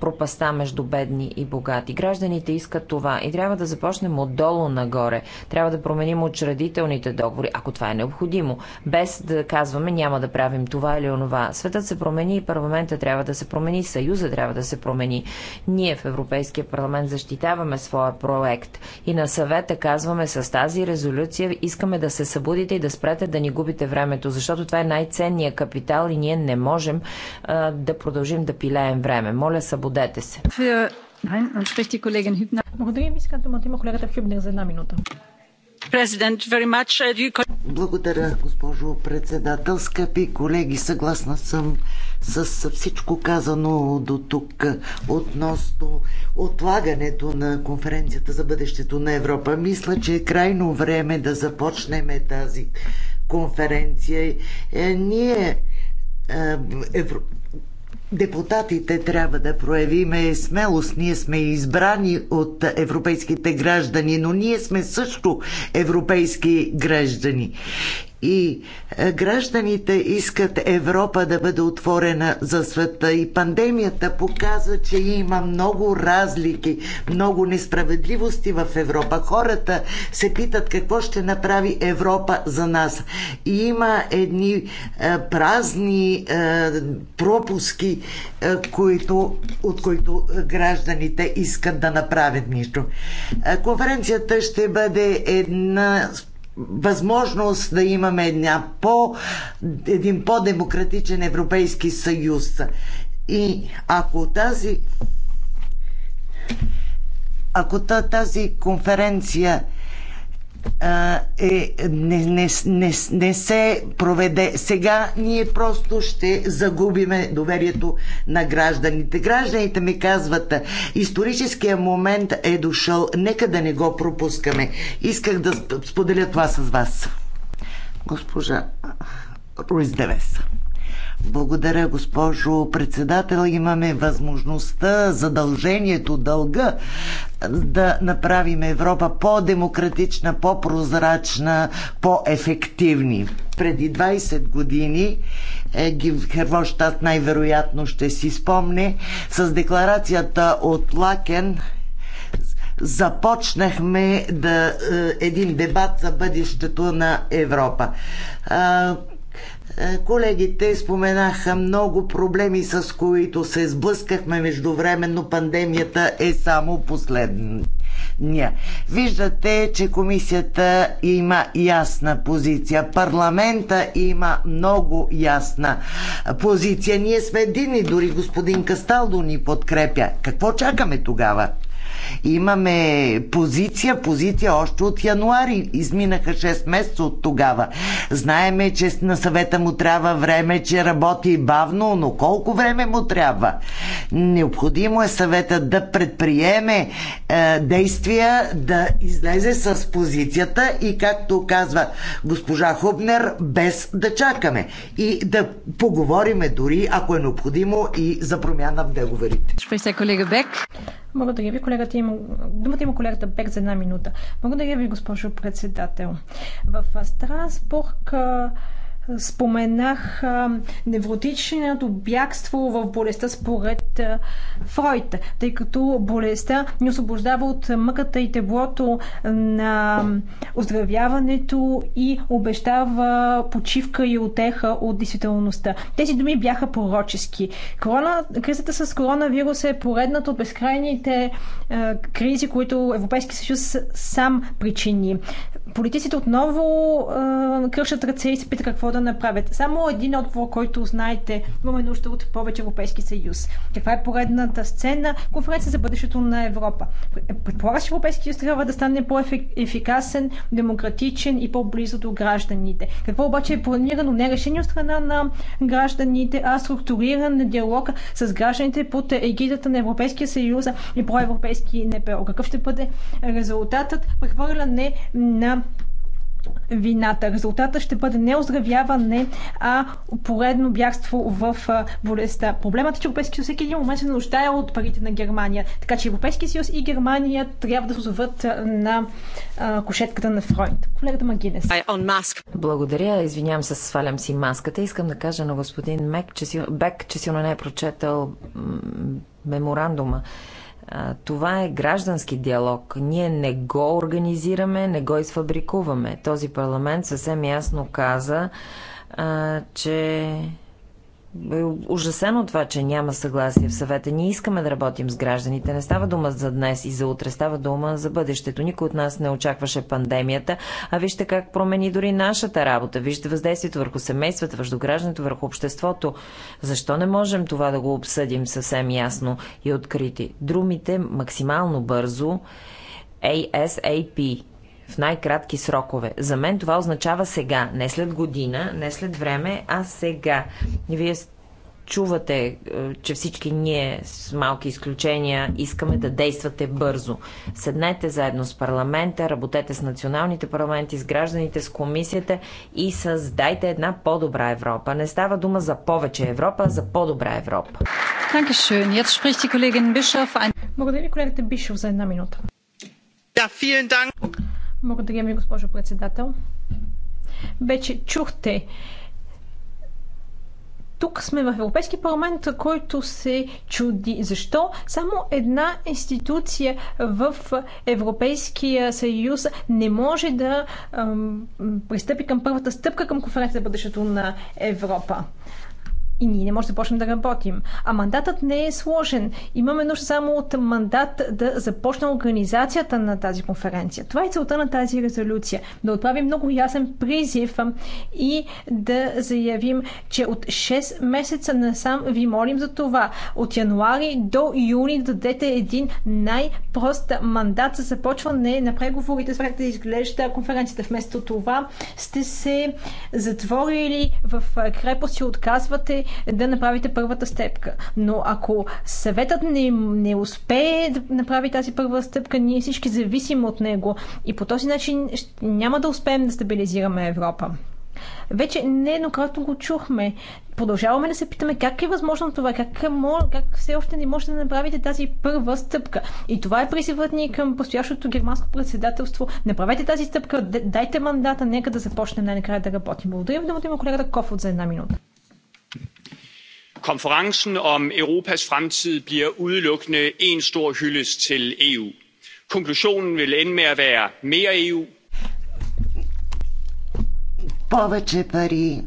пропаста между бедни и богати. Гражданите искат това и трябва да започнем отдолу нагоре. Трябва да променим учредителните договори, ако това е необходимо, без да казваме няма да правим това или онова. Светът се промени и парламента трябва да се промени, съюза трябва да се промени. Ние в Европейския парламент защитаваме своя проект и на съвета казваме с тази резолюция искаме да се събудите и да спрете да ни губите времето, защото това е най-ценният капитал и ние не можем а, да продължим да пилеем време. Моля, събудете Освободете се. Благодаря ви. Искам думата има колегата Хюбнер за една минута. Uh, Благодаря, госпожо председател. Скъпи колеги, съгласна съм с всичко казано до тук относно отлагането на конференцията за бъдещето на Европа. Мисля, че е крайно време да започнем тази конференция. Е, ние, е, евро, депутатите трябва да проявиме смелост. Ние сме избрани от европейските граждани, но ние сме също европейски граждани и е, гражданите искат Европа да бъде отворена за света. И пандемията показва, че има много разлики, много несправедливости в Европа. Хората се питат какво ще направи Европа за нас. И има едни е, празни е, пропуски, които, от които гражданите искат да направят нищо. Конференцията ще бъде една възможност да имаме една по, един по-демократичен Европейски съюз. И ако тази ако тази конференция е, не, не, не, не се проведе. Сега ние просто ще загубиме доверието на гражданите. Гражданите ми казват, историческия момент е дошъл, нека да не го пропускаме. Исках да споделя това с вас. Госпожа Руиз Девеса. Благодаря, госпожо председател. Имаме възможността, задължението, дълга да направим Европа по-демократична, по-прозрачна, по-ефективни. Преди 20 години е, Хервонштадт най-вероятно ще си спомне с декларацията от Лакен започнахме да, е, един дебат за бъдещето на Европа. Е, колегите споменаха много проблеми, с които се сблъскахме междувременно. Пандемията е само последния. Виждате, че комисията има ясна позиция. Парламента има много ясна позиция. Ние сме едини, дори господин Касталдо ни подкрепя. Какво чакаме тогава? Имаме позиция, позиция още от януари. Изминаха 6 месеца от тогава. Знаеме, че на съвета му трябва време, че работи бавно, но колко време му трябва? Необходимо е съвета да предприеме е, действия, да излезе с позицията и, както казва госпожа Хубнер, без да чакаме. И да поговориме дори, ако е необходимо, и за промяна в договорите. се колега Бек. Благодаря ви, колегата има... Думата има колегата Бек за една минута. Благодаря ви, госпожо председател. В Страсбург споменах невротичното бягство в болестта според Фройд, тъй като болестта ни освобождава от мъката и теблото на оздравяването и обещава почивка и отеха от действителността. Тези думи бяха пророчески. Корона, кризата с коронавирус е поредната от безкрайните кризи, които Европейски съюз сам причини. Политиците отново а, кръщат ръце и се питат какво да направят. Само един отговор, който знаете, имаме нужда от повече Европейски съюз. Каква е поредната сцена? Конференция за бъдещето на Европа. Предполага, че Европейски съюз трябва да стане по-ефикасен, демократичен и по-близо до гражданите. Какво обаче е планирано? Не е решение от страна на гражданите, а структуриран диалог с гражданите под егидата на Европейския съюз и проевропейски НПО. Какъв ще бъде резултатът? Прехвърляне на вината. Резултата ще бъде не оздравяване, а поредно бягство в болестта. Проблемът е, че Европейския съюз всеки един момент се нуждае от парите на Германия. Така че Европейския съюз и Германия трябва да се озоват на кошетката на Фройд. Колегата Магинес. Благодаря. Извинявам се, свалям си маската. Искам да кажа на господин Мек, че си, Бек, че силно не е прочетал меморандума. Това е граждански диалог. Ние не го организираме, не го изфабрикуваме. Този парламент съвсем ясно каза, че е, ужасено от това, че няма съгласие в съвета. Ние искаме да работим с гражданите. Не става дума за днес и за утре, става дума за бъдещето. Никой от нас не очакваше пандемията, а вижте как промени дори нашата работа. Вижте въздействието върху семействата, върху гражданите, върху обществото. Защо не можем това да го обсъдим съвсем ясно и открити? Друмите максимално бързо ASAP в най-кратки срокове. За мен това означава сега, не след година, не след време, а сега. Вие чувате, е, че всички ние, с малки изключения, искаме да действате бързо. Седнете заедно с парламента, работете с националните парламенти, с гражданите, с комисията и създайте една по-добра Европа. Не става дума за повече Европа, а за по-добра Европа. Благодаря, колегата Бишов, за една минута. Да, благодаря ми, госпожо председател. Вече чухте тук сме в Европейски парламент, който се чуди защо само една институция в Европейския съюз не може да ам, пристъпи към първата стъпка към конференцията за бъдещето на Европа и ние не можем да започнем да работим. А мандатът не е сложен. Имаме нужда само от мандат да започне организацията на тази конференция. Това е целта на тази резолюция. Да отправим много ясен призив и да заявим, че от 6 месеца насам ви молим за това. От януари до юни да дадете един най-прост мандат за започване на преговорите, с да изглежда конференцията. Вместо това сте се затворили в крепост и отказвате да направите първата стъпка. Но ако съветът не, не успее да направи тази първа стъпка, ние всички зависим от него и по този начин няма да успеем да стабилизираме Европа. Вече нееднократно го чухме. Продължаваме да се питаме как е възможно това, как, е, как все още не можете да направите тази първа стъпка. И това е призивът ни към постоящото германско председателство. Направете тази стъпка, дайте мандата, нека да започнем най-накрая да работим. Благодаря ви, да има колегата Кофот за една минута konferencen om europas fremtid bliver udelukkende én stor hyldest til eu. konklusionen vil ende med at være mere eu повече пари,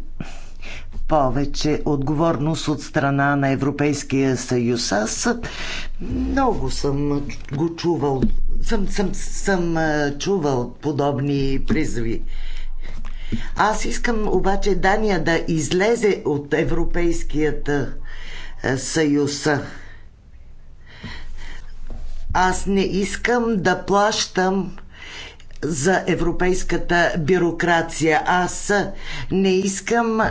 повече отговорност от страна на Европейския съюз. Аз много съм го чувал, съм, съм, съм чувал подобни призви. Аз искам обаче Дания да излезе от Европейският е, съюз. Аз не искам да плащам за европейската бюрокрация. Аз не искам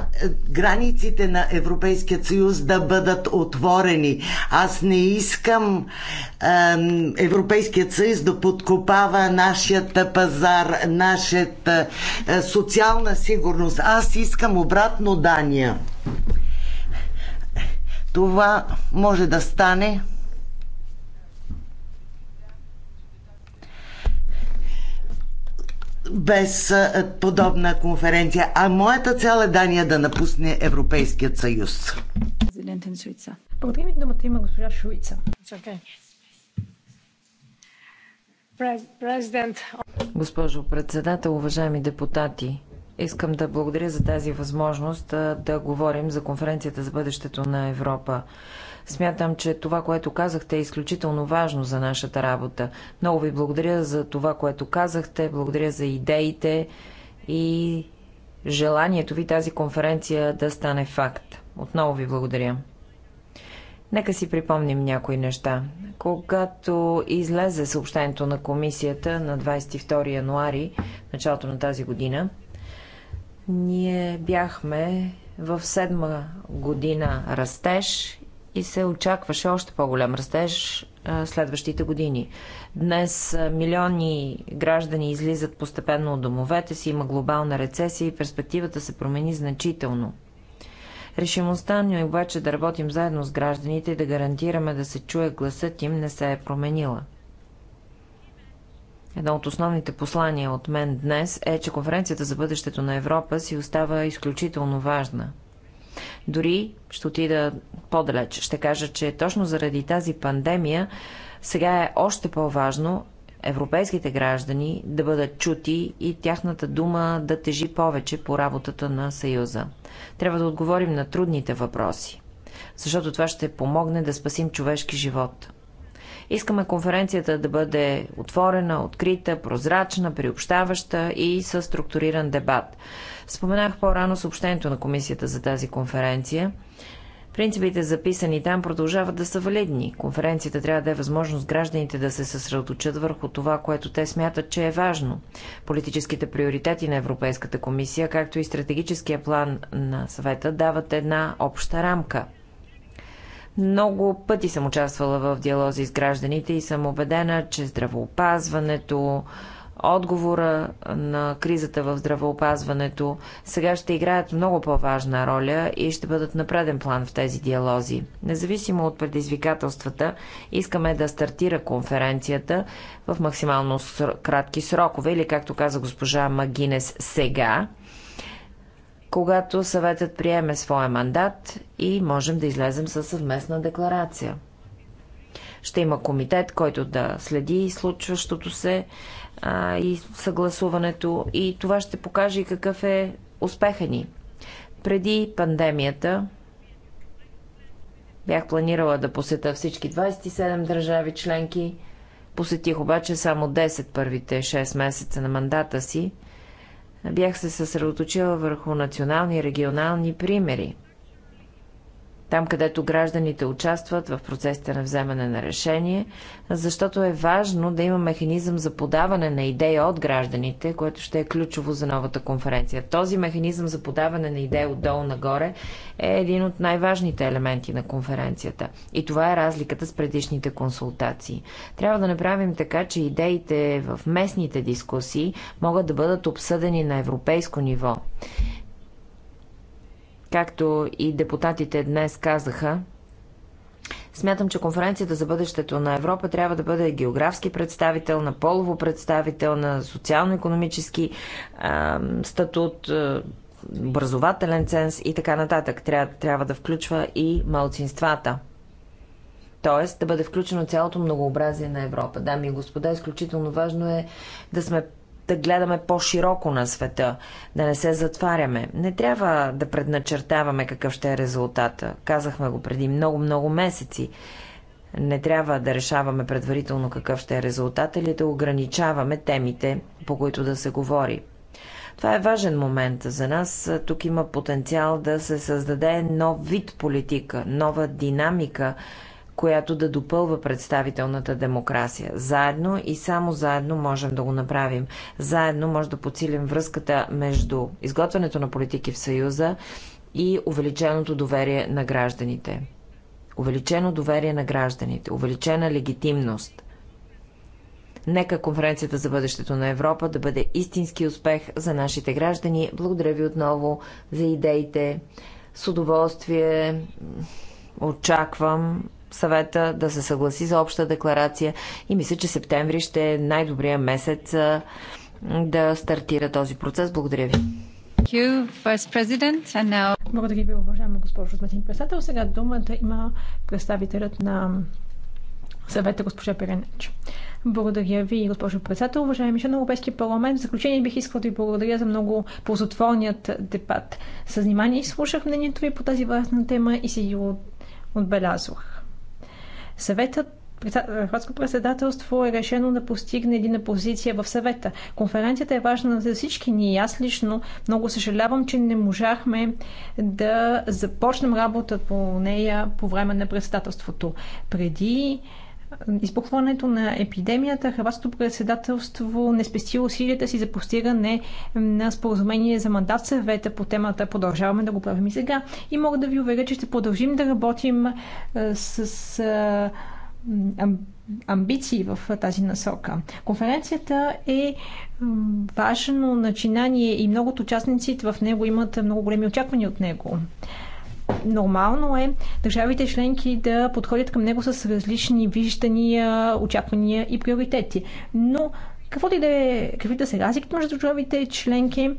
границите на Европейския съюз да бъдат отворени. Аз не искам ем, Европейският съюз да подкопава нашият пазар, нашата е, социална сигурност. Аз искам обратно Дания. Това може да стане без подобна конференция. А моята цел е Дания да напусне Европейският съюз. Е благодаря ви, думата има госпожа Шуица. Госпожо председател, уважаеми депутати, искам да благодаря за тази възможност да говорим за конференцията за бъдещето на Европа. Смятам, че това, което казахте е изключително важно за нашата работа. Много ви благодаря за това, което казахте, благодаря за идеите и желанието ви тази конференция да стане факт. Отново ви благодаря. Нека си припомним някои неща. Когато излезе съобщението на комисията на 22 януари, началото на тази година, ние бяхме в седма година растеж и се очакваше още по-голям растеж следващите години. Днес милиони граждани излизат постепенно от домовете си, има глобална рецесия и перспективата се промени значително. Решимостта ни е обаче да работим заедно с гражданите и да гарантираме да се чуе гласът им не се е променила. Едно от основните послания от мен днес е, че конференцията за бъдещето на Европа си остава изключително важна – дори ще отида по-далеч. Ще кажа, че точно заради тази пандемия сега е още по-важно европейските граждани да бъдат чути и тяхната дума да тежи повече по работата на Съюза. Трябва да отговорим на трудните въпроси, защото това ще помогне да спасим човешки живот. Искаме конференцията да бъде отворена, открита, прозрачна, приобщаваща и със структуриран дебат. Споменах по-рано съобщението на комисията за тази конференция. Принципите, записани там, продължават да са валидни. Конференцията трябва да е възможност гражданите да се съсредоточат върху това, което те смятат, че е важно. Политическите приоритети на Европейската комисия, както и стратегическия план на съвета, дават една обща рамка. Много пъти съм участвала в диалози с гражданите и съм убедена, че здравоопазването, отговора на кризата в здравеопазването сега ще играят много по-важна роля и ще бъдат на преден план в тези диалози. Независимо от предизвикателствата, искаме да стартира конференцията в максимално кратки срокове или, както каза госпожа Магинес, сега, когато съветът приеме своя мандат и можем да излезем със съвместна декларация. Ще има комитет, който да следи случващото се а, и съгласуването. И това ще покаже и какъв е успеха ни. Преди пандемията бях планирала да посета всички 27 държави членки. Посетих обаче само 10 първите 6 месеца на мандата си. Бях се съсредоточила върху национални и регионални примери – там, където гражданите участват в процесите на вземане на решение, защото е важно да има механизъм за подаване на идеи от гражданите, което ще е ключово за новата конференция. Този механизъм за подаване на идеи отдолу нагоре е един от най-важните елементи на конференцията. И това е разликата с предишните консултации. Трябва да направим така, че идеите в местните дискусии могат да бъдат обсъдени на европейско ниво. Както и депутатите днес казаха, Смятам, че конференцията за бъдещето на Европа трябва да бъде географски представител, на полово представител, на социално-економически статут, образователен ценз и така нататък. Тря, трябва да включва и малцинствата. Тоест да бъде включено цялото многообразие на Европа. Дами и господа, изключително важно е да сме да гледаме по-широко на света, да не се затваряме. Не трябва да предначертаваме какъв ще е резултата. Казахме го преди много-много месеци. Не трябва да решаваме предварително какъв ще е резултат или да ограничаваме темите, по които да се говори. Това е важен момент за нас. Тук има потенциал да се създаде нов вид политика, нова динамика която да допълва представителната демокрация. Заедно и само заедно можем да го направим. Заедно може да подсилим връзката между изготвянето на политики в Съюза и увеличеното доверие на гражданите. Увеличено доверие на гражданите, увеличена легитимност. Нека конференцията за бъдещето на Европа да бъде истински успех за нашите граждани. Благодаря ви отново за идеите. С удоволствие очаквам съвета да се съгласи за обща декларация и мисля, че септември ще е най-добрия месец да стартира този процес. Благодаря ви. Благодаря ви, уважаема госпожо Зматин председател. Сега думата има представителят на съвета госпожа Перенеч. Благодаря ви, госпожо председател. Уважаеми член на Европейския парламент, в заключение бих искал да ви благодаря за много ползотворният дебат. С внимание слушах мнението ви по тази важна тема и си го отбелязвах. Съветът Хрватско председателство е решено да постигне едина позиция в съвета. Конференцията е важна за всички Ние, Аз лично много съжалявам, че не можахме да започнем работа по нея по време на председателството. Преди избухването на епидемията, хрватското председателство не спести усилията си за постигане на споразумение за мандат съвета по темата. Продължаваме да го правим и сега. И мога да ви уверя, че ще продължим да работим с амбиции в тази насока. Конференцията е важно начинание и многото участници в него имат много големи очаквания от него. Нормално е държавите членки да подходят към него с различни виждания, очаквания и приоритети. Но каквото и да е, какви да са разликите между държавите членки,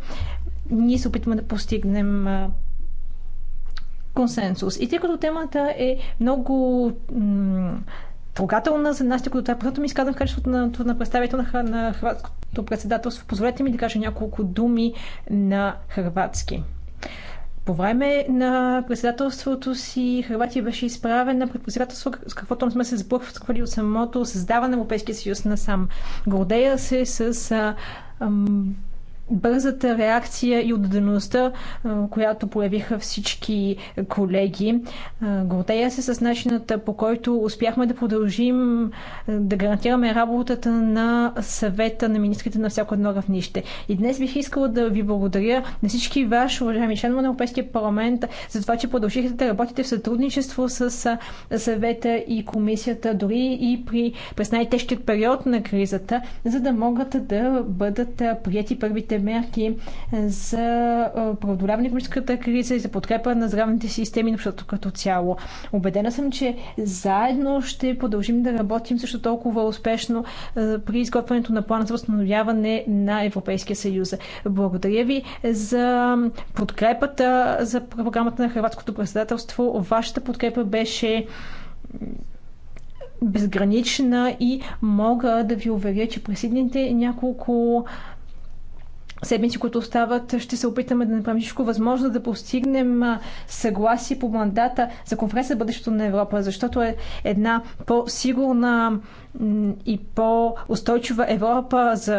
ние се опитваме да постигнем консенсус. И тъй като темата е много трогателна за нас, тъй като това е първото ми изказвам в качеството на, на представител на, на хрватското председателство. Позволете ми да кажа няколко думи на хрватски. По време на председателството си Хрватия беше изправена пред председателство, с каквото сме се сблъсквали от самото създаване на Европейския съюз насам. Гордея се с а, ам, бързата реакция и отдадеността, която появиха всички колеги. Гордея се с начината по който успяхме да продължим да гарантираме работата на съвета на министрите на всяко едно равнище. И днес бих искала да ви благодаря на всички ваши, уважаеми членове на Европейския парламент, за това, че продължихте да работите в сътрудничество с съвета и комисията, дори и при през най-тежкият период на кризата, за да могат да бъдат прияти първите мерки за преодоляване на економическата криза и за подкрепа на здравните системи, защото като цяло. Обедена съм, че заедно ще продължим да работим също толкова успешно при изготвянето на плана за възстановяване на Европейския съюз. Благодаря ви за подкрепата за програмата на Хрватското председателство. Вашата подкрепа беше безгранична и мога да ви уверя, че през следните няколко седмици, които остават, ще се опитаме да направим всичко възможно да постигнем съгласие по мандата за конференция за бъдещето на Европа, защото е една по-сигурна и по-устойчива Европа за,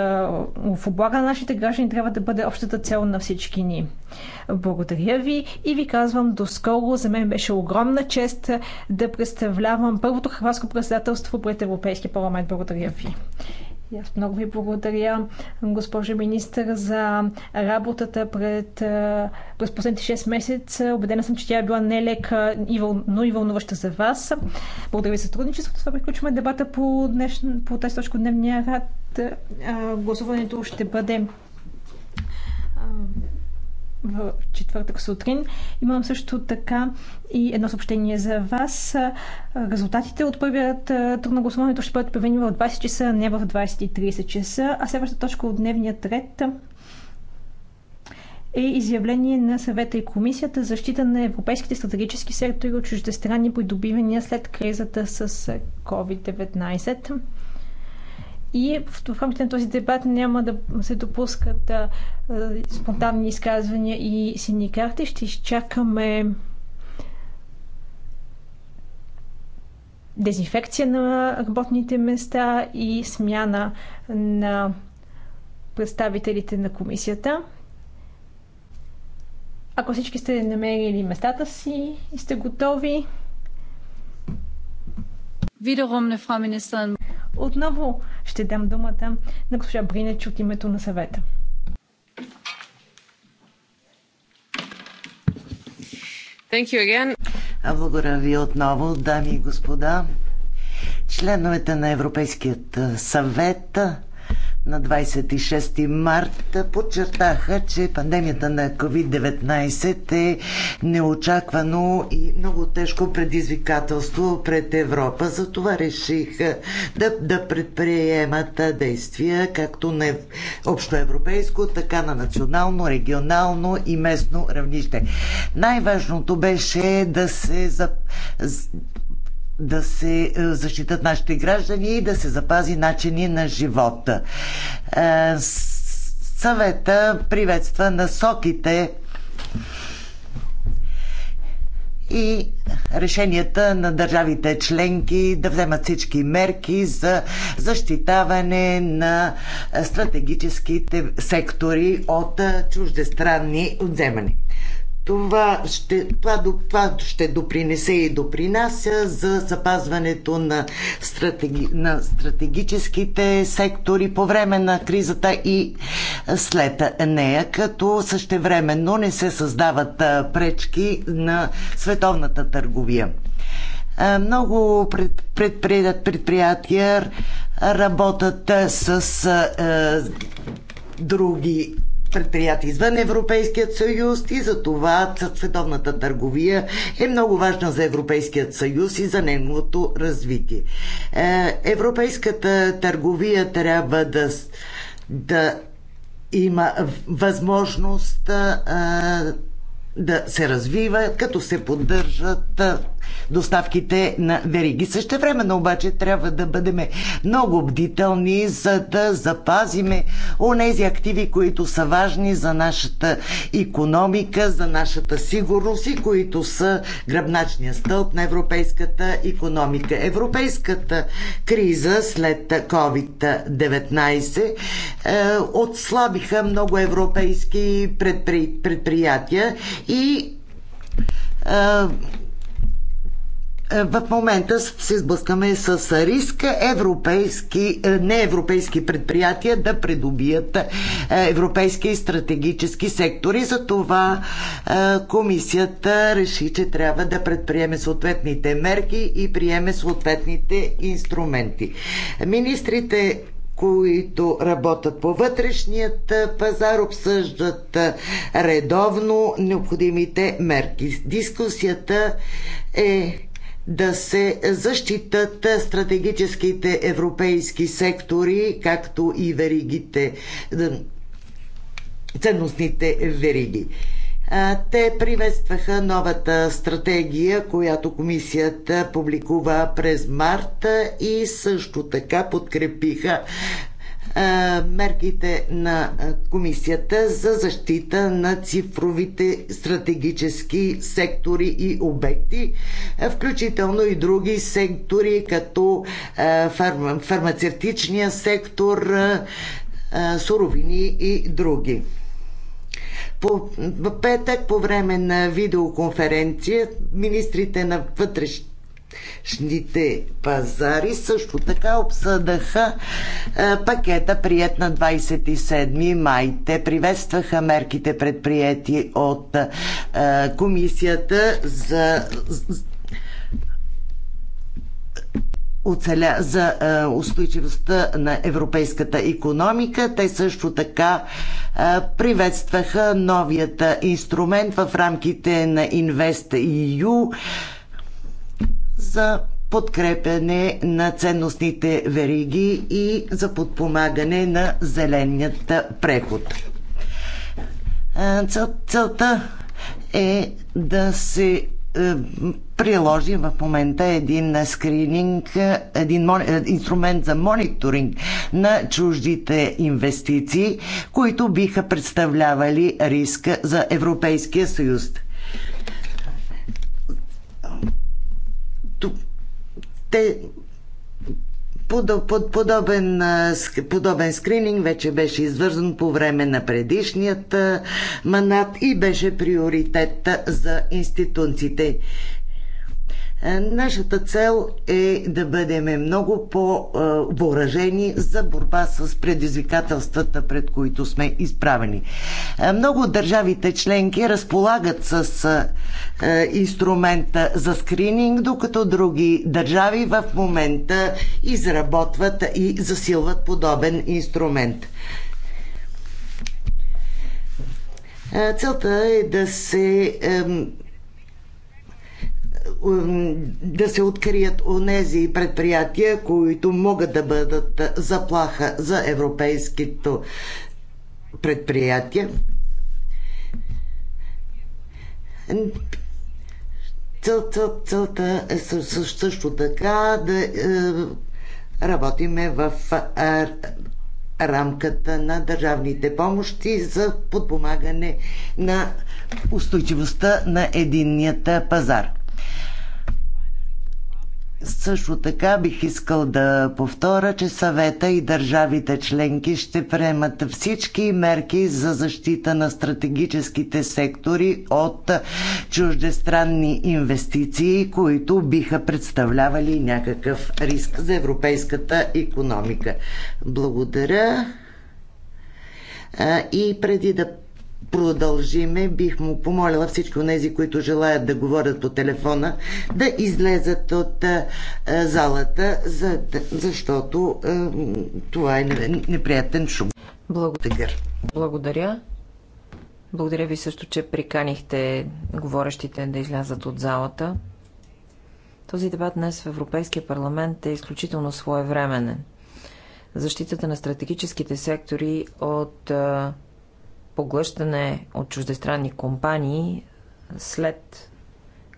в облага на нашите граждани трябва да бъде общата цел на всички ни. Благодаря ви и ви казвам до скоро. За мен беше огромна чест да представлявам първото хрватско председателство пред Европейския парламент. Благодаря ви. И аз много ви благодаря, госпожа министър, за работата пред, през последните 6 месеца. Обедена съм, че тя е била нелека, но и вълнуваща за вас. Благодаря ви за сътрудничеството. Това приключваме дебата по, днеш... по тази точка дневния рад. Гласуването ще бъде в четвъртък сутрин. Имам също така и едно съобщение за вас. Резултатите от първият е, тур на гласуването ще бъдат обявени в 20 часа, а не в 20.30 часа. А следващата точка от дневния ред е изявление на съвета и комисията за защита на европейските стратегически сектори от чуждестранни придобивания след кризата с COVID-19. И в рамките на този дебат няма да се допускат а, а, спонтанни изказвания и сини карти. Ще изчакаме дезинфекция на работните места и смяна на представителите на комисията. Ако всички сте намерили местата си и сте готови, Отново ще дам думата на госпожа Бринеч от името на съвета. Thank you again. благодаря ви отново, дами и господа, членовете на Европейският съвет на 26 март подчертаха, че пандемията на COVID-19 е неочаквано и много тежко предизвикателство пред Европа. Затова решиха да, да предприемат действия както на общоевропейско, така на национално, регионално и местно равнище. Най-важното беше да се за, да се е, защитат нашите граждани и да се запази начини на живота. Е, съвета приветства насоките и решенията на държавите членки да вземат всички мерки за защитаване на стратегическите сектори от чуждестранни отземани. Това ще, това, това ще допринесе и допринася за запазването на, стратеги, на стратегическите сектори по време на кризата и след нея, като същевременно не се създават пречки на световната търговия. Много предприятия работят с други предприятия извън Европейският съюз и за това световната търговия е много важна за Европейският съюз и за неговото развитие. Е, европейската търговия трябва да, да има възможност е, да се развива, като се поддържат е, доставките на вериги. Също времено обаче трябва да бъдем много бдителни, за да запазиме онези активи, които са важни за нашата економика, за нашата сигурност и които са гръбначния стълб на европейската економика. Европейската криза след COVID-19 е, отслабиха много европейски предприятия и е, в момента се сблъскаме с риска европейски, е, неевропейски предприятия да придобият е, европейски стратегически сектори. Затова е, комисията реши, че трябва да предприеме съответните мерки и приеме съответните инструменти. Министрите които работят по вътрешният пазар, обсъждат редовно необходимите мерки. Дискусията е да се защитат стратегическите европейски сектори, както и веригите, ценностните вериги. Те приветстваха новата стратегия, която комисията публикува през март и също така подкрепиха е, мерките на е, Комисията за защита на цифровите стратегически сектори и обекти, е, включително и други сектори, като фармацевтичния сектор, суровини и други. По петък, по време на видеоконференция, министрите на вътрешните шните пазари. Също така обсъдаха пакета прият на 27 май. Те приветстваха мерките предприяти от комисията за оцеля, за устойчивостта на европейската економика. Те също така приветстваха новият инструмент в рамките на InvestEU. EU за подкрепяне на ценностните вериги и за подпомагане на зеленият преход. целта е да се е, приложи в момента един скрининг, един е, инструмент за мониторинг на чуждите инвестиции, които биха представлявали риск за Европейския съюз те подобен, подобен скрининг вече беше извързан по време на предишният манат и беше приоритет за институциите. Е, нашата цел е да бъдем много по-въоръжени за борба с предизвикателствата, пред които сме изправени. Е, много от държавите членки разполагат с е, инструмента за скрининг, докато други държави в момента изработват и засилват подобен инструмент. Целта е да се да се открият онези предприятия, които могат да бъдат заплаха за европейските предприятия. Цел, цел, целта е също така да е, работиме в е, рамката на държавните помощи за подпомагане на устойчивостта на единният пазар. Също така бих искал да повторя, че съвета и държавите членки ще приемат всички мерки за защита на стратегическите сектори от чуждестранни инвестиции, които биха представлявали някакъв риск за европейската економика. Благодаря. И преди да продължиме, бих му помолила всички от тези, които желаят да говорят по телефона, да излезат от залата, защото това е неприятен шум. Благодаря. Благодаря. Благодаря ви също, че приканихте говорещите да излязат от залата. Този дебат днес в Европейския парламент е изключително своевременен. Защитата на стратегическите сектори от поглъщане от чуждестранни компании след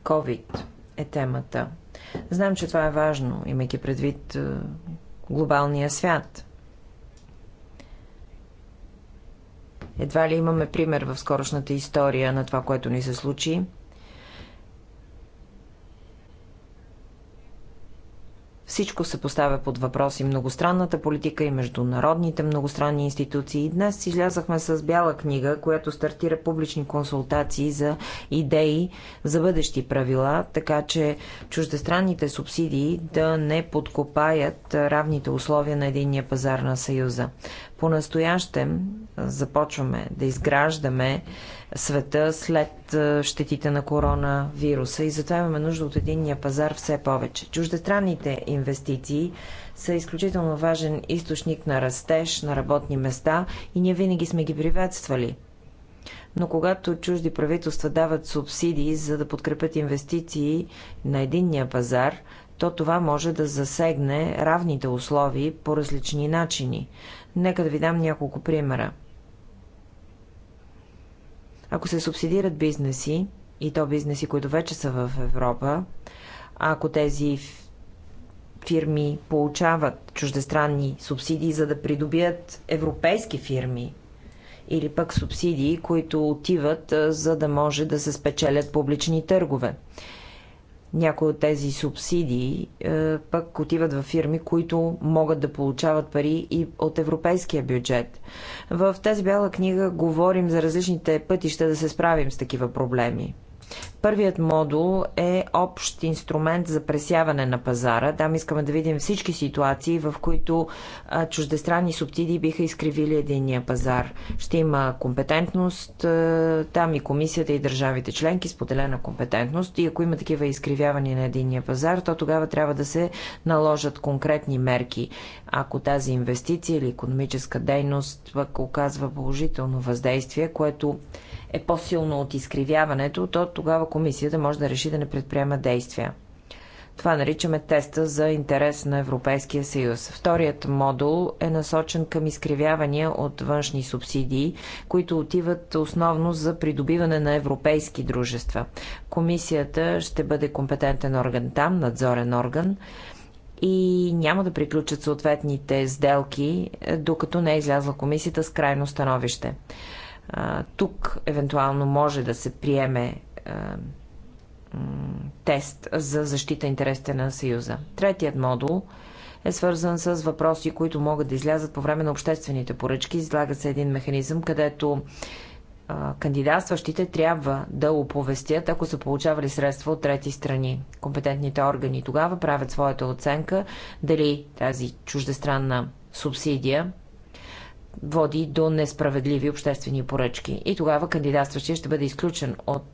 COVID е темата. Знам, че това е важно, имайки предвид е, глобалния свят. Едва ли имаме пример в скорошната история на това, което ни се случи – Всичко се поставя под въпрос и многостранната политика и международните многостранни институции. И днес излязахме с бяла книга, която стартира публични консултации за идеи за бъдещи правила, така че чуждестранните субсидии да не подкопаят равните условия на единния пазар на Съюза. По-настоящем започваме да изграждаме света след щетите на коронавируса и затова имаме нужда от единния пазар все повече. Чуждестранните инвестиции са изключително важен източник на растеж, на работни места и ние винаги сме ги приветствали. Но когато чужди правителства дават субсидии за да подкрепят инвестиции на единния пазар, то това може да засегне равните условия по различни начини. Нека да ви дам няколко примера. Ако се субсидират бизнеси, и то бизнеси, които вече са в Европа, ако тези фирми получават чуждестранни субсидии, за да придобият европейски фирми, или пък субсидии, които отиват, за да може да се спечелят публични търгове. Някои от тези субсидии пък отиват във фирми, които могат да получават пари и от европейския бюджет. В тази бяла книга говорим за различните пътища да се справим с такива проблеми. Първият модул е общ инструмент за пресяване на пазара. Там искаме да видим всички ситуации, в които чуждестранни субсидии биха изкривили единния пазар. Ще има компетентност, там и комисията и държавите членки, споделена компетентност. И ако има такива изкривявания на единния пазар, то тогава трябва да се наложат конкретни мерки. Ако тази инвестиция или економическа дейност пък оказва положително въздействие, което е по-силно от изкривяването, то тогава комисията може да реши да не предприема действия. Това наричаме теста за интерес на Европейския съюз. Вторият модул е насочен към изкривявания от външни субсидии, които отиват основно за придобиване на европейски дружества. Комисията ще бъде компетентен орган там, надзорен орган и няма да приключат съответните сделки, докато не е излязла комисията с крайно становище тук евентуално може да се приеме тест за защита интересите на Съюза. Третият модул е свързан с въпроси, които могат да излязат по време на обществените поръчки. Излага се един механизъм, където кандидатстващите трябва да оповестят, ако са получавали средства от трети страни. Компетентните органи тогава правят своята оценка дали тази чуждестранна субсидия води до несправедливи обществени поръчки. И тогава кандидатстващия ще бъде изключен от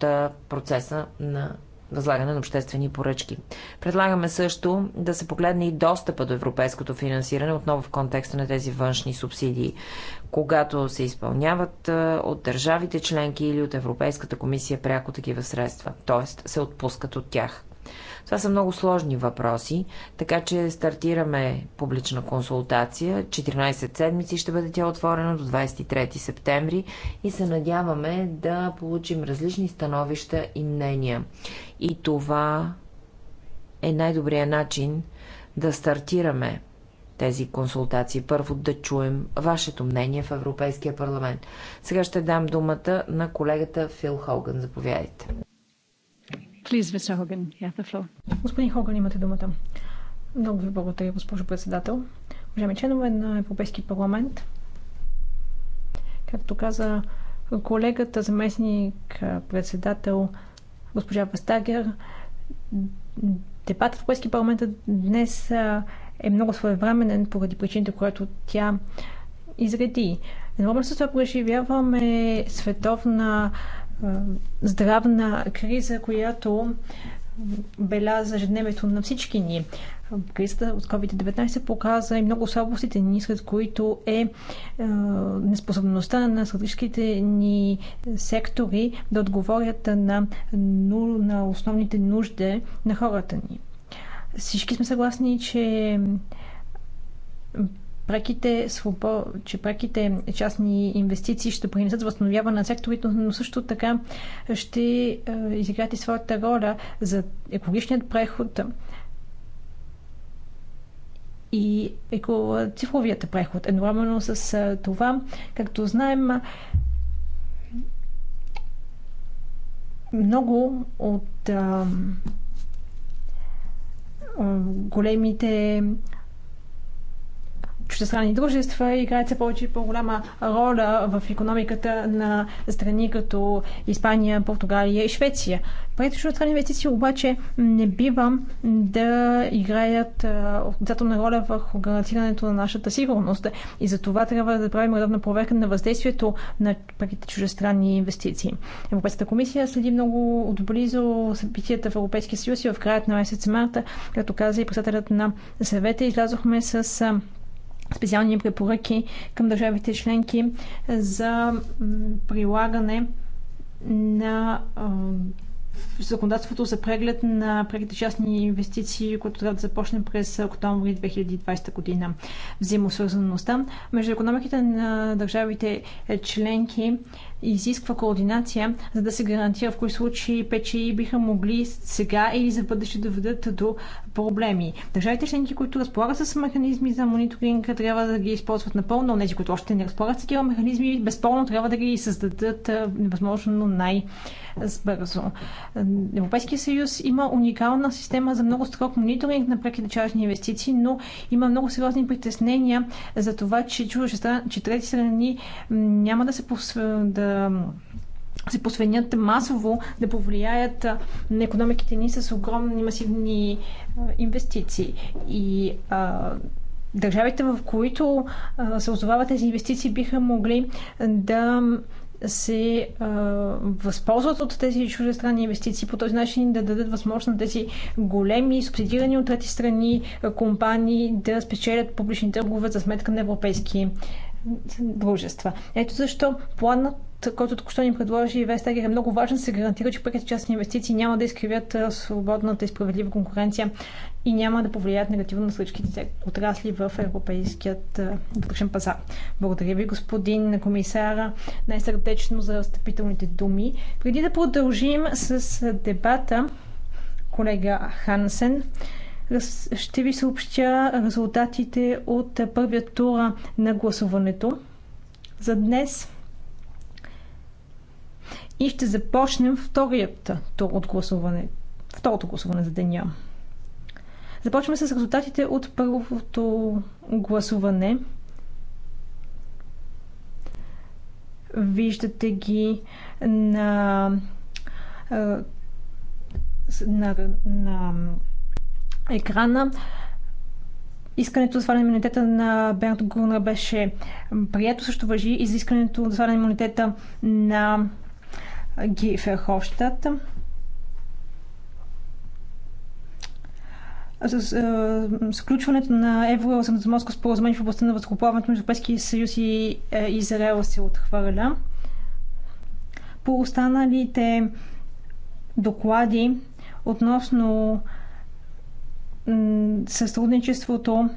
процеса на възлагане на обществени поръчки. Предлагаме също да се погледне и достъпа до европейското финансиране, отново в контекста на тези външни субсидии, когато се изпълняват от държавите членки или от Европейската комисия пряко такива средства, т.е. се отпускат от тях. Това са много сложни въпроси, така че стартираме публична консултация. 14 седмици ще бъде тя отворена до 23 септември и се надяваме да получим различни становища и мнения. И това е най-добрият начин да стартираме тези консултации. Първо да чуем вашето мнение в Европейския парламент. Сега ще дам думата на колегата Фил Хоган. Заповядайте. Please, Mr. Hogan, you have the floor. Господин Хоган, имате думата. Много ви благодаря, госпожо председател. Уважаеми членове на Европейски парламент, както каза колегата, заместник председател госпожа Вестагер, дебатът в Европейски парламент днес е много своевременен поради причините, които тя изреди. Едновременно с това преживяваме световна е, здравна криза, която беляза ежедневието на всички ни. Кризата от COVID-19 показа и много слабостите ни, сред които е, е неспособността на стратегическите ни сектори да отговорят на, на основните нужди на хората ни. Всички сме съгласни, че преките, свобо... че преките частни инвестиции ще принесат възстановяване на секторите, но също така ще изиграят и своята роля за екологичният преход и еко... цифровият преход. Едновременно с това, както знаем, много от а, големите чуждестранни дружества играят се повече и по-голяма роля в економиката на страни като Испания, Португалия и Швеция. Парите чуждестранни инвестиции обаче не бива да играят отрицателна роля върху гарантирането на нашата сигурност и за това трябва да правим редовна проверка на въздействието на парите чуждестранни инвестиции. Европейската комисия следи много отблизо събитията в Европейския съюз и в краят на месец марта, като каза и председателят на съвета, излязохме с специални препоръки към държавите членки за прилагане на законодателството за преглед на преките частни инвестиции, които трябва да започне през октомври 2020 година. Взаимосвързаността между економиките на държавите членки изисква координация, за да се гарантира в кои случаи ПЧИ биха могли сега или за бъдеще да ведат до проблеми. Държавите членки, които разполагат с механизми за мониторинг, трябва да ги използват напълно, но тези, които още не разполагат с такива механизми, безспорно трябва да ги създадат възможно най-бързо. Европейския съюз има уникална система за много строг мониторинг на преките чаржни инвестиции, но има много сериозни притеснения за това, че, чужда, че трети страни няма да се посв... да да се посвенят масово, да повлияят на економиките ни с огромни масивни инвестиции. И а, държавите, в които а, се озовават тези инвестиции, биха могли да се а, възползват от тези чуждестранни инвестиции по този начин да дадат възможност на тези големи, субсидирани от трети страни компании да спечелят публични търгове за сметка на европейски дружества. Ето защо планът който току-що ни предложи Вестегер е много важен, се гарантира, че преките частни инвестиции няма да изкривят свободната и справедлива конкуренция и няма да повлияят негативно на всичките отрасли в европейският вътрешен пазар. Благодаря ви, господин комисара, най-сърдечно за встъпителните думи. Преди да продължим с дебата, колега Хансен, ще ви съобщя резултатите от първия тура на гласуването за днес и ще започнем вторият тур от гласуване, второто гласуване за деня. Започваме с резултатите от първото гласуване. Виждате ги на, на, на екрана. Искането за сваляне на имунитета на Бернт Гурна беше прието. Също въжи и за искането за сваляне на имунитета на ги Ферховщад. Сключването на евро споразумение в областта на възкупаването между Европейския съюз и е, Израел се отхвърля. По останалите доклади относно сътрудничеството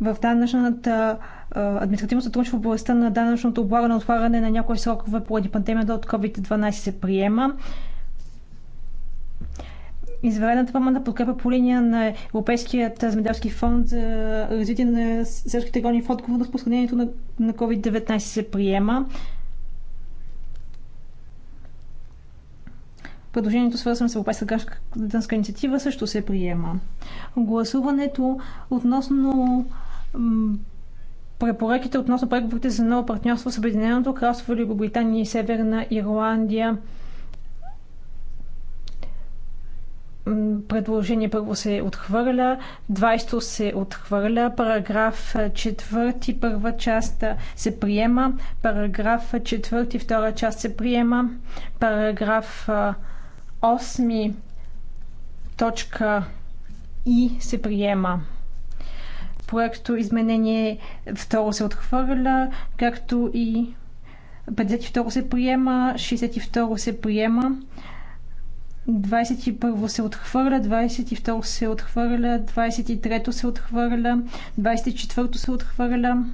в данъчната административно сътрудничество в областта на данъчното облагане, отваряне на някои срокове поради пандемията от COVID-12 се приема. Изварената промяна подкрепа по линия на Европейският земеделски фонд за развитие на селските гони в отговор на разпространението на, на COVID-19 се приема. Предложението, свързано с Европейска гражданска инициатива, също се приема. Гласуването относно препоръките относно преговорите за ново партньорство с Обединеното кралство Великобритания и Северна Ирландия. Предложение първо се отхвърля, 20 се отхвърля, параграф 4, първа част се приема, параграф 4, втора част се приема, параграф 8, точка и се приема проекто изменение второ се отхвърля, както и 52 се приема, 62 се приема, 21 се отхвърля, 22 се отхвърля, 23 се отхвърля, 24 се отхвърля,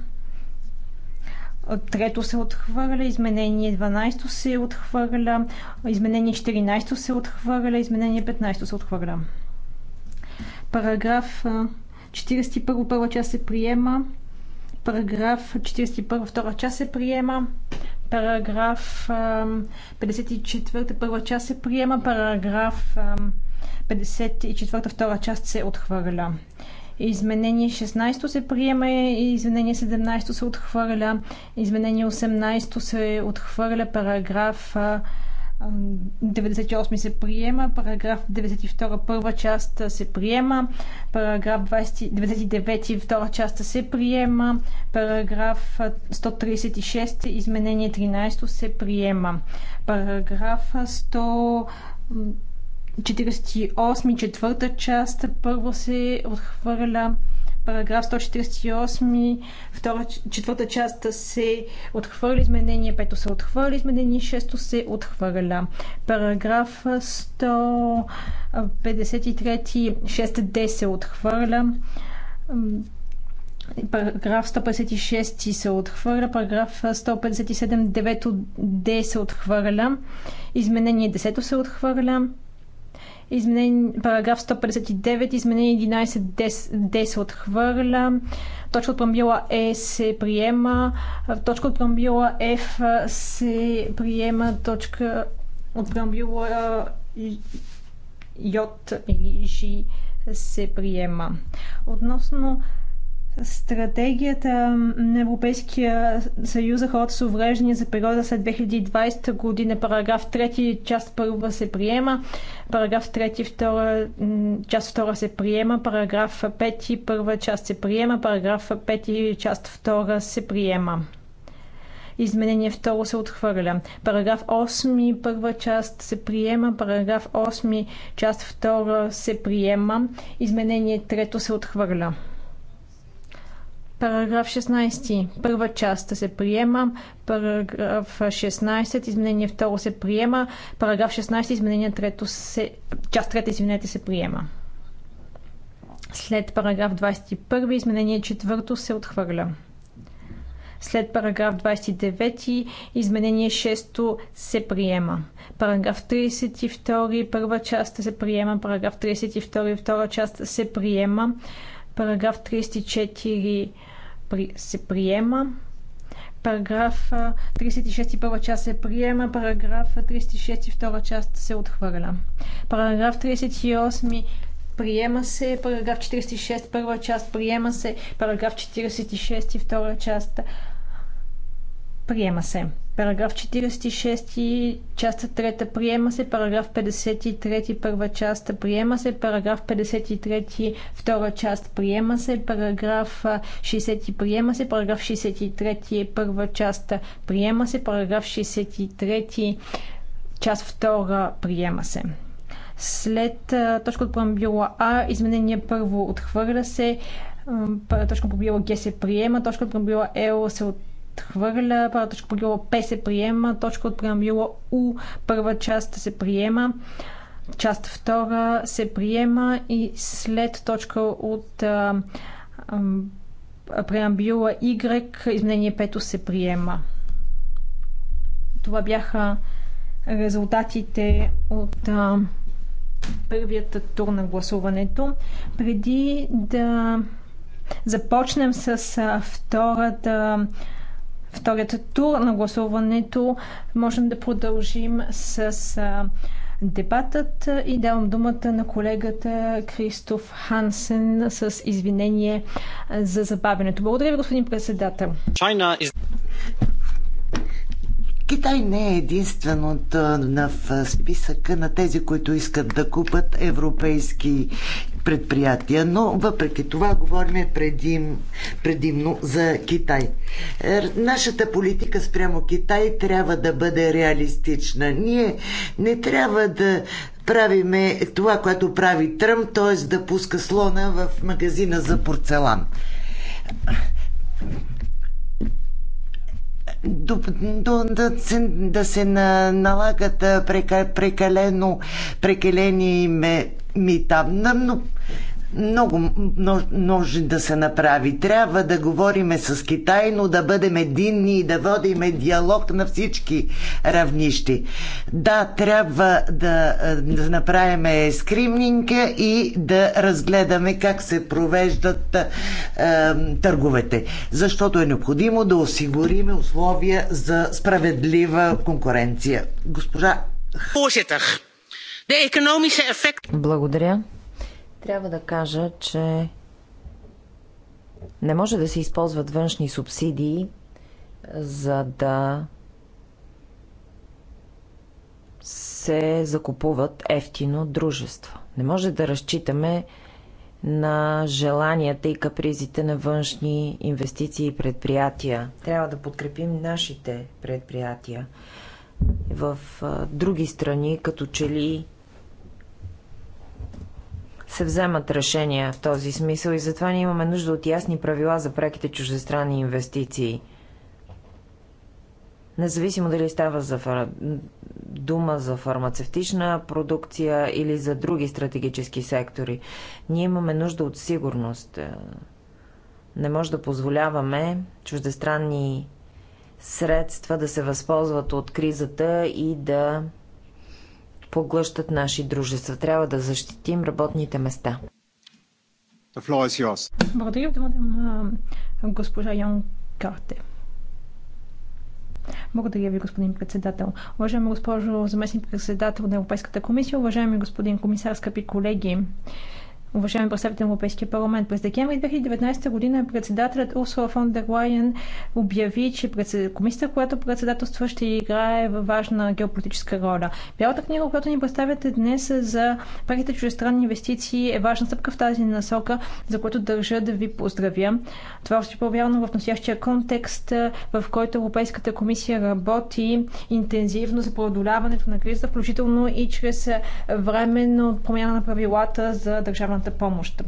Трето се отхвърля, изменение 12 се отхвърля, изменение 14 се отхвърля, изменение 15 се отхвърля. Параграф 41 първа част се приема. Параграф 41 втора част се приема. Параграф 54 първа част се приема. Параграф 54 втора част се отхвърля. Изменение 16 се приема, изменение 17 се отхвърля, изменение 18 се отхвърля, параграф 98 се приема, параграф 92 първа част се приема, параграф 20, 99 втора част се приема, параграф 136 изменение 13 се приема, параграф 100 48 четвърта част първо се отхвърля параграф 148, втора, четвърта част се отхвърли изменение, пето се отхвърли изменение, шесто се отхвърля. Параграф 153, 6D се отхвърля. Параграф 156 се отхвърля, параграф 157, 9 Д се отхвърля, изменение 10 се отхвърля, Изменен, параграф 159, изменение 11, се отхвърля. Точка от промбила Е се приема. Точка от промбила F се приема. Точка от промбила J или Ж се приема. Относно Стратегията на Европейския съюз за хората с увреждания за периода след 2020 година, параграф 3, част 1 се приема, параграф 3, 2, част 2 се приема, параграф 5, 1 част се приема, параграф 5, част 2 се приема. Изменение 2 се отхвърля. Параграф 8, първа част се приема. Параграф 8, част 2 се приема. Изменение 3 се отхвърля. Параграф 16. Първа част се приема. Параграф 16. Изменение 2 се приема. Параграф 16. Изменение 3 се... Част 3. Извинете се приема. След параграф 21. Изменение 4 се отхвърля. След параграф 29 изменение 6 се приема. Параграф 32 първа част се приема. Параграф 32 втора част се приема. Параграф 34 при, се приема. Параграф 36 първа част се приема, параграф 36 втора част се отхвърля. Параграф 38 приема се, параграф 46 първа част приема се, параграф 46 втора част приема се. Параграф 46, часта 3 приема се. Параграф 53, първа част приема се. Параграф 53, втора част приема се. Параграф 60 приема се. Параграф 63, първа част приема се. Параграф 63, част втора приема се. След точка от преамбюла А, изменение първо отхвърля се. Точка от преамбюла Г се приема. Точка от промбила Л се отхвърля отхвърля. Първа точка по гило П се приема. Точка от преамбюла У. Първа част се приема. Част втора се приема и след точка от а, а, преамбюла Y изменение 5 се приема. Това бяха резултатите от а, първият тур на гласуването. Преди да започнем с а, втората а, вторият тур на гласуването можем да продължим с дебатът и давам думата на колегата Кристоф Хансен с извинение за забавянето. Благодаря ви, господин председател. Китай не е единственото в списъка на тези, които искат да купат европейски предприятия, но въпреки това говорим предим, предимно за Китай. Нашата политика спрямо Китай трябва да бъде реалистична. Ние не трябва да правиме това, което прави Тръмп, т.е. да пуска слона в магазина за порцелан до, до, да, се, да се налагат прекалено прекалени ме, там. Но много може да се направи. Трябва да говориме с Китай, но да бъдем единни и да водиме диалог на всички равнищи. Да, трябва да, е, да направим и да разгледаме как се провеждат е, търговете, защото е необходимо да осигурим условия за справедлива конкуренция. Госпожа. Благодаря. Трябва да кажа, че не може да се използват външни субсидии, за да се закупуват ефтино дружества. Не може да разчитаме на желанията и капризите на външни инвестиции и предприятия. Трябва да подкрепим нашите предприятия. В други страни, като че ли се вземат решения в този смисъл и затова ние имаме нужда от ясни правила за преките чуждестранни инвестиции. Независимо дали става за фар... дума за фармацевтична продукция или за други стратегически сектори, ние имаме нужда от сигурност. Е, не може да позволяваме чуждестранни средства да се възползват от кризата и да поглъщат наши дружества. Трябва да защитим работните места. Благодаря. Думадам госпожа Йон Карте. Благодаря ви, господин председател. Уважаема госпожо заместник председател на Европейската комисия, уважаеми господин комисар, скъпи колеги, уважаеми представител на Европейския парламент. През декември 2019 година председателят Урсула фон дер Лайен обяви, че комисията, която председателства, ще играе важна геополитическа роля. Бялата книга, която ни представяте днес за парите чужестранни инвестиции е важна стъпка в тази насока, за което държа да ви поздравя. Това още по-вярно в настоящия контекст, в който Европейската комисия работи интензивно за преодоляването на криза, включително и чрез временно промяна на правилата за държавната социалната помощ.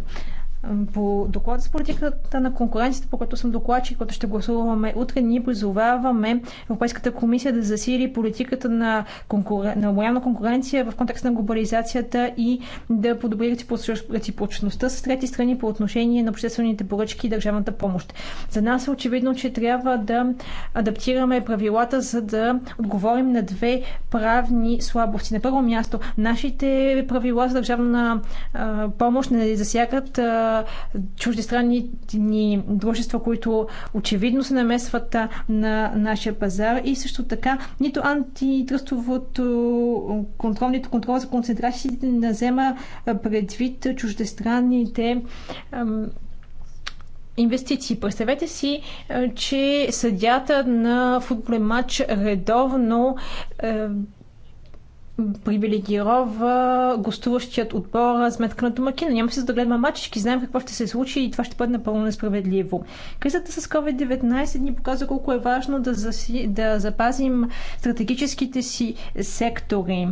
По доклада за политиката на конкуренцията, по който съм докладчик, който ще гласуваме утре, ние призоваваме Европейската комисия да засили политиката на, конкурен... на лоялна конкуренция в контекста на глобализацията и да подобри реципрочността с трети страни по отношение на обществените поръчки и държавната помощ. За нас е очевидно, че трябва да адаптираме правилата, за да отговорим на две правни слабости. На първо място, нашите правила за държавна помощ не засягат чуждестранни ни дружества, които очевидно се намесват на нашия пазар и също така нито антитръстовото контрол, нито контрол за концентрациите не взема предвид чуждестранните инвестиции. Представете си, че съдята на футболен матч редовно привилегирова гостуващият отбор сметка на домакина. Няма се да гледаме мачички, знаем какво ще се случи и това ще бъде напълно несправедливо. Кризата с COVID-19 ни показва колко е важно да, заси, да запазим стратегическите си сектори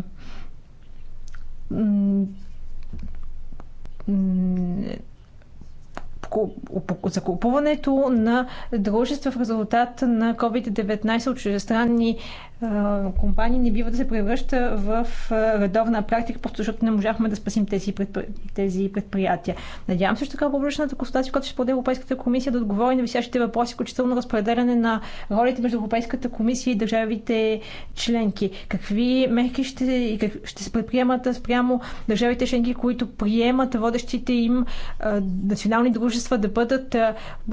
закупуването на дружества в резултат на COVID-19 от чрезстранни компании не бива да се превръща в редовна практика, просто защото не можахме да спасим тези, предпри... тези предприятия. Надявам се, че така публичната консултация, която ще поде Европейската комисия, да отговори на висящите въпроси, включително разпределяне на ролите между Европейската комисия и държавите членки. Какви мерки ще, ще се предприемат спрямо държавите членки, които приемат водещите им национални дружества да бъдат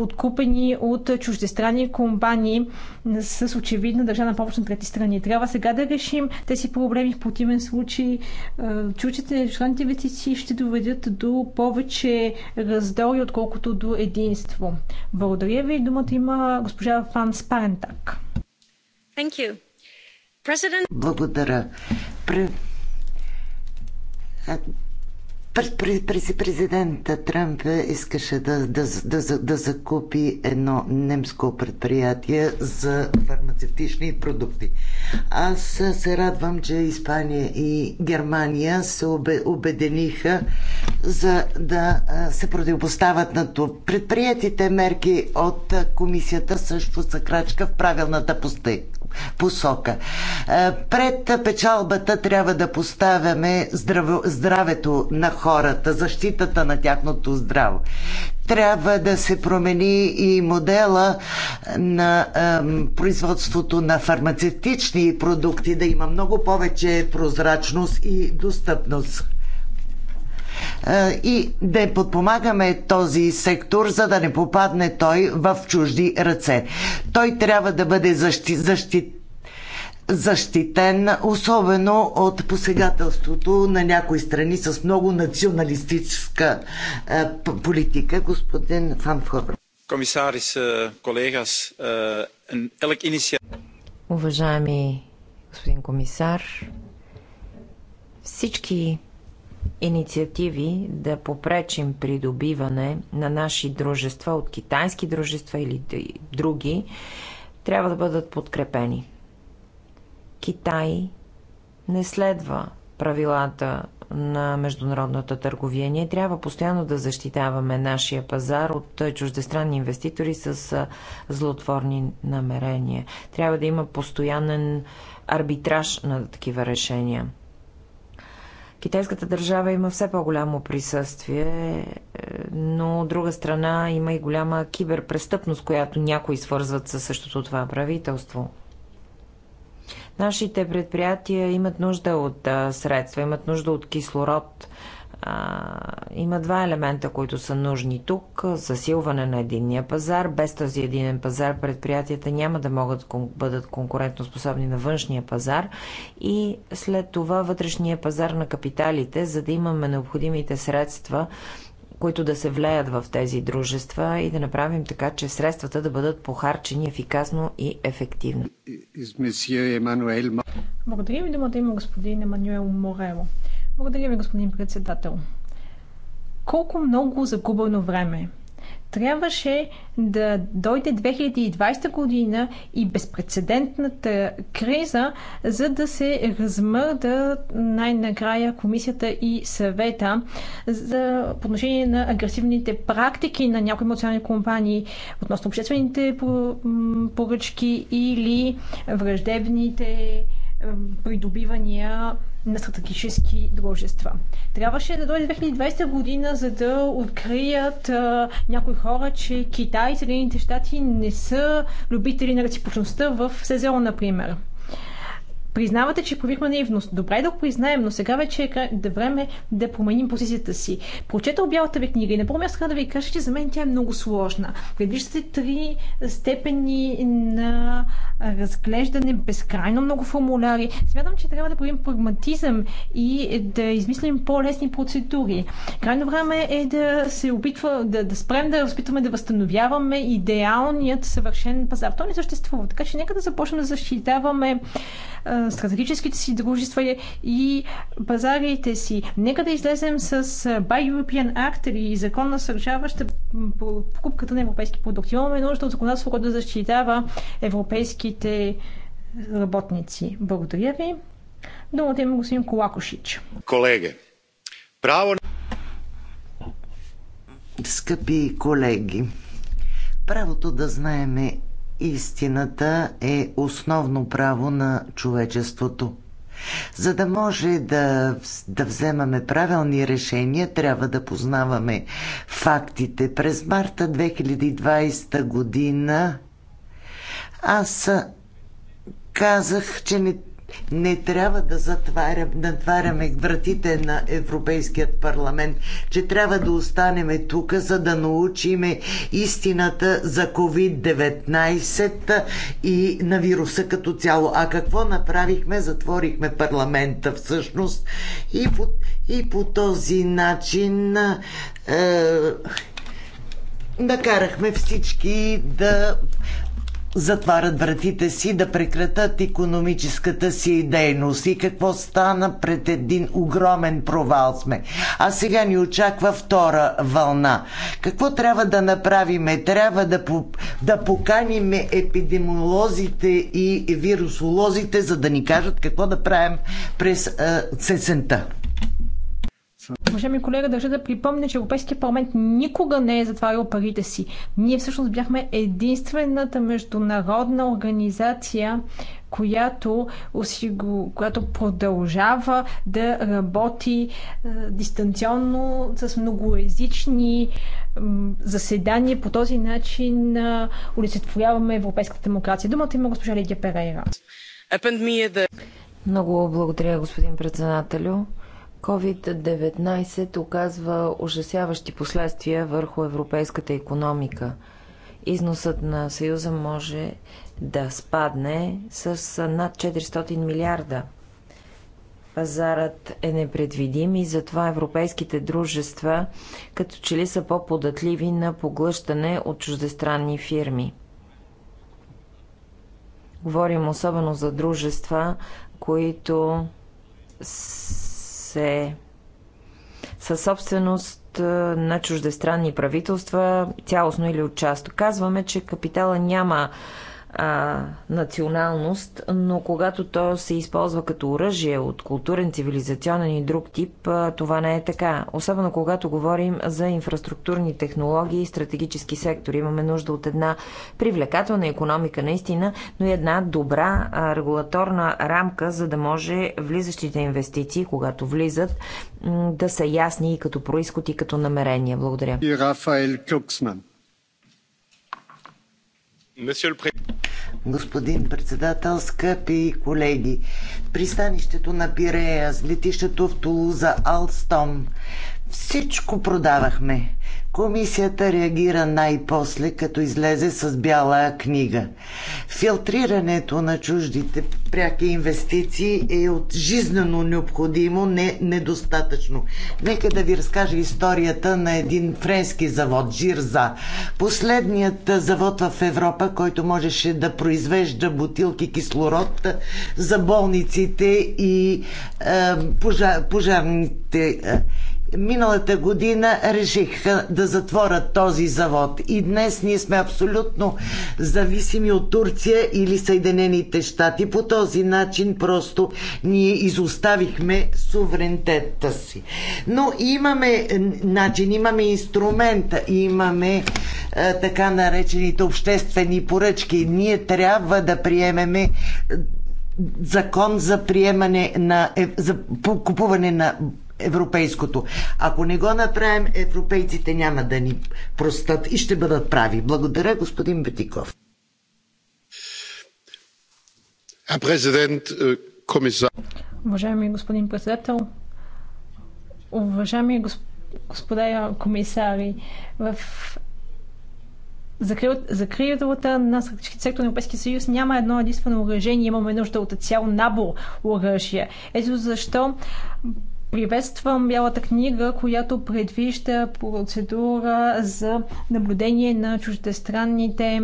откупени от чуждестранни компании с очевидна държавна помощ на трети страни? страни. Трябва сега да решим тези проблеми. В противен случай на членните инвестиции ще доведат до повече раздори, отколкото до единство. Благодаря ви. Думата има госпожа Фан Спарентак. President... Благодаря. Президента Тръмп искаше да, да, да, да закупи едно немско предприятие за фармацевтични продукти. Аз се радвам, че Испания и Германия се обедениха за да се противопоставят на това. Предприятите мерки от комисията също са крачка в правилната посока. Е, пред печалбата трябва да поставяме здраве, здравето на хората, защитата на тяхното здраво. Трябва да се промени и модела на ем, производството на фармацевтични продукти, да има много повече прозрачност и достъпност. Е, и да подпомагаме този сектор, за да не попадне той в чужди ръце. Той трябва да бъде защи, защитен защитен, особено от посегателството на някои страни с много националистическа е, политика. Господин Фанфорбер. Комисарис, е, колегас, е, елек Уважаеми господин комисар, всички инициативи да попречим придобиване на наши дружества от китайски дружества или други, трябва да бъдат подкрепени. Китай не следва правилата на международната търговия. Ние трябва постоянно да защитаваме нашия пазар от е, чуждестранни инвеститори с е, злотворни намерения. Трябва да има постоянен арбитраж на такива решения. Китайската държава има все по-голямо присъствие, е, но от друга страна има и голяма киберпрестъпност, която някои свързват със същото това правителство. Нашите предприятия имат нужда от средства, имат нужда от кислород – а, има два елемента, които са нужни тук. Засилване на единния пазар. Без този единен пазар предприятията няма да могат да бъдат конкурентоспособни на външния пазар. И след това вътрешния пазар на капиталите, за да имаме необходимите средства които да се влеят в тези дружества и да направим така, че средствата да бъдат похарчени ефикасно и ефективно. Благодаря ви думата има господин Емануел Морело. Благодаря ви, господин председател. Колко много загубено време! Трябваше да дойде 2020 година и безпредседентната криза, за да се размърда най-накрая комисията и съвета за отношение на агресивните практики на някои емоционални компании относно обществените поръчки или враждебните придобивания на стратегически дружества. Трябваше да дойде 2020 година, за да открият а, някои хора, че Китай и Съединените щати не са любители на реципрочността в СЗО, например. Признавате, че повихме наивност. Добре да го признаем, но сега вече е да време да променим позицията си. Прочетал бялата ви книга и на първо да ви кажа, че за мен тя е много сложна. Предвиждате три степени на разглеждане, безкрайно много формуляри. Смятам, че трябва да правим прагматизъм и да измислим по-лесни процедури. Крайно време е да се опитва, да, да спрем да опитваме да възстановяваме идеалният съвършен пазар. Той не съществува. Така че нека да започнем да защитаваме стратегическите си дружества и пазарите си. Нека да излезем с Buy European Act или закон насърчаващ покупката на европейски продукти. Имаме нужда от законодателство, което да защитава европейските работници. Благодаря ви. Думата има господин Колакошич. Колеги, право Скъпи колеги, правото да знаеме истината е основно право на човечеството. За да може да, да вземаме правилни решения, трябва да познаваме фактите. През марта 2020 година аз казах, че не не трябва да затварям, натваряме вратите на Европейският парламент, че трябва да останеме тук, за да научиме истината за COVID-19 и на вируса като цяло. А какво направихме? Затворихме парламента всъщност и по, и по този начин е, накарахме всички да затварят вратите си, да прекратат економическата си дейност. И какво стана пред един огромен провал сме. А сега ни очаква втора вълна. Какво трябва да направиме? Трябва да, по, да поканиме епидемиолозите и вирусолозите, за да ни кажат какво да правим през е, сесента. Уважаеми колега, държа да припомня, че Европейския парламент никога не е затварял парите си. Ние всъщност бяхме единствената международна организация, която, осигу... която продължава да работи е, дистанционно с многоязични е, заседания. По този начин е, олицетворяваме европейската демокрация. Думата има госпожа Лидия Перейра. Много благодаря, господин председателю. COVID-19 оказва ужасяващи последствия върху европейската економика. Износът на Съюза може да спадне с над 400 милиарда. Пазарът е непредвидим и затова европейските дружества като че ли са по-податливи на поглъщане от чуждестранни фирми. Говорим особено за дружества, които се със собственост на чуждестранни правителства, цялостно или от част. Казваме, че капитала няма а, националност, но когато то се използва като оръжие от културен, цивилизационен и друг тип, а, това не е така. Особено когато говорим за инфраструктурни технологии и стратегически сектори. Имаме нужда от една привлекателна економика наистина, но и една добра а, регулаторна рамка, за да може влизащите инвестиции, когато влизат, да са ясни и като происход, и като намерения. Благодаря. И Рафаел Кюксман. Господин председател, скъпи колеги, пристанището на Пирея, летището в Тулуза, Алстон, всичко продавахме. Комисията реагира най-после, като излезе с бяла книга. Филтрирането на чуждите пряки инвестиции е от жизнено необходимо, не недостатъчно. Нека да ви разкажа историята на един френски завод, Жирза. Последният завод в Европа, който можеше да произвежда бутилки кислород за болниците и е, пожар, пожарните. Е, миналата година решиха да затворят този завод. И днес ние сме абсолютно зависими от Турция или Съединените щати. По този начин просто ние изоставихме суверенитета си. Но имаме начин, имаме инструмента, имаме е, така наречените обществени поръчки. Ние трябва да приемеме е, закон за приемане на е, за купуване на европейското. Ако не го направим, европейците няма да ни простат и ще бъдат прави. Благодаря, господин Бетиков. Президент, комисар. Äh, уважаеми господин председател, уважаеми господа комисари, в закрилата на стратегически сектор на Европейския съюз няма едно единствено уражение. имаме нужда от цял набор оръжия. Ето защо Приветствам Бялата книга, която предвижда процедура за наблюдение на чуждестранните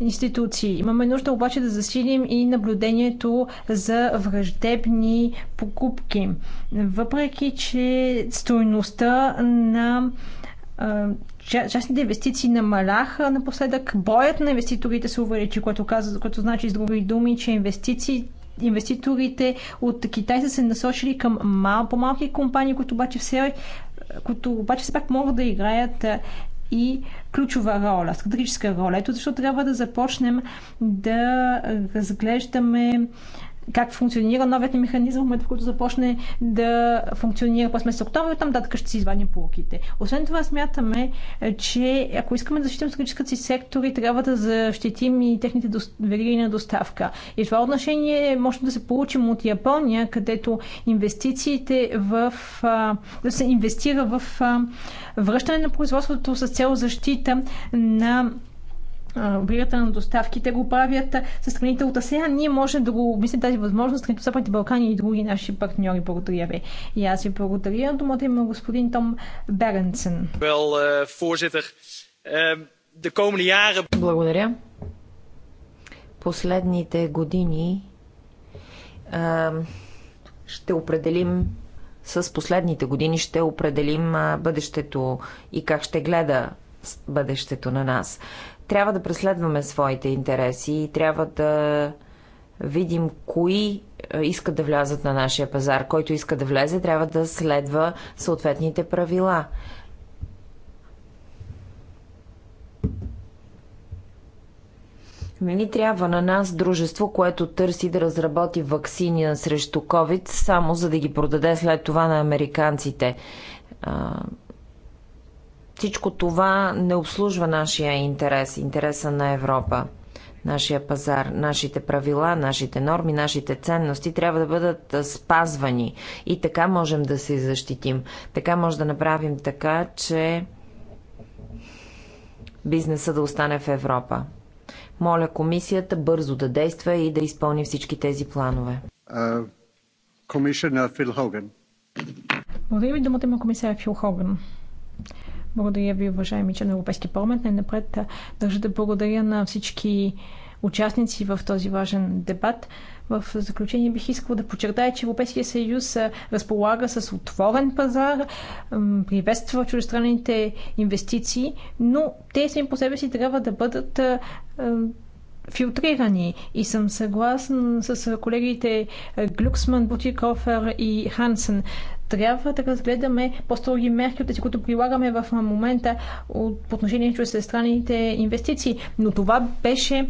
институции. Имаме нужда обаче да засилим и наблюдението за враждебни покупки. Въпреки, че стойността на частните инвестиции намаляха напоследък, боят на инвеститорите се увеличи, което, казва, което значи с други думи, че инвестиции инвеститорите от Китай са се насочили към мал, по-малки компании, които обаче все които обаче все пак могат да играят и ключова роля, стратегическа роля. Ето защо трябва да започнем да разглеждаме как функционира новият ни механизъм, в момента в който започне да функционира през месец октомври, там нататък ще си извадим полуките. Освен това смятаме, че ако искаме да защитим стратегическата си сектори, трябва да защитим и техните на доставка. И в това отношение можем да се получим от Япония, където инвестициите в... да се инвестира в връщане на производството с цел защита на бригата на доставките го правят със страните от АСЕАН. Ние можем да го обмислим тази възможност, като Западните Балкани и други наши партньори. Благодаря ви. И аз ви благодаря. Думата има господин Том Беренсен. Eh, ehm, благодаря. Последните години ehm, ще определим с последните години ще определим бъдещето и как ще гледа бъдещето на нас. Трябва да преследваме своите интереси и трябва да видим кои е, искат да влязат на нашия пазар. Който иска да влезе, трябва да следва съответните правила. Не ни нали трябва на нас дружество, което търси да разработи вакцини срещу COVID, само за да ги продаде след това на американците. Всичко това не обслужва нашия интерес, интереса на Европа нашия пазар. Нашите правила, нашите норми, нашите ценности трябва да бъдат спазвани. И така можем да се защитим. Така може да направим така, че бизнеса да остане в Европа. Моля комисията бързо да действа и да изпълни всички тези планове. Комисията Фил Хоган. Благодаря ви, думата има комисаря Фил Хоган. Благодаря ви, уважаеми член на Европейския парламент. Най-напред държа да благодаря на всички участници в този важен дебат. В заключение бих искал да подчертая, че Европейския съюз разполага с отворен пазар, приветства чуждестранните инвестиции, но те сами по себе си трябва да бъдат филтрирани и съм съгласен с колегите Глюксман, Бутикофер и Хансен трябва да разгледаме по-строги мерки от тези, които прилагаме в момента по отношение на чуждестранните инвестиции. Но това беше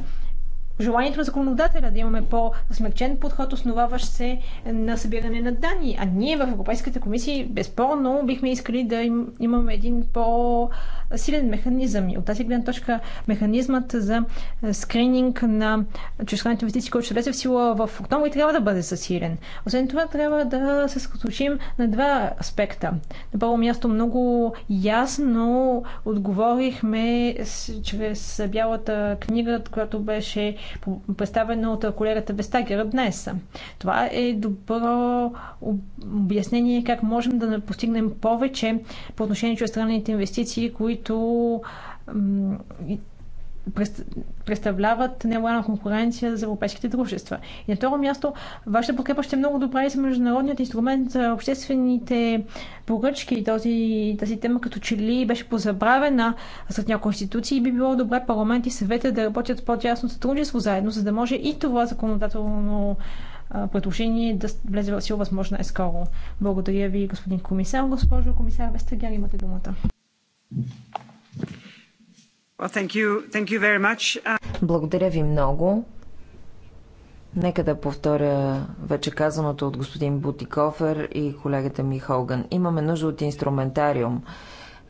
желанието на законодателя да имаме по-смекчен подход, основаващ се на събиране на данни. А ние в Европейската комисия безспорно бихме искали да им, имаме един по-силен механизъм. И от тази гледна точка механизмът за скрининг на чуждестранните инвестиции, който ще влезе в сила в октомври, трябва да бъде засилен. Освен това, трябва да се съсредоточим на два аспекта. На първо място много ясно отговорихме чрез бялата книга, която беше представено от колегата Вестагера днес. Това е добро обяснение как можем да постигнем повече по отношение на чуждестранните инвестиции, които представляват нелоялна конкуренция за европейските дружества. И на второ място, вашата подкрепа ще е много добра и за международният инструмент за обществените поръчки. Този, тази тема като че ли беше позабравена сред някои институции и би било добре парламент и съвета да работят по-тясно сътрудничество заедно, за да може и това законодателно предложение да влезе в сила възможно е скоро. Благодаря ви, господин комисар. Госпожо комисар Вестагер, имате думата. Uh, Благодаря ви много. Нека да повторя вече казаното от господин Бутикофер и колегата ми Холган. Имаме нужда от инструментариум.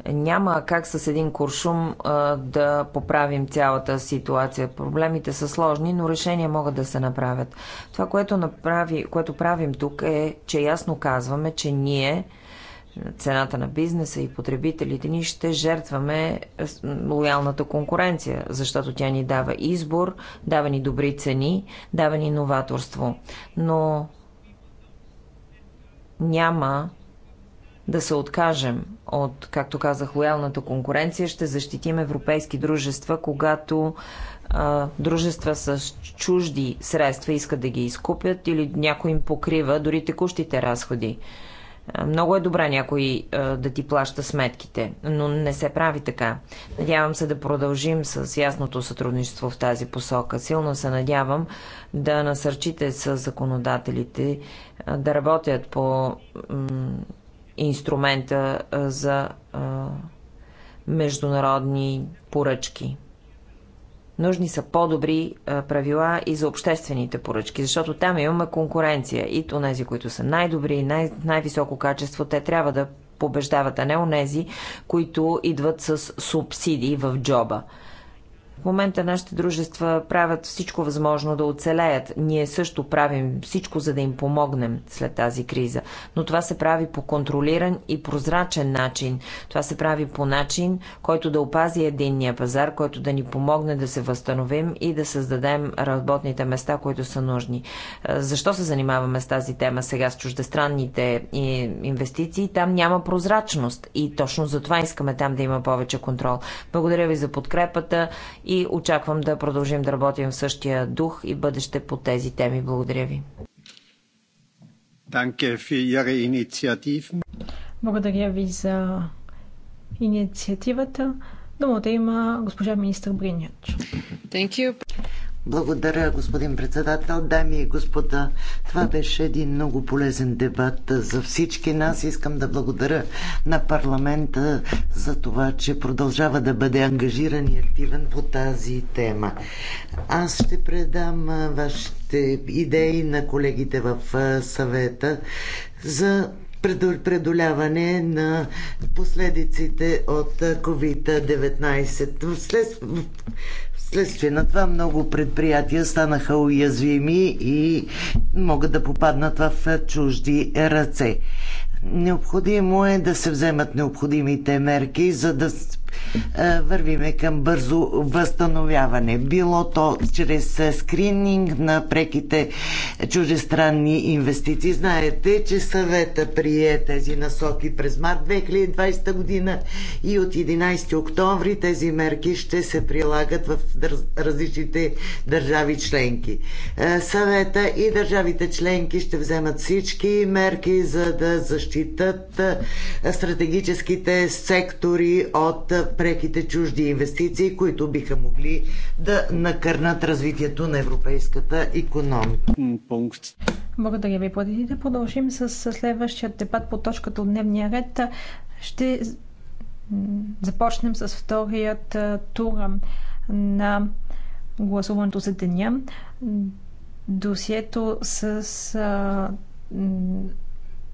Няма как с един куршум а, да поправим цялата ситуация. Проблемите са сложни, но решения могат да се направят. Това, което, направи, което правим тук е, че ясно казваме, че ние цената на бизнеса и потребителите ни, ще жертваме е, лоялната конкуренция, защото тя ни дава избор, дава ни добри цени, дава ни новаторство. Но няма да се откажем от, както казах, лоялната конкуренция. Ще защитим европейски дружества, когато а, дружества с чужди средства искат да ги изкупят или някой им покрива дори текущите разходи. Е, много е добре някой е, да ти плаща сметките, но не се прави така. Надявам се да продължим с ясното сътрудничество в тази посока. Силно се надявам да насърчите с законодателите е, да работят по инструмента за международни поръчки. Нужни са по-добри правила и за обществените поръчки, защото там имаме конкуренция и онези, които са най-добри и най- най-високо качество, те трябва да побеждават, а не онези, които идват с субсидии в джоба. В момента нашите дружества правят всичко възможно да оцелеят. Ние също правим всичко, за да им помогнем след тази криза. Но това се прави по контролиран и прозрачен начин. Това се прави по начин, който да опази единния пазар, който да ни помогне да се възстановим и да създадем работните места, които са нужни. Защо се занимаваме с тази тема сега с чуждестранните инвестиции? Там няма прозрачност и точно за това искаме там да има повече контрол. Благодаря ви за подкрепата и очаквам да продължим да работим в същия дух и бъдеще по тези теми. Благодаря ви. Благодаря ви за инициативата. Думата има госпожа министър Бринят. Благодаря, господин председател. Дами и господа, това беше един много полезен дебат за всички нас. Искам да благодаря на парламента за това, че продължава да бъде ангажиран и активен по тази тема. Аз ще предам вашите идеи на колегите в съвета за предоляване на последиците от COVID-19. Следствие на това много предприятия станаха уязвими и могат да попаднат в е, чужди ръце. Необходимо е да се вземат необходимите мерки, за да е, вървиме към бързо възстановяване. Било то чрез скрининг на преките чужестранни инвестиции. Знаете, че съвета прие тези насоки през март 2020 година и от 11 октомври тези мерки ще се прилагат в различните държави членки. Е, съвета и държавите членки ще вземат всички мерки за да защитат е, стратегическите сектори от преките чужди инвестиции, които биха могли да накърнат развитието на европейската економика. Благодаря ви. Преди да продължим с следващия дебат по точката от дневния ред, ще започнем с вторият тур на гласуването за деня. Досието с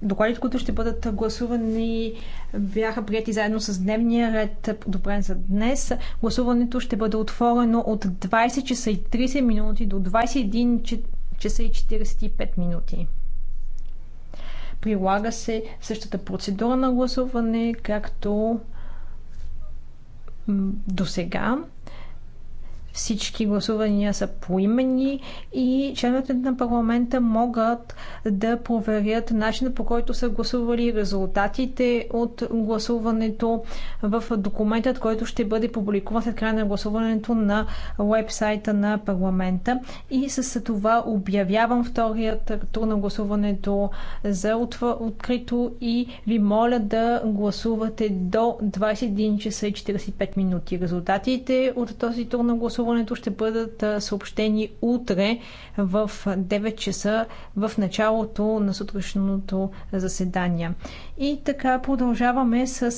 Докладите, които ще бъдат гласувани, бяха прияти заедно с дневния ред, подобрен за днес. Гласуването ще бъде отворено от 20 часа и 30 минути до 21 часа и 45 минути. Прилага се същата процедура на гласуване, както до сега. Всички гласувания са поименни и членовете на парламента могат да проверят начина по който са гласували резултатите от гласуването в документът, който ще бъде публикуван след края на гласуването на вебсайта на парламента. И с това обявявам вторият тур на гласуването за открито и ви моля да гласувате до 21 часа и 45 минути. Резултатите от този тур на гласуването гласуването ще бъдат съобщени утре в 9 часа в началото на сутрешното заседание. И така продължаваме с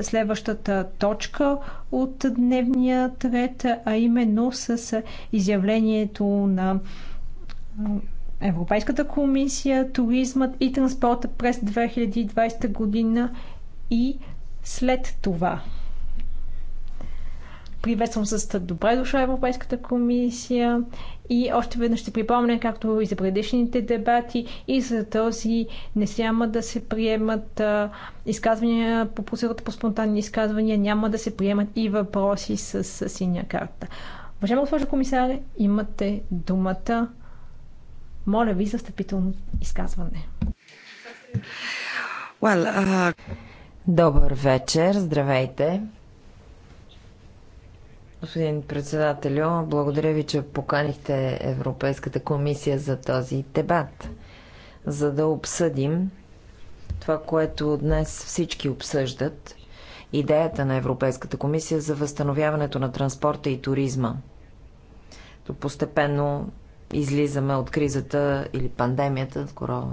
следващата точка от дневния ред, а именно с изявлението на Европейската комисия, туризмът и транспорта през 2020 година и след това приветствам с добре дошла Европейската комисия и още веднъж ще припомня, както и за предишните дебати, и за този не няма да се приемат а, изказвания по процедурата по спонтанни изказвания, няма да се приемат и въпроси с, с синя карта. Уважаема госпожа комисар, имате думата. Моля ви за встъпително изказване. Well, uh... Добър вечер, здравейте. Господин председателю, благодаря ви, че поканихте Европейската комисия за този дебат, за да обсъдим това, което днес всички обсъждат идеята на Европейската комисия за възстановяването на транспорта и туризма. То постепенно излизаме от кризата или пандемията скоро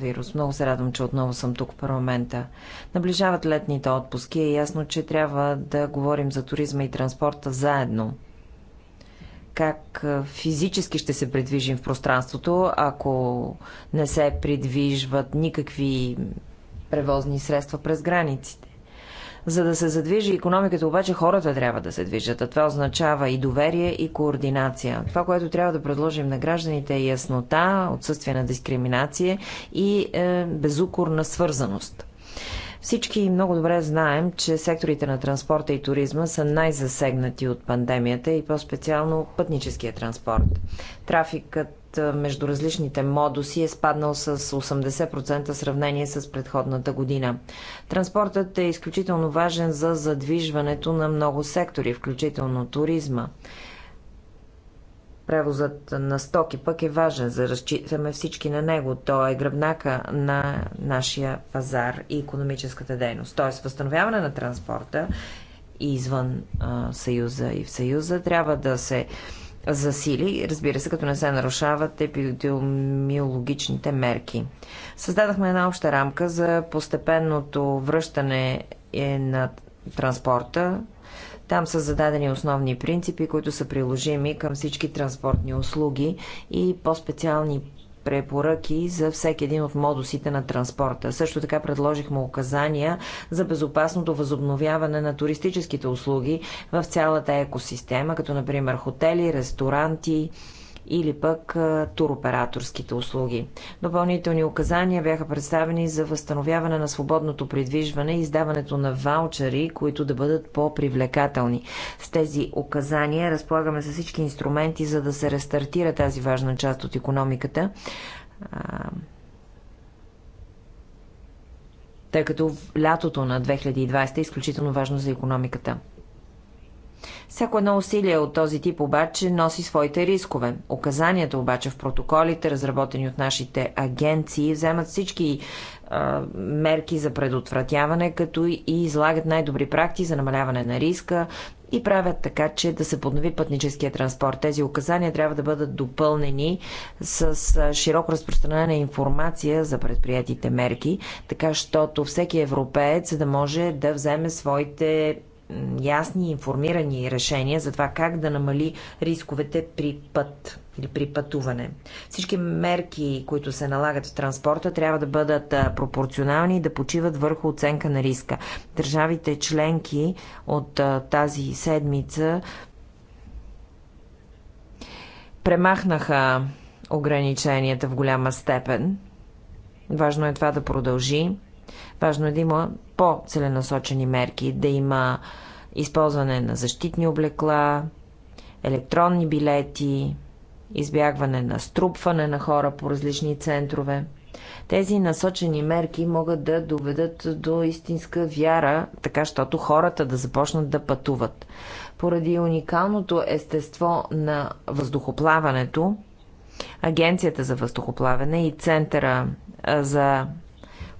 вирус. Много се радвам, че отново съм тук в парламента. Наближават летните отпуски и е ясно, че трябва да говорим за туризма и транспорта заедно как физически ще се придвижим в пространството, ако не се придвижват никакви превозни средства през границите. За да се задвижи економиката, обаче хората трябва да се движат, а това означава и доверие, и координация. Това, което трябва да предложим на гражданите е яснота, отсъствие на дискриминация и е, безукорна свързаност. Всички много добре знаем, че секторите на транспорта и туризма са най-засегнати от пандемията и по-специално пътническия транспорт. Трафикът между различните модуси е спаднал с 80% в сравнение с предходната година. Транспортът е изключително важен за задвижването на много сектори, включително туризма. Превозът на стоки пък е важен, за да разчитаме всички на него. Той е гръбнака на нашия пазар и економическата дейност. Тоест, възстановяване на транспорта извън а, Съюза и в Съюза трябва да се а, засили, разбира се, като не се нарушават епидемиологичните мерки. Създадахме една обща рамка за постепенното връщане е, на транспорта. Там са зададени основни принципи, които са приложими към всички транспортни услуги и по-специални препоръки за всеки един от модусите на транспорта. Също така предложихме указания за безопасното възобновяване на туристическите услуги в цялата екосистема, като например хотели, ресторанти, или пък туроператорските услуги. Допълнителни указания бяха представени за възстановяване на свободното придвижване и издаването на ваучери, които да бъдат по-привлекателни. С тези указания разполагаме с всички инструменти, за да се рестартира тази важна част от економиката тъй като лятото на 2020 е изключително важно за економиката. Всяко едно усилие от този тип обаче носи своите рискове. Оказанията обаче в протоколите, разработени от нашите агенции, вземат всички мерки за предотвратяване, като и излагат най-добри практи за намаляване на риска и правят така, че да се поднови пътническия транспорт. Тези указания трябва да бъдат допълнени с широко разпространена информация за предприятите мерки, така щото всеки европеец да може да вземе своите ясни, информирани решения за това как да намали рисковете при път или при пътуване. Всички мерки, които се налагат в транспорта, трябва да бъдат пропорционални и да почиват върху оценка на риска. Държавите членки от тази седмица премахнаха ограниченията в голяма степен. Важно е това да продължи. Важно е да има по-целенасочени мерки, да има използване на защитни облекла, електронни билети, избягване на струпване на хора по различни центрове. Тези насочени мерки могат да доведат до истинска вяра, така щото хората да започнат да пътуват. Поради уникалното естество на въздухоплаването, Агенцията за въздухоплаване и Центъра за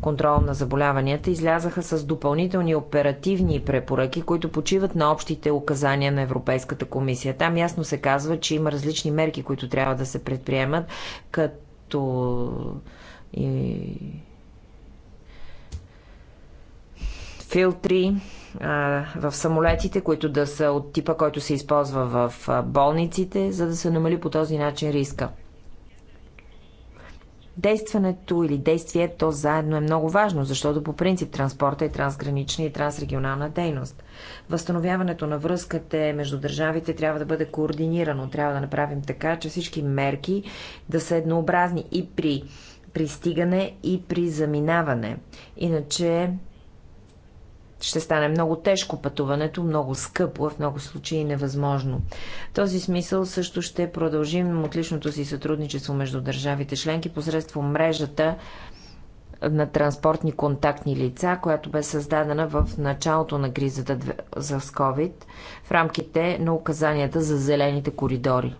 контрол на заболяванията излязаха с допълнителни оперативни препоръки, които почиват на общите указания на Европейската комисия. Там ясно се казва, че има различни мерки, които трябва да се предприемат, като и... филтри, в самолетите, които да са от типа, който се използва в болниците, за да се намали по този начин риска. Действането или действието заедно е много важно, защото по принцип транспорта е трансгранична и трансрегионална дейност. Възстановяването на връзката между държавите трябва да бъде координирано. Трябва да направим така, че всички мерки да са еднообразни и при пристигане, и при заминаване. Иначе ще стане много тежко пътуването, много скъпо, в много случаи невъзможно. В този смисъл също ще продължим отличното си сътрудничество между държавите членки посредством мрежата на транспортни контактни лица, която бе създадена в началото на кризата за COVID в рамките на указанията за зелените коридори.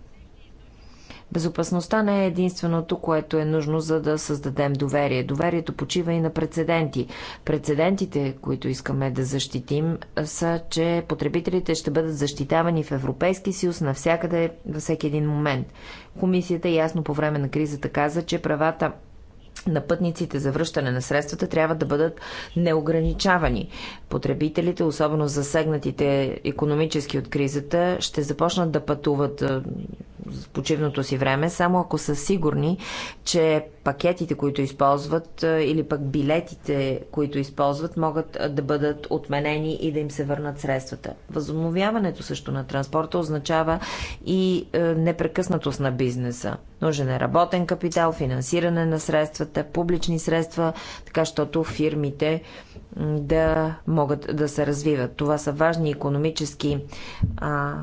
Безопасността не е единственото, което е нужно за да създадем доверие. Доверието почива и на прецеденти. Прецедентите, които искаме да защитим, са, че потребителите ще бъдат защитавани в Европейски съюз навсякъде във всеки един момент. Комисията ясно по време на кризата каза, че правата на пътниците за връщане на средствата трябва да бъдат неограничавани. Потребителите, особено засегнатите економически от кризата, ще започнат да пътуват в почивното си време, само ако са сигурни, че пакетите, които използват или пък билетите, които използват, могат да бъдат отменени и да им се върнат средствата. Възобновяването също на транспорта означава и непрекъснатост на бизнеса. Нужен е работен капитал, финансиране на средствата, публични средства, така щото фирмите да могат да се развиват. Това са важни економически а,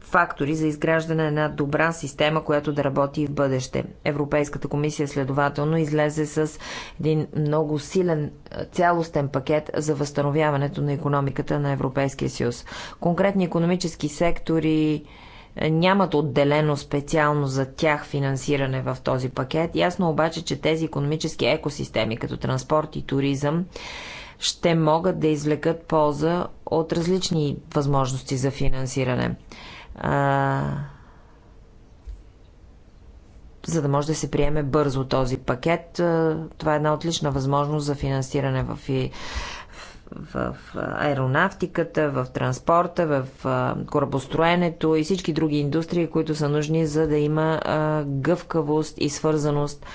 фактори за изграждане на една добра система, която да работи в бъдеще. Европейската комисия следователно излезе с един много силен цялостен пакет за възстановяването на економиката на Европейския съюз. Конкретни економически сектори, нямат отделено специално за тях финансиране в този пакет. Ясно обаче, че тези економически екосистеми, като транспорт и туризъм, ще могат да извлекат полза от различни възможности за финансиране. А... За да може да се приеме бързо този пакет, това е една отлична възможност за финансиране в в аеронавтиката, в транспорта, в корабостроенето и всички други индустрии, които са нужни, за да има гъвкавост и свързаност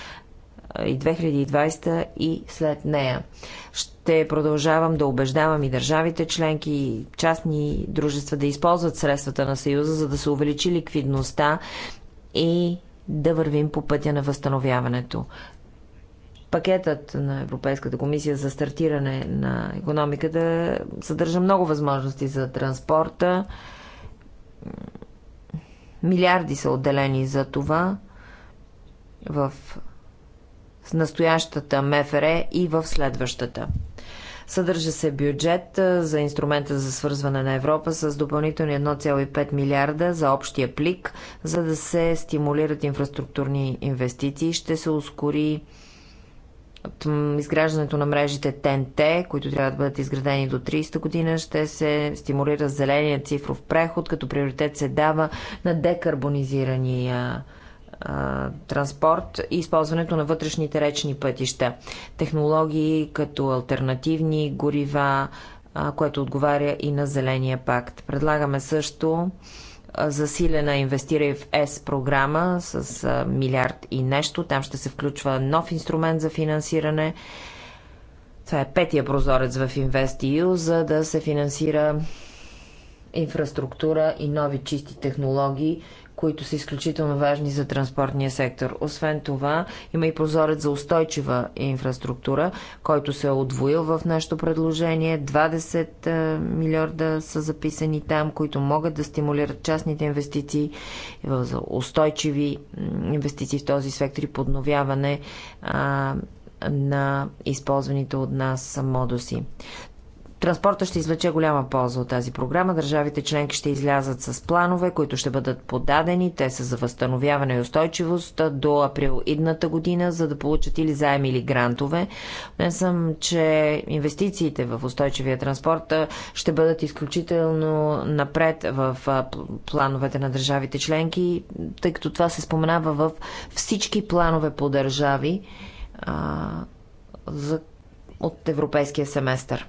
и 2020 и след нея. Ще продължавам да убеждавам и държавите членки и частни дружества да използват средствата на Съюза, за да се увеличи ликвидността и да вървим по пътя на възстановяването. Пакетът на Европейската комисия за стартиране на економиката съдържа много възможности за транспорта. Милиарди са отделени за това в настоящата МФР и в следващата. Съдържа се бюджет за инструмента за свързване на Европа с допълнителни 1,5 милиарда за общия плик, за да се стимулират инфраструктурни инвестиции. Ще се ускори изграждането на мрежите ТНТ, които трябва да бъдат изградени до 30-та година, ще се стимулира зеления цифров преход, като приоритет се дава на декарбонизирания транспорт и използването на вътрешните речни пътища. Технологии като альтернативни горива, което отговаря и на Зеления пакт. Предлагаме също засилена инвестира в ЕС програма с милиард и нещо. Там ще се включва нов инструмент за финансиране. Това е петия прозорец в InvestEU, за да се финансира инфраструктура и нови чисти технологии, които са изключително важни за транспортния сектор. Освен това, има и прозорец за устойчива инфраструктура, който се е отвоил в нашето предложение. 20 е, милиарда са записани там, които могат да стимулират частните инвестиции е, за устойчиви инвестиции в този сектор и подновяване на използваните от нас модуси. Транспорта ще извлече голяма полза от тази програма. Държавите членки ще излязат с планове, които ще бъдат подадени. Те са за възстановяване и устойчивост до април идната година, за да получат или заеми или грантове. Не съм, че инвестициите в устойчивия транспорт ще бъдат изключително напред в плановете на държавите членки, тъй като това се споменава в всички планове по държави а, за, от европейския семестър.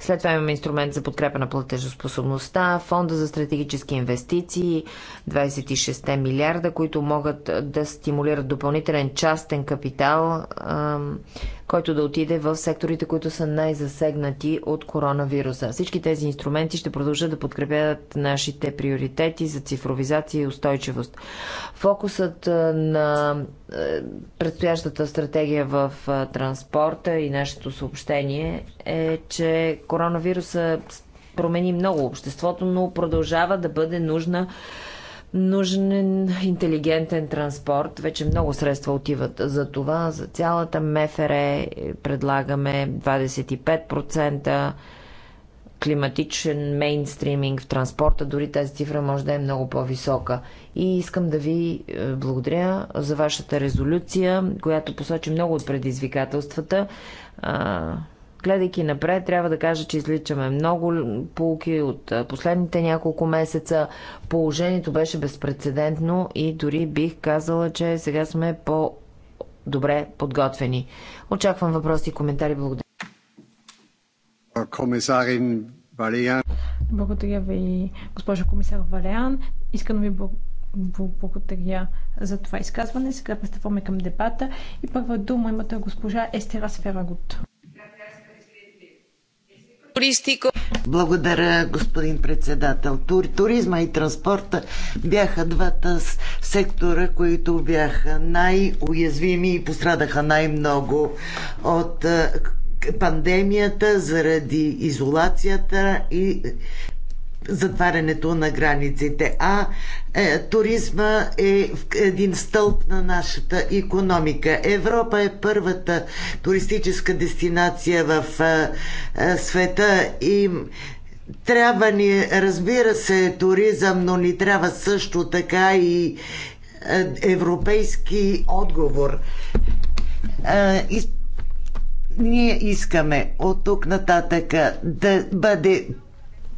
След това имаме инструмент за подкрепа на платежоспособността, фонда за стратегически инвестиции, 26 милиарда, които могат да стимулират допълнителен частен капитал който да отиде в секторите, които са най-засегнати от коронавируса. Всички тези инструменти ще продължат да подкрепят нашите приоритети за цифровизация и устойчивост. Фокусът на предстоящата стратегия в транспорта и нашето съобщение е, че коронавируса промени много обществото, но продължава да бъде нужна нужен е интелигентен транспорт. Вече много средства отиват за това. За цялата МФР предлагаме 25% климатичен мейнстриминг в транспорта. Дори тази цифра може да е много по-висока. И искам да ви е, благодаря за вашата резолюция, която посочи много от предизвикателствата Гледайки напред, трябва да кажа, че изличаме много полки от последните няколко месеца. Положението беше безпредседентно и дори бих казала, че сега сме по добре подготвени. Очаквам въпроси и коментари. Благодаря. Комисарин Валиан. Благодаря ви, госпожо комисар Валиан. Искам да ви благодаря за това изказване. Сега пристъпваме към дебата и първа дума имате госпожа Естера Сферагут туристико. Благодаря, господин председател. Тур, туризма и транспорта бяха двата сектора, които бяха най-уязвими и пострадаха най-много от е, пандемията, заради изолацията и затварянето на границите, а е, туризма е един стълб на нашата економика. Европа е първата туристическа дестинация в е, е, света и трябва ни, разбира се, туризъм, но ни трябва също така и е, европейски отговор. Е, ние искаме от тук нататък да бъде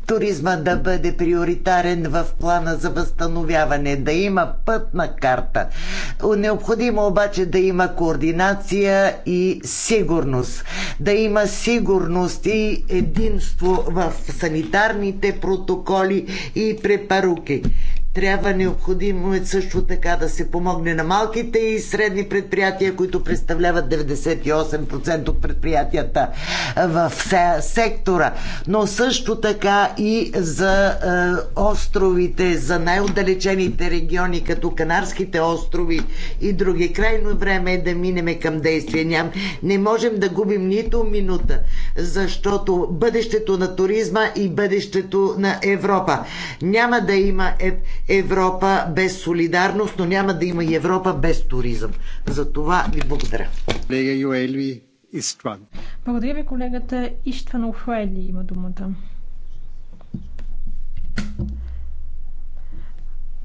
туризма да бъде приоритарен в плана за възстановяване, да има пътна карта. Необходимо обаче да има координация и сигурност. Да има сигурност и единство в санитарните протоколи и препаруки. Трябва необходимо е също така да се помогне на малките и средни предприятия, които представляват 98% от предприятията в сектора, но също така и за е, островите, за най-отдалечените региони, като Канарските острови и други. Крайно време е да минеме към действие. Ням, не можем да губим нито минута, защото бъдещето на туризма и бъдещето на Европа няма да има е, Европа без солидарност, но няма да има и Европа без туризъм. За това ви благодаря. Колега Юелви Истван. Благодаря ви, колегата Иштван Офуели има думата.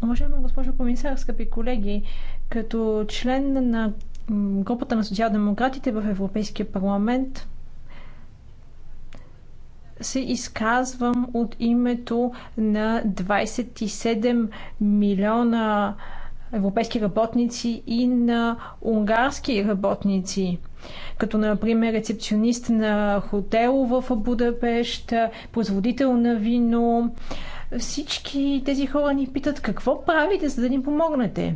Уважаема госпожо комисар, скъпи колеги, като член на групата на социал-демократите в Европейския парламент, се изказвам от името на 27 милиона европейски работници и на унгарски работници, като например рецепционист на хотел в Будапешт, производител на вино. Всички тези хора ни питат какво правите, за да ни помогнете.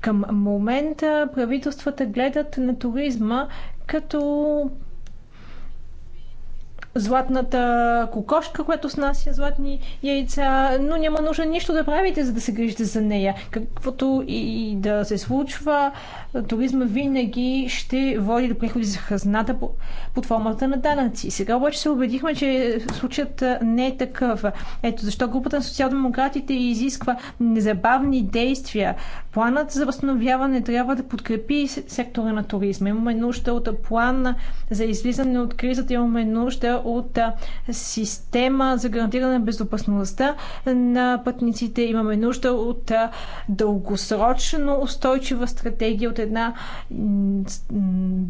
Към момента правителствата гледат на туризма като златната кокошка, която снася златни яйца, но няма нужда нищо да правите, за да се грижите за нея. Каквото и да се случва, туризма винаги ще води до приходи за хазната под формата на данъци. Сега обаче се убедихме, че случаят не е такъв. Ето защо групата на социал-демократите изисква незабавни действия. Планът за възстановяване трябва да подкрепи сектора на туризма. Имаме нужда от план за излизане от кризата, имаме нужда от система за гарантиране на безопасността на пътниците. Имаме нужда от дългосрочно устойчива стратегия, от една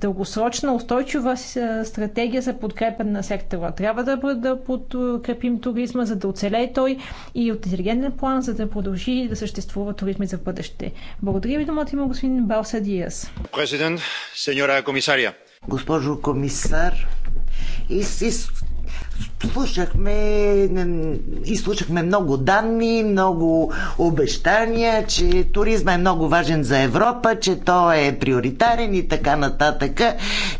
дългосрочна устойчива стратегия за подкрепа на сектора. Трябва да, да подкрепим туризма, за да оцелее той и от интелигентен план, за да продължи да съществува туризма за бъдеще. Благодаря ви, думата има господин Балсадиас. Президент, сеньора комисария. Госпожо комисар, и си слушахме, и слушахме много данни, много обещания, че туризма е много важен за Европа, че той е приоритарен и така нататък,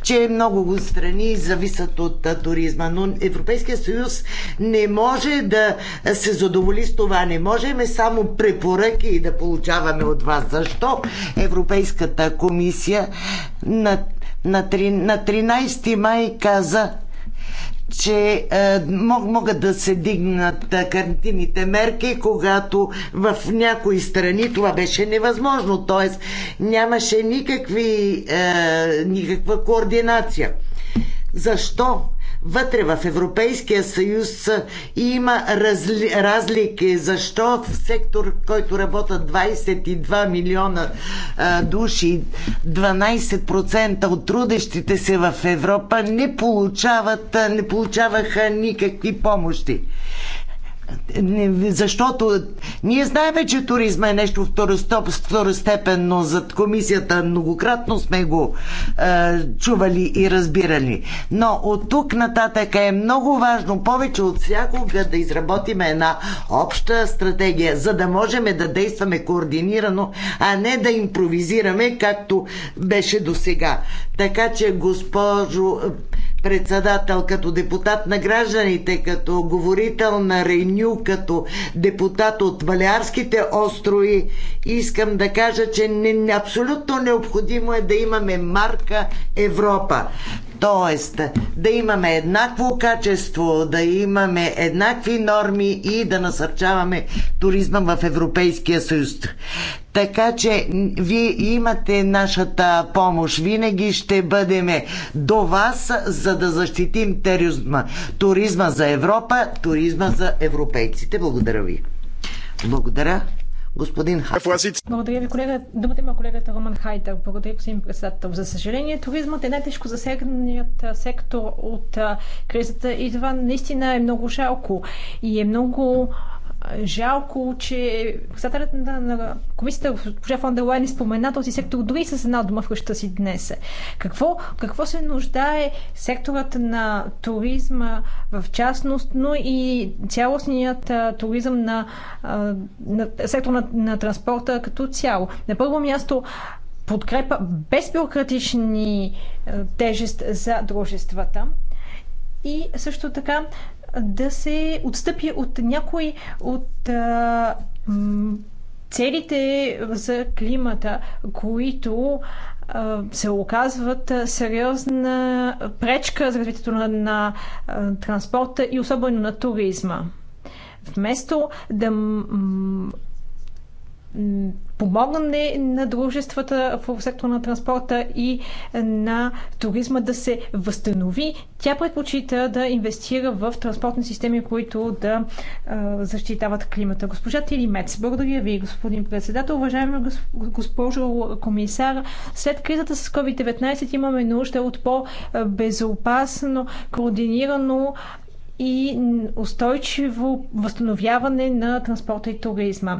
че много страни зависят от туризма. Но Европейския съюз не може да се задоволи с това. Не можем само препоръки и да получаваме от вас. Защо Европейската комисия на на 13 май каза, че е, могат да се дигнат е, карантинните мерки, когато в някои страни това беше невъзможно. т.е. нямаше никакви, е, никаква координация. Защо? вътре в Европейския съюз има разли, разлики. Защо в сектор, който работят 22 милиона а, души, 12% от трудещите се в Европа не получават, не получаваха никакви помощи защото ние знаем, че туризма е нещо второстепенно зад комисията. Многократно сме го е, чували и разбирали. Но от тук нататък е много важно, повече от всякога, да изработим една обща стратегия, за да можем да действаме координирано, а не да импровизираме, както беше до сега. Така че, госпожо председател, като депутат на гражданите, като говорител на Реню, като депутат от Валярските острови, искам да кажа, че не, абсолютно необходимо е да имаме марка Европа. Тоест, да имаме еднакво качество, да имаме еднакви норми и да насърчаваме туризма в Европейския съюз. Така че вие имате нашата помощ. Винаги ще бъдеме до вас, за да защитим туризма. Туризма за Европа, туризма за европейците. Благодаря ви. Благодаря. Господин Хайтер. Благодаря ви, колега. Думата има колегата Роман Хайтер. Благодаря, господин председател. За съжаление, туризмът е най-тежко засегнат сектор от кризата и това наистина е много жалко и е много Жалко, че председателят на, на комисията, госпожа фон дер Лайн, спомена този сектор дори с една дума в къща си днес. Какво, какво се нуждае секторът на туризма в частност, но и цялостният а, туризъм на, а, на сектора на, на транспорта като цяло? На първо място, подкрепа без бюрократични тежест за дружествата. И също така да се отстъпи от някой от а, целите за климата, които се оказват сериозна пречка за развитието на, на транспорта и особено на туризма. Вместо да помогне на дружествата в сектора на транспорта и на туризма да се възстанови. Тя предпочита да инвестира в транспортни системи, които да защитават климата. Госпожа Тилимец, благодаря ви, господин председател. Уважаема госпожо комисар, след кризата с COVID-19 имаме нужда от по-безопасно, координирано и устойчиво възстановяване на транспорта и туризма.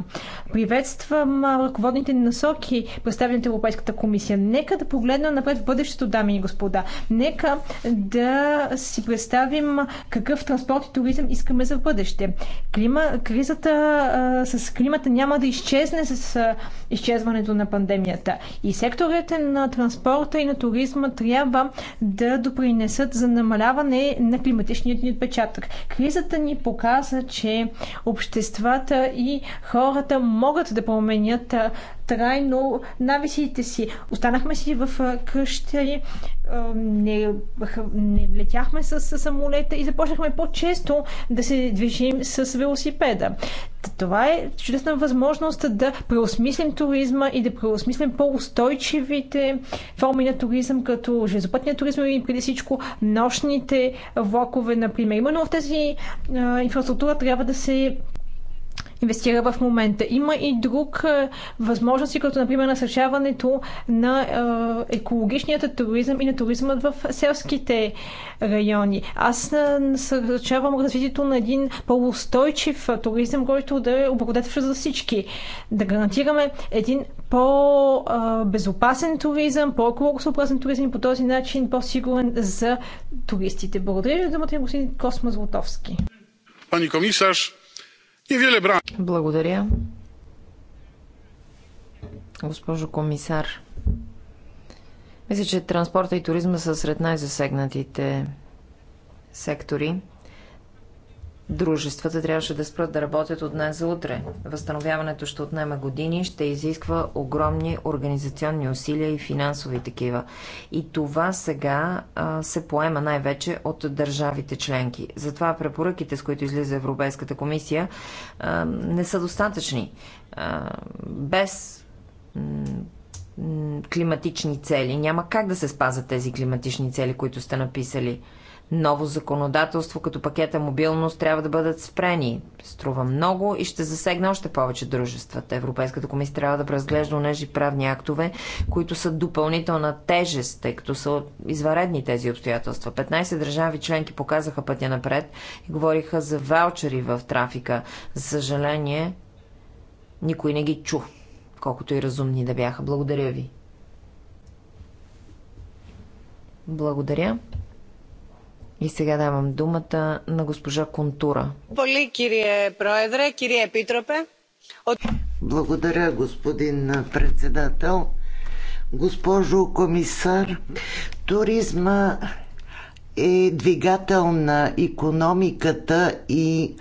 Приветствам ръководните насоки, представени от Европейската комисия. Нека да погледна напред в бъдещето, дами и господа. Нека да си представим какъв транспорт и туризъм искаме за бъдеще. Клима, кризата а, с климата няма да изчезне с а, изчезването на пандемията. И секторите на транспорта и на туризма трябва да допринесат за намаляване на климатичният ни отпечатък нататък. Кризата ни показа, че обществата и хората могат да променят трайно нависите си. Останахме си в къщи не, не летяхме с, с самолета и започнахме по-често да се движим с велосипеда. Това е чудесна възможност да преосмислим туризма и да преосмислим по-устойчивите форми на туризъм, като железопътния туризъм и преди всичко нощните влакове, например. Именно в тази а, инфраструктура трябва да се инвестира в момента. Има и друг е, възможности, като например насърчаването на е, екологичният туризъм и на туризма в селските райони. Аз е, насърчавам развитието на един по-устойчив туризъм, който да е облагодетелстващ за всички. Да гарантираме един по-безопасен туризъм, по-екологосъобразен туризъм и по този начин по-сигурен за туристите. Благодаря ви за думата, господин Косма Златовски. Пани комисар. Благодаря. Госпожо комисар, мисля, че транспорта и туризма са сред най-засегнатите сектори дружествата трябваше да спрат да работят от днес за утре. Възстановяването ще отнема години, ще изисква огромни организационни усилия и финансови такива. И това сега а, се поема най-вече от държавите членки. Затова препоръките, с които излиза Европейската комисия, а, не са достатъчни. А, без климатични цели. Няма как да се спазят тези климатични цели, които сте написали ново законодателство, като пакета мобилност, трябва да бъдат спрени. Струва много и ще засегне още повече дружествата. Европейската комисия трябва да преразглежда онежи правни актове, които са допълнителна тежест, тъй като са изваредни тези обстоятелства. 15 държави членки показаха пътя напред и говориха за ваучери в трафика. За съжаление, никой не ги чу, колкото и разумни да бяха. Благодаря ви. Благодаря. И сега давам думата на госпожа Контура. Благодаря, господин председател. Госпожо комисар, туризма е двигател на економиката и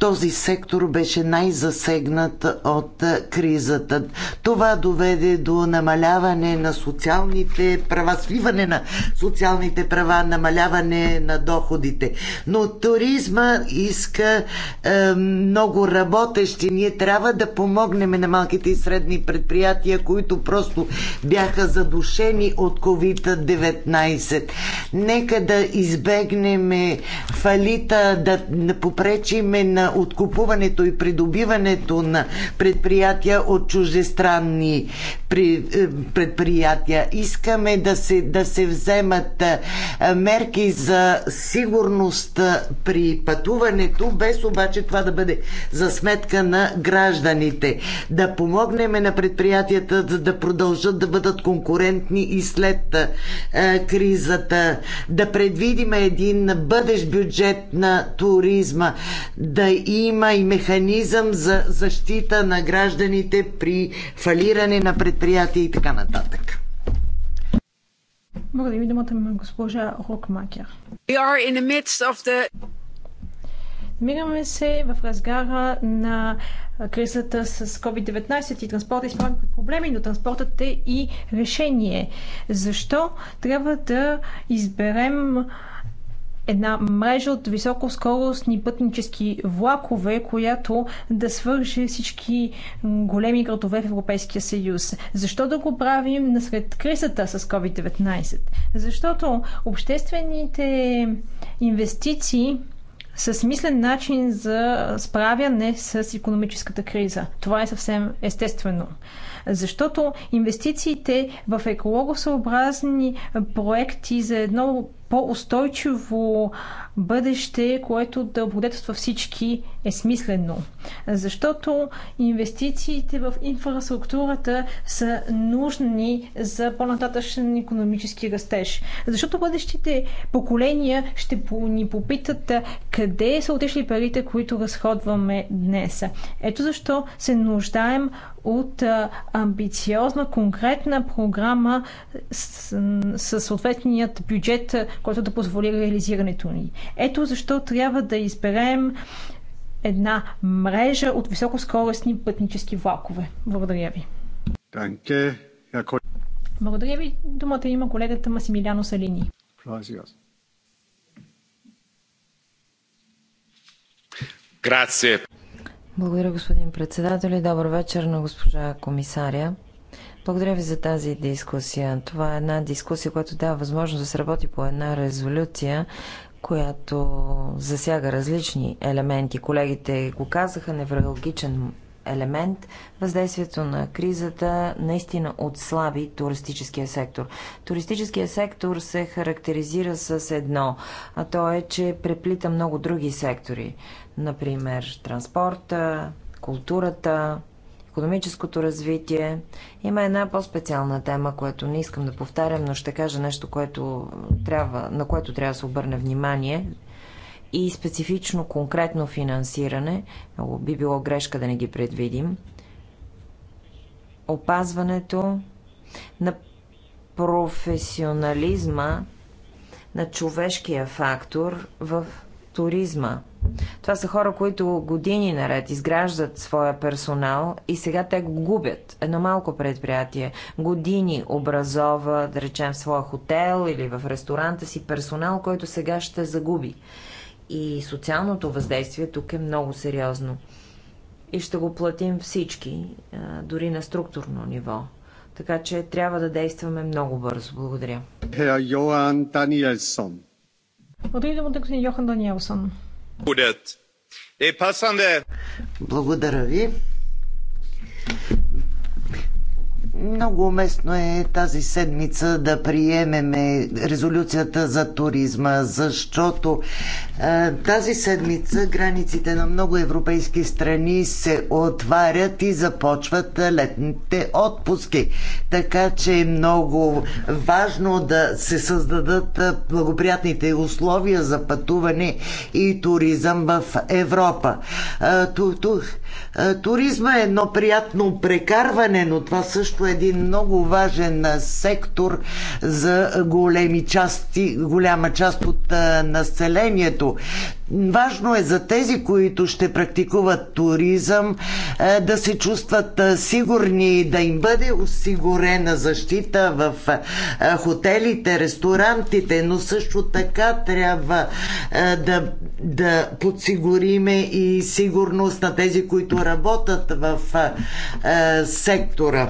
този сектор беше най-засегнат от кризата. Това доведе до намаляване на социалните права, свиване на социалните права, намаляване на доходите. Но туризма иска е, много работещи. Ние трябва да помогнем на малките и средни предприятия, които просто бяха задушени от COVID-19. Нека да избегнем фалита, да попречиме на откупуването и придобиването на предприятия от чужестранни е, предприятия. Искаме да се, да се вземат е, мерки за сигурност е, при пътуването, без обаче това да бъде за сметка на гражданите. Да помогнем на предприятията да, да продължат да бъдат конкурентни и след е, кризата. Да предвидим един бъдещ бюджет на туризма. Да има и механизъм за защита на гражданите при фалиране на предприятия и така нататък. Благодаря ви думата на госпожа Рокмакер. The... се в разгара на кризата с COVID-19 и транспорта изправен пред проблеми, но транспортът е и решение. Защо трябва да изберем една мрежа от високоскоростни пътнически влакове, която да свърже всички големи градове в Европейския съюз. Защо да го правим насред кризата с COVID-19? Защото обществените инвестиции с смислен начин за справяне с економическата криза. Това е съвсем естествено. Защото инвестициите в екологосъобразни проекти за едно по-устойчиво бъдеще, което да облагодетелства всички, е смислено. Защото инвестициите в инфраструктурата са нужни за по-нататъчен економически растеж. Защото бъдещите поколения ще ни попитат къде са отишли парите, които разходваме днес. Ето защо се нуждаем от амбициозна, конкретна програма с, с съответният бюджет, който да позволи реализирането ни. Ето защо трябва да изберем една мрежа от високоскоростни пътнически влакове. Благодаря ви. Благодаря ви. Думата има колегата Масимиляно Салини. Грация. Благодаря, господин председател и добър вечер на госпожа комисаря. Благодаря ви за тази дискусия. Това е една дискусия, която дава възможност да се работи по една резолюция, която засяга различни елементи. Колегите го казаха, неврологичен елемент. Въздействието на кризата наистина отслаби туристическия сектор. Туристическия сектор се характеризира с едно, а то е, че преплита много други сектори. Например, транспорта, културата, економическото развитие. Има една по-специална тема, която не искам да повтарям, но ще кажа нещо, което трябва, на което трябва да се обърне внимание и специфично конкретно финансиране. Много би било грешка да не ги предвидим. Опазването на професионализма, на човешкия фактор в туризма. Това са хора, които години наред изграждат своя персонал и сега те го губят. Едно малко предприятие години образова, да речем, в своя хотел или в ресторанта си персонал, който сега ще загуби. И социалното въздействие тук е много сериозно. И ще го платим всички, дори на структурно ниво. Така че трябва да действаме много бързо. Благодаря. Йоан Даниелсон. Благодаря, е господин Йохан Даниелсон. Er Благодаря ви. Много уместно е тази седмица да приемеме резолюцията за туризма, защото е, тази седмица границите на много европейски страни се отварят и започват летните отпуски. Така че е много важно да се създадат е, благоприятните условия за пътуване и туризъм в Европа. Е, ту, ту, е, туризма е едно приятно прекарване, но това също е един много важен сектор за големи части, голяма част от населението. Важно е за тези, които ще практикуват туризъм, да се чувстват сигурни, да им бъде осигурена защита в хотелите, ресторантите, но също така трябва да, да подсигуриме и сигурност на тези, които работят в сектора.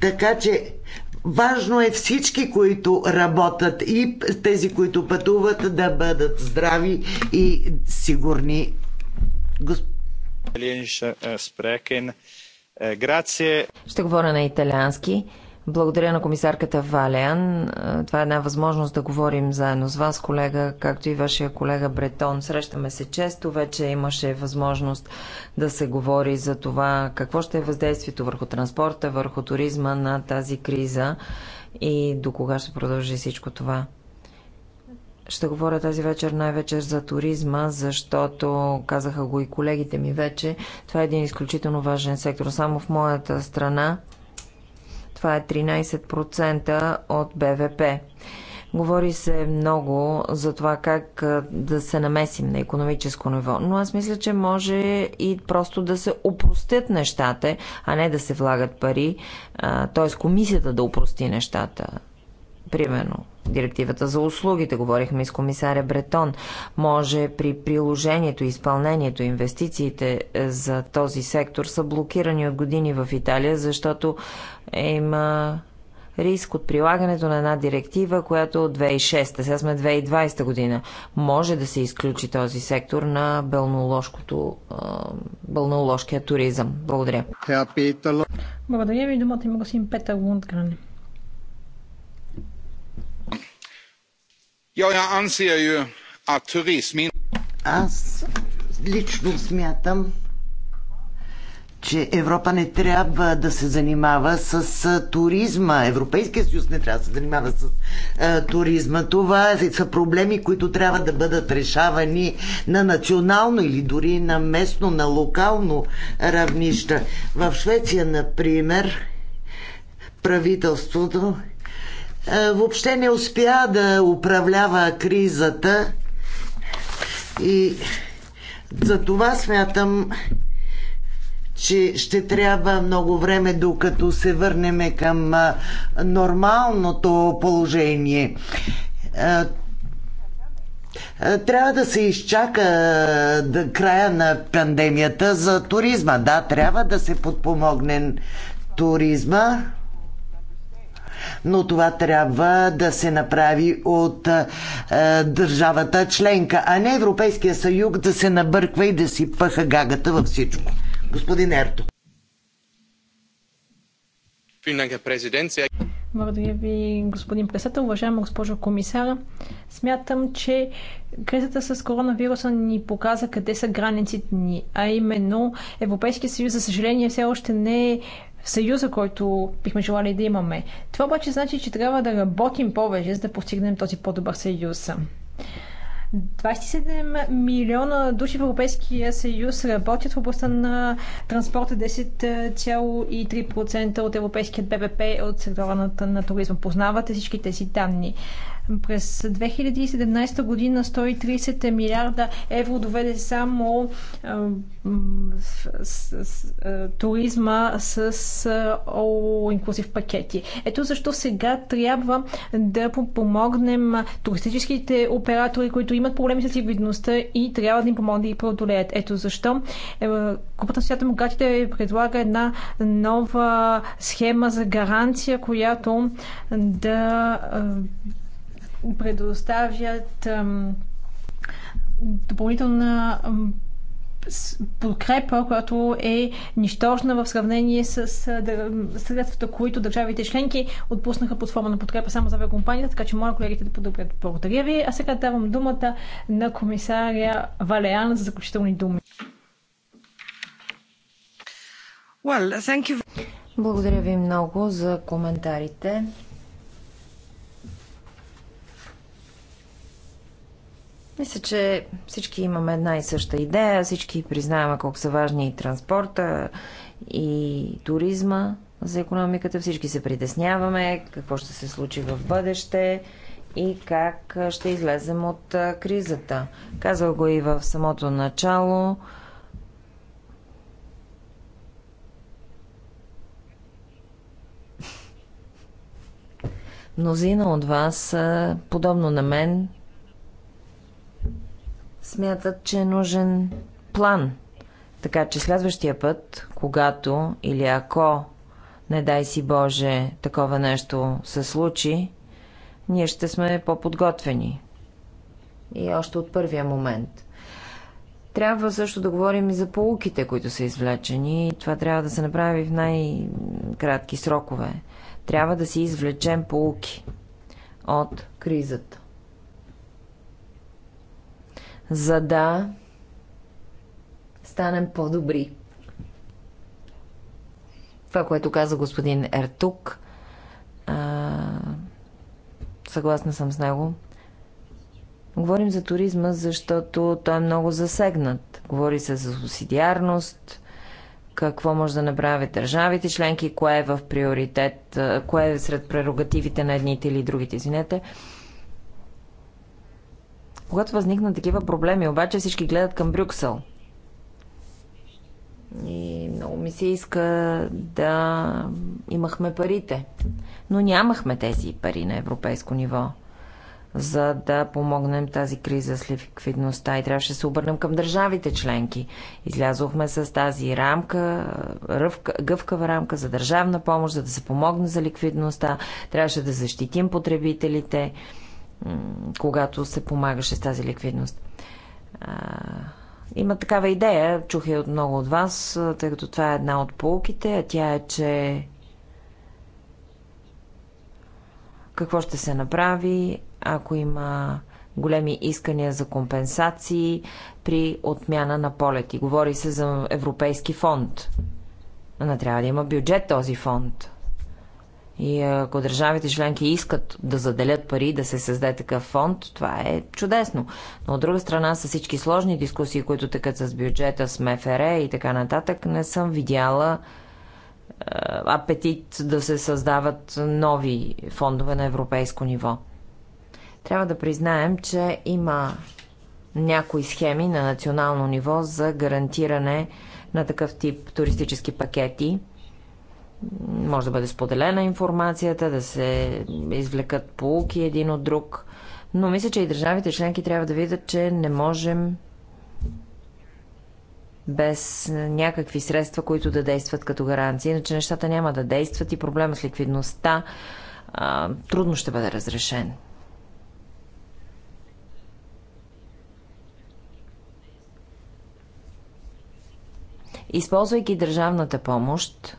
Така че важно е всички, които работят и тези, които пътуват, да бъдат здрави и сигурни. Ще говоря на италиански. Благодаря на комисарката Валеан. Е, това е една възможност да говорим заедно с вас, колега, както и вашия колега Бретон. Срещаме се често. Вече имаше възможност да се говори за това какво ще е въздействието върху транспорта, върху туризма на тази криза и до кога ще продължи всичко това. Ще говоря тази вечер най-вече за туризма, защото казаха го и колегите ми вече. Това е един изключително важен сектор. Само в моята страна това е 13% от БВП. Говори се много за това как да се намесим на економическо ниво, но аз мисля, че може и просто да се опростят нещата, а не да се влагат пари, т.е. комисията да опрости нещата. Примерно, директивата за услугите, говорихме с комисаря Бретон, може при приложението, изпълнението, инвестициите е, за този сектор са блокирани от години в Италия, защото има риск от прилагането на една директива, която от 2006, сега сме 2020 година, може да се изключи този сектор на бълноложкия туризъм. Благодаря. Благодаря ви, думата има господин Петър Лундгрен. Аз лично смятам, че Европа не трябва да се занимава с туризма. Европейския съюз не трябва да се занимава с а, туризма. Това е, са проблеми, които трябва да бъдат решавани на национално или дори на местно, на локално равнище. В Швеция, например, правителството а, въобще не успя да управлява кризата и за това смятам, че ще трябва много време, докато се върнем към нормалното положение. Трябва да се изчака края на пандемията за туризма. Да, трябва да се подпомогне туризма, но това трябва да се направи от държавата членка, а не Европейския съюз да се набърква и да си пъха гагата във всичко. Господин Ерто. Благодаря ви, господин председател. Уважаема госпожо комисара, смятам, че кризата с коронавируса ни показа къде са границите ни, а именно Европейския съюз, за съжаление, все още не е съюза, който бихме желали да имаме. Това обаче значи, че трябва да работим повече, за да постигнем този по-добър съюз. 27 милиона души в Европейския съюз работят в областта на транспорта. 10,3% от европейският ББП е от сектора на, на туризма. Познавате всички тези данни. През 2017 година 130 милиарда евро доведе само туризма с инклюзив пакети. Ето защо сега трябва да помогнем туристическите оператори, които имат проблеми с видността и трябва да им помогнат да ги преодолеят. Ето защо Купата е, на свята Могатите предлага една нова схема за гаранция, която да предоставят допълнителна подкрепа, която е нищожна в сравнение с средствата, които държавите членки отпуснаха под форма на подкрепа само за авиакомпанията, така че моля колегите да подобрят. Благодаря ви. А сега давам думата на комисаря Валеан за заключителни думи. Well, Благодаря ви много за коментарите. Мисля, че всички имаме една и съща идея, всички признаваме колко са важни и транспорта, и туризма за економиката, всички се притесняваме какво ще се случи в бъдеще и как ще излезем от кризата. Казал го и в самото начало. Мнозина от вас, подобно на мен, смятат, че е нужен план. Така че следващия път, когато или ако, не дай си Боже, такова нещо се случи, ние ще сме по-подготвени. И още от първия момент. Трябва също да говорим и за полуките, които са извлечени. Това трябва да се направи в най-кратки срокове. Трябва да си извлечем полуки от кризата за да станем по-добри. Това, което каза господин Ертук, а, съгласна съм с него. Говорим за туризма, защото той е много засегнат. Говори се за субсидиарност, какво може да направи държавите членки, кое е в приоритет, кое е сред прерогативите на едните или другите, извинете. Когато възникнат такива проблеми, обаче всички гледат към Брюксел. И много ми се иска да имахме парите. Но нямахме тези пари на европейско ниво, за да помогнем тази криза с ликвидността. И трябваше да се обърнем към държавите членки. Излязохме с тази рамка, ръвка, гъвкава рамка за държавна помощ, за да се помогне за ликвидността. Трябваше да защитим потребителите когато се помагаше с тази ликвидност. Има такава идея, чух я от много от вас, тъй като това е една от полуките, а тя е, че какво ще се направи, ако има големи искания за компенсации при отмяна на полети. Говори се за Европейски фонд. Но трябва да има бюджет този фонд. И ако държавите членки искат да заделят пари, да се създаде такъв фонд, това е чудесно. Но от друга страна, с всички сложни дискусии, които тъкат с бюджета, с МФР и така нататък, не съм видяла е, апетит да се създават нови фондове на европейско ниво. Трябва да признаем, че има някои схеми на национално ниво за гарантиране на такъв тип туристически пакети може да бъде споделена информацията, да се извлекат полуки един от друг. Но мисля, че и държавите членки трябва да видят, че не можем без някакви средства, които да действат като гаранция. Иначе нещата няма да действат и проблема с ликвидността а, трудно ще бъде разрешен. Използвайки държавната помощ,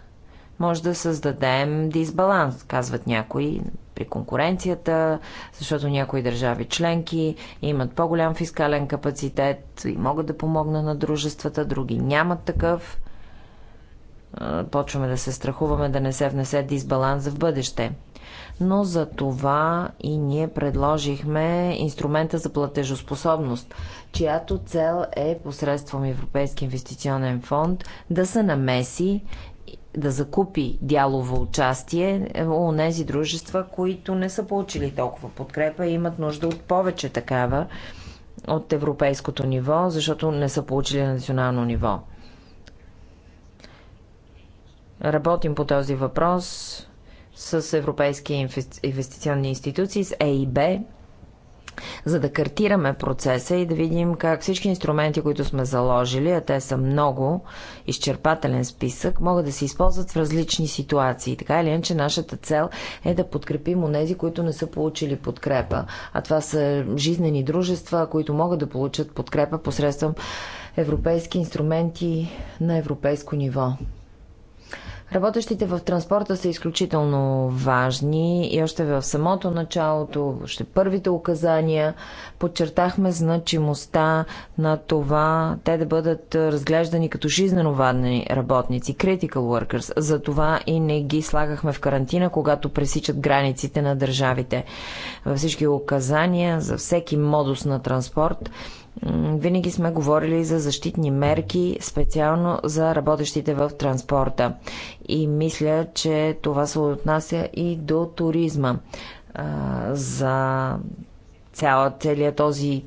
може да създадем дисбаланс, казват някои при конкуренцията, защото някои държави членки имат по-голям фискален капацитет и могат да помогнат на дружествата, други нямат такъв. Почваме да се страхуваме да не се внесе дисбаланс в бъдеще но за това и ние предложихме инструмента за платежоспособност, чиято цел е посредством Европейски инвестиционен фонд да се намеси да закупи дялово участие е, у нези дружества, които не са получили толкова подкрепа и имат нужда от повече такава от европейското ниво, защото не са получили на национално ниво. Работим по този въпрос с европейски инвестиционни институции, с ЕИБ, за да картираме процеса и да видим как всички инструменти, които сме заложили, а те са много, изчерпателен списък, могат да се използват в различни ситуации. Така или иначе, нашата цел е да подкрепим онези, които не са получили подкрепа. А това са жизнени дружества, които могат да получат подкрепа посредством европейски инструменти на европейско ниво. Работещите в транспорта са изключително важни и още в самото началото, още първите указания, подчертахме значимостта на това те да бъдат разглеждани като жизненовадни работници, critical workers. За това и не ги слагахме в карантина, когато пресичат границите на държавите. Във всички указания за всеки модус на транспорт – винаги сме говорили за защитни мерки, специално за работещите в транспорта. И мисля, че това се отнася и до туризма. За цяла, целият този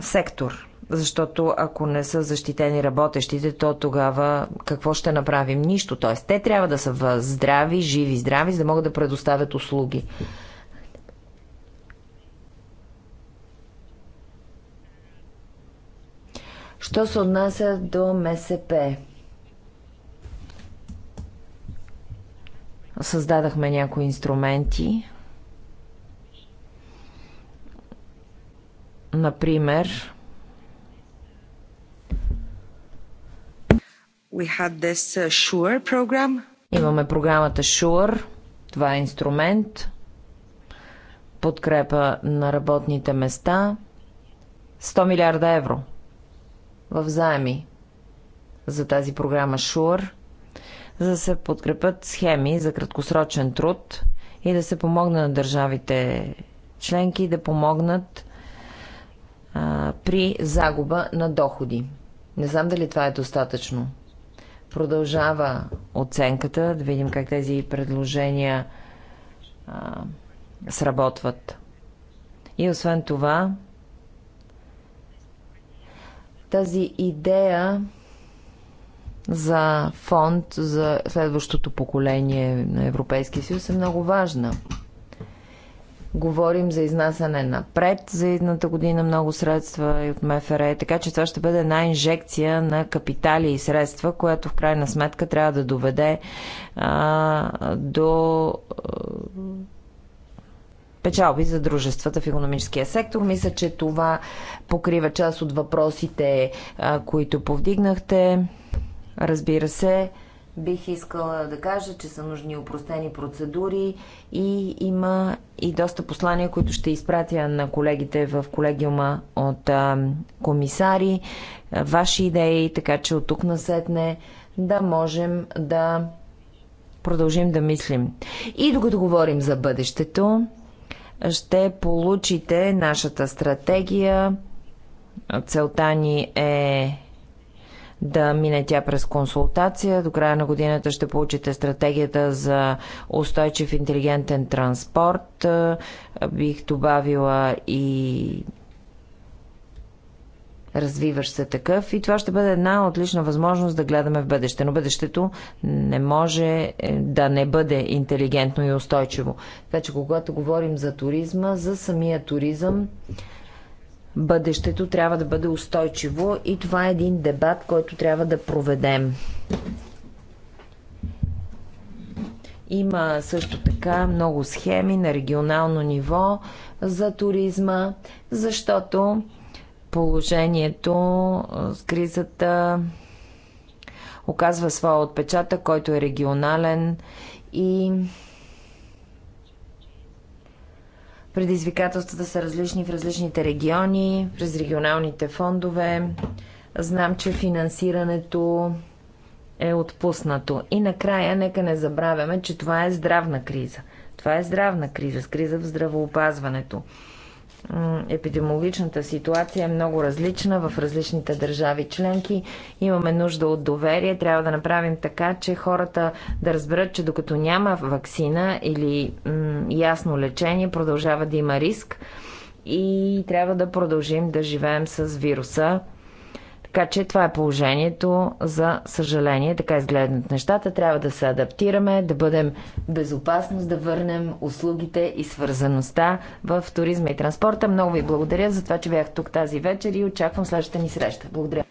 сектор защото ако не са защитени работещите, то тогава какво ще направим? Нищо. Т.е. те трябва да са здрави, живи, здрави, за да могат да предоставят услуги. Що се отнася до МСП? Създадахме някои инструменти. Например, We had this uh, SURE program. Имаме програмата SURE. Това е инструмент. Подкрепа на работните места. 100 милиарда евро – в заеми за тази програма ШУР, за да се подкрепят схеми за краткосрочен труд и да се помогне на държавите членки да помогнат а, при загуба на доходи. Не знам дали това е достатъчно. Продължава оценката, да видим как тези предложения а, сработват. И освен това, тази идея за фонд за следващото поколение на Европейския съюз е много важна. Говорим за изнасяне напред за едната година много средства и от МФР, така че това ще бъде една инжекция на капитали и средства, която в крайна сметка трябва да доведе а, до печалби за дружествата в економическия сектор. Мисля, че това покрива част от въпросите, които повдигнахте. Разбира се, бих искала да кажа, че са нужни упростени процедури и има и доста послания, които ще изпратя на колегите в колегиума от комисари, ваши идеи, така че от тук насетне да можем да продължим да мислим. И докато говорим за бъдещето, ще получите нашата стратегия. Целта ни е да мине тя през консултация. До края на годината ще получите стратегията за устойчив интелигентен транспорт. Бих добавила и развиващ се такъв и това ще бъде една отлична възможност да гледаме в бъдеще. Но бъдещето не може е, да не бъде интелигентно и устойчиво. Така че когато говорим за туризма, за самия туризъм, бъдещето трябва да бъде устойчиво и това е един дебат, който трябва да проведем. Има също така много схеми на регионално ниво за туризма, защото положението с кризата оказва своя отпечатък, който е регионален и предизвикателствата са различни в различните региони, през регионалните фондове. Знам, че финансирането е отпуснато. И накрая, нека не забравяме, че това е здравна криза. Това е здравна криза, с криза в здравоопазването епидемиологичната ситуация е много различна в различните държави членки. Имаме нужда от доверие. Трябва да направим така, че хората да разберат, че докато няма вакцина или ясно лечение, продължава да има риск и трябва да продължим да живеем с вируса така че това е положението за съжаление. Така изгледнат нещата. Трябва да се адаптираме, да бъдем безопасност, да върнем услугите и свързаността в туризма и транспорта. Много ви благодаря за това, че бях тук тази вечер и очаквам следващата ни среща. Благодаря.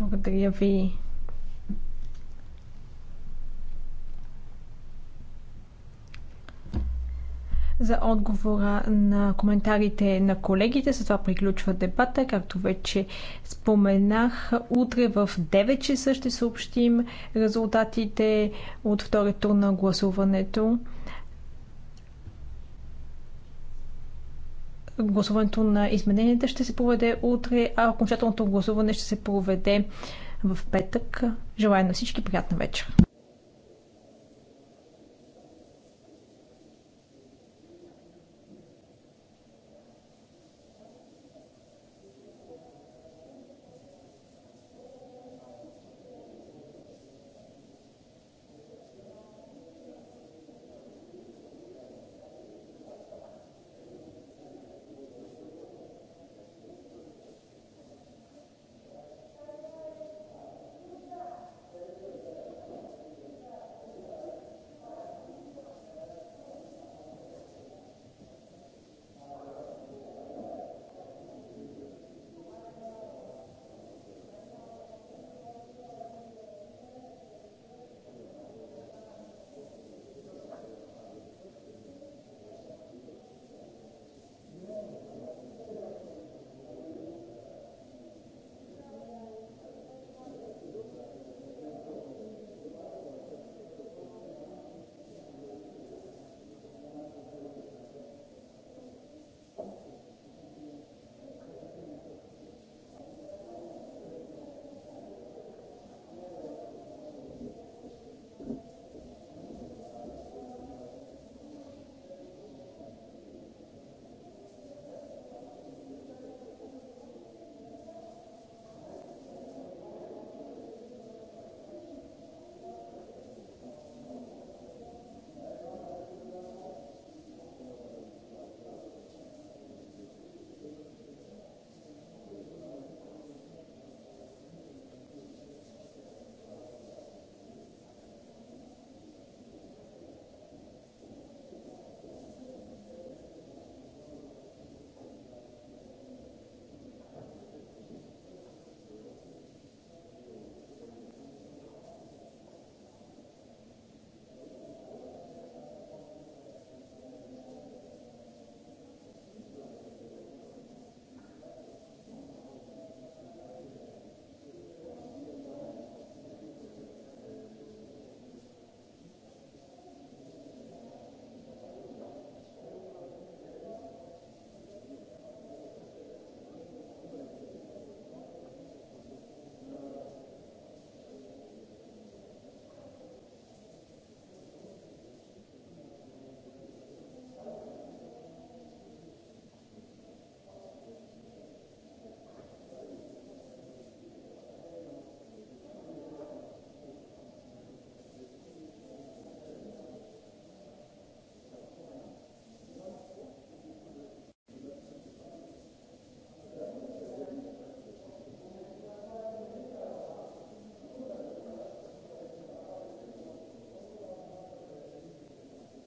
Благодаря ви, за отговора на коментарите на колегите. С това приключва дебата. Както вече споменах, утре в 9 часа ще съобщим резултатите от втори тур на гласуването. Гласуването на измененията ще се проведе утре, а окончателното гласуване ще се проведе в петък. Желая на всички приятна вечер!